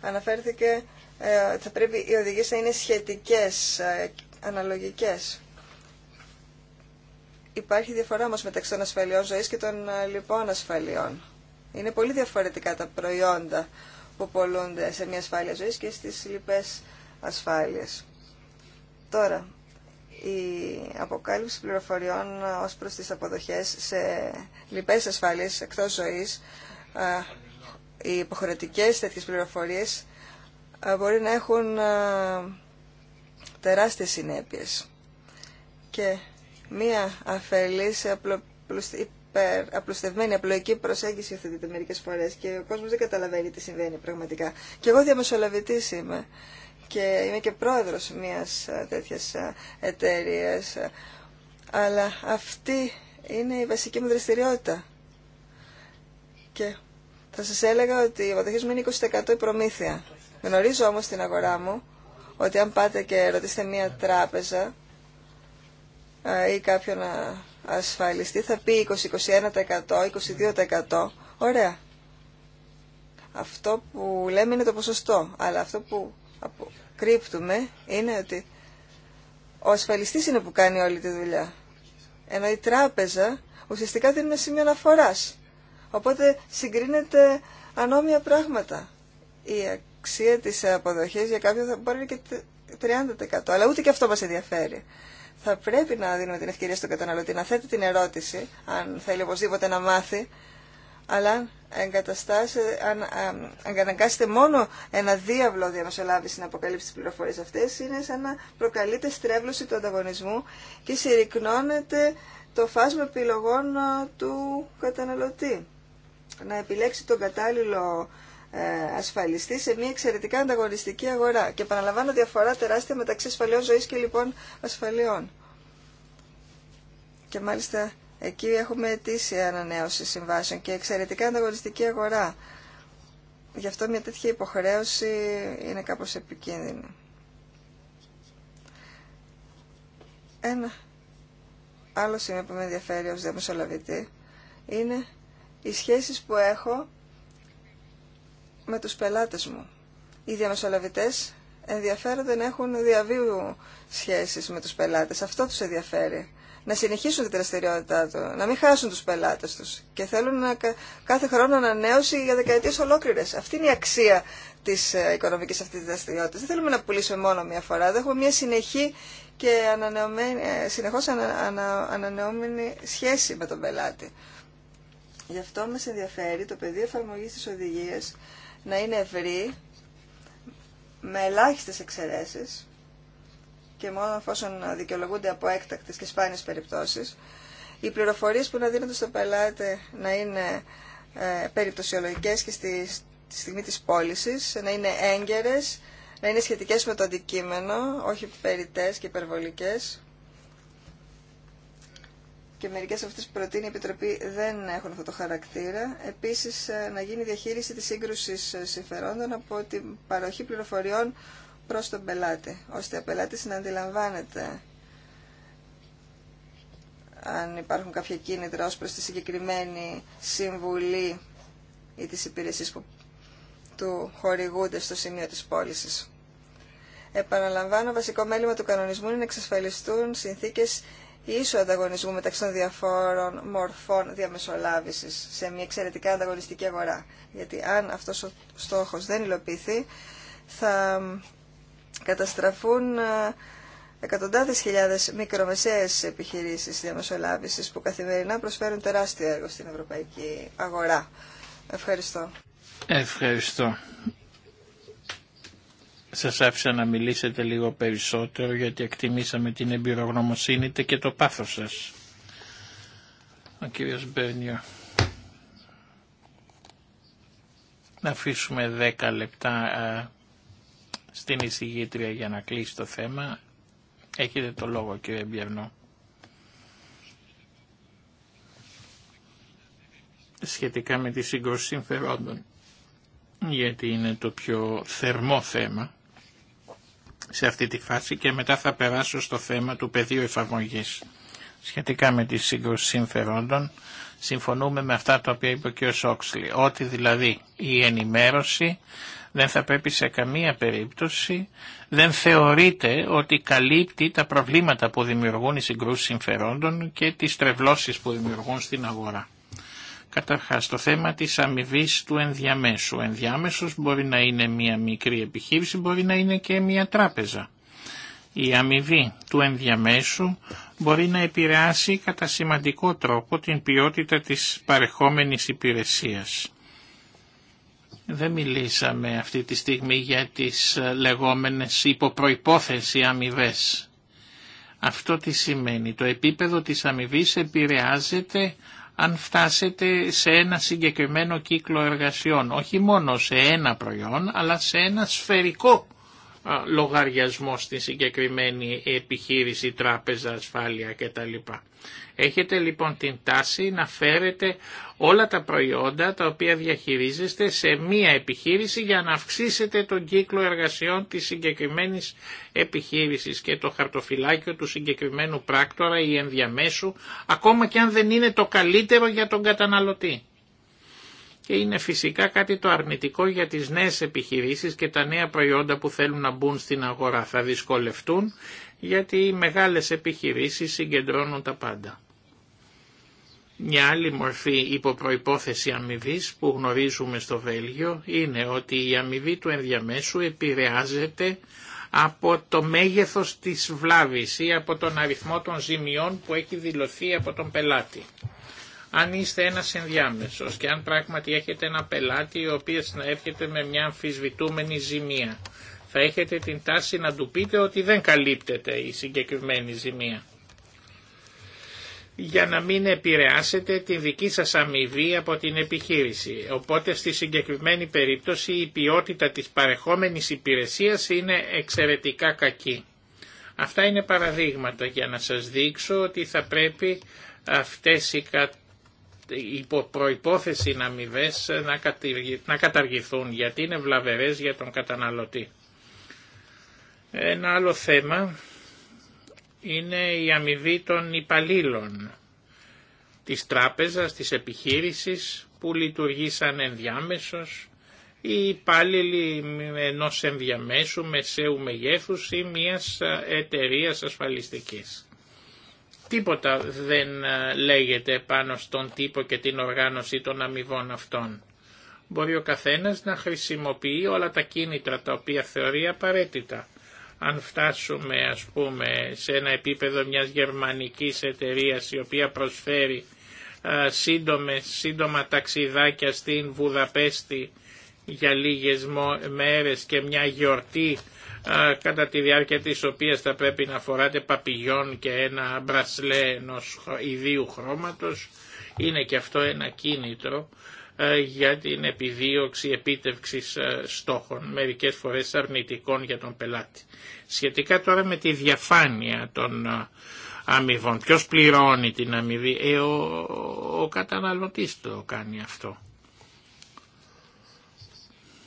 Αναφέρθηκε ε, θα πρέπει οι οδηγίες να είναι σχετικές, ε, αναλογικές υπάρχει διαφορά όμως μεταξύ των ασφαλιών ζωής και των ε, λοιπών ασφαλιών. Είναι πολύ διαφορετικά τα προϊόντα που πολλούνται σε μια ασφάλεια ζωής και στις λοιπές ασφάλειες. Τώρα, η αποκάλυψη πληροφοριών ε, ως προς τις αποδοχές σε λοιπές ασφάλειες εκτός ζωής, ε, οι υποχρεωτικές τέτοιες πληροφορίες μπορεί να έχουν τεράστιες συνέπειες. Και μία αφελής απλουστευμένη, απλοϊκή προσέγγιση υιοθετείται μερικές φορές και ο κόσμος δεν καταλαβαίνει τι συμβαίνει πραγματικά. Και εγώ διαμεσολαβητής είμαι και είμαι και πρόεδρος μιας ε, τέτοιας ε, εταιρεία. Ε, αλλά αυτή είναι η βασική μου δραστηριότητα. Και θα σας έλεγα ότι η αποδοχή μου είναι 20% η προμήθεια. Γνωρίζω όμως την αγορά μου ότι αν πάτε και ρωτήσετε μια τράπεζα ή κάποιον ασφαλιστή θα πει 20-21%, 22%. Ωραία. Αυτό που λέμε είναι το ποσοστό, αλλά αυτό που κρύπτουμε είναι ότι ο ασφαλιστής είναι που κάνει όλη τη δουλειά. Ενώ η τράπεζα ουσιαστικά δεν είναι σημείο αναφορά. Οπότε συγκρίνεται ανώμια πράγματα. Η αξία της αποδοχής για κάποιον θα μπορεί και 30%, αλλά ούτε και αυτό μας ενδιαφέρει θα πρέπει να δίνουμε την ευκαιρία στον καταναλωτή να θέτει την ερώτηση, αν θέλει οπωσδήποτε να μάθει, αλλά αν εγκαταστάσετε μόνο ένα διάβλο διαμεσολάβηση να αποκαλύψει τι πληροφορίες αυτέ, είναι σαν να προκαλείται στρέβλωση του ανταγωνισμού και συρρυκνώνεται το φάσμα επιλογών του καταναλωτή. Να επιλέξει τον κατάλληλο ε, ασφαλιστεί σε μια εξαιρετικά ανταγωνιστική αγορά. Και παραλαμβάνω διαφορά τεράστια μεταξύ ασφαλιών ζωής και λοιπόν ασφαλιών. Και μάλιστα εκεί έχουμε αιτήσια ανανέωση συμβάσεων και εξαιρετικά ανταγωνιστική αγορά. Γι' αυτό μια τέτοια υποχρέωση είναι κάπως επικίνδυνη. Ένα άλλο σημείο που με ενδιαφέρει ως διαμεσολαβητή είναι οι σχέσεις που έχω με τους πελάτες μου. Οι διαμεσολαβητές ενδιαφέρονται να έχουν διαβίου σχέσεις με τους πελάτες. Αυτό τους ενδιαφέρει. Να συνεχίσουν τη δραστηριότητά του, να μην χάσουν τους πελάτες τους. Και θέλουν κάθε χρόνο ανανέωση για δεκαετίες ολόκληρες. Αυτή είναι η αξία της ε, οικονομικής αυτής της δραστηριότητας. Δεν θέλουμε να πουλήσουμε μόνο μία φορά. Δεν έχουμε μία συνεχή και ε, συνεχώς ανα, ανα, ανανεώμενη σχέση με τον πελάτη. Γι' αυτό μας ενδιαφέρει το πεδίο εφαρμογή της οδηγίας να είναι ευρύ, με ελάχιστες εξαιρέσεις και μόνο εφόσον δικαιολογούνται από έκτακτες και σπάνιες περιπτώσεις, οι πληροφορίες που να δίνονται στο πελάτη να είναι ε, και στη, στιγμή της πώληση, να είναι έγκαιρες, να είναι σχετικές με το αντικείμενο, όχι περιτές και υπερβολικές και μερικές από αυτές που προτείνει η Επιτροπή δεν έχουν αυτό το χαρακτήρα. Επίσης, ε, να γίνει διαχείριση της σύγκρουσης ε, συμφερόντων από την παροχή πληροφοριών προς τον πελάτη, ώστε ο πελάτης να αντιλαμβάνεται αν υπάρχουν κάποια κίνητρα ως προς τη συγκεκριμένη συμβουλή ή τις υπηρεσίες που του χορηγούνται στο σημείο της πώληση. Επαναλαμβάνω, βασικό μέλημα του κανονισμού είναι να εξασφαλιστούν συνθήκες ίσου ανταγωνισμού μεταξύ των διαφόρων μορφών διαμεσολάβησης σε μια εξαιρετικά ανταγωνιστική αγορά. Γιατί αν αυτός ο στόχος δεν υλοποιηθεί, θα καταστραφούν ε, εκατοντάδες χιλιάδες μικρομεσαίες επιχειρήσεις διαμεσολάβησης που καθημερινά προσφέρουν τεράστιο έργο στην ευρωπαϊκή αγορά. Ευχαριστώ. Ευχαριστώ. Σας άφησα να μιλήσετε λίγο περισσότερο γιατί εκτιμήσαμε την εμπειρογνωμοσύνη και το πάθος σας. Ο κύριος Μπέρνιο. Να αφήσουμε 10 λεπτά στην εισηγήτρια για να κλείσει το θέμα. Έχετε το λόγο κύριε Μπιερνό. Σχετικά με τη σύγκρουση συμφερόντων, γιατί είναι το πιο θερμό θέμα σε αυτή τη φάση και μετά θα περάσω στο θέμα του πεδίου εφαρμογής. Σχετικά με τη σύγκρουση συμφερόντων, συμφωνούμε με αυτά τα οποία είπε ο κ. Σόξλη, ότι δηλαδή η ενημέρωση δεν θα πρέπει σε καμία περίπτωση, δεν θεωρείται ότι καλύπτει τα προβλήματα που δημιουργούν οι συγκρούσεις συμφερόντων και τις τρευλώσεις που δημιουργούν στην αγορά. Καταρχάς το θέμα της αμοιβή του ενδιαμέσου. Ο ενδιάμεσος μπορεί να είναι μια μικρή επιχείρηση, μπορεί να είναι και μια τράπεζα. Η αμοιβή του ενδιαμέσου μπορεί να επηρεάσει κατά σημαντικό τρόπο την ποιότητα της παρεχόμενης υπηρεσίας. Δεν μιλήσαμε αυτή τη στιγμή για τις λεγόμενες υποπροϋπόθεση αμοιβέ. Αυτό τι σημαίνει. Το επίπεδο της αμοιβή επηρεάζεται αν φτάσετε σε ένα συγκεκριμένο κύκλο εργασιών, όχι μόνο σε ένα προϊόν, αλλά σε ένα σφαιρικό λογαριασμό στη συγκεκριμένη επιχείρηση, τράπεζα, ασφάλεια κτλ. Έχετε λοιπόν την τάση να φέρετε όλα τα προϊόντα τα οποία διαχειρίζεστε σε μία επιχείρηση για να αυξήσετε τον κύκλο εργασιών της συγκεκριμένης επιχείρησης και το χαρτοφυλάκιο του συγκεκριμένου πράκτορα ή ενδιαμέσου ακόμα και αν δεν είναι το καλύτερο για τον καταναλωτή. Και είναι φυσικά κάτι το αρνητικό για τις νέες επιχειρήσεις και τα νέα προϊόντα που θέλουν να μπουν στην αγορά. Θα δυσκολευτούν γιατί οι μεγάλες επιχειρήσεις συγκεντρώνουν τα πάντα. Μια άλλη μορφή υποπροϋπόθεση αμοιβή που γνωρίζουμε στο Βέλγιο είναι ότι η αμοιβή του ενδιαμέσου επηρεάζεται από το μέγεθος της βλάβης ή από τον αριθμό των ζημιών που έχει δηλωθεί από τον πελάτη. Αν είστε ένας ενδιάμεσος και αν πράγματι έχετε ένα πελάτη ο οποίος να έρχεται με μια αμφισβητούμενη ζημία, θα έχετε την τάση να του πείτε ότι δεν καλύπτεται η συγκεκριμένη ζημία για να μην επηρεάσετε τη δική σας αμοιβή από την επιχείρηση. Οπότε στη συγκεκριμένη περίπτωση η ποιότητα της παρεχόμενης υπηρεσίας είναι εξαιρετικά κακή. Αυτά είναι παραδείγματα για να σας δείξω ότι θα πρέπει αυτές οι κα... υπό προϋπόθεση αμοιβέ να καταργηθούν γιατί είναι βλαβερές για τον καταναλωτή. Ένα άλλο θέμα είναι η αμοιβή των υπαλλήλων της τράπεζας, της επιχείρησης που λειτουργήσαν ενδιάμεσος ή υπάλληλοι ενός ενδιαμέσου μεσαίου μεγέθους ή μιας εταιρείας ασφαλιστικής. Τίποτα δεν ε, λέγεται πάνω στον τύπο και την οργάνωση των αμοιβών αυτών. Μπορεί ο καθένας να χρησιμοποιεί όλα τα κίνητρα τα οποία θεωρεί απαραίτητα αν φτάσουμε ας πούμε σε ένα επίπεδο μιας γερμανικής εταιρείας η οποία προσφέρει σύντομες, σύντομα ταξιδάκια στην Βουδαπέστη για λίγες μέρες και μια γιορτή κατά τη διάρκεια της οποίας θα πρέπει να φοράτε παπιγιόν και ένα μπρασλέ ενός ιδίου χρώματος είναι και αυτό ένα κίνητρο ε, για την επιδίωξη επίτευξης ε, στόχων, μερικές φορές αρνητικών για τον πελάτη. Σχετικά τώρα με τη διαφάνεια των ε, αμοιβών, ποιος πληρώνει την αμοιβή, ε, ο, ο καταναλωτής το κάνει αυτό.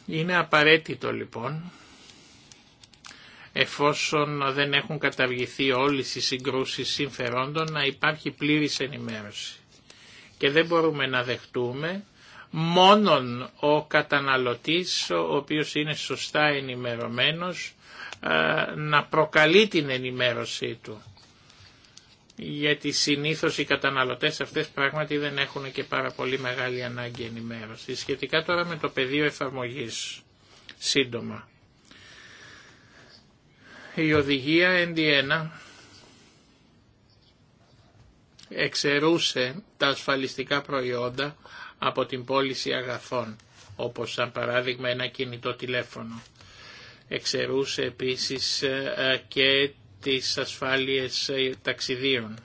Είναι απαραίτητο λοιπόν, εφόσον δεν έχουν καταργηθεί όλες οι συγκρούσεις συμφερόντων, να υπάρχει πλήρης ενημέρωση. Και δεν μπορούμε να δεχτούμε μόνον ο καταναλωτής ο οποίος είναι σωστά ενημερωμένος ε, να προκαλεί την ενημέρωσή του. Γιατί συνήθως οι καταναλωτές αυτές πράγματι δεν έχουν και πάρα πολύ μεγάλη ανάγκη ενημέρωση. Σχετικά τώρα με το πεδίο εφαρμογής, σύντομα. Η οδηγία ND1 εξαιρούσε τα ασφαλιστικά προϊόντα από την πώληση αγαθών, όπως σαν παράδειγμα ένα κινητό τηλέφωνο. Εξαιρούσε επίσης ε, ε, και τις ασφάλειες ε, ταξιδίων.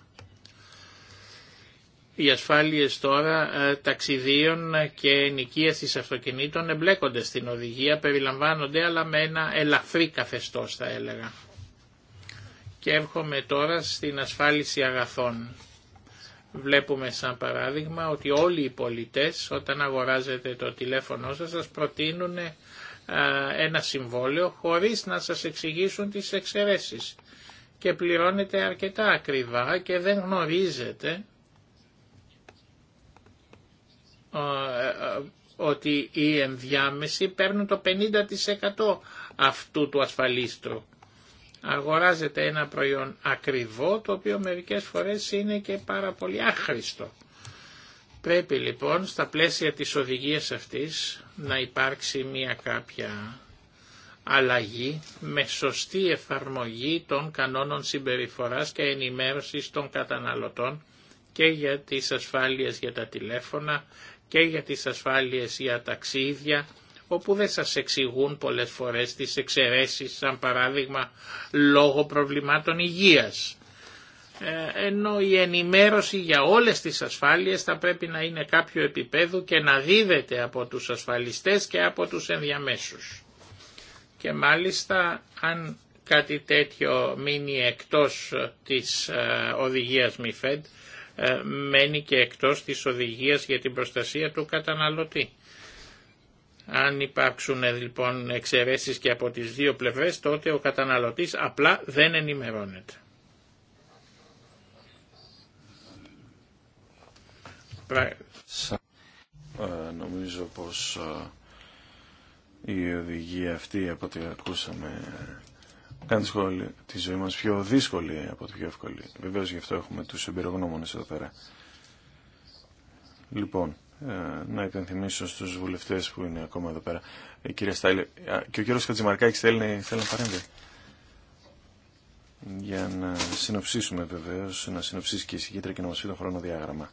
Οι ασφάλειες τώρα ταξιδίων και ενοικίας της αυτοκινήτων εμπλέκονται στην οδηγία, περιλαμβάνονται αλλά με ένα ελαφρύ καθεστώς θα έλεγα. Και έρχομαι τώρα στην ασφάλιση αγαθών. Βλέπουμε σαν παράδειγμα ότι όλοι οι πολιτές όταν αγοράζετε το τηλέφωνο σας σας προτείνουν ε, ένα συμβόλαιο χωρίς να σας εξηγήσουν τις εξαιρέσεις και πληρώνετε αρκετά ακριβά και δεν γνωρίζετε ε, ε, ότι οι ενδιάμεσοι παίρνουν το 50% αυτού του ασφαλίστρου. Αγοράζεται ένα προϊόν ακριβό το οποίο μερικές φορές είναι και πάρα πολύ άχρηστο. Πρέπει λοιπόν στα πλαίσια της οδηγίας αυτής να υπάρξει μια κάποια αλλαγή με σωστή εφαρμογή των κανόνων συμπεριφοράς και ενημέρωσης των καταναλωτών και για τις ασφάλειες για τα τηλέφωνα και για τις ασφάλειες για ταξίδια όπου δεν σας εξηγούν πολλές φορές τις εξαιρέσεις, σαν παράδειγμα λόγω προβλημάτων υγείας. Ε, ενώ η ενημέρωση για όλες τις ασφάλειες θα πρέπει να είναι κάποιο επίπεδο και να δίδεται από τους ασφαλιστές και από τους ενδιαμέσους. Και μάλιστα αν κάτι τέτοιο μείνει εκτός της ε, οδηγίας ΜΙΦΕΔ, μένει και εκτός της οδηγίας για την προστασία του καταναλωτή. Αν υπάρξουν ε, λοιπόν εξαιρέσεις και από τις δύο πλευρές, τότε ο καταναλωτής απλά δεν ενημερώνεται. Ε, νομίζω πως ε, η οδηγία αυτή από ό,τι ακούσαμε κάνει τη ζωή μας πιο δύσκολη από τη πιο εύκολη. Βεβαίως γι' αυτό έχουμε τους εμπειρογνώμονες εδώ πέρα. Λοιπόν, ε, να υπενθυμίσω στου βουλευτέ που είναι ακόμα εδώ πέρα. Ε, κυρία Στάιλε, και ο κύριος Χατζημαρκάκης θέλει, θέλει να παρέμβει. Για να συνοψίσουμε βεβαίω, να συνοψίσει και η συγκέντρια και να μα πει το χρονοδιάγραμμα.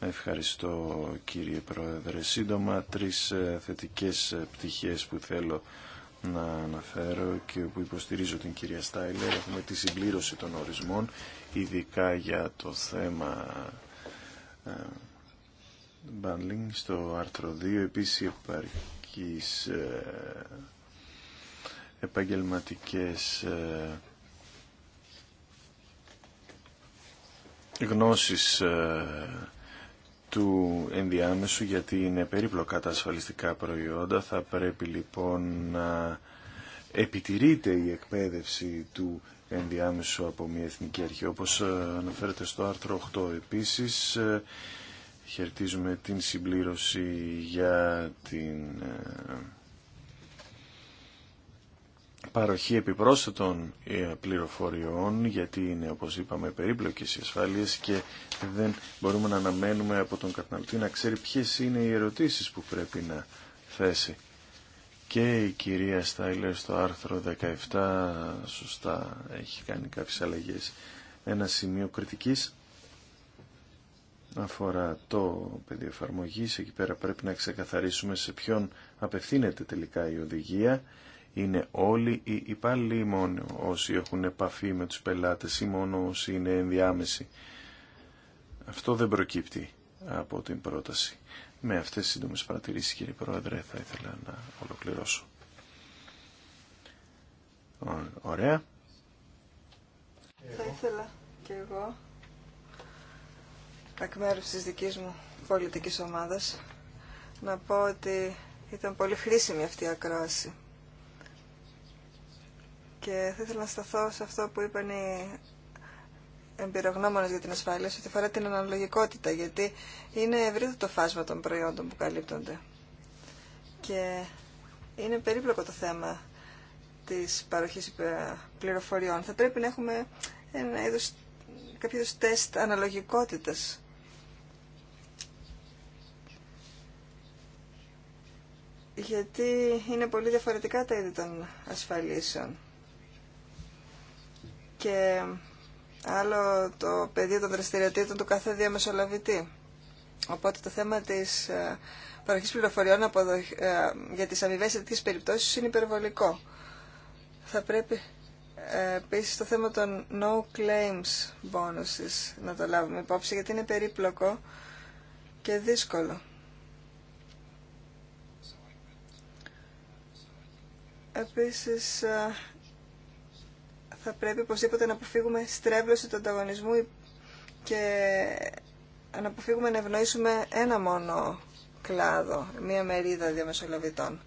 Ευχαριστώ κύριε Πρόεδρε. Σύντομα τρεις ε, θετικές ε, πτυχέ που θέλω να αναφέρω και που υποστηρίζω την κυρία Στάιλερ. Έχουμε τη συμπλήρωση των ορισμών, ειδικά για το θέμα στο άρθρο 2 επίσης επαρκείς ε, επαγγελματικές ε, γνώσεις ε, του ενδιάμεσου γιατί είναι περίπλοκα τα ασφαλιστικά προϊόντα θα πρέπει λοιπόν να επιτηρείται η εκπαίδευση του ενδιάμεσου από μια εθνική αρχή όπως ε, αναφέρεται στο άρθρο 8 επίσης χαιρετίζουμε την συμπλήρωση για την ε, παροχή επιπρόσθετων ε, πληροφοριών γιατί είναι όπως είπαμε περίπλοκες οι ασφάλειες και δεν μπορούμε να αναμένουμε από τον καταναλωτή να ξέρει ποιες είναι οι ερωτήσεις που πρέπει να θέσει. Και η κυρία Στάιλερ στο άρθρο 17 σωστά έχει κάνει κάποιες αλλαγές. Ένα σημείο κριτικής αφορά το πεδίο εφαρμογή, εκεί πέρα πρέπει να ξεκαθαρίσουμε σε ποιον απευθύνεται τελικά η οδηγία. Είναι όλοι οι υπάλληλοι μόνο όσοι έχουν επαφή με τους πελάτες ή μόνο όσοι είναι ενδιάμεση. Αυτό δεν προκύπτει από την πρόταση. Με αυτές τις σύντομες παρατηρήσεις κύριε Πρόεδρε θα ήθελα να ολοκληρώσω. Ωραία. Θα ήθελα και εγώ εκ μέρους της δικής μου πολιτικής ομάδας να πω ότι ήταν πολύ χρήσιμη αυτή η ακρόαση. Και θα ήθελα να σταθώ σε αυτό που είπαν οι εμπειρογνώμονες για την ασφάλεια ό,τι αφορά την αναλογικότητα, γιατί είναι ευρύτερο το φάσμα των προϊόντων που καλύπτονται. Και είναι περίπλοκο το θέμα της παροχής πληροφοριών. Θα πρέπει να έχουμε ένα είδος, κάποιο τεστ αναλογικότητας γιατί είναι πολύ διαφορετικά τα είδη των ασφαλίσεων. Και άλλο το πεδίο των δραστηριοτήτων του κάθε διαμεσολαβητή. Οπότε το θέμα της ε, παροχής πληροφοριών ε, για τις αμοιβές σε τέτοιες περιπτώσεις είναι υπερβολικό. Θα πρέπει ε, επίση το θέμα των no claims bonuses να το λάβουμε υπόψη γιατί είναι περίπλοκο και δύσκολο. Επίσης, θα πρέπει οπωσδήποτε να αποφύγουμε στρέβλωση του ανταγωνισμού και να αποφύγουμε να ευνοήσουμε ένα μόνο κλάδο, μία μερίδα διαμεσολαβητών.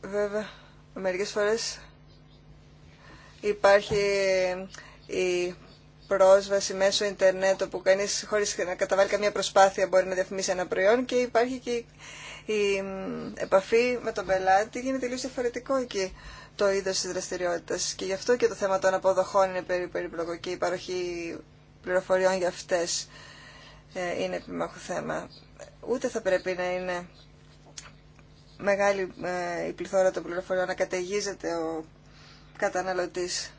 Βέβαια, μερικές φορές υπάρχει η πρόσβαση μέσω ίντερνετ όπου κανείς χωρίς να καταβάλει καμία προσπάθεια μπορεί να διαφημίσει ένα προϊόν και υπάρχει και η επαφή με τον πελάτη γίνεται λίγο διαφορετικό εκεί το είδο τη δραστηριότητας και γι' αυτό και το θέμα των αποδοχών είναι περί, περίπλοκο και η παροχή πληροφοριών για αυτές ε, είναι επιμάχου θέμα. Ούτε θα πρέπει να είναι μεγάλη ε, η πληθώρα των πληροφοριών να καταιγίζεται ο καταναλωτής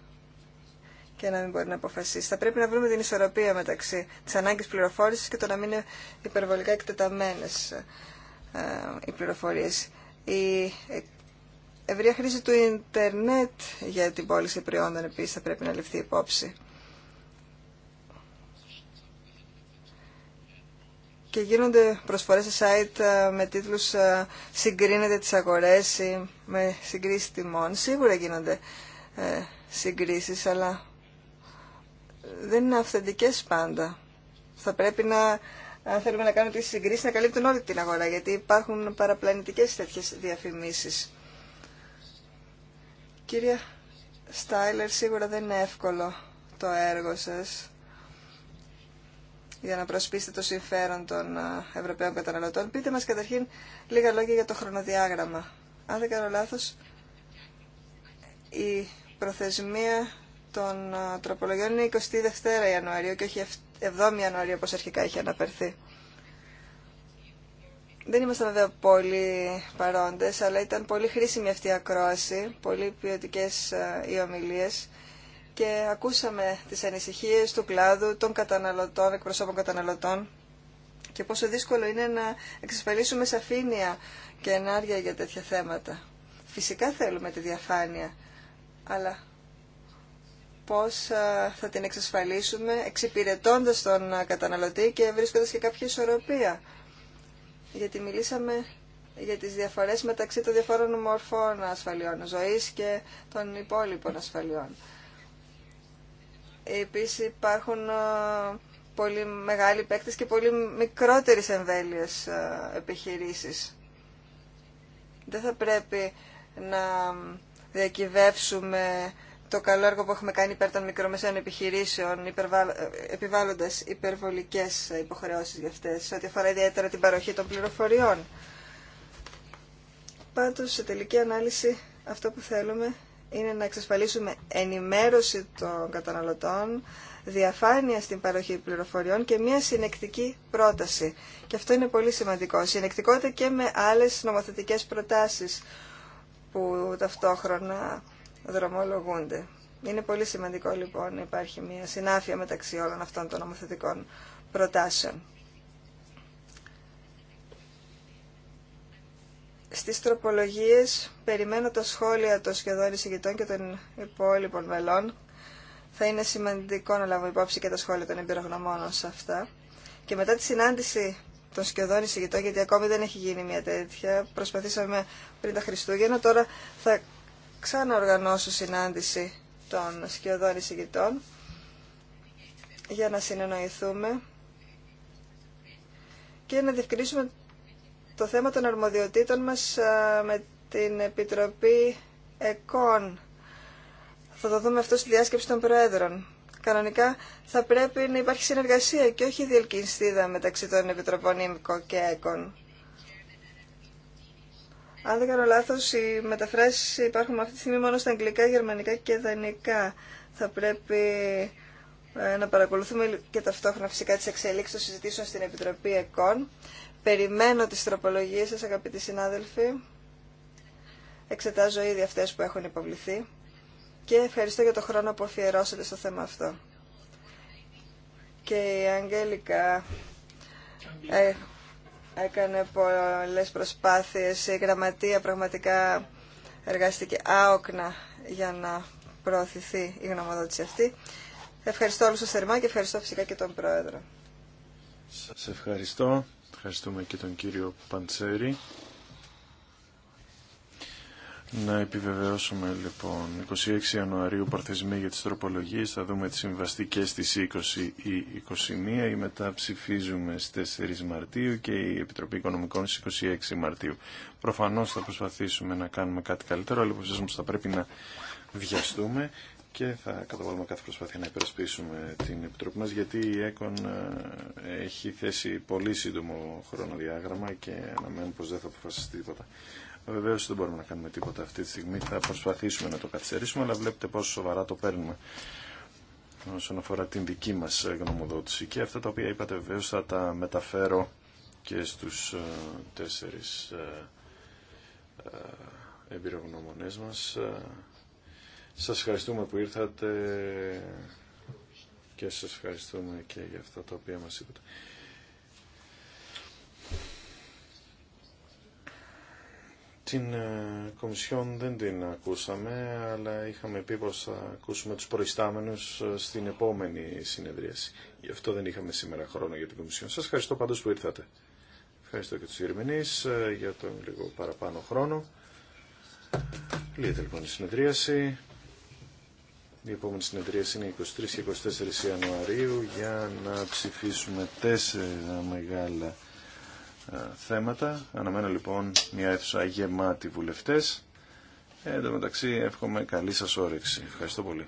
και να μην μπορεί να αποφασίσει. Θα πρέπει να βρούμε την ισορροπία μεταξύ της ανάγκης πληροφόρησης και το να μην είναι υπερβολικά εκτεταμένες ε, οι πληροφορίες. Η ευρεία χρήση του ίντερνετ για την πώληση προϊόντων επίσης θα πρέπει να ληφθεί υπόψη. Και γίνονται προσφορές σε site ε, με τίτλους ε, συγκρίνεται τις αγορές» «Με συγκρίσεις τιμών». Σίγουρα γίνονται συγκρίσεις, αλλά δεν είναι αυθεντικές πάντα. Θα πρέπει να αν θέλουμε να κάνουμε τις συγκρίσεις, να καλύπτουν όλη την αγορά, γιατί υπάρχουν παραπλανητικές τέτοιες διαφημίσεις. Κυρία Στάιλερ, σίγουρα δεν είναι εύκολο το έργο σας για να προσπίσετε το συμφέρον των Ευρωπαίων καταναλωτών. Πείτε μας καταρχήν λίγα λόγια για το χρονοδιάγραμμα. Αν δεν κάνω λάθος, η προθεσμία των τροπολογιών είναι 22 Ιανουαρίου και όχι 7η Ιανουαρίου όπως αρχικά είχε αναφερθεί. Δεν ήμασταν βέβαια πολύ παρόντες, αλλά ήταν πολύ χρήσιμη αυτή η ακρόαση, πολύ ποιοτικέ ε, οι ομιλίες και ακούσαμε τις ανησυχίες του κλάδου, των καταναλωτών, εκπροσώπων καταναλωτών και πόσο δύσκολο είναι να εξασφαλίσουμε σαφήνεια και ενάργεια για τέτοια θέματα. Φυσικά θέλουμε τη διαφάνεια, αλλά πώς ε, θα την εξασφαλίσουμε εξυπηρετώντας τον ε, καταναλωτή και βρίσκοντας και κάποια ισορροπία. Γιατί μιλήσαμε για τις διαφορές μεταξύ των διαφόρων μορφών ασφαλιών ζωής και των υπόλοιπων ασφαλιών. Επίσης υπάρχουν ε, πολύ μεγάλοι παίκτες και πολύ μικρότερες εμβέλειες επιχειρήσεις. Δεν θα πρέπει να διακυβεύσουμε το καλό έργο που έχουμε κάνει υπέρ των μικρομεσαίων επιχειρήσεων, επιβάλλοντα υπερβολικέ υπερβολικές υποχρεώσεις για αυτές, ό,τι αφορά ιδιαίτερα την παροχή των πληροφοριών. Πάντω, σε τελική ανάλυση, αυτό που θέλουμε είναι να εξασφαλίσουμε ενημέρωση των καταναλωτών, διαφάνεια στην παροχή πληροφοριών και μια συνεκτική πρόταση. Και αυτό είναι πολύ σημαντικό. Συνεκτικότητα και με άλλες νομοθετικές προτάσεις που ταυτόχρονα δρομολογούνται. Είναι πολύ σημαντικό λοιπόν να υπάρχει μια συνάφεια μεταξύ όλων αυτών των νομοθετικών προτάσεων. Στις τροπολογίες περιμένω τα σχόλια των σχεδόν εισηγητών και των υπόλοιπων μελών. Θα είναι σημαντικό να λάβω υπόψη και τα σχόλια των εμπειρογνωμόνων σε αυτά. Και μετά τη συνάντηση των σχεδόν εισηγητών, γιατί ακόμη δεν έχει γίνει μια τέτοια, προσπαθήσαμε πριν τα Χριστούγεννα, τώρα θα ξαναοργανώσω συνάντηση των σκιωδών εισηγητών για να συνεννοηθούμε και να διευκρινίσουμε το θέμα των αρμοδιοτήτων μας με την Επιτροπή ΕΚΟΝ. Θα το δούμε αυτό στη διάσκεψη των Προέδρων. Κανονικά θα πρέπει να υπάρχει συνεργασία και όχι διελκυνστίδα μεταξύ των Επιτροπών ΕΜΚΟ και ΕΚΟΝ. Αν δεν κάνω λάθο, οι μεταφράσει υπάρχουν αυτή τη στιγμή μόνο στα αγγλικά, γερμανικά και δανεικά. Θα πρέπει ε, να παρακολουθούμε και ταυτόχρονα φυσικά τις εξελίξεις των συζητήσεων στην Επιτροπή ΕΚΟΝ. Περιμένω τι τροπολογίε σα, αγαπητοί συνάδελφοι. Εξετάζω ήδη αυτές που έχουν υποβληθεί. Και ευχαριστώ για το χρόνο που αφιερώσατε στο θέμα αυτό. Και η Αγγέλικα... Ε, έκανε πολλές προσπάθειες. Η γραμματεία πραγματικά εργαστήκε άοκνα για να προωθηθεί η γνωμοδότηση αυτή. Ευχαριστώ όλους σας θερμά και ευχαριστώ φυσικά και τον Πρόεδρο. Σας ευχαριστώ. Ευχαριστούμε και τον κύριο Παντσέρη. Να επιβεβαιώσουμε λοιπόν 26 Ιανουαρίου προθεσμοί για τις τροπολογίες, θα δούμε τις συμβαστικές στις 20 ή 21 ή μετά ψηφίζουμε στις 4 Μαρτίου και η Επιτροπή Οικονομικών στις 26 Μαρτίου. Προφανώς θα προσπαθήσουμε να κάνουμε κάτι καλύτερο, αλλά λοιπόν, θα πρέπει να βιαστούμε και θα καταβάλουμε κάθε προσπάθεια να υπερασπίσουμε την Επιτροπή μας γιατί η ΕΚΟΝ ε, έχει θέσει πολύ σύντομο χρονοδιάγραμμα και αναμένουμε πως δεν θα αποφασιστεί τίποτα. Βεβαίω δεν μπορούμε να κάνουμε τίποτα αυτή τη στιγμή. Θα προσπαθήσουμε να το καθυστερήσουμε, αλλά βλέπετε πόσο σοβαρά το παίρνουμε όσον αφορά την δική μας γνωμοδότηση. Και αυτά τα οποία είπατε βεβαίως θα τα μεταφέρω και στους ε, τέσσερις ε, ε, εμπειρογνωμονέ μας. Σας ευχαριστούμε που ήρθατε και σας ευχαριστούμε και για αυτά τα οποία μα είπατε. Την ε, Κομισιόν δεν την ακούσαμε, αλλά είχαμε πει πως θα ακούσουμε τους προϊστάμενους ε, στην επόμενη συνεδρίαση. Γι' αυτό δεν είχαμε σήμερα χρόνο για την Κομισιόν. Σας ευχαριστώ πάντως που ήρθατε. Ευχαριστώ και τους Ιερμηνείς ε, για τον λίγο παραπάνω χρόνο. Λύεται λοιπόν η συνεδρίαση. Η επόμενη συνεδρίαση είναι 23 και 24 Ιανουαρίου για να ψηφίσουμε τέσσερα μεγάλα ε, θέματα. Αναμένω λοιπόν μια αίθουσα γεμάτη βουλευτές. Ε, εν τω μεταξύ εύχομαι καλή σας όρεξη. Ευχαριστώ πολύ.